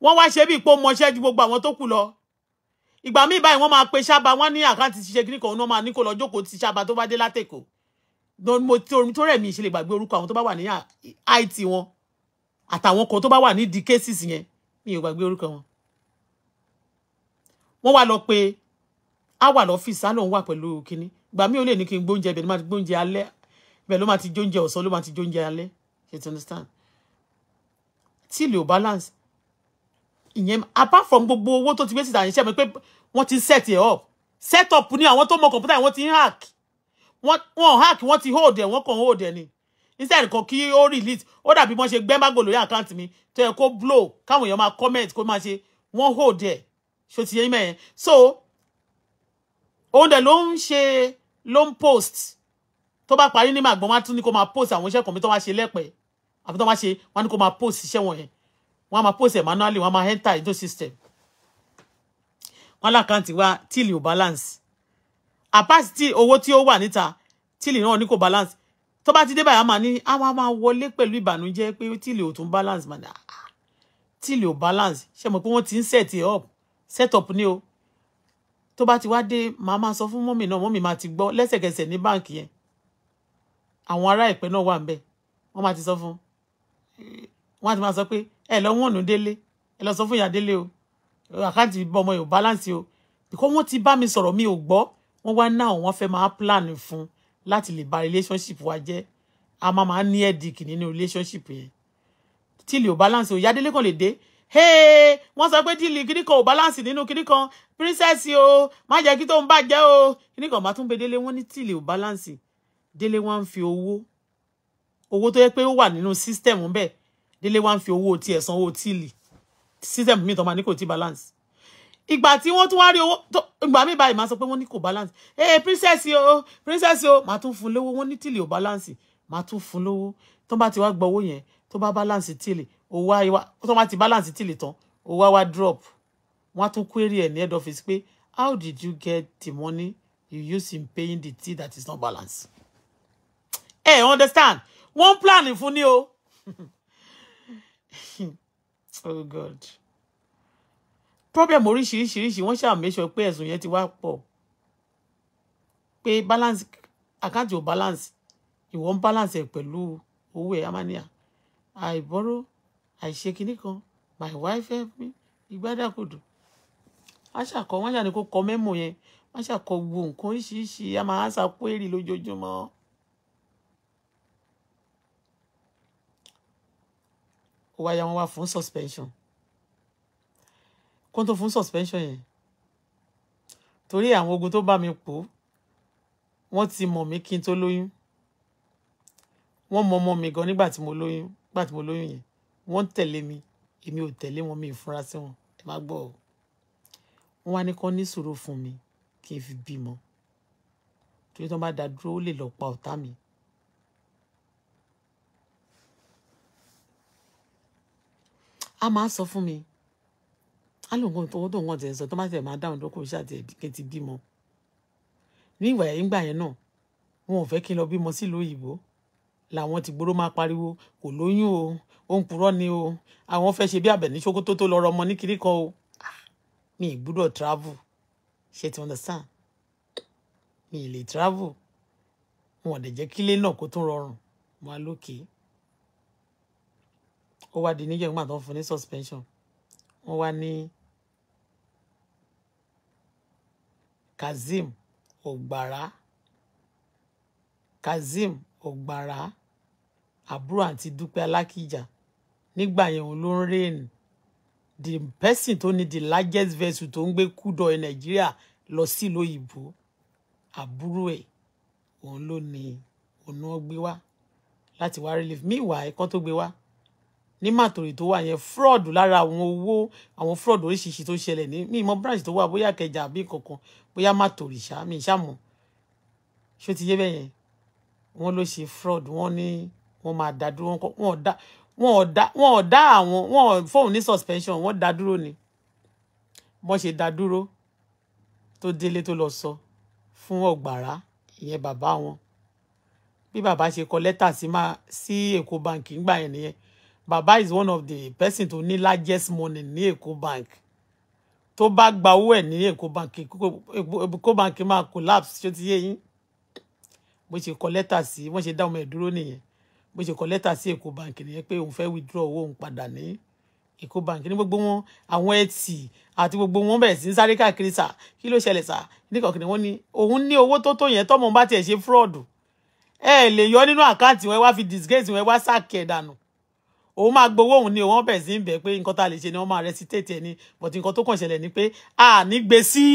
Speaker 1: wọ́n wá ṣe bí ipò mọṣẹ́ ju gbogbo àwọn tó kù lọ ìgbà míì báyìí wọ́n máa pe ṣába wọ́n ní àkáǹtì ṣiṣẹ́ kíní kan òun náà máa ní kó lọ jókòó ti ṣába tó bá dé látẹ̀kọ̀ọ́ mo tó rẹ̀ mi ṣe lè gbàgbé orúkọ àwọn tó bá wà ní IT wọn àtàwọn kan tó bá wà nídìí cases yẹn mi ò gbàgbé orúkọ wọn. wọ́n wá lọ pé a wà lọ́fíìsì á lóun wà pẹ̀lú kínní gbà mí ò lè ní kí n gbóúnjẹ ibẹ̀ ló máa ti gbóúnjẹ alẹ́ ibẹ̀ ló máa ti jóúnjẹ ọ̀sán ló máa ti jóúnjẹ alẹ́ you understand tí ìlò balance ìyẹn apart from gbogbo owó tó ti gbé síta yẹn ṣe mi pé wọ́n ti set it up set up ní àwọn tó mọ kọ̀ǹpútà yẹn ti hack wọ́n hack wọ́n ti hold ẹ̀ wọ́n kàn hold ẹ̀ ni instead kan kí ó release ó dàbí wọ́n ṣe gbẹ́mágò lórí àkáǹtì mi tó yẹ kó blow káwọn èèyàn máa comment kó máa ṣe wọ́n hold ẹ̀ ṣó ti yẹ mẹ́yẹn so òun dẹ̀ ló ń ṣe ló ń post tó bá parí ní màgbọ́n wá tún ní kó máa post àwọn iṣẹ́ kan mi tó wá ṣe lẹ́pẹ̀ẹ́ àbí tó wá ṣe wọ́n ní kó máa post iṣẹ́ wọn yẹn wọ́n á máa post ẹ̀ manually wọ́n á máa enter into system wọ́n lákàntì wa till you balance apart tí owó tí ó wà níta tíìlì náà ní kò balance tó bá ti dé báyìí a máa ní a máa máa wọlé pẹ̀lú ìbànújẹ́ pé tíìlì ò tún balance màdà ah, tíìlì ò balance ṣe mọ̀ pé wọ́n ti ń set up set up ni o tó bá ti wá dé màá máa sọ fún mọ́mì náà mọ́mì máa ti gbọ́ lẹ́sẹ̀kẹsẹ̀ ní báǹkì yẹn àwọn ará ìpẹ́ náà wà ń bẹ̀ wọ́n máa ti sọ fún wọ́n á ti máa sọ pé ẹ lọ wọ́n nù délé ẹ lọ sọ fún ìyá délé o àkáǹtì ọmọ yóò balance o because wọ́n ti bá mi sọ̀rọ̀ mi ò gbọ́ wọ́n wá náà wọ́n fẹ́ máa plan fún láti lè ba relationship wa jẹ́ a máa máa ní ẹ̀dìkì nínú relationship yẹn tí lè ò balance o yadele kan lè dé hey wọ́n sọ pé tí lè kíní kan ò balance nínú kíní kan princess o má jẹ́ kí tó ń bàjẹ́ o kíní kan bá tún pe délé wọ́n ní tí lè ò balance délé wọ́n ń fi owó owó tó yẹ pé ó wà nínú system bẹ́ẹ̀ délé wọ́n ń fi owó tiẹ̀ sanwó tí lè system mi tó máa ní kò tí balance ìgbà tí wọ́n tún wá rí owó tó ìgbà mi báyìí máa sọ pé wọ́n ní kò balance ee eh, princess o princess o máa tún fún lówó wọ́n ní tìlì ò balance máa tún fún lówó tó bá ti wá gbọ́ owó yẹn tó bá balance tìlì owó àìwá tó bá ti balance tìlì tán owó àwa drop wọ́n á tún query ẹ̀ ní head office pé how did you get the money you use in paying the tea that is not balanced. ẹ eh, hey, understand One plan fún ni o. oh god problem oríṣiríṣiríṣi wọ́n ṣáà make sure pé ẹ̀sùn yẹn ti wá pọ̀ pé balance àkáǹtì ò balance ìwọ ń balance ẹ̀ pẹ̀lú owó ẹ̀ amania I borrow àìṣe kinní kan my wife help me ìgbádàkodò aṣàkọ wọn ṣàní kó kọ mẹ́mọ̀ yẹn wọn ṣàkọ gbogbo nǹkan oríṣiríṣi a máa ń sa query lójoojúmọ́. ó wáyà wọn wá fún suspension kó tó fún suspension yẹn torí àwọn ogun tó bá mi pò wọ́n ti mọ̀ mí kí n tó lóyún wọ́n mọ ọmọ mi gan nígbà tí mo lóyún nígbà tí mo lóyún yẹn wọ́n ń tẹ̀lé mi èmi ò tẹ̀lé wọn mi ìfura sí wọn ẹ má gbọ́ ọ wọ́n wá ní kán ní sùúrù fún mi kí n fi bímọ torí tó bá dá dúró ó lè lọ pa ọ̀tá mi. a máa sọ fún mi alóńgbọ́n tó wọ́dọ̀ wọn tẹ̀ sọ tó má tẹ̀ máa dáhùn lóko iṣẹ́ àti ẹ̀dínkẹ́ ti bímọ ní ìgbà yẹn gbà yẹn náà wọn ò fẹ́ kí n lọ bímọ sílùú òyìnbó làwọn ti gbóró máa pariwo kò lóyún o ó ń purọ́ ni o àwọn fẹ́ ṣe bí Àbẹ̀ní Ṣókótó tó lọ rọmọ ní kiri kan o ah, mi ì gbúdọ̀ travel ṣe ti understand mi ì lè travel wọn ò dẹ̀ jẹ́ kílé náà kó tún rọrùn wọn á lókè ó wá di níjẹ́ nígbà tó ń fún ní suspension wọ́n wá ní kazeem Ogbara, kazeem ọ̀gbàrá àbúrò àǹtí dúpẹ́ alákìjà nígbà yẹn òun ló ń rèèní the person tó ní the largest vessel tó ń gbé kúdọ̀ ẹ̀ nàìjíríà lọ sílùú òyìnbó àbúrò ẹ̀ òun ló ní òun náà gbé wá láti wá relief meanwhile kan tó gbé wá ní màtòrè tó wà yẹn fraud lára àwọn owó àwọn fraud oríṣiríṣi tó ṣẹlẹ̀ ní mi ìmọ̀ branch tó wà bóyá kẹjà àbí kankan bóyá màtòrè ṣá mi ṣàmọ̀ ṣó ti yé bẹ́ẹ̀ wọ́n ló ṣe fraud wọ́n ní wọ́n máa dá dúró wọ́n dá wọ́n ò dá àwọn wọ́n fóun ní suspension wọ́n dá dúró ni wọ́n ṣe dá dúró tó délé tó lọ sọ fún ọ̀gbàrá ìyẹn bàbá wọn bí bàbá ṣe kọ lẹ́tà sí èkó báǹkì ńgbà yẹn nìyẹn baba is one of the person tó ní largest money ní èkó bank tó bá gba owó ẹ̀ ní èkó bank èkó bank máa collapse ṣó ti yé yín bó ṣe kọ lẹ́tà sí wọ́n ṣe dá ọmọ ẹ̀ dúró nìyẹn bó ṣe kọ lẹ́tà sí èkó bank nìyẹn pé òun fẹ́ withdraw owó òun padà ní èkó bank ní gbogbo wọn àwọn ẹtì àti gbogbo wọn bẹ̀rẹ̀ sí ń sáré káàkiri sà kí ló ṣẹlẹ̀ sà níkànkiri wọn ni òun ní owó tó tó yẹn tọ́mọ bá tiẹ̀ ṣe fraud ẹ lè yọ nínú àkáǹtì wọn wá fi disgrace wọn wá sáàkì ẹ̀ dànù òun máa gbowó òun ni òun bẹ̀rẹ̀ sí ń bẹ̀ pé nǹkan tá a lè ṣe ni wọ́n máa rẹ́sítéètì ẹni but nǹkan tó kàn ṣẹlẹ̀ ni pé a ní gbé sí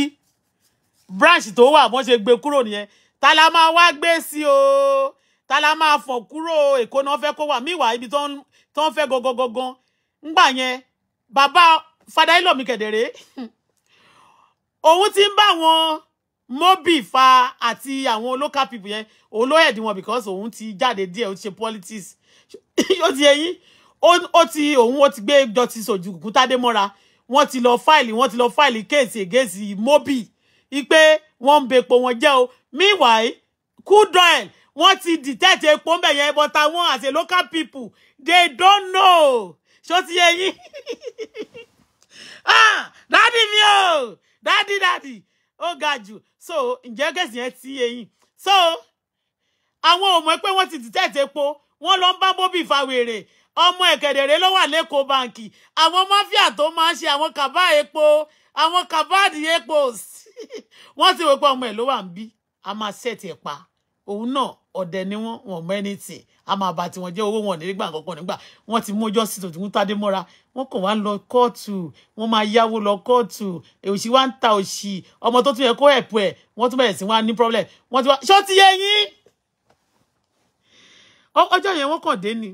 Speaker 1: branch tó wà bọ́n ṣe gbé kúrò nìyẹn ta la máa wá gbé sí o ta la máa fọ̀ kúrò èkó náà fẹ́ kó wà míwàá ibi tó ń fẹ́ gangan ńgbà yẹn bàbá fada ilomi kẹ̀dẹ̀rẹ́ òun ti ń bá wọn mobi fa àti àwọn local people yẹn òun ló ẹ̀dì wọn because òun ti jáde díẹ̀ ó ti ṣe politics ó ti ẹyin ó ti òun ó ti gbé justice Òjìkùkú Tádémọ́ra wọ́n ti lọ fáìlì wọ́n ti lọ fáìlì kéèsì against Mobi ipe wọ́n ń bepo wọn jẹ́ o meanwhile Kudoel wọ́n ti detect epo ńbẹ̀ yẹn but àwọn as a local people they don't know ṣó ti yẹ yín ah dádì mi o dádì dádì ó ga jù so ǹjẹ́ kéèsì yẹn ti yẹ yín so àwọn ò mọ̀ pé wọ́n ti detect epo wọ́n lọ ń bá bóbì fa wèrè ọmọ ẹ̀kẹ̀dẹ̀rẹ̀ ló wà lẹ́kọ̀ọ́ báǹkì àwọn máfíà tó máa ń ṣe àwọn kàbá epo àwọn kàbáàdì epo wọ́n ti wò pé ọmọ ẹ̀ ló wà ń bí a máa ṣẹ̀tì ẹ̀ pa òun náà ọ̀dẹ̀ ni wọ́n wọ́n mọ ẹni tì a máa bá tiwọn jẹ́ owó wọn nígbà kankan nígbà wọ́n ti mójọ́ sí tòtún tádé mọ́ra wọ́n kàn wá lọ kóòtù wọ́n máa yáwó lọ kóòtù òṣì wá ń ta òṣì ọmọ tó tún yẹ kó ẹ̀pù ẹ̀ wọ́n tún bẹ̀rẹ̀ sí wá ní problem wọ́n ti wá ṣó ti yẹ yín ọjọ́ yẹn wọ́n kàn dé ni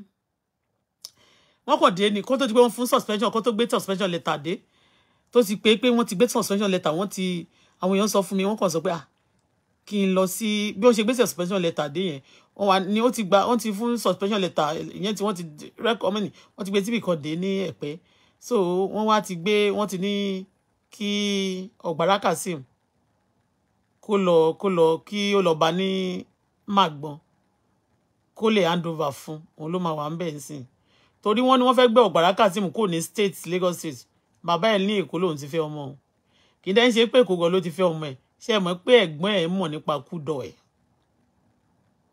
Speaker 1: wọ́n kàn dé ni kó tó ti pé wọ́n fún suspension kó tó gbé suspension letter dé tó ti pé pé wọ́n ti gbé suspension letter wọ́n ti àwọn èèyàn sọ fún mi wọ́n kàn sọ pé ah kí n lọ sí bí wọ́n ṣe gbé suspension letter dé yẹn wọ́n wà ní ó ti gba wọ́n ti fún suspension letter ìyẹn tí wọ́n ti recommend wọ́n ti gbé tíbì kan dé ní ẹ̀pẹ́ so wọ́n wá ti gbé wọ́n ti ní kí ọ̀gbára Kazeem kó lọ kó lọ kí ó lọ bá ní màgbọ́n kó lè hand over fún òun ló máa wà ń bẹ̀ ń sìn torí wọ́n ní wọ́n fẹ́ gbé ọ̀gbàrá kazeem kò ní state Lagos state bàbá ẹ̀ ní èkó lòun ti fẹ́ ọmọ òun kì í dẹ́n ṣe pé èkó gan ló ti fẹ́ ọmọ ẹ̀ ṣe é mọ̀ pé ẹ̀gbọ́n ẹ̀ mọ̀ nípa kúdọ̀ ẹ̀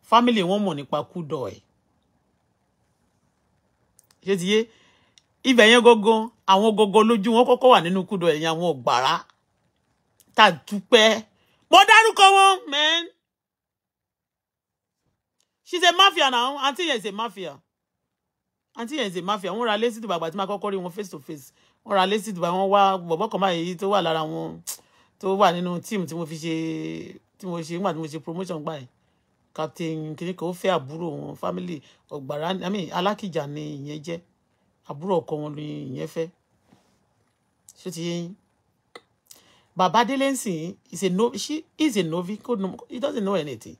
Speaker 1: family wọn mọ̀ nípa kúdọ̀ ẹ̀ ṣé ti yé ibẹ̀ yẹn gógó àwọn gógó lójú wọn kọ́kọ́ wà nínú kúdọ̀ ẹ̀yìn àwọn ọ̀gbàrá tàdúpẹ́ mo dárúkọ wọn mẹ́rin she's a mafia now aunty yẹn is a mafia aunty yẹn is a mafia wọ́n ra lẹ́sìn ìdìbò àgbà tí máa kọ́kọ́ rí wọn face to face wọ́n ra lẹ́sìn ìdìbò àwọn wá bọ̀bọ́ kan báyìí tó wà lára wọn tó wà nínú team tí mo fi ṣe tí mo ṣe nígbà tí mo ṣe promotion gbà yìí captain kìnìún kan ó fẹ́ àbúrò wọn family ọ̀gbàrá i mean alákìjà ni ìyẹn jẹ́ àbúrò ọkọ wọn ni ìyẹn fe. So ti Baba bàbá délé ń is a no she is a novice he doesn't know anything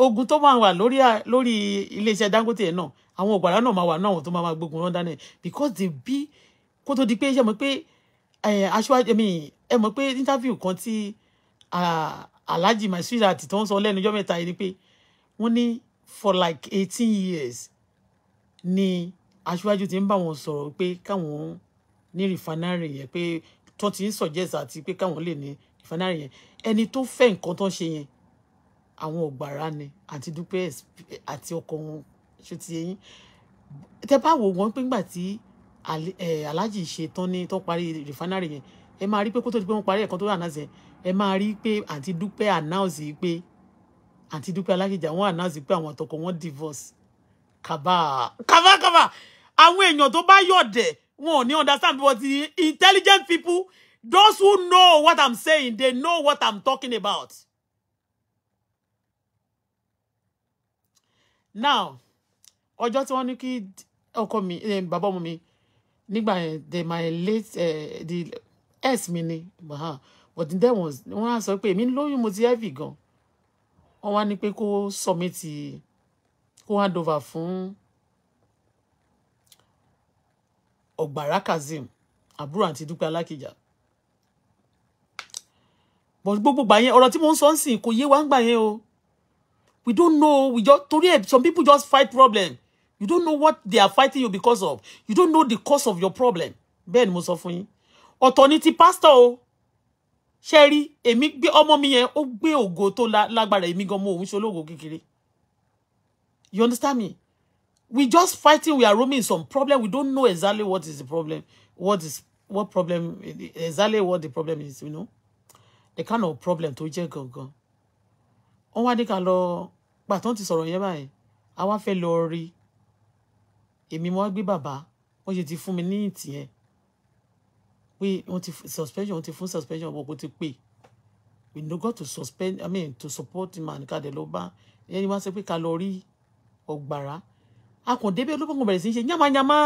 Speaker 1: ogun tó máa wà lórí lórí iléeṣẹ́ Dangote yẹn náà àwọn ògbàrá náà máa wà náà àwọn tó máa gbógun wọn dáná because they be kó tó di pé ṣe mọ̀ pé aṣáájú mi ẹ mọ̀ pé interview kan tí Alhaji Masira àti tó ń sọ lẹ́nu ọjọ́ mẹ́ta yìí ni pé wọ́n ní for like eighteen years ni aṣáájú ti ń bá wọn sọ̀rọ̀ pé káwọn ní rìfánárì yẹn pé tó ti ń suggest àti pé káwọn lè ní rìfánárì yẹn ẹni tó fẹ́ nǹkan tó ń ṣe yẹn àwọn ọ̀gbàrá ni àti dúpẹ́ àti ọkọ wọn ṣe ti eyín tẹ bá wò wọn pé ńgbà tí aláàjì ṣe tán ní tó parí rìfánárì yẹn ẹ máa rí pé kó tó di pé wọn parí ẹ̀kan tó rà náà sẹ ẹ máa rí pé àǹtí dúpẹ́ announce pé àǹtí dúpẹ́ alákìjà wọn announce pé àwọn àtọkọ wọn divorce kàbá kàbá kàbá àwọn èèyàn tó bá yọ̀dẹ̀ wọn ò ní understand but the intelligent people those who know what i'm saying they know what i'm talking about. now ọjọ́ tí wọ́n ní kí ọkọ mi eh, bàbá ọmọ mi nígbà yẹn the my late uh, the ex mi ni uh-huh, but then wọ́n á sọ pé èmi lóyún mo ti heavy gan wọ́n wá ní pé kó sọ mi ti kó hand over fún ọ̀gbàrá kazeem àbúrò àti dúpẹ́ alákìjà but gbogbo gbà yẹn ọ̀rọ̀ tí mo ń sọ ń sìn kò yé wa ń gbà yẹn o. We don't know. We just today some people just fight problem. You don't know what they are fighting you because of. You don't know the cause of your problem. Ben ni mo pastor Sherry, Ṣé rí èmi gbé mi e o gbé ògo tó lágbára èmi gan mo òun ṣe You understand me? We just fighting we are roaming some problem we don't know exactly what is the problem what is what problem exactly what the problem is you know the kind of problem tó jẹ́ gangan. Wọ́n wá ní ká lọ pàtó ti sọ̀rọ̀ yẹn báyìí a wá fẹ́ lọ rí èmi wọ́n gbé bàbá wọ́n ṣe ti fún mi ní ìtì yẹn pé wọ́n ti suspension wọ́n ti fún suspension wọ́n kò ti pè we no got to suspend i mean to support him and kàdé ló bá yẹn ni wọ́n pé ká lọ rí ọ̀gbàrá a kàn débẹ̀ olóbọ̀ngàn bẹ̀rẹ̀ sí í ṣe yánmayánmá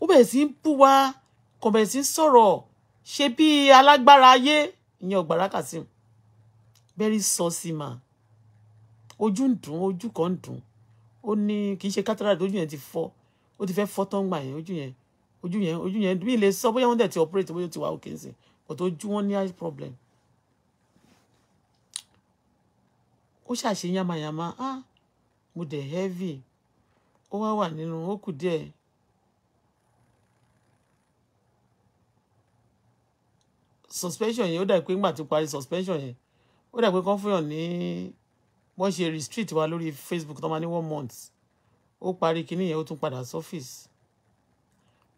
Speaker 1: ó bẹ̀rẹ̀ sí í bú wa kàn bẹ̀rẹ̀ sí í sọ̀rọ̀ ṣe bí alágbára ayé ìyẹn ọ̀gbàrá Kazeem very saucy man ojú ń dùn ojú kan ń dùn ó ní kì í ṣe cataract ojú yẹn ti fọ́ ó ti fẹ́ fọ́ tán gbà yẹn ojú yẹn ojú yẹn ojú yẹn bí ilé sọ bóyá wọ́n dẹ̀ ti operate bóyá ó ti wà òkè nsìn but ojú wọn ní eye problem ó ṣàṣe yamayama ah mo dẹ̀ heavy ó wá wà nínú ó kù díẹ̀. suspension yẹn ó dà pé ńgbà tó parí suspension yẹn ó dà pé kán fún ní wọ́n ṣe restrict wa lórí Facebook tó máa ní one month ó parí kinní yẹn ó tún padà sọ́fíìsì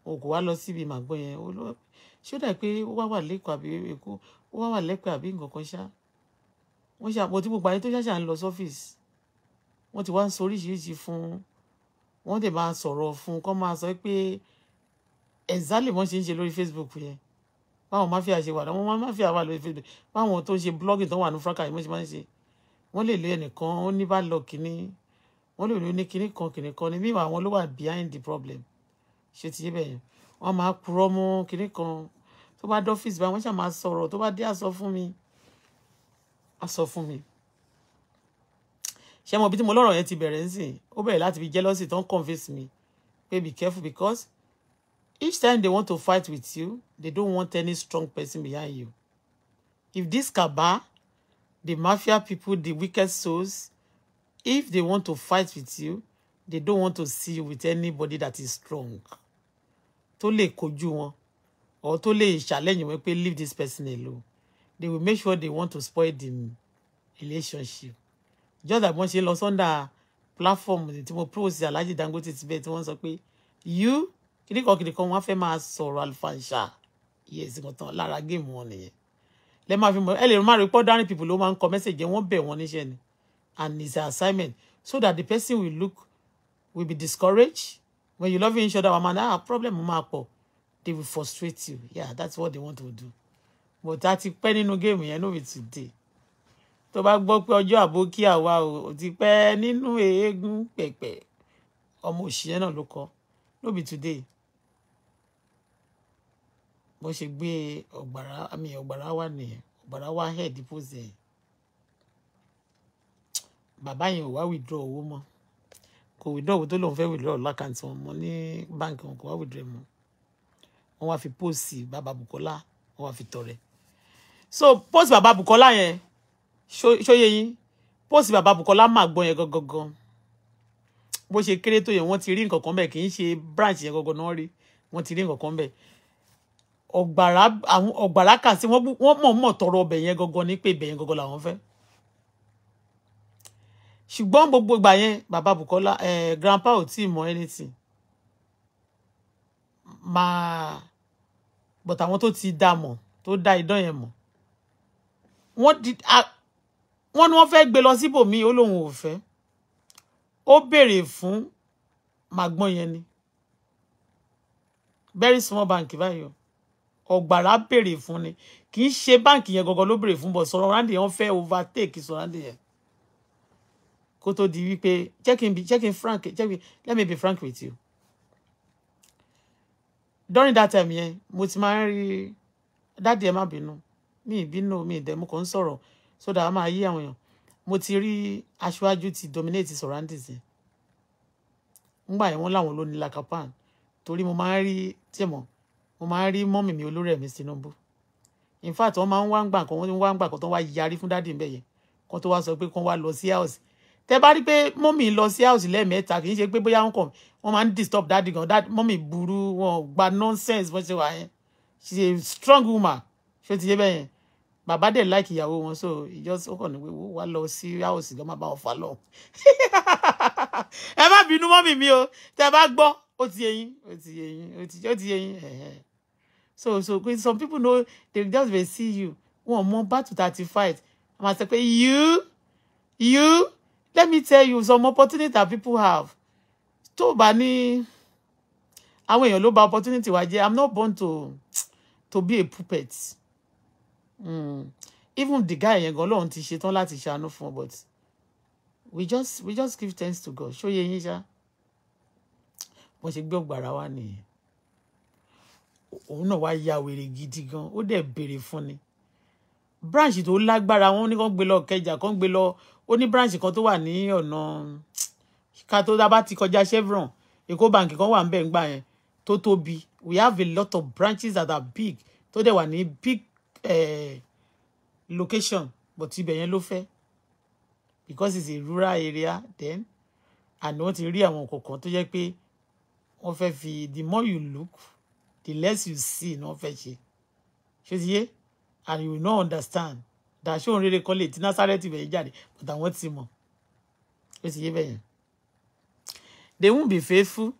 Speaker 1: òun kò wá lọ síbi màgbọ́n yẹn ó lọ ṣé ó dà pé ó wá wà lẹ́kọ̀ọ́ àbí èkó ó wá wà lẹ́kọ̀ọ́ àbí nǹkan kan ṣá wọ́n ṣe àpótí gbogbo ayé tó ṣàṣà ń lọ sọ́fíìsì wọ́n ti wá ń sọ oríṣiríṣi fún wọ́n dẹ̀ máa sọ̀rọ̀ fún kọ́ máa sọ pé exactly wọ́n ṣe ń ṣe lórí Facebook yẹn báwọn máfíà ṣe wà láwọn máfíà wà lórí facebook báwọn tó ń ṣe blogging tó wà ní franca yìí wọ́n ṣe máa ń ṣe wọ́n lè lo ẹnìkan ó ní bá lọ kínní wọ́n lè lo ní kínní kan kínní kan ní mímọ́ àwọn ló wà behind the problem ṣe ti yé bẹ́yẹn wọ́n máa purọ́ mọ́ kínní kan tó bá dọ́fíìsì báwọn ṣáà máa sọ̀rọ̀ tó bá dé àsọ fún mi àsọ fún mi ṣé mo bí tí mo lọ́rọ̀ yẹn ti bẹ̀rẹ̀ ń sìn ó bẹ̀rẹ̀ láti fi jealousy tó ń convince me pé be careful because Each time they want to fight with you, they don't want any strong person behind you. If this cabal, the mafia people, the wicked souls, if they want to fight with you, they don't want to see you with anybody that is strong. Tole lè kojú or tole lè challenge when pé leave this person alone. They will make sure they want to spoil the relationship. Just like you lost on the platform the mo post Alhaji Dangote ti bẹ́ẹ̀ tí wọ́n sọ pé you kìnìkan kìnìkan wọn fẹ́ máa sọ̀rọ̀ àlùfàǹṣà iye ìsìnkàn tán lára géèmù wọn nìyẹn lẹ máa fi mọ ẹ lè má rí pọ́dárìn people ló máa ń kọ mẹ́sẹ̀gì wọn bẹ̀ wọ́n níṣẹ́ ni and it's an assignment so that the person will look will be discouraged when you love each other one man ah problem máa pọ̀ they will frustrate you yeah that's what they want to do but a ti pẹ́ nínú géèmù yẹn no be today tó bá gbọ́ pé ọjọ́ àbókí àwa ò ti pẹ́ nínú eégún pẹ̀pẹ̀ ọmọ òṣìṣẹ́ náà ló kọ́ no be today bó ṣe gbé ọ̀gbàrá àmì ọ̀gbàrá wà nìyẹn ọ̀gbàrá wà head pose ẹ̀ bàbá yẹn ò wá withdraw owó mọ́ kò withdraw owó tó lòun fẹ́ withdraw lákàntì wọn mọ́ ní báńkì wọn kò wá withdraw mọ́ wọn wá fi post bàbá Bukola wọn wá fi tọrẹ so post bàbá Bukola yẹn ṣóyè yín post bàbá Bukola máa gbọ́ yẹn gangan bó ṣe kéré tó yẹn wọ́n ti rí nǹkan kan bẹ́ẹ̀ kì í ṣe branch yẹn gangan náà rí wọ́n ti rí nǹkan kan bẹ́ẹ̀ ọ̀gbàrá àwọn ọ̀gbàrá kà sí wọ́n mọ̀ọ́mọ̀ tọrọ ọbẹ̀ yẹn gangan ní pé ibẹ̀ yẹn gangan làwọn fẹ́ ṣùgbọ́n gbogbo ìgbà yẹn bàbá Bukola ẹ̀ grandpa ò tí mọ anything máa but àwọn tó ti dá mọ̀ tó dá idán yẹn mọ̀ wọ́n di wọ́n ní wọ́n fẹ́ gbé lọ síbòmíì ó lóun ò fẹ́ ó béèrè fún màgbọ́n yẹn ni very small bank báyìí o ọ̀gbàrá béèrè fún ni kì í ṣe báǹkì yẹn gangan ló béèrè fún bọ̀ surrounding yẹn wọ́n fẹ́ overtake surrounding yẹn kó tó di wípé jẹ́ be checking frank jẹ́ let me be frank with you during that time yẹn mo ti máa ń rí dáàdi ẹ má bínú mi ìbínú mi ìdẹ mo kàn ń sọ̀rọ̀ so that a máa yí àwọn èèyàn mo ti rí aṣáájú ti dominate surroundings yẹn ngbà yẹn wọ́n láwọn ló ní lakapan torí mo máa ń rí tìmọ̀ mo máa ń rí mọ́mì mi Olórẹ̀mí Tinubu in fact wọ́n máa ń wá ń gbà kan wọ́n wá ń gbà kan tó wá yarí fún dáàdì mbẹ̀yẹ kan tó wá sọ pé kán wá lọ sí house tẹ bá rí pé mọ́mì lọ sí house lẹ́ẹ̀mẹ́ta kì í ṣe pé bóyá wọn kàn wọ́n máa ń disturb dáàdì gan mọ́mì burú wọn gba nonsense bó ṣe wà yẹn she is a strong woman ṣé ti yé bẹ́ẹ̀ yẹn bàbá dẹ̀ láìkì ìyàwó wọn so ìjọsìn ó kàn ní wíwú wá lọ sí áòsì lọ́ máa bá wọn fà lọ. ẹ má bínú mọ́mì mi o tẹ bá gbọ́ ó ti yé yín ó ti yé yín ó ti yé yín so so some people know they just dey see you wọn mọ battle thirty fight i'm gonna say pe you you let me tell you some opportunity that people have tó o bá ní àwọn èèyàn ló bà opportunity wa jẹ́ i'm not born to to be a puppet mm. even the guy yẹn gan lóun ti ṣetán láti ṣàánú fún ọ but we just we just give thanks to God ṣó yẹ yín ṣá bó ṣe gbé ọgbàrá wa nìyẹn òun náà wá ya wèrè gidi gan ó dẹ̀ béèrè fún ni branch tó lágbára wọn ní kàn gbé lọ kẹjà kàn gbé lọ ó ní branch kan tó wà ní ọ̀nà ká tó dábàá ti kọjá chevron èkó báǹkì kan wà ń bẹ̀ ń gbà yẹn tó tóbi we have a lot of branches that are big tó dẹ̀ wà ní big eh, location but ibẹ̀ yẹn ló fẹ́ because it's a rural area then and wọ́n ti rí àwọn kọ̀ọ̀kan tó jẹ́ pé wọ́n fẹ́ fi the more you look the less you see no fẹ́ ṣe ṣé ti and you will not understand dàṣọ òun rere kọ́lé tí násàrẹ́tì bẹ̀yẹ jáde but àwọn ti mọ̀ ṣé ti yé bẹ̀yẹn. they won't be faithful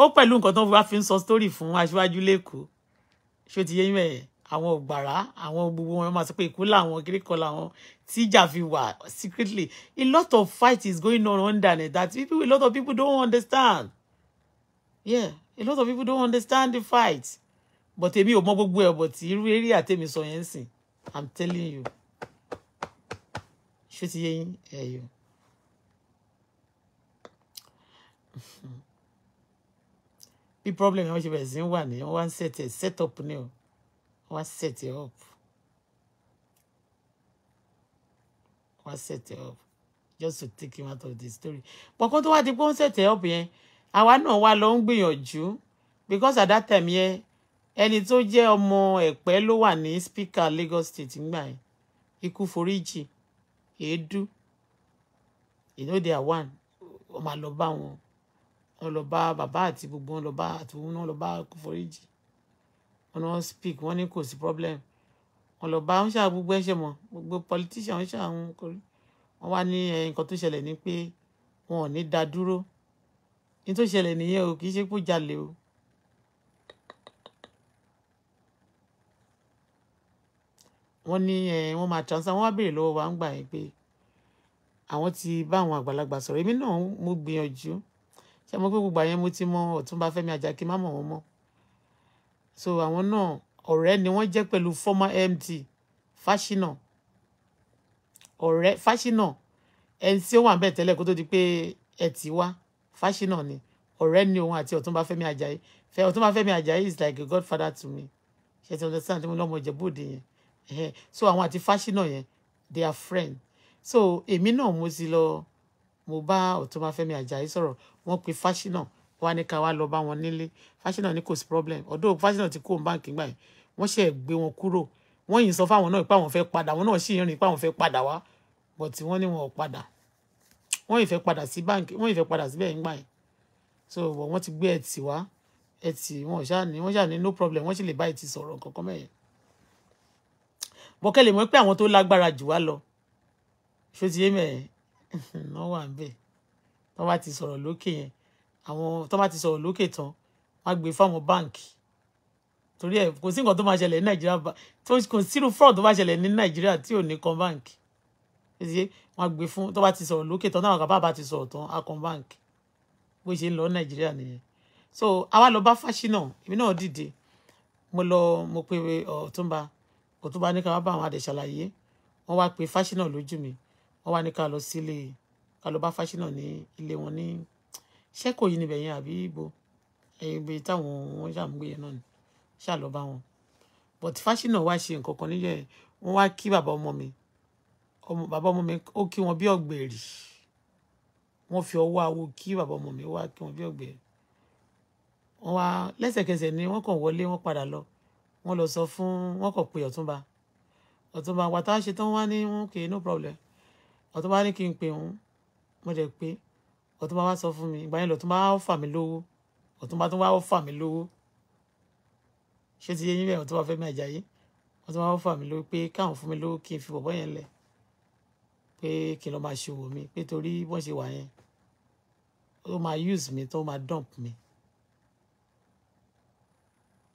Speaker 1: Oh, pẹ̀lú nǹkan tó bá fi ń sọ story fún aṣíwájú lẹ́kọ̀ọ́ ṣé ti yé bẹ̀yẹn I ògbàrá bara, I wọn máa sọ pé ìkú làwọn kíríkọ làwọn tíjà fi wà secretly a lot of fight is going on under that people a lot of people don't understand yeah a lot of people don't understand the fight but èmi ò mọ gbogbo ẹ̀ but irú eré àtẹ̀mí sọ yẹn sìn i'm telling you ṣé ti yé yín ẹ yọ. problem how wọ́n ṣe bẹ̀rẹ̀ sí wà ní wọ́n set it set up new? What set it up What set it up just to take him out of the story. bọ̀kan tó wá di pé set it up yẹn. Yeah? àwa náà wá lọ ń gbìyànjú because at that time yẹn ẹni tó jẹ́ ọmọ ẹ̀pẹ́ ló wà ní speaker Lagos State ńgbà yẹn ikú foríjì èédú you know they are one wọ́n máa lọ bá wọn wọ́n lọ bá bàbá àti gbogbo wọn lọ náà lọ bá foríjì wọ́n náà speak wọ́n ní kò sí problem wọ́n lọ bá wọn ṣáà gbogbo ẹ̀ṣẹ̀ mọ̀ gbogbo politician wọn ṣáà wọn kọrí wọ́n wá ní nǹkan tó ṣẹlẹ̀ ni pé wọn ò ní dá dúró ní tó ṣẹlẹ̀ nìyẹn o kì í ṣe pé jalè o. wọ́n ní wọ́n máa transfer wọ́n wá béèrè lọ́wọ́ wa ń gbà yín pé àwọn ti bá àwọn àgbàlagbà sọ̀rọ̀ èmi náà mo gbìyànjú ṣé mo pé gbogbo àyẹn mo ti mọ Ọ̀túnba Fẹ́mi Àjàkí má mọ̀ wọ́n mọ́ so àwọn náà ọ̀rẹ́ ni wọ́n jẹ́ pẹ̀lú former MD Fáṣínà ọ̀rẹ́ Fáṣínà ẹni tí ó wà bẹ́ẹ̀ tẹ́lẹ̀ kó tó di pé ẹ ti wá Fáṣínà ni ọ̀rẹ́ ni òun àti Ọ̀túnba Fẹ́mi Ajayi fẹ́ Ọ̀túnba Fẹ́mi Ajayi is like a godfather to me ṣe ti understand mo lọ́mọ Ìjẹ̀bú-Òde yẹn so àwọn àti Fáṣínà yẹn they are friends so èmi náà mo ti lọ mo bá Ọ̀túnba Fẹ́mi Ajayi sọ̀rọ̀ wọ́n pe Fáṣínà wá ní ká wá lọ bá wọn nílé Fáṣínà ní kò sí problem ọ̀dọ̀ Fáṣínà ti kó báǹkì gbà yẹn wọ́n ṣe gbé wọn kúrò wọ́n yìí sọ fáwọn náà pé àwọn fẹ́ padà wọn náà sì ń rìn pé àwọn fẹ́ padà wá but wọ́n ní wọn ò padà wọ́n ìfẹ́ padà sí báǹkì wọ́n ìfẹ́ padà síbẹ̀ ń gbà yẹn so wọ́n ti gbé ẹtì wá ẹtì wọn ṣáà ní wọ́n ṣáà ní no problem wọ́n sì lè bá ẹtì sọ̀rọ̀ kankan mẹ́yẹn bọ́kẹ́ lè mọ̀ pé àwọn tó lágbára jù wá lọ ṣó ti yé mẹ́ẹ̀ wọ́n wà ń bẹ̀ tó bá ti sọ̀rọ̀ lókè yẹn àwọn tó bá ti sọ̀rọ̀ lókè tán wọ́n á gbé fáwọn báǹkì torí ẹ̀ kò sí nǹkan tó máa ṣẹlẹ̀ ní nàìjíríà kò sírú ẹsẹ wọn gbé fún tó bá ti sọ̀rọ̀ lókè tán náà bàbá bá ti sọ̀rọ̀ tán akon bank bó ṣe ń lọ nàìjíríà nìyẹn so àwa lọ bá Fáṣínà èmi náà dìde mo lọ mo pe Ọ̀túnba Ọ̀túnba ní ká wá bá àwọn àdè ṣàlàyé wọn wá pe Fáṣínà lójú mi wọn wá ní ká lọ sílé ká lọ bá Fáṣínà ní ilé wọn ní ṣẹkọ yìí níbẹ̀ yẹn àbí ibo ibi táwọn wọn ṣàmúgbé yẹn náà ni ṣàlọ bá wọn but Fáṣínà wá ṣe nǹkan kan níyẹn wọn wá kí bàbá ọmọ mi ọmọ bàbá ọmọ mi ó kí wọn bí ọ̀gbẹ̀rì wọ́n fi ọwọ́ awo kí bàbá ọmọ mi wá kí wọn bí ọ̀gbẹ̀rì wọ́n wá lẹ́sẹ̀kẹsẹ̀ ni wọ́n kàn wọlé wọ́n padà lọ wọ́n lọ sọ fún wọ́n kàn pé ọ̀túnba ọ̀túnba wàtá ṣe tán wá ní wọn kì í no problem ọ̀túnba ní kí n pè wọn mo dẹ̀ pé ọ̀túnba wá sọ fún mi ìgbà yẹn lọ̀túnba wá fà mí lówó ọ̀túnba tó wá fà mí lówó ṣé ti yé yín bẹ́ẹ̀ ọ̀túnba fẹ́ mi àjàyí ọ̀túnba wá fà mí lówó pé káwọn fún mi lówó kí n fi bọ̀bọ́ yẹn lẹ̀ pé kí n lọ máa ṣòwò mi pé torí wọ́n ṣe wà yẹn ó máa use mi tó máa dump mi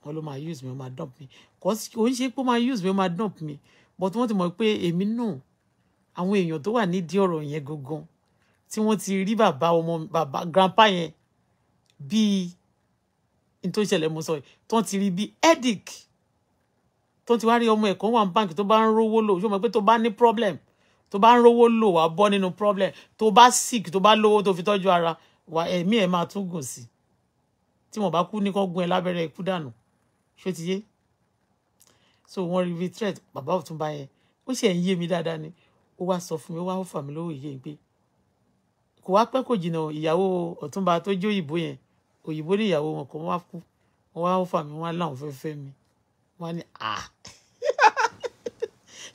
Speaker 1: wọ́n ló máa use mi ó máa dump mi kò ń ṣe pé ó máa use mi ó máa dump mi but wọ́n ti mọ̀ pé èmi náà àwọn èèyàn tó wà nídìí ọ̀rọ̀ yẹn gangan tí wọ́n ti rí bàbá ọmọ bàbá grandpa yẹn bíi n tó ṣẹlẹ̀ mo sọ yìí tó ti rí bíi headache tó ti wá rí ọmọ ẹ̀kọ́ wà ní báńkì tó bá ń rówó lò yóò mọ̀ pé tó bá ní problem tó bá ń rówó lò wá bọ́ nínú problem tó bá sick tó bá lówó tó fi tọ́jú ara wà ẹ̀mí ẹ̀ máa tún gùn sí tí wọ́n bá kú ní kán gun ẹ lábẹ́rẹ́ ikú dànù ṣé ti yé so wọ́n rí bíi threat bàbá Ọ̀túnba yẹn ó sì ń yé mi dáadáa ni ó wá sọ fún mi ó wá fà mí lówó ìyé pé kò wá pẹ́ kò jìnnà ìyàwó Ọ̀túnba tó jó òyìnbó yẹn òyìnbó ní ìyàwó wọn kò wá kú wọn wá fà mí wọn láwọn fẹ́ fẹ́ mi wọn ní ah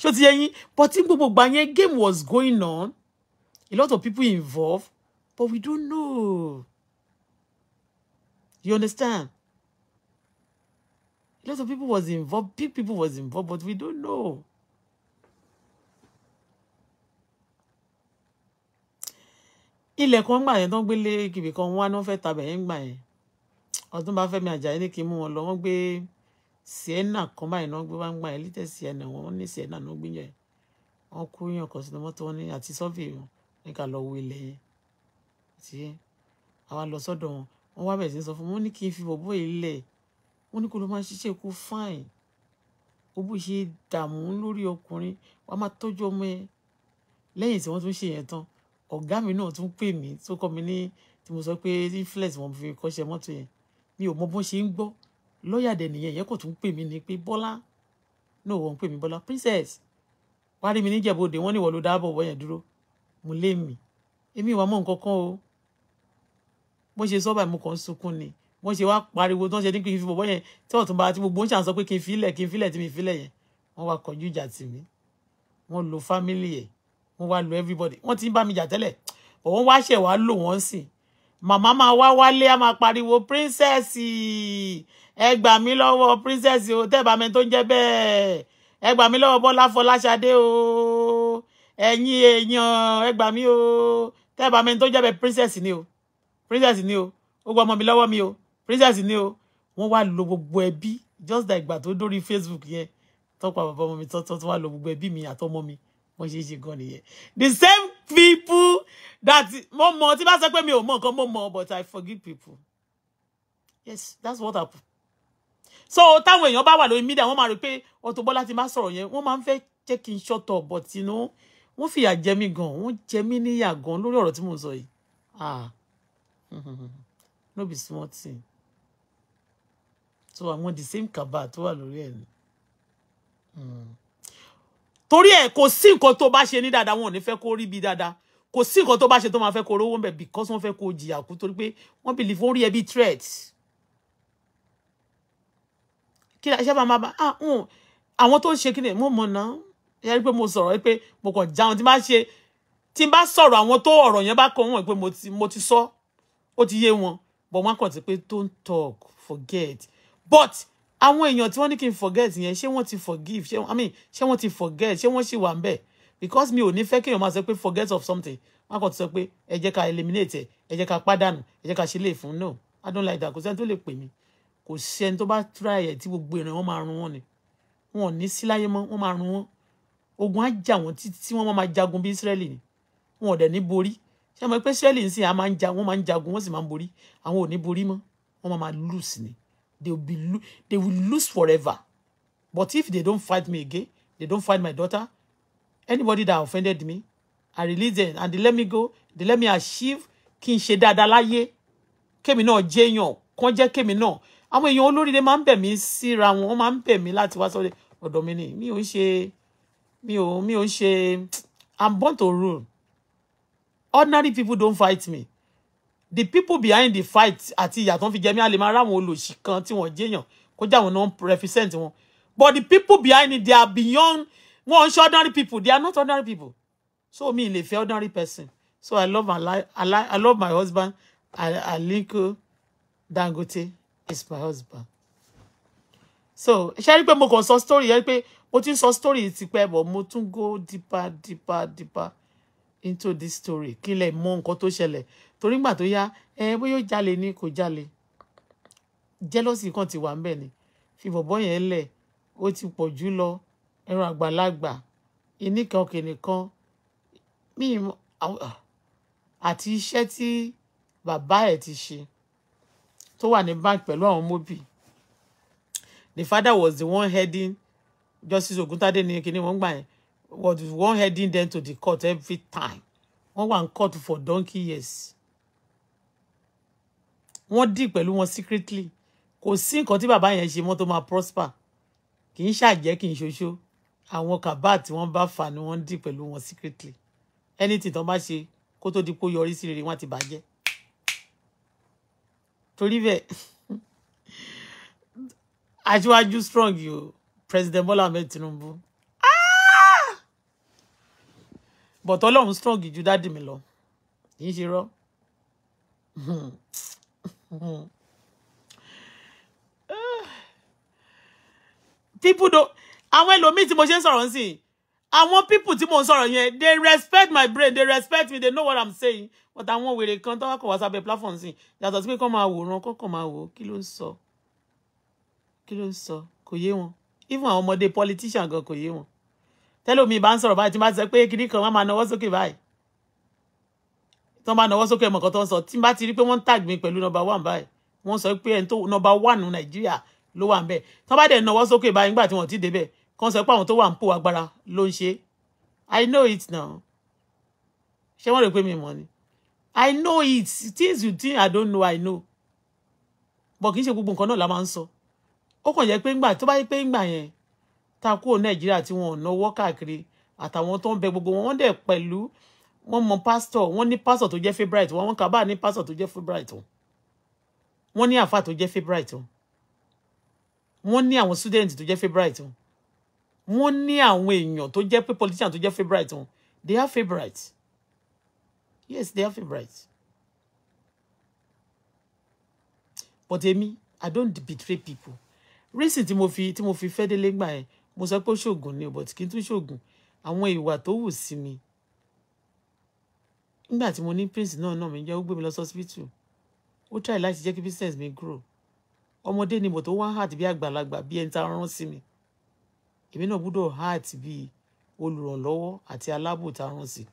Speaker 1: ṣó ti yẹ yín but tí gbogbo gbà yẹn game was going on a lot of people involved but we don't know you understand a lot of people was involved big people was involved but we don't know. ilẹ̀ gbà yẹn tó ń gbélé kìbìkan wá ní wọ́n fẹ́ tabẹ̀ yẹn gbà yẹn ọdún bá fẹ́mi àjà ní kí n mú wọn lọ wọ́n gbé. Be sienna kan báyìí náà gbé wá ń gbà yẹn lítẹ̀ sienna wọn ní sienna náà gbé yẹn wọn kú yàn kan sínú mọ́tò wọn ní àti sọ́fì ní ká lọ wo ilẹ̀ yẹn tí àwa lọ sọ́dọ̀ wọn wọn wá bẹ̀rẹ̀ sí sọ fún mi wọn ní kí n fi bọ̀bọ̀ yìí lẹ̀ wọn ní kó ló máa ṣiṣẹ́ kó fáìn ó bó ṣe dààmú lórí ọkùnrin wọn máa tọ́jú ọmọ yẹn lẹ́yìn tí wọ́n tún ṣe yẹn tán mi náà tún pè mí tó kọ́ mi ní tí mo sọ pé inflex wọn fi kọ́ṣẹ́ mọ́tò yẹn mi ò mọ bó ṣe ń gbọ́ lọ́ọ̀yà dẹ̀ nìyẹn yẹn kò tún pè mí ni pé bọ́lá náà wọ́n pè mí bọ́lá princess wá rí mi níjẹ̀bú òde wọ́n ní ìwọ ló dáàbò wọ́n yẹn dúró mo lé mi èmi ìwà mọ́ nǹkan kan o bó ṣe sọ́ọ̀bà mo kàn ń sunkún ni wọ́n ṣe wá pariwo tí wọ́n ṣe ní kí n fi bọ̀ bọ́yẹn tí ọ̀túnba àti gbogbo ń ṣàǹsọ pé kí n filẹ̀ kí n filẹ̀ tí mi filẹ̀ yẹn wọ́n wá kọjú ìjà tì mí wọ́n lo family ẹ̀ wọ́n wá lo everybody wọ́n ti ń bá mi jà tẹ́lẹ̀ but wọ́n wá ṣẹ̀ wá lò wọ́n sìn màmá máa wá wálé á máa pariwo princess ẹ gbà mí lọ́wọ́ princess o tẹ́bàmí tó ń jẹ́ bẹ́ẹ̀ ẹ gbà mí lọ́wọ́ bọ́lá fọláṣadé o ẹ̀yin èèyàn ẹ gbà mí o tẹ́bàmí tó ń jẹ́ bẹ́ẹ̀ princess ni o princess ni o ó gbọ́ ọmọ mi lọ́wọ́ mi o princess ni o wọ́n wá lo gbogbo ẹbí just like ìgbà tó dórí facebook yẹn tọ́pọ̀ bàbá ọmọ mi tọ́tọ́ tó wá lo gbogbo ẹbí mi àtọmọ mi wọ́n ṣe é ṣe gan nìyẹn the same people that mo mọ̀ tí bá sọ pé mi ò mọ̀ nǹkan mo mọ̀ but i forgive people yes that's what happened so táwọn èèyàn bá wà lórí mídíà wọ́n máa rí pé Auto Bola ti máa sọ̀rọ̀ yẹn wọ́n máa ń fẹ́ jẹ́ kí n shut up but you know wọ́n fìyà jẹ mí gan wọ́n jẹ mí níyà gan lórí ọ̀rọ̀ tí mò sọ yìí ah no be small thing so àwọn the same kaba tó wà lórí ẹ̀ ni hmm. torí ẹ̀ kò sí nǹkan tó bá ṣe ní dáadáa wọn ò ní fẹ́ kó rí bí dáadáa kò sí nǹkan tó bá ṣe tó máa fẹ́ kó rówó ń bẹ̀ because wọ́n fẹ́ kó jìyà kú torí pé wọ́n believe ó rí ẹbí threat kí iṣẹ́ máa máa bá ah, àwọn tó ń ṣe kí ni mo mọ̀ náà ẹ rí i pé mo sọ̀rọ̀ pé mo kàn jáwọn tí n bá ṣe tí n bá sọ̀rọ̀ àwọn tó ọ̀rọ̀ yẹn bá kọ wọn pé mo ti sọ ó ti yé wọn but wọn kàn ti pé don't talk forget but àwọn èèyàn tí wọ́n ní kí n forget yẹn ṣé wọ́n ti forgive ṣé i mean ṣé wọ́n ti forget ṣé wọ́n ṣì wà ń bẹ̀ because mi ò ní fẹ́ kéèyàn máa sọ pé forget of something wọn kàn ti sọ pé ẹ jẹ́ ká eliminate ẹ ẹ jẹ́ ká pàdánù ẹ jẹ́ ká ṣe lè fún no i don't like that kò sẹ́ni tó lè pè mí kò sí ẹni tó bá tura ẹ̀yẹ̀ tí gbogbo ìran wọn máa run wọn ni wọn ò ní sí láyé mọ́ wọn máa run wọn ogun á wọn tí wọn máa jagun bí Ísírẹ́lì ni wọn ò dẹ̀ ní borí ṣé àwọn ẹgbẹ́ Ísírẹ́lì ń sìn àwọn máa ń ja wọn máa ń jagun wọn sì máa ń borí àwọn ò ní borí mọ́ wọn máa máa lose ni they will, lo they will lose forever but if they don't fight me again they don't fight my daughter anybody that offended me I release them and they let me go they let me achieve kí n ṣe dáadáa láyé kémi náà jẹ́yàn kán jẹ́ kémi náà àwọn èèyàn olóríire máa ń bẹ̀ mí síra wọn wọ́n máa ń bẹ̀ mí láti wá sọ́dọ̀ ọ̀dọ̀ mi ni mi ò ń ṣe mi ò mi ò ń ṣe i'm born to rule ordinary people don't fight me the people behind the fight àti ìyà tó ń fi jẹ mí a lè máa ráwọn olòṣì kan tí wọ́n jẹ́yàn kó jẹ́ àwọn náà represent wọn but the people behind it they are beyond wọn ń ṣe ordinary people they are not ordinary people so mi lè fẹ́ ordinary person so i love my life i, I love my husband Aliko Dangote is my husband. So ṣe rí pé mo kàn sọ story yẹn pé mo ti ń sọ story tipẹ́ bọ̀ mo tún go deeper deeper deeper into this story kí lè mọ nǹkan tó ṣẹlẹ̀ Turning back to ya. Eh, bóyá ó jalè ni kò jalè jealousy kan ti wà ń bẹ̀ ni fi bọ̀bọ̀ yẹn lẹ̀ ó ti pọ̀ jù lọ ẹran àgbàlagbà ìníkan kìnìkan míì àti iṣẹ́ tí bàbá ẹ̀ ti ṣe tó wà ní bank pẹ̀lú àwọn mobi the father was the one heading justice oguntade ní kíní wọ́n gbà yẹn was the one heading them to the court every time wọ́n wà ní court for donkey years wọ́n dì pẹ̀lú wọn secretly kò sí nǹkan tí bàbá yẹn ṣe mọ́ tó máa prosper kì í ṣàjẹ́ kì í ṣoṣo àwọn kàbá tí wọ́n bá fà ni wọ́n dì pẹ̀lú wọn secretly anything tó bá ṣe kó tó di pé ó yọrí sí rere wọ́n ti bàjẹ́ torí bẹ́ẹ̀ aṣíwájú strong yìí o president Bola Ahmed Tinubu ah! but Ọlọ́run strong ju dádì mi lọ kì ṣe rọ ah! people do àwọn ẹlòmíì tí mo ṣe ń sọ̀rọ̀ ń sìn àwọn people tí mò ń sọ̀rọ̀ yẹn they respect my brain they respect me they know what i'm saying but àwọn wèrè kan tó wá kọ̀ wá sábẹ́ platform sí yàtọ̀ sí pé kàn máa wòran kàn kàn máa wò kí ló ń sọ kí ló ń sọ kò yé wọn even àwọn ọmọdé politician gan kò yé wọn tẹ́lómi bá ń sọ̀rọ̀ báyìí tí n bá ti sọ pé kinní kan wọ́n máa nawọ́ sókè báyìí tí wọ́n bá nawọ́ sókè ẹ̀mọ̀kan tó ń sọ tí n bá ti rí pé wọ́n ń tag mi pẹ̀lú number one báyìí wọ́n sọ pé ẹni tó number one nàìjíríà ló wà ń bẹ̀ tí wọ́n bá dẹ̀ nawọ́ sókè báyìí nígbà tí wọ́n ti débẹ̀ kan sọ pé àwọn to wà ń pò agbára ló i know it now ṣé wọ́n rò pé mi mọ̀ ni i know it things you think i don't know i know but kì í ṣe gbogbo nǹkan náà la máa ń sọ ó kàn jẹ́ pé ńgbà tó bá yẹ pé ńgbà yẹn ta kúrò nàìjíríà tí wọn ò náwó káàkiri àtàwọn tó ń bẹ gbogbo wọn wọ́n dẹ̀ pẹ̀lú wọ́n pastor. pásítọ̀ wọ́n pastor to tó jẹ́ favourite wọn wọ́n kà bá ní pásítọ̀ tó jẹ́ favourite wọn wọ́n ní àfà tó jẹ́ favourite wọn student to jẹ́ favourite wọn wọ́n ní àwọn èèyàn tó jẹ́ pé politician tó jẹ́ favourite wọn they are favourite yes they are favourite but èmi i don't betray people reason tí mo fi tí mo fi fẹ́ délé gbà yẹn mo sọ pé ó ṣoògùn ni but kí n tún ṣoògùn àwọn ìwà tó wù sí mi nígbà tí mo ní prince náà náà mi jẹ́ ó gbé mi lọ sí hospital ó try láti jẹ́ kí business mi grow ọmọdé ni mo tó wá hàt bí àgbàlagbà bí ẹni tá a rán sí mi èmi náà gbọ́dọ̀ act bíi olùrànlọ́wọ́ àti alábòtarán sí i.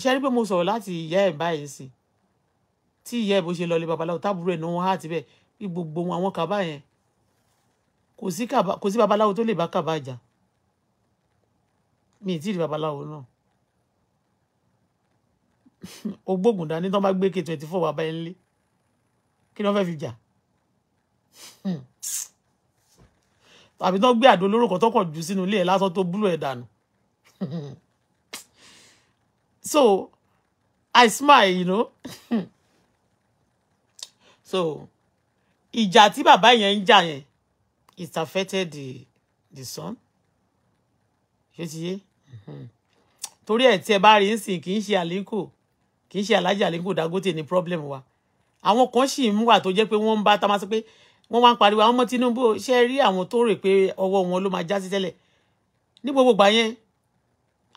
Speaker 1: ṣe rí pé mo sọ̀rọ̀ láti ìyá ẹ̀ báyìí sí tí ìyá ẹ̀ bó ṣe lọlé babaláwo tábúrò ẹ̀ náà wọ́n há bẹ́ẹ̀ bí gbogbo àwọn kaba yẹn kò sí babaláwo tó lè bá kaba jà mi ì tí ì rí babaláwo náà ogbógun dání tán bá gbé k twenty four baba ẹ̀ ń lé kí ni wọ́n fẹ́ fi jà tàbí hmm. tó gbé àdó olóró kan jù sínú ilé ẹ̀ lásán tó búlò ẹ̀ dànù so I smile you know so ìjà tí bàbá yẹn ń jà yẹn it affected the the son ṣé ti yé hmm. torí ẹ̀ tí ẹ bá rí ń sìn kì í ṣe àlékò kì í ṣe alájà àlékò Dangote ní problem wa àwọn kan sì ń wà tó jẹ́ pé wọ́n ń bá tá máa sọ pé wọ́n wá ń pariwo àwọn ọmọ Tinubu ṣe rí àwọn tó rè pé ọwọ́ wọn ló máa já sí tẹ́lẹ̀ ní gbogbo ìgbà yẹn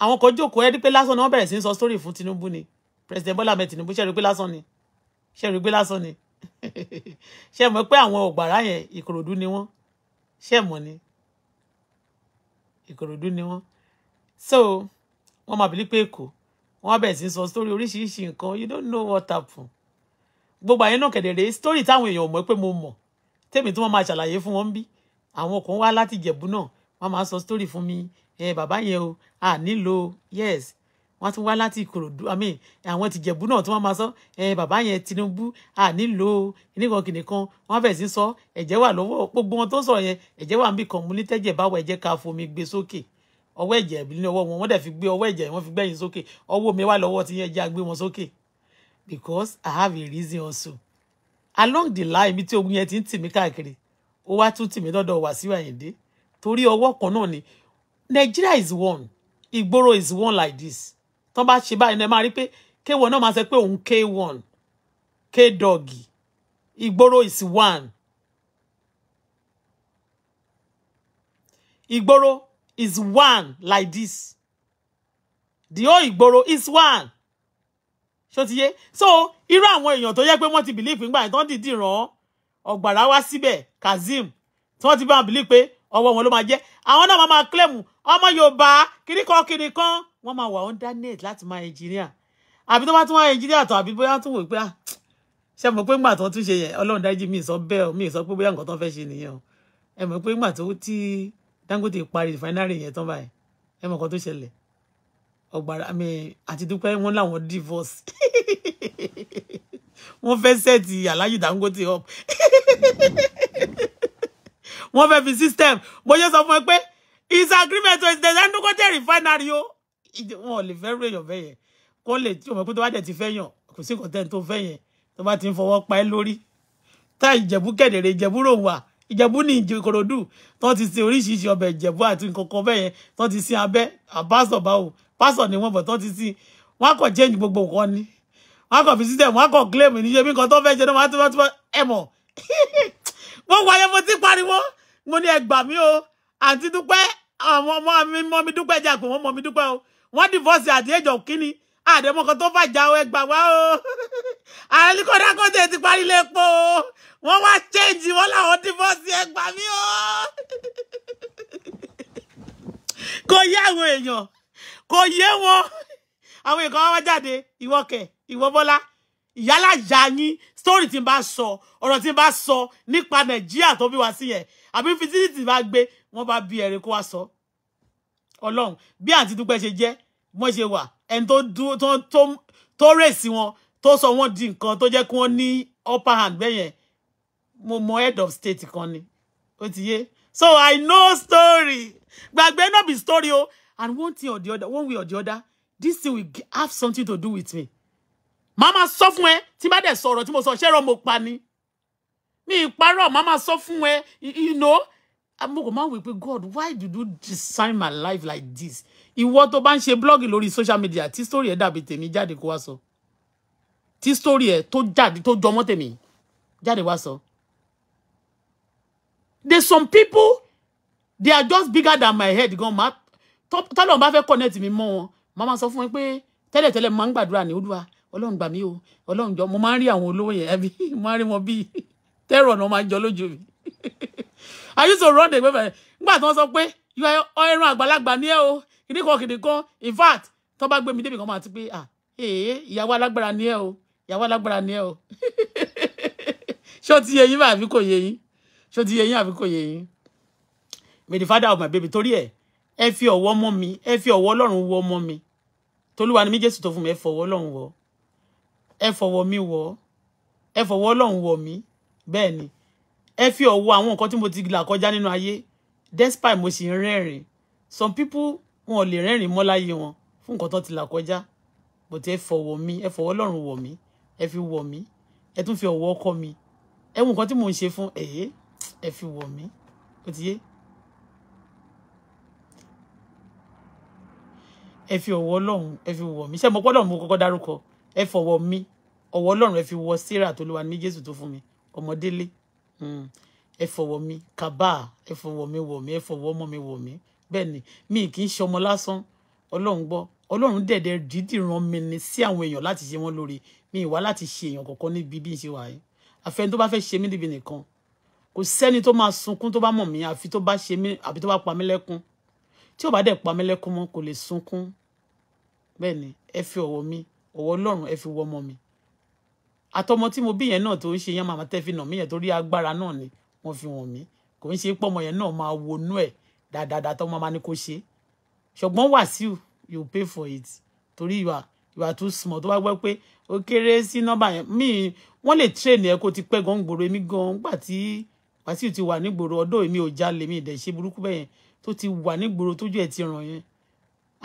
Speaker 1: àwọn kan jókòó ẹni pé lásán ni wọ́n bẹ̀rẹ̀ sí ń sọ story fún Tinubu ni President Bola Ahmed Tinubu ṣe rí pé lásán ni ṣe rí pé lásán ni ṣe mọ̀ pé àwọn ọ̀gbàrá yẹn Ìkòròdú ni wọ́n ṣe mọ̀ ni Ìkòròdú ni wọ́n so wọ́n máa bìlí pé Èkó wọ́n bẹ̀rẹ̀ sí ń sọ story oríṣiríṣi nǹkan you don't know what happen gbogbo àyẹn náà kẹ̀dẹ̀ rèé story táwọn èèyàn mọ̀ pé mo mọ̀ tèmi tí wọ́n máa ṣàlàyé fún wọn bí àwọn kan wá láti Ìjẹ̀bú náà wọ́n máa sọ story fún mi ẹ bàbá yẹn o à nílò yes wọ́n tún wá láti Ìkòròdú àmì àwọn tìjẹ̀bú náà tí wọ́n máa sọ ẹ bàbá yẹn Tinubu à nílò nìkan kìnìkan wọ́n fẹẹ sí sọ ẹ̀jẹ̀ wà lọ́wọ́ gbogbo wọn tó ń sọ̀rọ̀ yẹn ẹ̀jẹ̀ wà ń bì kàn mú ní tẹ̀jẹ̀ báwọ ẹ̀jẹ̀ ká fomi gbé sókè ọwọ́ ẹ̀jẹ̀ ní ọwọ́ wọn wọ́n dẹ̀ fi gbé ọwọ́ ẹ̀jẹ̀ wọ́n fi gbẹ̀yìn sókè ọwọ́ mi wà lọ́wọ́ tí yẹn jẹ agbé wọn sókè because I have a reason also along the line mi tí ogun yẹn ti ń tì mí wa ó wá tún tì mí lọ́dọ̀ Wàsíù Àyìndé kan náà ni Nigeria is one ìgboro is one like this tó bá ṣe báyìí ẹ máa rí pé k1 náà máa sọ pé òun k1 k doggy. ìgboro is one ìgboro is one like this the whole ìgboro is one ṣó ti yé so irú àwọn èèyàn tó yẹ pé wọ́n ti believe ńgbà tó ń dìdì ràn ọ̀gbàrá wá síbẹ̀ Kazeem tí wọ́n ti bá wọn believe pé ọwọ́ wọn ló máa jẹ́ àwọn náà máa máa claim ọmọ Yorùbá kìnnìkan kìnnìkan wọ́n máa wà under net láti máa engineer àbí tó bá tún wá engineer tó àbí bóyá tún wò pé ah ṣe mọ̀ pé ńgbà tó tún ṣe yẹn Ọlọ́run dájú mi sọ bẹ́ẹ̀ mi sọ pé bóyá nǹkan tó fẹ́ ṣe nìyẹn o ẹ mọ̀ pé ńgbà tó ti Dangote parí refinery yẹn tán báyìí ẹ mọ̀ nǹkan tó ṣẹlẹ̀ ọgbàrá mi àti dúpẹ́ wọn làwọn divorce wọ́n fẹ́ sẹ́ẹ̀tì aláyù dangote up wọ́n fẹ́ fi system bóyá sọ fún ẹ pé his agreement with the dangote refinery o wọn ò lè fẹ́ rú èèyàn bẹ́yẹn kó lè tí o mọ̀ pé tó bá dẹ̀ ti fẹ́ yàn kò sí kọ̀tẹ́ni tó fẹ́ yẹn tó bá ti ń fọwọ́ pa ẹ́ lórí tá ìjẹ̀bú kẹ̀dẹ̀rẹ̀ ìjẹ̀bú rò wà ìjẹ̀bú ní ìjẹ̀ tó ti sin oríṣiríṣi ọbẹ̀ ìjẹ̀bú àti nǹkan kan bẹ́yẹn tó ti sin abẹ́ àbáṣọ̀bá o pásọ̀ ni wọ́n bọ̀ tó ti sí wọ́n á kọ̀ change gbogbo nǹkan ni wọ́n á kọ̀ fi system wọ́n á kọ̀ claim níṣẹ́ bí nǹkan tó fẹ́ ṣe náà wọ́n á tó fẹ́ ẹ mọ̀ gbogbo ayé mo ti pariwo mo ní ẹ gbà mí o àǹtí dúpẹ́ àwọn ọmọ mi mọ mi dúpẹ́ jà pé wọ́n mọ mi dúpẹ́ o wọ́n divorce àti ẹjọ́ kínní àdèmọ́kan tó fàjà o ẹ gbà wá o àríkọ́dá kò tẹ̀ ti parí lẹ́pọ̀ o wọ́n wá change wọ́n làwọn divorce ẹ gbà mí o kò yá àwọn èèyàn kò yé wọn àwọn nǹkan wá jáde ìwọ kẹ ìwọ Bọ́lá ìyálàjà yín story tí n bá sọ ọ̀rọ̀ tí n bá sọ nípa Nàìjíríà tó bí wá sí yẹn àbí fitiliti bá gbé wọn bá bí ẹ̀rín kó wá sọ Ọlọ́run bí àǹtí Dúpẹ́ ṣe jẹ́ wọ́n ṣe wà ẹni tó rèsì wọn tó sọ wọn di nǹkan tó jẹ́ kí wọ́n ní upper hand bẹ́yẹn mo mọ head of state kan ni ó ti yé so i know story gbàgbé náà be story o and one thing or the other one way or the other this thing will have something to do with me Mama sọ fún ẹ tí bá dẹ̀ sọ̀rọ̀ tí mo sọ ṣẹ́rọ̀ mo you know mo kò máa wí pé God why did you design my life like this ìwọ tó bá ń ṣe blog lórí social media tí story ẹ dàbí tèmi jáde kó wá sọ tí story ẹ tó jáde tó jọmọ́ tèmi jáde wá there's some people they are just bigger than my head gan ma tọ́lọ̀ bá fẹ́ connect mi mọ́ wọn màá máa sọ fún wọn pé tẹ́lẹ̀tẹ́lẹ̀ máa ń gbàdúrà ní olúwa ọlọ́run gbà mí o ọlọ́run jọ mo máa ń rí àwọn olówó yẹn ẹbí mo máa ń rí wọn bíi tẹ́rọ̀ náà máa ń jọ lójú mi I used to run away bẹ́ẹ̀ nígbà tí wọ́n sọ pé yọ ẹran àgbàlagbà ní ẹ o kìnnìkan kìnnìkan in fact tó bá gbé mi débi kan máa ti pé ah ee eh, ìyàwó alágbára ní ẹ o ìyàwó alágbára ní ẹ o ṣó ti yẹ yín àbí kò yẹ yín ṣó ti yẹ yín àbí kò yẹ yín may the father of my baby torí ẹ̀ ẹ fi ọ̀wọ̀ ọmọ mi ẹ fi ọ̀wọ̀ ọlọ́run wọ ọmọ mi tolúwa ni mí jésù tó fún mi ẹ fọ̀wọ̀ ọlọ́run wọ ẹ fọ̀wọ̀ mi wọ ẹ fọ̀wọ̀ ọlọ́run wọ mi bẹ́ẹ̀ ni ẹ fi ọ̀wọ̀ àwọn nǹkan tí mo ti là kọjá nínú ayé despite mo sì ń rẹ́rìn some people wọn ò lè rẹ́rìn mọ́ láyé wọn fún nǹkan tó ti là kọjá bòtí ẹ fọ̀wọ̀ mi ẹ fọ̀wọ̀ ọlọ́run wọ̀ mí ẹ fi wọ̀ mí ẹ tún fi ọ̀wọ̀ ọkọ mi ẹ wo nǹkan tí mò ń ṣe fún ẹ̀yẹ ẹ fi wọ̀ mí ó yé ẹ fi ọwọ́ ọlọ́run ẹ fi wọ̀ mí ṣé mo gbọ́dọ̀ mú kọ́kọ́ dárúkọ ẹ fọwọ́ mi ọwọ́ ọlọ́run ẹ fi wọ Sarah tó ló wà ní Jésù tó fún mi ọmọdélé hmm. ẹ fọwọ́ mi kaba ẹ fọwọ́ mi wọ̀ mí ẹ fọwọ́ ọmọ mi wọ̀ mí bẹ́ẹ̀ ni mi kì í ṣe ọmọ lásán ọlọ́run gbọ́ ọlọ́run dẹ̀dẹ̀ dídì ràn ni sí àwọn èèyàn láti ṣe wọ́n lórí mi ìwá láti ṣe èèyàn kọ̀ọ̀kan níbi bí n ṣe wà yìí àfẹn tó bá fẹ́ ṣe mí níbi nìkan kò sẹ́ni tó máa sunkún tó bá mọ̀ mí àfi tó bá ṣe mí àbí tó bá pa mí lẹ́kún tí ò bá dẹ̀ pa mí lẹ́kún mọ́ kò lè sunkún bẹ́ẹ̀ ni ẹ fi ọ̀wọ̀ mi ọ̀wọ̀ ọlọ́run ẹ fi wọ ọmọ mi àtọmọ tí mo bí yẹn náà tó ń ṣe yẹn màmá tẹ́ fi nà mí yẹn torí agbára náà ni wọ́n fi wọ̀n mí kò ń ṣe pọ́mọ yẹn náà máa wọnú ẹ̀ dáadáa tọ́mọ máa ní kó ṣe ṣùgbọ́n wàsíù you pay for it torí ìwà ìwà tó small tó bá gbọ́ pé ó kéré sí nọ́mbà yẹn míì wọ́n lè train ẹ kó ti pẹ́ gan gbòòrò èmi gan gbà tí wàsíù ti wà nígboro ọ̀dọ̀ èmi ò jalè mi ìdẹ̀ burúkú bẹ́yẹn tó ti wà nígboro tójú ẹ̀ ti ràn yẹn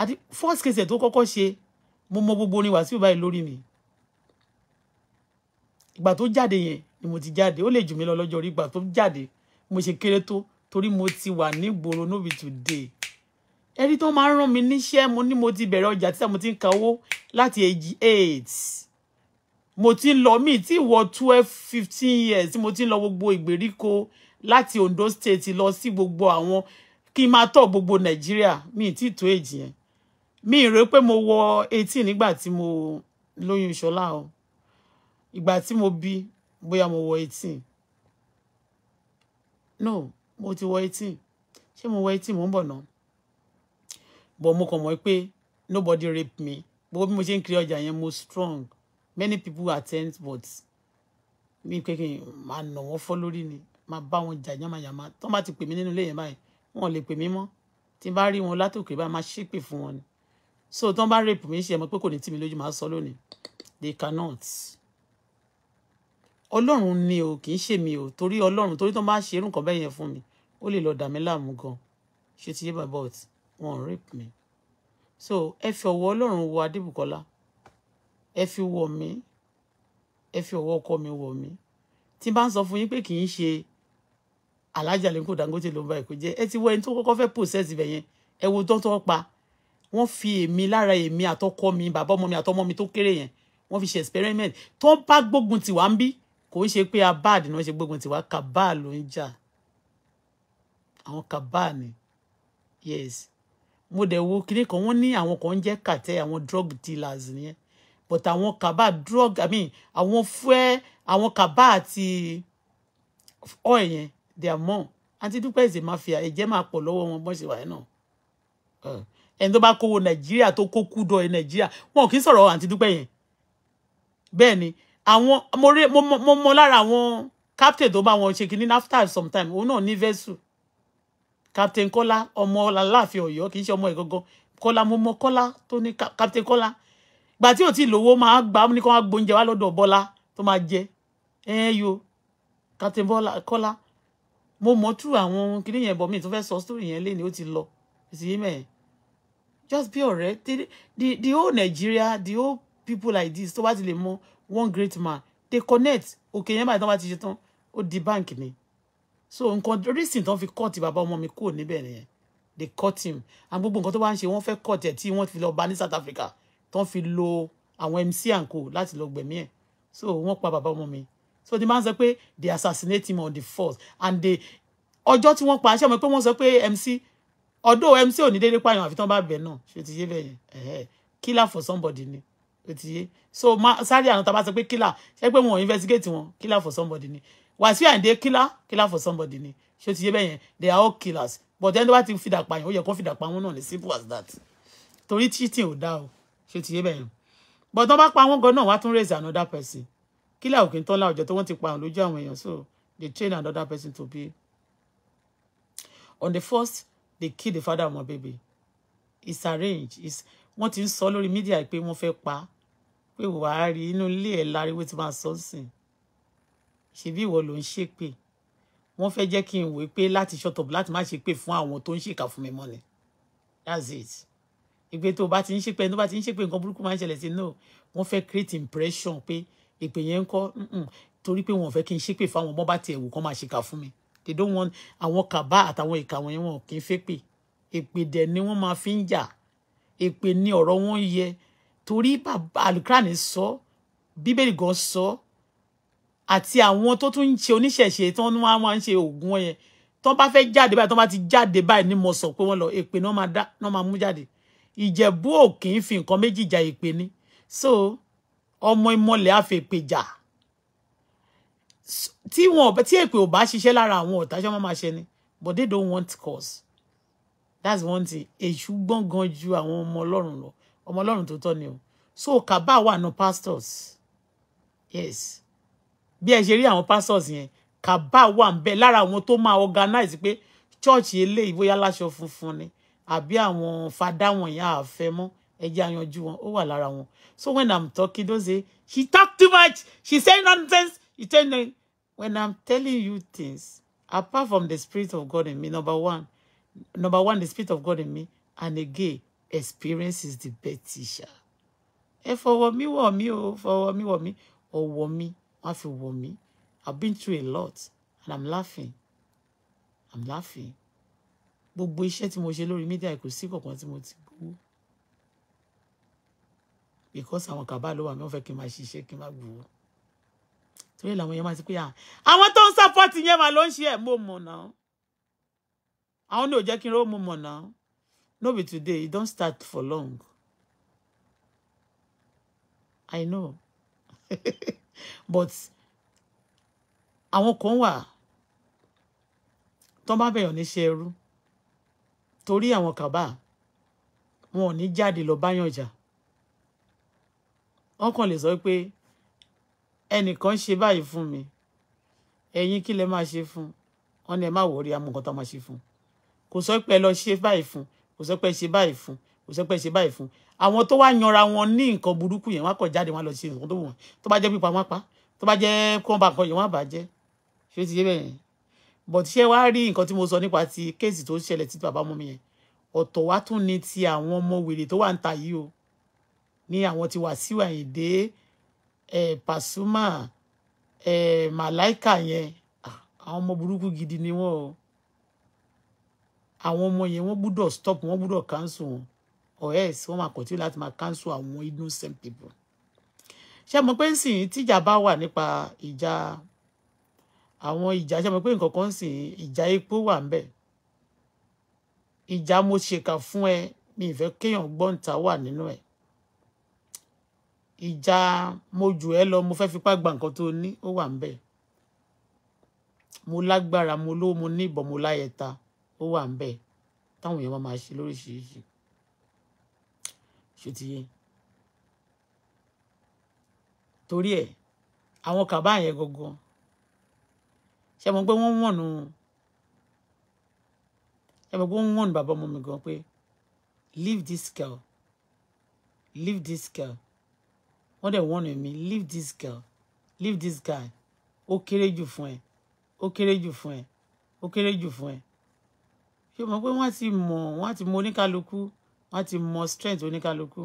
Speaker 1: àti first case ẹ̀ tó kọ́kọ́ ṣe mo mọ gbogbo orin Wàsíù báyìí lórí mi ìgbà tó jáde yẹn ni mo ti jáde ó lè jù mí lọ lọ́jọ́ orí ìgbà tó jáde mo ṣe kéré tó torí mo ti wà ní ìgboro nóbi today ẹni tó máa ń rán mi níṣẹ́ mo ní mo ti bẹ̀rẹ̀ ọjà títà mo ti ń ka owó láti age eight mo ti ń lọ mí tí wọ twelve fifteen years tí mo ti ń lọ gbogbo ìgbèríko láti Ondo state lọ sí gbogbo àwọn kí n máa tọ̀ gbogbo Nàìjíríà mi ì tí tó èjì yẹn mi rò pé mo wọ eighteen nígbà tí mo lóyún Ṣọlá o ìgbà tí mo bí Boya mo wọ eighteen no mo ti wọ eighteen ṣé mo wọ eighteen mo ń bọ̀ náà but mo kàn mọ̀ pé nobody rape me gbogbo bí mo ṣe ń kiri ọjà yẹn mo strong many people attend but mi kékeré máa nà wọ́n fọ́ lórí ni máa bá wọn jà yamayama tó bá ti pè mí nínú ilé yẹn báyìí wọn ò lè pè mí mọ́ tí n bá rí wọn látòkè báyìí máa ṣépè fún wọn ni so tán bá rape mi ṣe mọ̀ pé kò ní tì mí lójú máa sọ lónìí they cannot ọlọ́run ni o kì í ṣe mi o torí ọlọ́run torí tán bá ṣe irú nǹkan bẹ́ẹ̀ yẹn fún mi ó lè lọ dà mí láàmú gan ṣe ti yé bàbá ọ̀tí wọn ò rape mi so ẹ fi ọwọ́ ọlọ́run wo adébùkọ́lá ẹ fi wọ̀ mí ẹ fi ọwọ́ ọkọ mi wọ̀ mí tí n bá ń sọ fún yín pé kì í ṣe alájà lẹ́kọ̀ọ́ dangote ló ń bá ẹ̀kọ́ jẹ́ ẹ ti wọ ẹni tó kọ́kọ́ fẹ́ process ibẹ̀ yẹn ẹ wo tọ́tọ́ pa wọ́n fi èmi lára èmi àtọkọ mi bàbá ọmọ mi àtọmọ mi tó kéré yẹn wọ́n fi ṣe experiment tó ń bá gbógun tiwa ń bí kò ń ṣe pé abad ni wọ́n ṣe gbógun tiwa kabal ló ń jà àwọn kabal ni yes mo dẹ̀ wo kinní kan wọ́n ní àwọn kan ń jẹ́ kàtẹ́ àwọn drug dealers nìyẹn but àwọn kabal drug i mean àwọn fuẹ́ àwọn kabal àti oil yẹn they are more àti dúpẹ́ ìsè máfíà ẹ̀jẹ̀ máa pọ̀ lọ́wọ́ wọn bọ́n ṣe wà yẹn náà ẹni tó bá kówó nàìjíríà tó kó kúdọ̀ ẹ nàìjíríà wọn kì í sọ̀rọ̀ àǹtí dúpẹ́ ni àwọn mo mo mo mo lára àwọn captain tó bá wọn ṣe kínní after some time òun náà ní vessel captain kọ́lá ọmọ aláàfin ọ̀yọ́ kì í ṣe ọmọ ẹ̀ gangan kọ́lá mo mọ kọ́lá tó captain kọ́lá gbà tí ò tí lówó máa gbà ní kó wá gbóúnjẹ wá bola to tó máa jẹ yo captain bola kọ́lá mo mo tú àwọn kini yẹn bọ̀ mí tó fẹ́ sọ story yẹn lé ni ó ti lọ ìsìyí mẹ́rin just be ọ̀rẹ́ the the the whole Nigeria the whole people like this so bá ti more, one great man they connect Okay, yẹn báyìí tó bá ti ṣe tán ó di bank so in reason don't feel caught bàbá ọmọ mi kúrò níbẹ̀ nìyẹn they caught him and gbogbo nǹkan tó bá ń ṣe wọ́n fẹ́ cut ẹ̀ tí wọ́n fi lọ bá South Africa Don't feel low. And àwọn MC and cool. That's look gbẹ̀mí ẹ̀ so wọ́n pa bàbá ọmọ so the man's sọ they assassinate him on the force and they or tí wọ́n pa aṣẹ́ ọmọ pé wọ́n sọ pé MC ọdọ mc ò ní dédé pààyàn àfi tán bá bẹ náà ṣe ti yé bẹyẹn ẹhẹ killer for somebody ni ṣe ti yé so sáré àwọn tàbá sọ pé killer ṣe pé wọn ò investigate wọn killer for somebody ni Wasiu Ayinde killer killer for somebody ni ṣe ti yé bẹyẹn they are all killers but ẹni tó bá ti fìdà pààyàn ó yẹ kó fìdà pa wọn náà ni simple as that torí cheating ò dá o ṣe ti yé bẹyẹn but tán bá pa wọn gan náà wá tún raise another person killer òkè tán láwùjọ tó wọn ti pa àwọn lójú àwọn èèyàn so they train another person to be on the first they kill the father of my baby it's arranged it's wọ́n ti solo sọ I pay pé wọ́n fẹ́ pa pé wàá rí inú ilé ẹ̀ láriwo ti máa sọ sìn ṣebí ìwọ ló ń pay wọ́n fẹ́ jẹ́ kí n wò pé láti shut up láti má ṣépè fún àwọn tó ń ṣèkà fún mi mọ́ that's it If tó talk about in ṣépè tó bá ti ń ṣépè nǹkan burúkú máa ń ṣẹlẹ̀ sí no wọ́n pay create impression pé ìpè yẹn ń kọ́ torí pé wọ́n fẹ́ kí n ṣépè fáwọn ọmọ bá tiẹ̀ wò kán máa ṣèkà fún me they don't want àwọn kàbá àtàwọn ìka wọ̀nyẹn wọn kì í fẹ́ pè èpè dẹ̀ ni wọ́n máa fi ń jà èpè ni ọ̀rọ̀ wọn yẹ torí alukrani sọ bíbélì gan sọ àti àwọn tó tún ń ṣe oníṣẹ̀ṣe tí wọ́n máa ń ṣe oògùn wọn yẹn tó bá fẹ́ jáde báyìí tó bá ti jáde báyìí ni mo sọ pé wọ́n lọ èpè náà máa dá náà máa mú jáde ìjẹ̀bú ò kì í fi nǹkan méjì jà èpè ni so ọmọ ìmọ̀lẹ̀ àfẹ̀pẹ̀jà tí wọn tí èpè ò bá ṣiṣẹ́ lára àwọn ọ̀tá ṣé máa ṣe ni but they don't want cause that's one thing èṣù gbọ̀ngàn ju àwọn ọmọ ọlọ́run lọ ọmọ ọlọ́run tó tọ́ ni o so kaba wà nù pastors yes bí ẹ ṣe rí àwọn pastors yẹn kaba wà ń bẹ lára àwọn tó máa organize pé church eléyìí bóyá láṣọ funfun ni àbí àwọn fada wọn yẹn ẹjẹ àyànjú wọn ó wà lára wọn so when i'm talking don't say she talk too much she say nonsense You tell me, when I'm telling you things, apart from the Spirit of God in me, number one, number one, the Spirit of God in me, and again, experience is the best teacher. ẹ fọwọ́ mi wọ̀ mí o me? mi me? mí ọwọ́ me? I feel wọ̀ me. I've been through a lot and I'm laughing I'm laughing gbogbo iṣẹ́ tí mo ṣe lórí mídíà kò sí kankan tí mo ti gbowó because àwọn kàbá ló wà mí wọ́n fẹ́ kí n máa ṣiṣẹ́ kí torí ẹ̀ làwọn èèyàn máa ti pé à àwọn tó ń sápọ́ọ̀tì yẹn máa ló ń ṣe ẹ̀ mo mọ̀ náà àwọn náà ò jẹ́ kí n ró mo mọ̀ náà no be today e don start for long i know but àwọn kan wà tó bá bẹ̀yàn níṣẹ́ ẹrú torí àwọn kàbá wọn ò ní jáde lọ báyàn jà wọn kàn lè sọ pé ẹnìkan ṣe báyìí fún mi ẹ̀yin kí lẹ máa ṣe fún wọn ni ẹ má wọrí amú nǹkan tó máa ṣe fún kò sọ pé ẹ lọ ṣe báyìí fún kò sọ pé ṣe báyìí fún kò sọ pé ṣe báyìí fún àwọn tó wá yanra wọn ní nǹkan burúkú yẹn wọn kàn jáde wọn lọ ṣe nǹkan tó wù wọn tó bá jẹ́ pípa wọn pa tó bá jẹ́ kí wọn bá nǹkan yẹn wọn bá jẹ ṣé ti yé bẹ́ẹ̀ yẹn ṣé wàá rí nǹkan tí mo sọ nípa ti kéèsì tó ṣẹlẹ̀ tí bàbá mú mi yẹn ọ̀tọ̀ wá tún ni ti àwọn ọmọ wèrè tó wà ń ta yìí o ní àwọn ti Wàsíù Àyìndé eh, Pasuma eh, Malaika yẹn àwọn ọmọ burúkú gidi ni wọ́n o àwọn ọmọ yẹn wọ́n gbúdọ̀ stop wọ́n gbúdọ̀ cancel wọn or else wọ́n máa continue láti máa cancel àwọn innocent people ṣé mo pé nsìn tíjà bá wà nípa ìjà àwọn ìjà ṣé mo pé nǹkan kan nsìn ìjà epo wà ńbẹ̀ ìjà mo ṣèkà fún ẹ mi ìfẹ́ kéèyàn gbọ́ǹta wà nínú ẹ̀ ìjà mo jù ẹ́ lọ mo fẹ́ fipá gba nǹkan tó ní ó wà ńbẹ̀ mo lágbára mo lówó mo ní ìbọn mo láyẹta ó wà ńbẹ̀ táwọn èèyàn máa ṣe lóríṣiríṣi ṣe ti torí ẹ̀ àwọn kàbá yẹn gangan ṣe mọ̀ pé wọ́n wọ̀nù ṣe mọ̀ pé wọ́n wọ̀nù bàbá ọmọ mi gan pé leave this girl leave this girl wọ́n dẹ̀ wọ́n mi leave this girl leave this guy ó kéré jù fún ẹ ó kéré jù fún ẹ ó kéré jù fún ẹ ṣé o mọ̀ pé wọ́n ti mọ̀ wọ́n ti mọ̀ oníkálukú wọ́n ti mọ̀ strength oníkálukú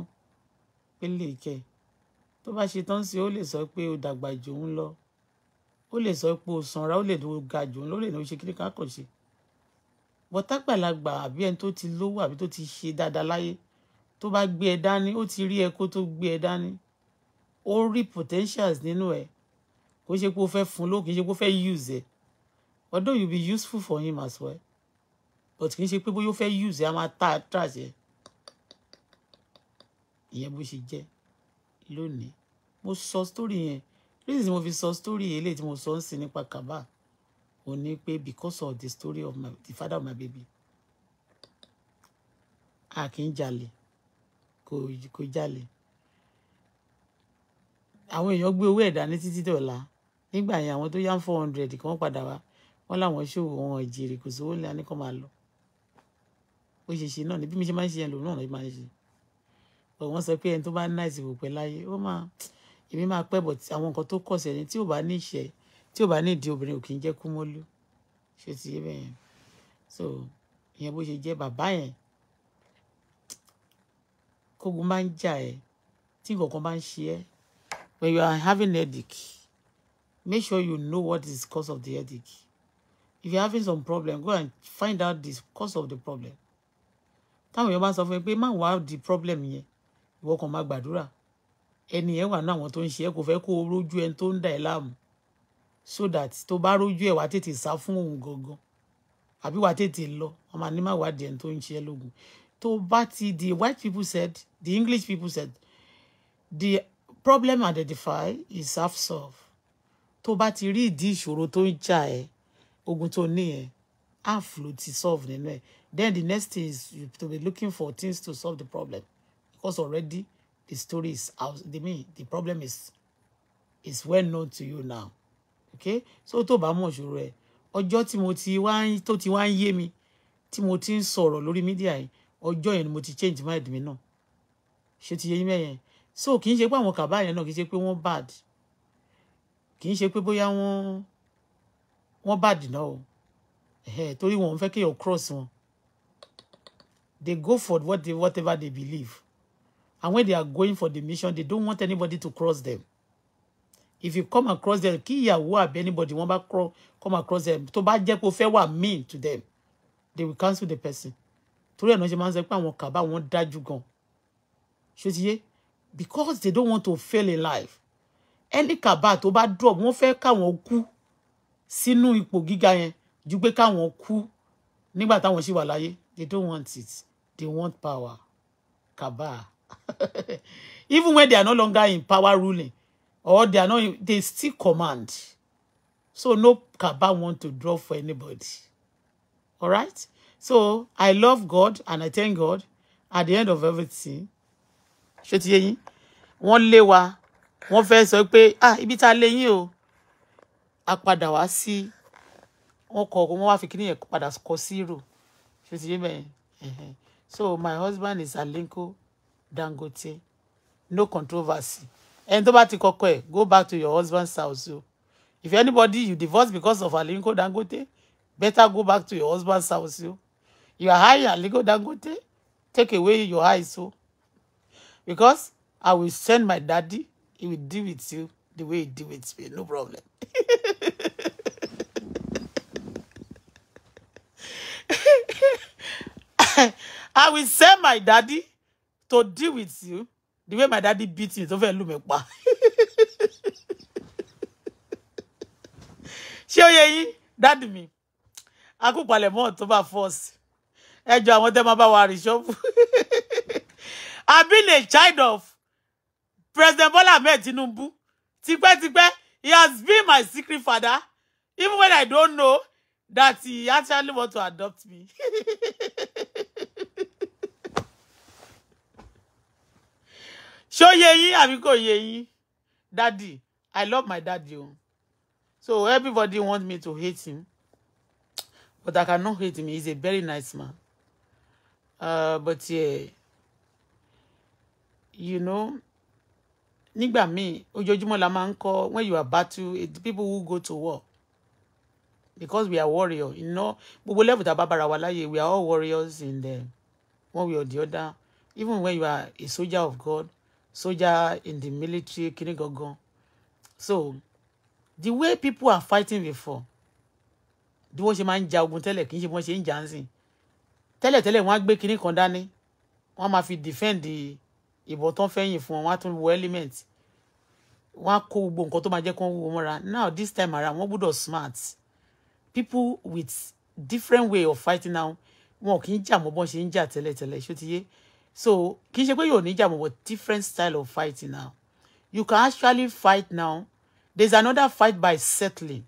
Speaker 1: pé lè kẹ́ tó bá ṣe tán sí ó lè so pé o dàgbà jù ń lọ ó lè sọ pé o sanra ó lè tó ga jù ń lọ ó lè ní o ṣe kíríkà kàn ṣe bọ́tàgbàlagbà àbí ẹni tó ti lówó àbí tó ti ṣe dáadáa láyé tó bá gbé ẹ dání ó ti rí ẹ kó tó gbé ẹ dání ó rí potentials nínú ẹ kò ṣe pé ó fẹ́ fún lóògùn kì í ṣe pé ó fẹ́ use ẹ although you be useful for him as well but kì í ṣe pé bóyá ó fẹ́ use ẹ a máa ta trash ẹ ìyẹn bó ṣe jẹ́ lónìí mo sọ story yẹn reason mo fi sọ story eléyìí tí mo sọ ń sin nípa kaba ò ní pé because of the story of my the father of my baby a kì í jalè kò kò jalè àwọn èèyàn gbé owó ẹ̀ dání títí dọ̀la nígbà yẹn àwọn tó yá four hundred kan padà wá wọn làwọn ṣòwò wọn jèrè kò sówó ńlá ní kó máa lọ ó ṣe ṣe náà ni bí mi ṣe máa ń ṣe yẹn lòun náà ló máa ń ṣe but wọn sọ pé ẹni tó bá ní àìsàn òpè láyé ó máa èmi máa pẹ́ bọ̀ àwọn nǹkan tó kọ̀ sẹ́ni tí ò bá ní ìṣẹ́ tí ò bá ní ìdí obìnrin ò kì í jẹ́ kú mọ́lú ṣe ti yé bẹ́ẹ̀ so ìyẹn bó ṣe jẹ́ bàbá yẹn kógun máa ń jà ẹ́ tí nǹkan kan bá ń ṣe ẹ́ when you are having headache, make sure you know what is cause of the headache. If you're having some problem, go and find out the cause of the problem. Táwọn èèyàn bá sọ fún ẹ What the problem yẹn, Walk on máa gbàdúrà. Ẹni yẹn wà ní àwọn tó ń ṣe é kò fẹ́ kó o rójú So that to bá rójú ẹ̀ wá tètè sá fún òun gangan. Àbí wá tètè lọ, ọmọ àní má wá di ẹni tó ń the white people said, the English people said, the problem identify is half solved. tó bá ti rí ìdí ìṣòro tó ń jà ẹ́ ogun tó ní ẹ half ló ti solve nínú ẹ then the next thing is you to be looking for things to solve the problem because already the story is out the mean the problem is is well known to you now okay so tó bá mọ̀ ìṣòro ẹ ọjọ́ tí mo ti wá tó ti wá ń yé mi tí mo ti ń sọ̀rọ̀ lórí mídíà yìí ọjọ́ yẹn ni mo ti change mind mi náà ṣé ti yé yín mẹ́yẹn so kì í ṣe pé àwọn kàbá yẹn náà kì í ṣe pé wọ́n bad kì í ṣe pé bóyá wọ́n wọ́n bad náà o torí wọn ò fẹ́ kéèyàn cross wọn they go for what they, whatever they believe and when they are going for the mission they don't want anybody to cross them if you come across them kí ìyàwó àbí anybody wọn bá come across them tó bá jẹ́ pé o fẹ́ wà mean to them they will cancel the person torí ẹ̀ náà ṣe máa ń sọ pé àwọn kàbá wọn dájú gan ṣó ti yé because they don't want to fail in life Any kaba to bá drop wọ́n fẹ́ káwọn ku. Sinu ipò gíga yẹn ju pé káwọn kú nígbà táwọn ṣì wà láyé they don't want it they want power kaba. even when they are no longer in power ruling or they are not they still command so no kaba want to drop for anybody all right so I love God and I thank God at the end of everything ṣé ti yé yín wọ́n lé wa wọ́n fẹ́ sọ pé ah ibi tá a lé yín o a padà wá sí wọ́n kọ wọ́n wá fi kíní yẹn padà kọ zero ṣé ti yé mẹ́yìn so my husband is Alinko Dangote no controversy ẹni tó bá ti kọkọ ẹ go back to your husband's house o if anybody you divorce because of Alinko Dangote better go back to your husband's house o you are high Alinko Dangote take away your eyes o. So because I will send my daddy. He will deal with you the way he deal with me. No problem. I will send my daddy to deal with you the way my daddy beat me. Tó fẹ́ lù mí daddy me, ó yé yín? Dádì mi. Akúpalẹ̀ mọ́ tó bá fọ́ọ̀sì. Ẹ jọ àwọn tẹ́ I've been a child of President Bola Ahmed Tinubu. tipe, tipẹ́, he has been my secret father, even when I don't know that he actually want to adopt me. Ṣó ye, yín àbí kò yé yín? Daddy, I love my daddy So everybody wants me to hate him. But I cannot hate him. He's a very nice man. Uh, but yeah you know nígbà míì ojoojúmọ́ la máa ń kọ́ when you are battle the people who go to war because we are warrior you know gbogbo level tá a bá bára wa láyé we are all warriors in the one way or the other even when you are a soldier of God soldier in the military kini gangan so the way people are fighting before bí wọ́n ṣe máa ń ja ogun tẹ́lẹ̀ kì í ṣe bí wọ́n ṣe ń jà ń sìn tẹ́lẹ̀tẹ́lẹ̀ wọ́n á gbé kinní kan dání wọ́n á máa fi defend the ìbọn tán fẹ́yìn fún wọn wọ́n á tún wọ element wọ́n á kó gbogbo nǹkan tó máa jẹ́ kó wọ́n wọ mọ́ra now this time around wọ́n gbọ́dọ̀ smart people with different way of fighting now wọn kì í jà mọ́ bọ́n ṣe ń jà tẹ́lẹ̀tẹ́lẹ̀ ṣó ti yé so kì í ṣe pé yóò ní jà mọ́ but different style of fighting now you can actually fight now there is another fight by settling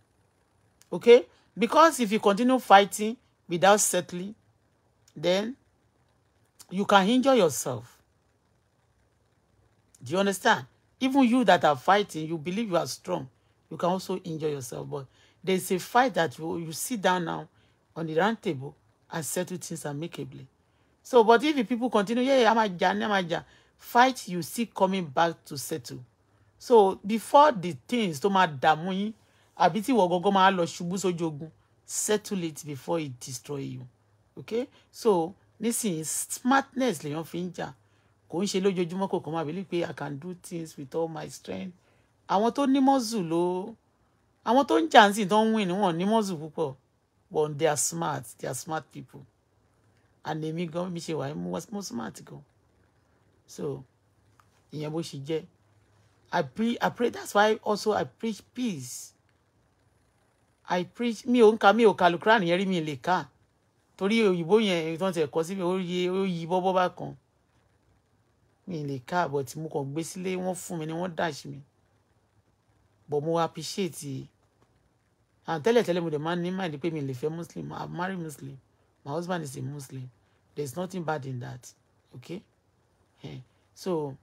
Speaker 1: okay because if you continue fighting without settling then you can injure yourself Do you understand? Even you that are fighting, you believe you are strong. You can also injure yourself. But there's a fight that you, you sit down now on the round table and settle things amicably. So, but if the people continue, yeah, yeah, a amaja, fight, you see coming back to settle. So, before the things to máa dààmú abiti wogogoma tí shubu gọ́gọ́ settle it before it destroy you. Okay? So, this is smartness lèèyàn fi kò ń ṣe lójoojúmọ́ kò kàn máa believe pé i can do things with all my strength àwọn tó ní mọ́zù ló àwọn tó ń jà ń sìn tó ń wìn níwọ̀n ní mọ́zù púpọ̀ but they are smart they are smart people and èmi gan mi ṣe wà mo smart gan so ìyẹn bó ṣe jẹ́ i pray i pray that's why also i preach peace i preach mi ò ń ka mi ò ka lukran yẹn rí mi lè kà torí òyìnbó yẹn tó ń tẹ̀ kọ́ sí mi ó yí bọ́bọ́ bá kan mi lè káàbọ̀ tí mo kàn gbé sílé wọ́n fún mi ni wọ́n dàṣì mi but mo appreciate and tẹ́lẹ̀tẹ́lẹ̀ mo dẹ̀ máa ní mind pé mi lè fẹ́ muslim i marry muslim my husband is a muslim there is nothing bad in that okay yeah. so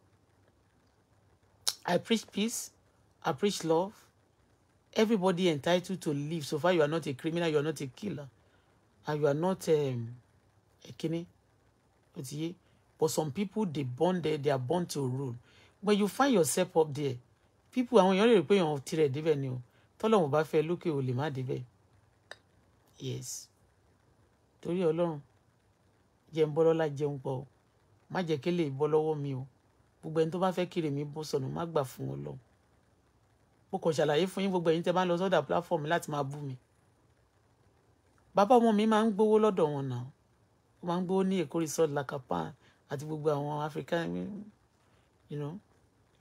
Speaker 1: i preach peace i preach love everybody entitled to live so far you are not a criminal you are not a killer and you are not um, a kinní ó ti but some people they born there they are born to rule when you find yourself up there people are only lè on pé èèyàn tirẹ̀ débẹ̀ ni o tọ́lọ́run bá fẹ́ lókè o lè má débẹ̀ yes torí ọlọ́run jẹun bọ́lọ́lá jẹun pọ̀ o má jẹ́ kí lè bọ́ lọ́wọ́ mi o gbogbo ẹni tó bá fẹ́ kiri mi bó sọnù má gbà fún wọn mo kàn ṣàlàyé fún yín gbogbo ẹ̀yin tẹ́ bá ń lọ sọ́dà platform láti máa bú mi bàbá ọmọ mi máa ń gbowó lọ́dọ̀ wọn náà ó máa ń gbowó ní Èkó resort lakapan àti gbogbo àwọn African you know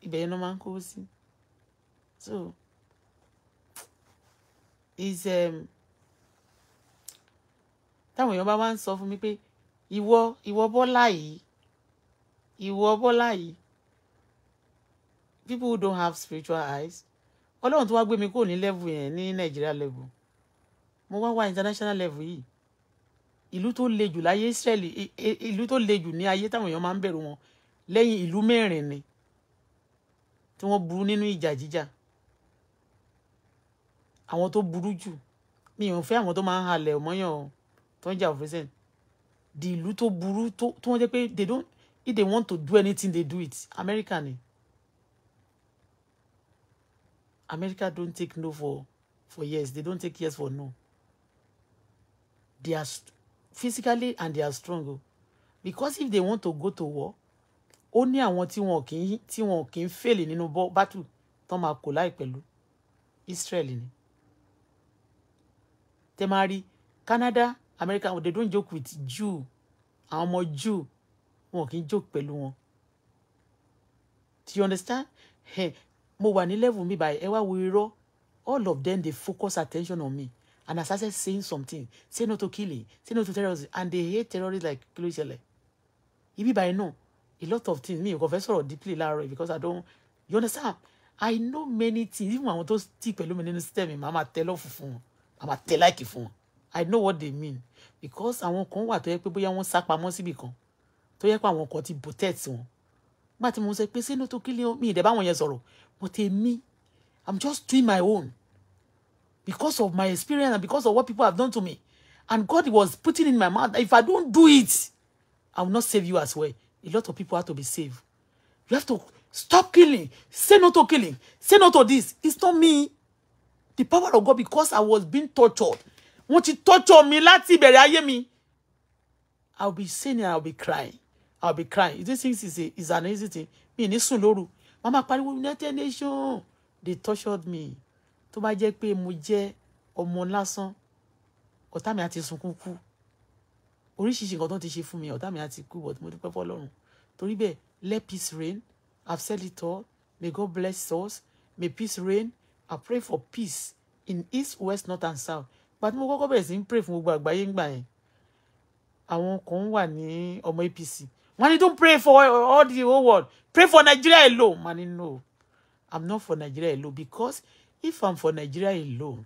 Speaker 1: ibẹ̀ yẹn ló máa ń kó sí so is um, táwọn èèyàn bá wá ń sọ fún mi pé ìwọ ìwọ Bọ́lá yìí ìwọ Bọ́lá yìí people who don't have spiritual eyes ọlọ́run tó wá gbé mi kúrò ní level yẹn ní Nàìjíríà level mo wá wá international level yìí ìlú tó le jù láyé Ísírẹ́lì ìlú tó le jù ní ayé táwọn èèyàn máa ń bẹ̀rù wọn lẹ́yìn ìlú mẹ́rin ni tí wọ́n burú nínú ìjà jíjà àwọn tó burú jù mi ò fẹ́ àwọn tó máa ń halẹ̀ ọmọyàn o tó ń jà òfésẹ̀ di ìlú tó burú tó wọ́n jẹ́ pé they don't if they want to do anything they do it America ni America don't take no for for yes they don't take yes for no they are physically and they are strong because if they want to go to war ó ní àwọn tí wọn kì í tí wọn kì í fail nínú battle tán máa kò láì pẹ̀lú Israel ni tẹ máa rí Canada America they don't joke with Jew àwọn ọmọ Jew wọn kì í joke pẹ̀lú wọn do you understand mo wà ní level mi báyìí ẹ wá wo irọ́ all of them dey focus attention on me and I started saying something say no to killing say no to terrorism and they hate terrorists like kí ló you ibi báyìí náà a lot of things me kò fẹ́ deeply láàárọ̀ because I don't you understand I know many things even when tó stick pẹ̀lú mi nínú system mi màá ma tẹ lọ́ọ̀fù fún wọn màá ma tẹ láìkì fún wọn I know what they mean because I won't wà tó yẹ pé bóyá wọ́n sá pamọ́ síbì kan tó yẹ pé àwọn kan ti protect wọn nígbà tí mo sọ pé sínú tó kí ni mi ìdẹ́bà wọn yẹn sọ̀rọ̀ but me, I'm just doing my own because of my experience and because of what people have done to me. And God was putting in my mouth, if I don't do it, I will not save you as well. A lot of people have to be saved. You have to stop killing. Say no to killing. Say no to this. It's not me. The power of God because I was being tortured. Wọ́n ti torture mi lati ìbẹ̀rẹ̀ ayé mi. I'll be saying I'll be crying. I'll be crying. You think is, a, is an easy thing? Me ní sùn lóru. Màmá pariwo United Nations. They tortured me tó bá jẹ́ pé mo jẹ́ ọmọ lásán ọ̀tá mi àti sunkún kú oríṣiríṣi nǹkan tó ti ṣe fún mi ọ̀tá mi àti kú but mo dúpẹ́ fọ́lọ́run torí bẹ́ẹ̀ let peace reign I've said it all may God bless us may peace reign I pray for peace in east west north and south gbàtí mo kọ́kọ́ bẹ̀rẹ̀ sí ń pray fún gbogbo àgbáyé ńgbà yẹn àwọn kan wà ní ọmọ APC wọ́n ní don't pray for all the whole world pray for Nigeria alone mani no I'm not for Nigeria alone because if I'm for Nigeria alone,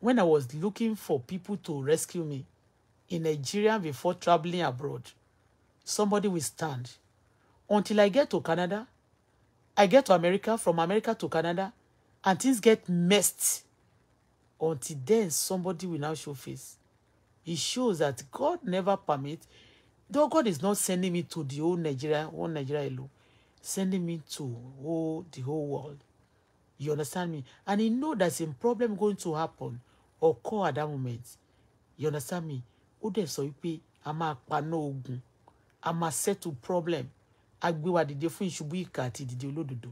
Speaker 1: when I was looking for people to rescue me in Nigeria before traveling abroad, somebody will stand. Until I get to Canada, I get to America, from America to Canada, and things get messed. Until then, somebody will now show face. It shows that God never permit. though God is not sending me to the whole Nigeria, whole Nigeria alone, sending me to whole, the whole world. You understand me? And he know there's a problem going to happen or call at that moment. You understand me? Ó dẹ̀ sọ wípé a máa paná ogun, a máa settle problem, a gbé wa dìde fún ìṣubú ìkà àti ìdìde olódodo.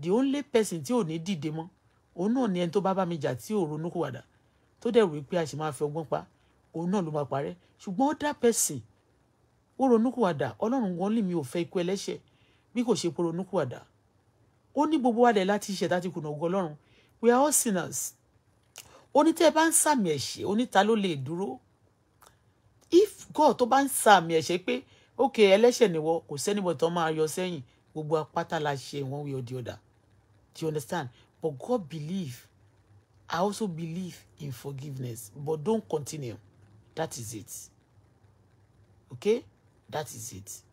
Speaker 1: The only person tí ò ní dìde mọ́, òun náà ni ẹni tó bá bá mi jà tí ò ronú kó wàdà. Tó dẹ̀ wí pé a sì máa fi ọgbọ́n pa, òun náà ló máa parẹ́. Ṣùgbọ́n other person, ó ronú kó wàdà, Ọlọ́run wọn lè mi ò fẹ́ ikú ẹlẹ́ṣẹ̀ bí kò ṣe pé ronú ó ní gbogbo wa dẹ̀ láti ṣẹ̀dá ti kùnà ògo ọlọ́run we are all sinners ó ní tẹ́ ẹ bá ń sàmì ẹ̀ṣẹ̀ ó ní ta ló lè dúró if God tó bá ń sàmì ẹ̀ṣẹ̀ pé ok ẹlẹ́ṣẹ̀ nìwọ kò sẹ́nìbọ̀ tán máa yọ sẹ́yìn gbogbo apáta la ṣe one way or the do you understand but God believe I also believe in forgiveness but don't continue that is it okay that is it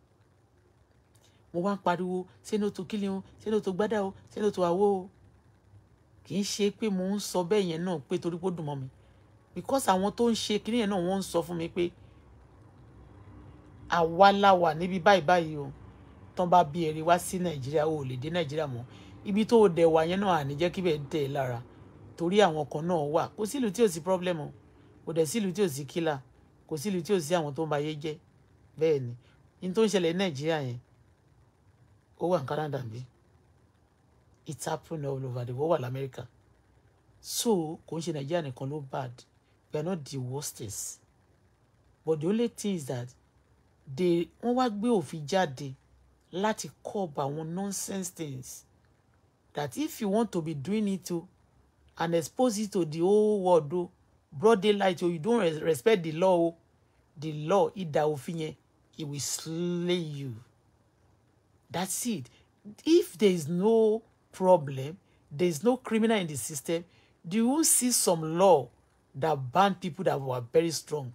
Speaker 1: mo wá ń pariwo Senato kílí o Senato gbádà o Senato àwo o kì í ṣe pé mo ń sọ bẹ́ẹ̀ yẹn náà pé torí pé ó dùn mọ́ mi because àwọn tó ń ṣe kíní yẹn náà wọ́n ń sọ fún mi pé àwa la wà níbi báyìí báyìí o tán bá bí ẹ̀rí wá sí Nàìjíríà o ò lè dé Nàìjíríà mọ́ ibi tó o dẹ̀ wà yẹn náà àní kí bẹ́ẹ̀ tẹ̀ lára torí àwọn kan náà wà kò sílùú tí ò sí problem o kò dẹ̀ sílùú tí ò sí kílà kò sílùú tí ò sí àwọn tó ń ba ayé jẹ́ bẹ́ẹ̀ ni ní tó ń ṣẹlẹ̀ ní Nàìjíríà yẹn wà ní Canada bí it's happening all over the world wà lamẹ́ríkà so kò ń ṣe nàìjíríà nìkan ló bad we are not the worstest but the only thing is that they wọ́n wá gbé òfin jáde láti curb àwọn nonsense things that if you want to be doing it o and expose it to the whole world o broad daylight o you don't respect the law o the law ìdá òfin yẹn it will slay you. That's it. If there is no problem, there is no criminal in the system, Do you see some law that ban people that were very strong.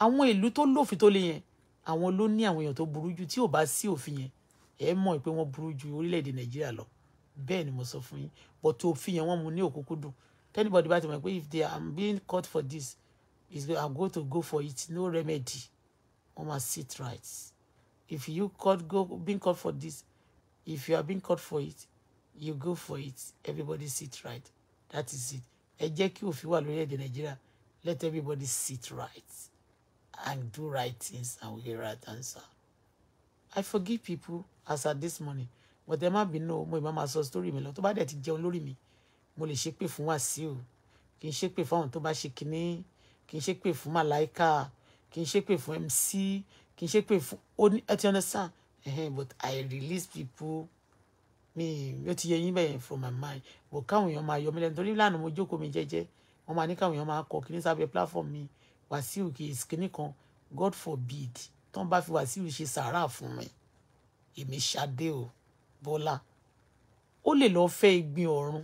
Speaker 1: Àwọn ìlú tó lófin tó lé yẹn, àwọn ló ní àwọn èèyàn tó burú jù tí ò bá sí òfin yẹn. Ẹ mọ̀ pé wọ́n burú ju orílẹ̀-èdè Nàìjíríà lọ. Bẹ́ẹ̀ ni mo sọ fún yín. But òfin yẹn wọ́n mu ní òkúkúdùn. Anybody bá ti mọ̀ pé if they are being caught for this, is I'm going to go for it, no remedy. Wọ́n máa sit right if you caught go being caught for this if you are being caught for it you go for it everybody sit right that is it ẹ jẹ́ kí òfin wà lórílẹ̀‐èdè nàìjíríà let everybody sit right and do right things and we get right answer i forgive people as at this morning but there má be no ìbá máa sọ story mi lọ tó that dẹ̀ ti jẹun shake mi mo lè ṣépè fún Wàsíù kì í ṣépè fún àwọn tó shake ṣe kinní kì like ṣépè fún màláìka kì í ṣépè MC kì í ṣe pé ẹ ti understand but I release people mi ó ti yẹ bẹ́ẹ̀ from my mind but káwọn èèyàn máa yọ mí lẹ́nu torí lánàá mo jókòó mi jẹ́jẹ́ wọ́n máa ní káwọn èèyàn máa kọ kíní sábẹ́ platform mi Wàsíù kì í kíní kan God forbid tán bá fi Wàsíù ṣe sàárà fún mi èmi Ṣadé o Bọ́lá ó lè lọ fẹ́ igbin ọ̀run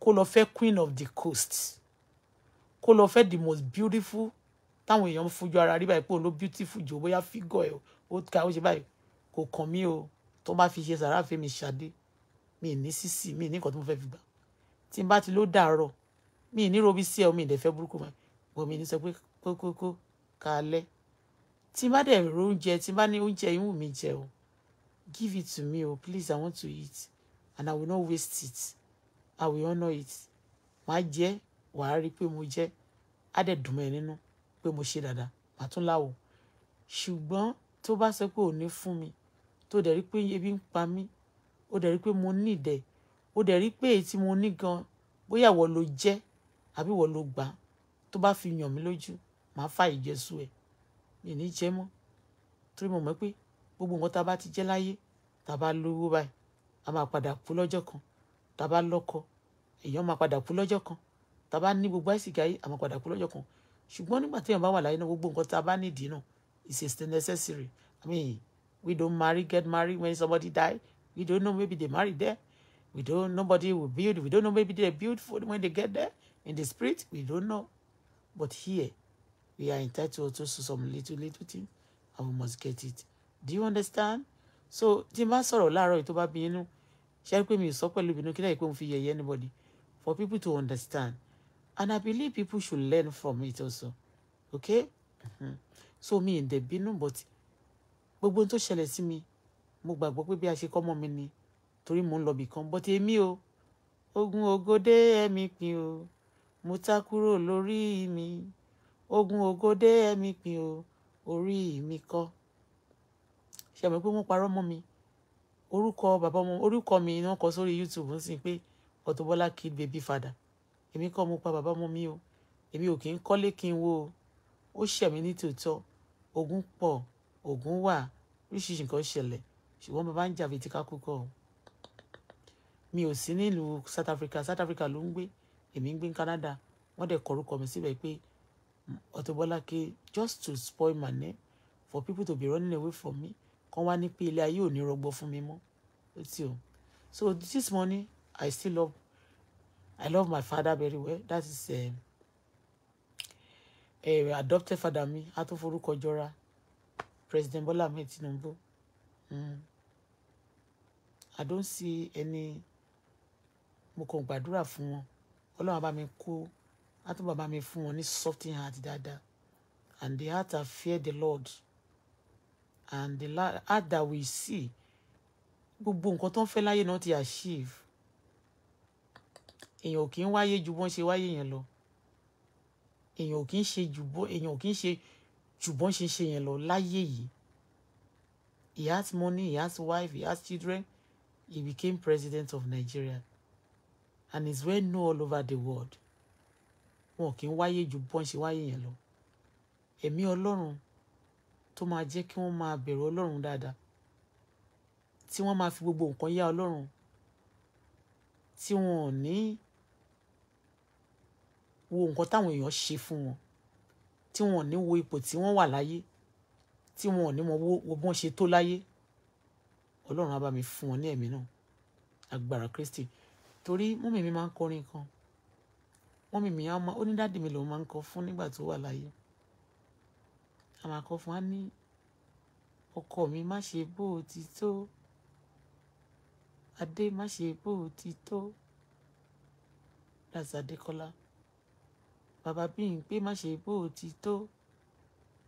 Speaker 1: kó lọ fẹ́ queen of the coast kó lọ fẹ́ the most beautiful táwọn èèyàn ń fojú ara rí báyìí pé òun ló beautiful jù bóyá fígọ̀ ẹ̀ ó ka ó ṣe báyìí kò kàn mí o tó bá fi ṣe sàrà fẹ́ mi ṣàdé mi ní sísì mi ní nǹkan tó mo fẹ́ fi gbà tí n bá ti ló dàárọ̀ mi ní robi sí ẹ mi ìdẹ̀fẹ́ burúkú mọ́ ẹ̀ mi ní sọ pé kókókó kalẹ́ tí n bá dẹ̀ ro oúnjẹ tí n bá ní oúnjẹ yín wù jẹ o give it to me o please I want to eat and I will not waste it I will honour it màá jẹ wàá rí i pé mo jẹ á dẹ̀ dùn mọ́ ẹ nínú. No? pé mo ṣe dáadáa màá tún láwo ṣùgbọ́n tó bá sọ pé ò ní fún mi tó dẹ̀ rí pé ebi ń pa mí ó dẹ̀ rí pé mo ní ìdẹ̀ ó dẹ̀ rí pé èyí tí mo ní gan bóyá wọ́n ló jẹ́ àbí wọ́n ló gbà tó bá fi yàn mí lójú màá fà ìjẹsù ẹ̀ mi ní jẹ́ mọ́ torí mo mọ̀ pé gbogbo nǹkan tá a bá ti jẹ́ láyé tá a bá lówó báyìí a máa padà kú lọ́jọ́ kan tá a bá lọ́kọ èèyàn máa padà kú lọ́jọ́ kan tá a bá ní gbogbo àìsíkà yìí a máa padà kú lọ́jọ́ kan ṣùgbọ́n nígbà téèyàn bá wà láyé náà gbogbo nǹkan tá a bá nídìí náà it's a necessary i mean we don't marry get married when somebody die we don't know maybe they marry there we don't nobody will build we don't know maybe they build for when they get there in the spirit we don't know but here we are entitled to some little little thing and we must get it do you understand so tí n bá sọ̀rọ̀ láàárọ̀ yìí tó bá bí inú ṣé pé mi ò sọ pẹ̀lú ìbínú kí lẹ́yìn pé mo fi yẹ̀yẹ́ anybody for people to understand and i believe people should learn from it also okay mm-hmm. so me in the binu, but gbogbo ohun tó ṣẹlẹ̀ sí mi mo gbàgbọ́ pé bí a ṣe kọ́ mọ́ mi ni torí mo ń lọ bìkan but èmi o ogun ògodé ẹ̀mí pin o mo ta kúrò lórí mi ogun ògodé ẹ̀mí pin o orí mi kọ́ ṣe mọ̀ pé wọ́n parọ́ mọ́ mi orúkọ bàbá ọmọ orúkọ mi ni wọ́n kọ sórí youtube ń sìn pé Auto kid baby father èmi kọ́ mo pa bàbá ọmọ mi o èmi ò kì í kọ́lé kí n wo o ó ṣẹ̀mí ní tòótọ́ ogun pọ̀ ogun wà oríṣiríṣi nǹkan ṣẹlẹ̀ ṣùgbọ́n bàbá ń jà fìtíkà kúkọ́ o mi ò sí nílùú South Africa South Africa ló ń gbé èmi ń gbé ní Canada wọ́n dẹ̀ kọrúkọ mi síbẹ̀ pé Ọ̀tọ̀bọ́láké just to spoil my name for people to be running away from me kàn wá ní pé ilé ayé ò ní rọgbọ fún mi mọ́ ó ti so this morning I still love I love my father very well. That is uh, uh, adopted father me. A tún forúkọ President Bola Ahmed Tinubu. Mm. I don't see any. Mo kàn gbàdúrà fún wọn. Ọlọ́run bá mi kó. A tún bàbá mi fún heart dada. And the heart that fear the Lord. And the heart that we see. bubu nǹkan tó ń fẹ́ láyé achieve èèyàn ò kí ń wáyé ju bọ́n ṣe wáyé yẹn lọ èèyàn ò kí ń ṣe ju bọ́n èèyàn ò kí ń ṣe ju bọ́n ṣe ṣe yẹn lọ láyé yìí he has money he has wife he has children he became president of Nigeria and is well known all over the world wọn kì í wáyé ju bọ́n ṣe wáyé yẹn lọ ẹ̀mí ọlọ́run tó máa jẹ́ kí wọ́n máa bẹ̀rù ọlọ́run dáadáa tí wọ́n máa fi gbogbo nǹkan yá ọlọ́run tí wọn ò ní wo nǹkan táwọn èèyàn ṣe fún wọn tí wọn ò ní wo ipò tí wọ́n wà láyé tí wọn ò ní mọ wo bọ́n ṣe tó láyé ọlọ́run á bá mi fún wọn ní ẹ̀mí náà agbára Kristi torí mọ́mì mi máa ń kọrin kan mọ́mì mi á máa ó ní dáàdì mi lòun máa ń kọ fún nígbà tó wà láyé a máa kọ fún wa ní ọkọ mi má ṣe bó o ti tó adé má ṣe bó o ti tó that's Adékọ́lá bàbá Bímpé má ṣe bó o ti tó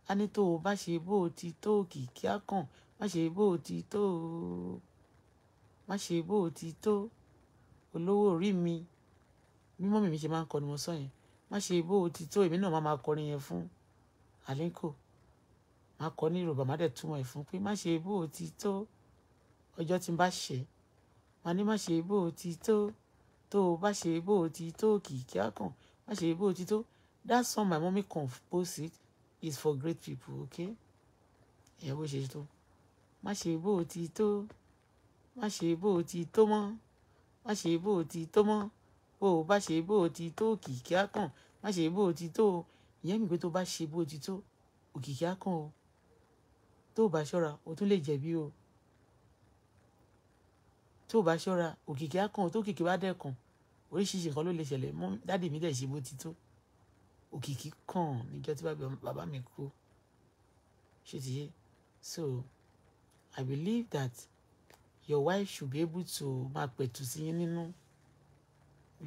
Speaker 1: a ní tó o bá ṣe bó o ti tó kìkì á kàn má ṣe bó o ti tó má ṣe bó o ti tó olówó orí mi bí mọ́mì mi ṣe máa ń kọ ni mo sọ yẹn má ṣe bó o ti tó èmi náà máa máa kọrin yẹn fún àlínkò má kọ ní yorùbá má dẹ̀ túmọ̀ ẹ̀ fún pé má ṣe bó o ti tó ọjọ́ tí n bá ṣe má ní má ṣe bó o ti tó tó o bá ṣe bó o ti tó kìkì á kàn má ṣe bó o ti tó that song my mommy composed it is for great people okay Yeah, bó ṣe tó má ṣe bó o ti tó má ṣe bo o ti tó mọ́ má ṣe bó o ti tó mọ́ bó o bá ṣe bó o ti tó òkìkí á kàn má ṣe bó o ti tó o ìyẹn mi pé tó bá ṣe bó ti tó òkìkí á kàn o tó o bá ṣọ́ra o tún lè jẹ̀bi o tó o bá ṣọ́ra òkìkí á o tó òkìkí bá dẹ̀ kàn oríṣiríṣi nǹkan ló lè ṣẹlẹ̀ mọ́ dáàdì mi dẹ̀ ṣe bó ti tó òkìkí kàn níjọ́ tí bàbá mi kú ṣe ti yé so i believe that your wife should be able to máa pẹ̀tù sí yín nínú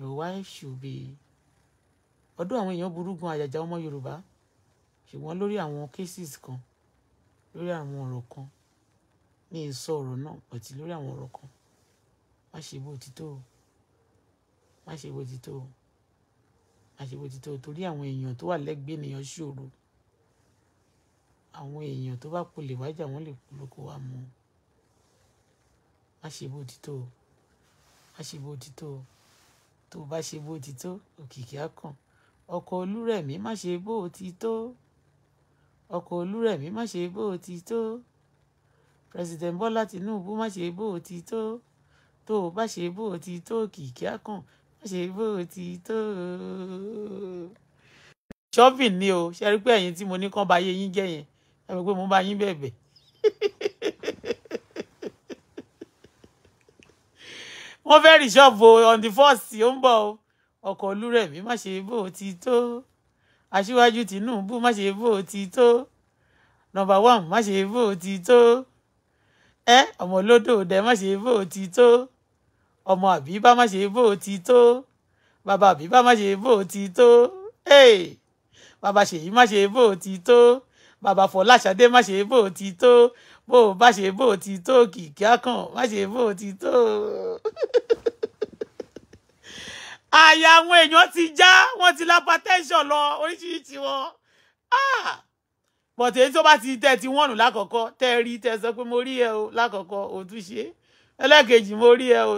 Speaker 1: your wife should be ọdún àwọn èèyàn burú gan àjàjà ọmọ yorùbá ṣùgbọ́n lórí àwọn cases kan lórí àwọn ọ̀rọ̀ kan ní ìsọ ọ̀rọ̀ náà pẹ̀tì lórí àwọn ọ̀rọ̀ kan má ṣe bó ti tó má ṣe bó ti tó o àṣìwò títọ́ torí àwọn èèyàn tó wà lẹ́gbẹ̀ẹ́ ènìyàn ṣòro àwọn èèyàn tó bá polè wájà wọ́n lè polóko wa mú má ṣe bó ti tó má ṣe bó ti bá ṣe bó òkìkí á kàn olúrẹ̀mí má ṣe bó ti tó ọkọ olúrẹ̀mí má ṣe bó ti tó president Bọ́lá Tinubu má ṣe bó ti tó tó bá ṣe bó ti tó òkìkí á ṣe bó ti tó shopping ni o ṣe rí pé ẹ̀yin tí mo ní kán bá yé yín jẹ́ yẹn ẹ mọ̀ pé mo bá yín bẹ̀bẹ̀ wọ́n fẹ́ rí ṣọ́ọ̀bù on the first ó ń bọ̀ o ọkọ̀ olúrẹ̀mí má ṣe bó ti tó aṣíwájú Tinubu má ṣe bó ti tó nọ́mbà one má ṣe bó ti tó ẹ ọmọ dẹ má ṣe bó ti tó ọmọ àbí bá má ṣe bó ti tó bàbá àbí bá má ṣe bó ti tó bàbá ṣèyí má ṣe bó ti tó bàbá fọláṣadé má ṣe bó ti tó bó bá ṣe bó ti tó kìkì akàn má ṣe bó ti tó. àyà àwọn èèyàn ti já wọn ti lápá tẹ́sán lọ oríṣiríṣi wọn ah! bọ̀tẹ̀ tó bá ti tẹ́ ti wọ́n nù lákọ̀ọ́kọ́ tẹ́ rí tẹ́ sọ pé mo rí ẹ o lákọ̀ọ́kọ́ òtúnṣe ẹlẹ́ẹ̀kejì mo rí ẹ o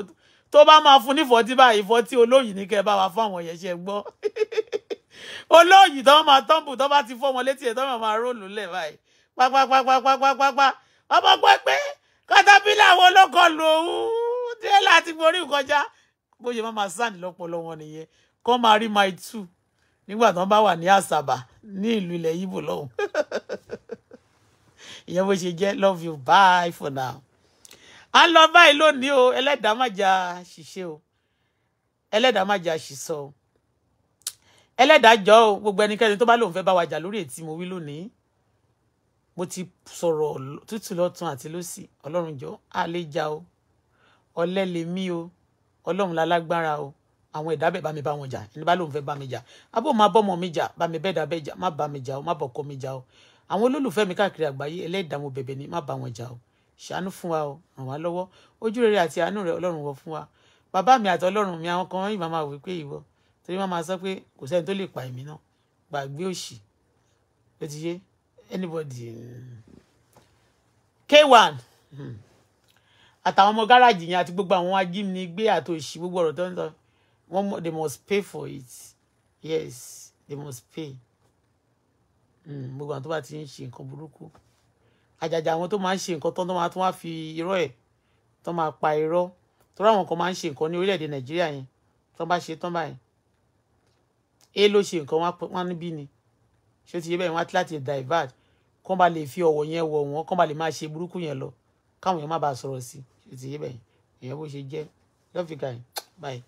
Speaker 1: tó bá máa fún ní ìfọ́tí báyìí ìfọ́tí olóyìn ní kẹ́ ẹ bá wa fún àwọn yẹn ṣe gbọ́ olóyìn tó máa tọ́ǹbù tó bá ti fọ́ ọmọ létí ẹ̀ tó máa róòlù lẹ̀ báyìí pápápápápápápá ọmọ pẹ́pẹ́ kọ́tàbílà wo ló kọ lù ú dé láti borí kọjá bó ṣe máa sáàní lọ́pọ̀lọ́ wọn nìyẹn kọ́ máa rí my two nígbà tó ń bá wà ní àṣàbà ní ìlú ilẹ̀ yíbo lọ́hùn ìyẹn bó ṣe jẹ́ love you bye for now à ń lọ báyìí lónìí o ẹlẹ́dàá má jà ṣìṣe o ẹlẹ́dàá má jà o ẹlẹ́dàá jọ o gbogbo ẹnikẹ́ni tó bá lóun fẹ́ bá wa jà lórí ètí mo wí lónìí mo ti sọ̀rọ̀ tútù lọ́tún àti lọ́sì ọlọ́run jọ á o ọ̀lẹ lè mí o ọlọ́run lálágbára o àwọn ẹ̀dá bẹ̀ bá mi bá wọn jà ẹni bá lóun fẹ́ bá mi jà abó máa bọ́mọ mi jà bá mi bẹ́ẹ̀dá bẹ́ẹ̀ jà má bá mi jà o má bọ̀kọ mi jà o àwọn olólùfẹ́ mi káàkiri àgbáyé ẹlẹ́dàá mo bẹ̀bẹ̀ ni má bá wọn jà o ṣàánú fún wa o ràn wá lọ́wọ́ ojú rere àti àánú rẹ ọlọ́run wọ fún wa bàbá mi àti ọlọ́run mi àwọn kan ìmọ̀ máa wí pé ìwọ torí máa sọ pé kò sẹ́ni tó lè pa èmi náà gbàgbé òṣì ó ti yé anybody k1 àtàwọn ọmọ gáràjì yẹn àti gbogbo àwọn ajínigbé àti òṣì gbogbo ọ̀rọ̀ tó ń sọ wọ́n they must pay for it yes they must pay hmm, gbogbo àwọn tó bá ti ń ṣe nǹkan burúkú àjàjà àwọn tó máa ń ṣe nǹkan tán tó máa tún wá fi irọ́ ẹ̀ tó máa pa irọ́ tó ráwọn kan máa ń ṣe nǹkan ní orílẹ̀-èdè nàìjíríà yẹn tó bá ṣe tán báyìí é ló ṣe nǹkan wọn níbí ni ṣé ti yé bẹ́ẹ̀ wọ́n á ti láti divert kán bá lè fi ọ̀wọ̀ yẹn wọ̀ wọ́n kán bá lè máa ṣe burúkú yẹn lọ káwọn yẹn má bàa sọ̀rọ̀ sí ṣé ti yé bẹ́ẹ̀ ìyẹn bó ṣe jẹ́ lọ́fíìkà yìí báyìí.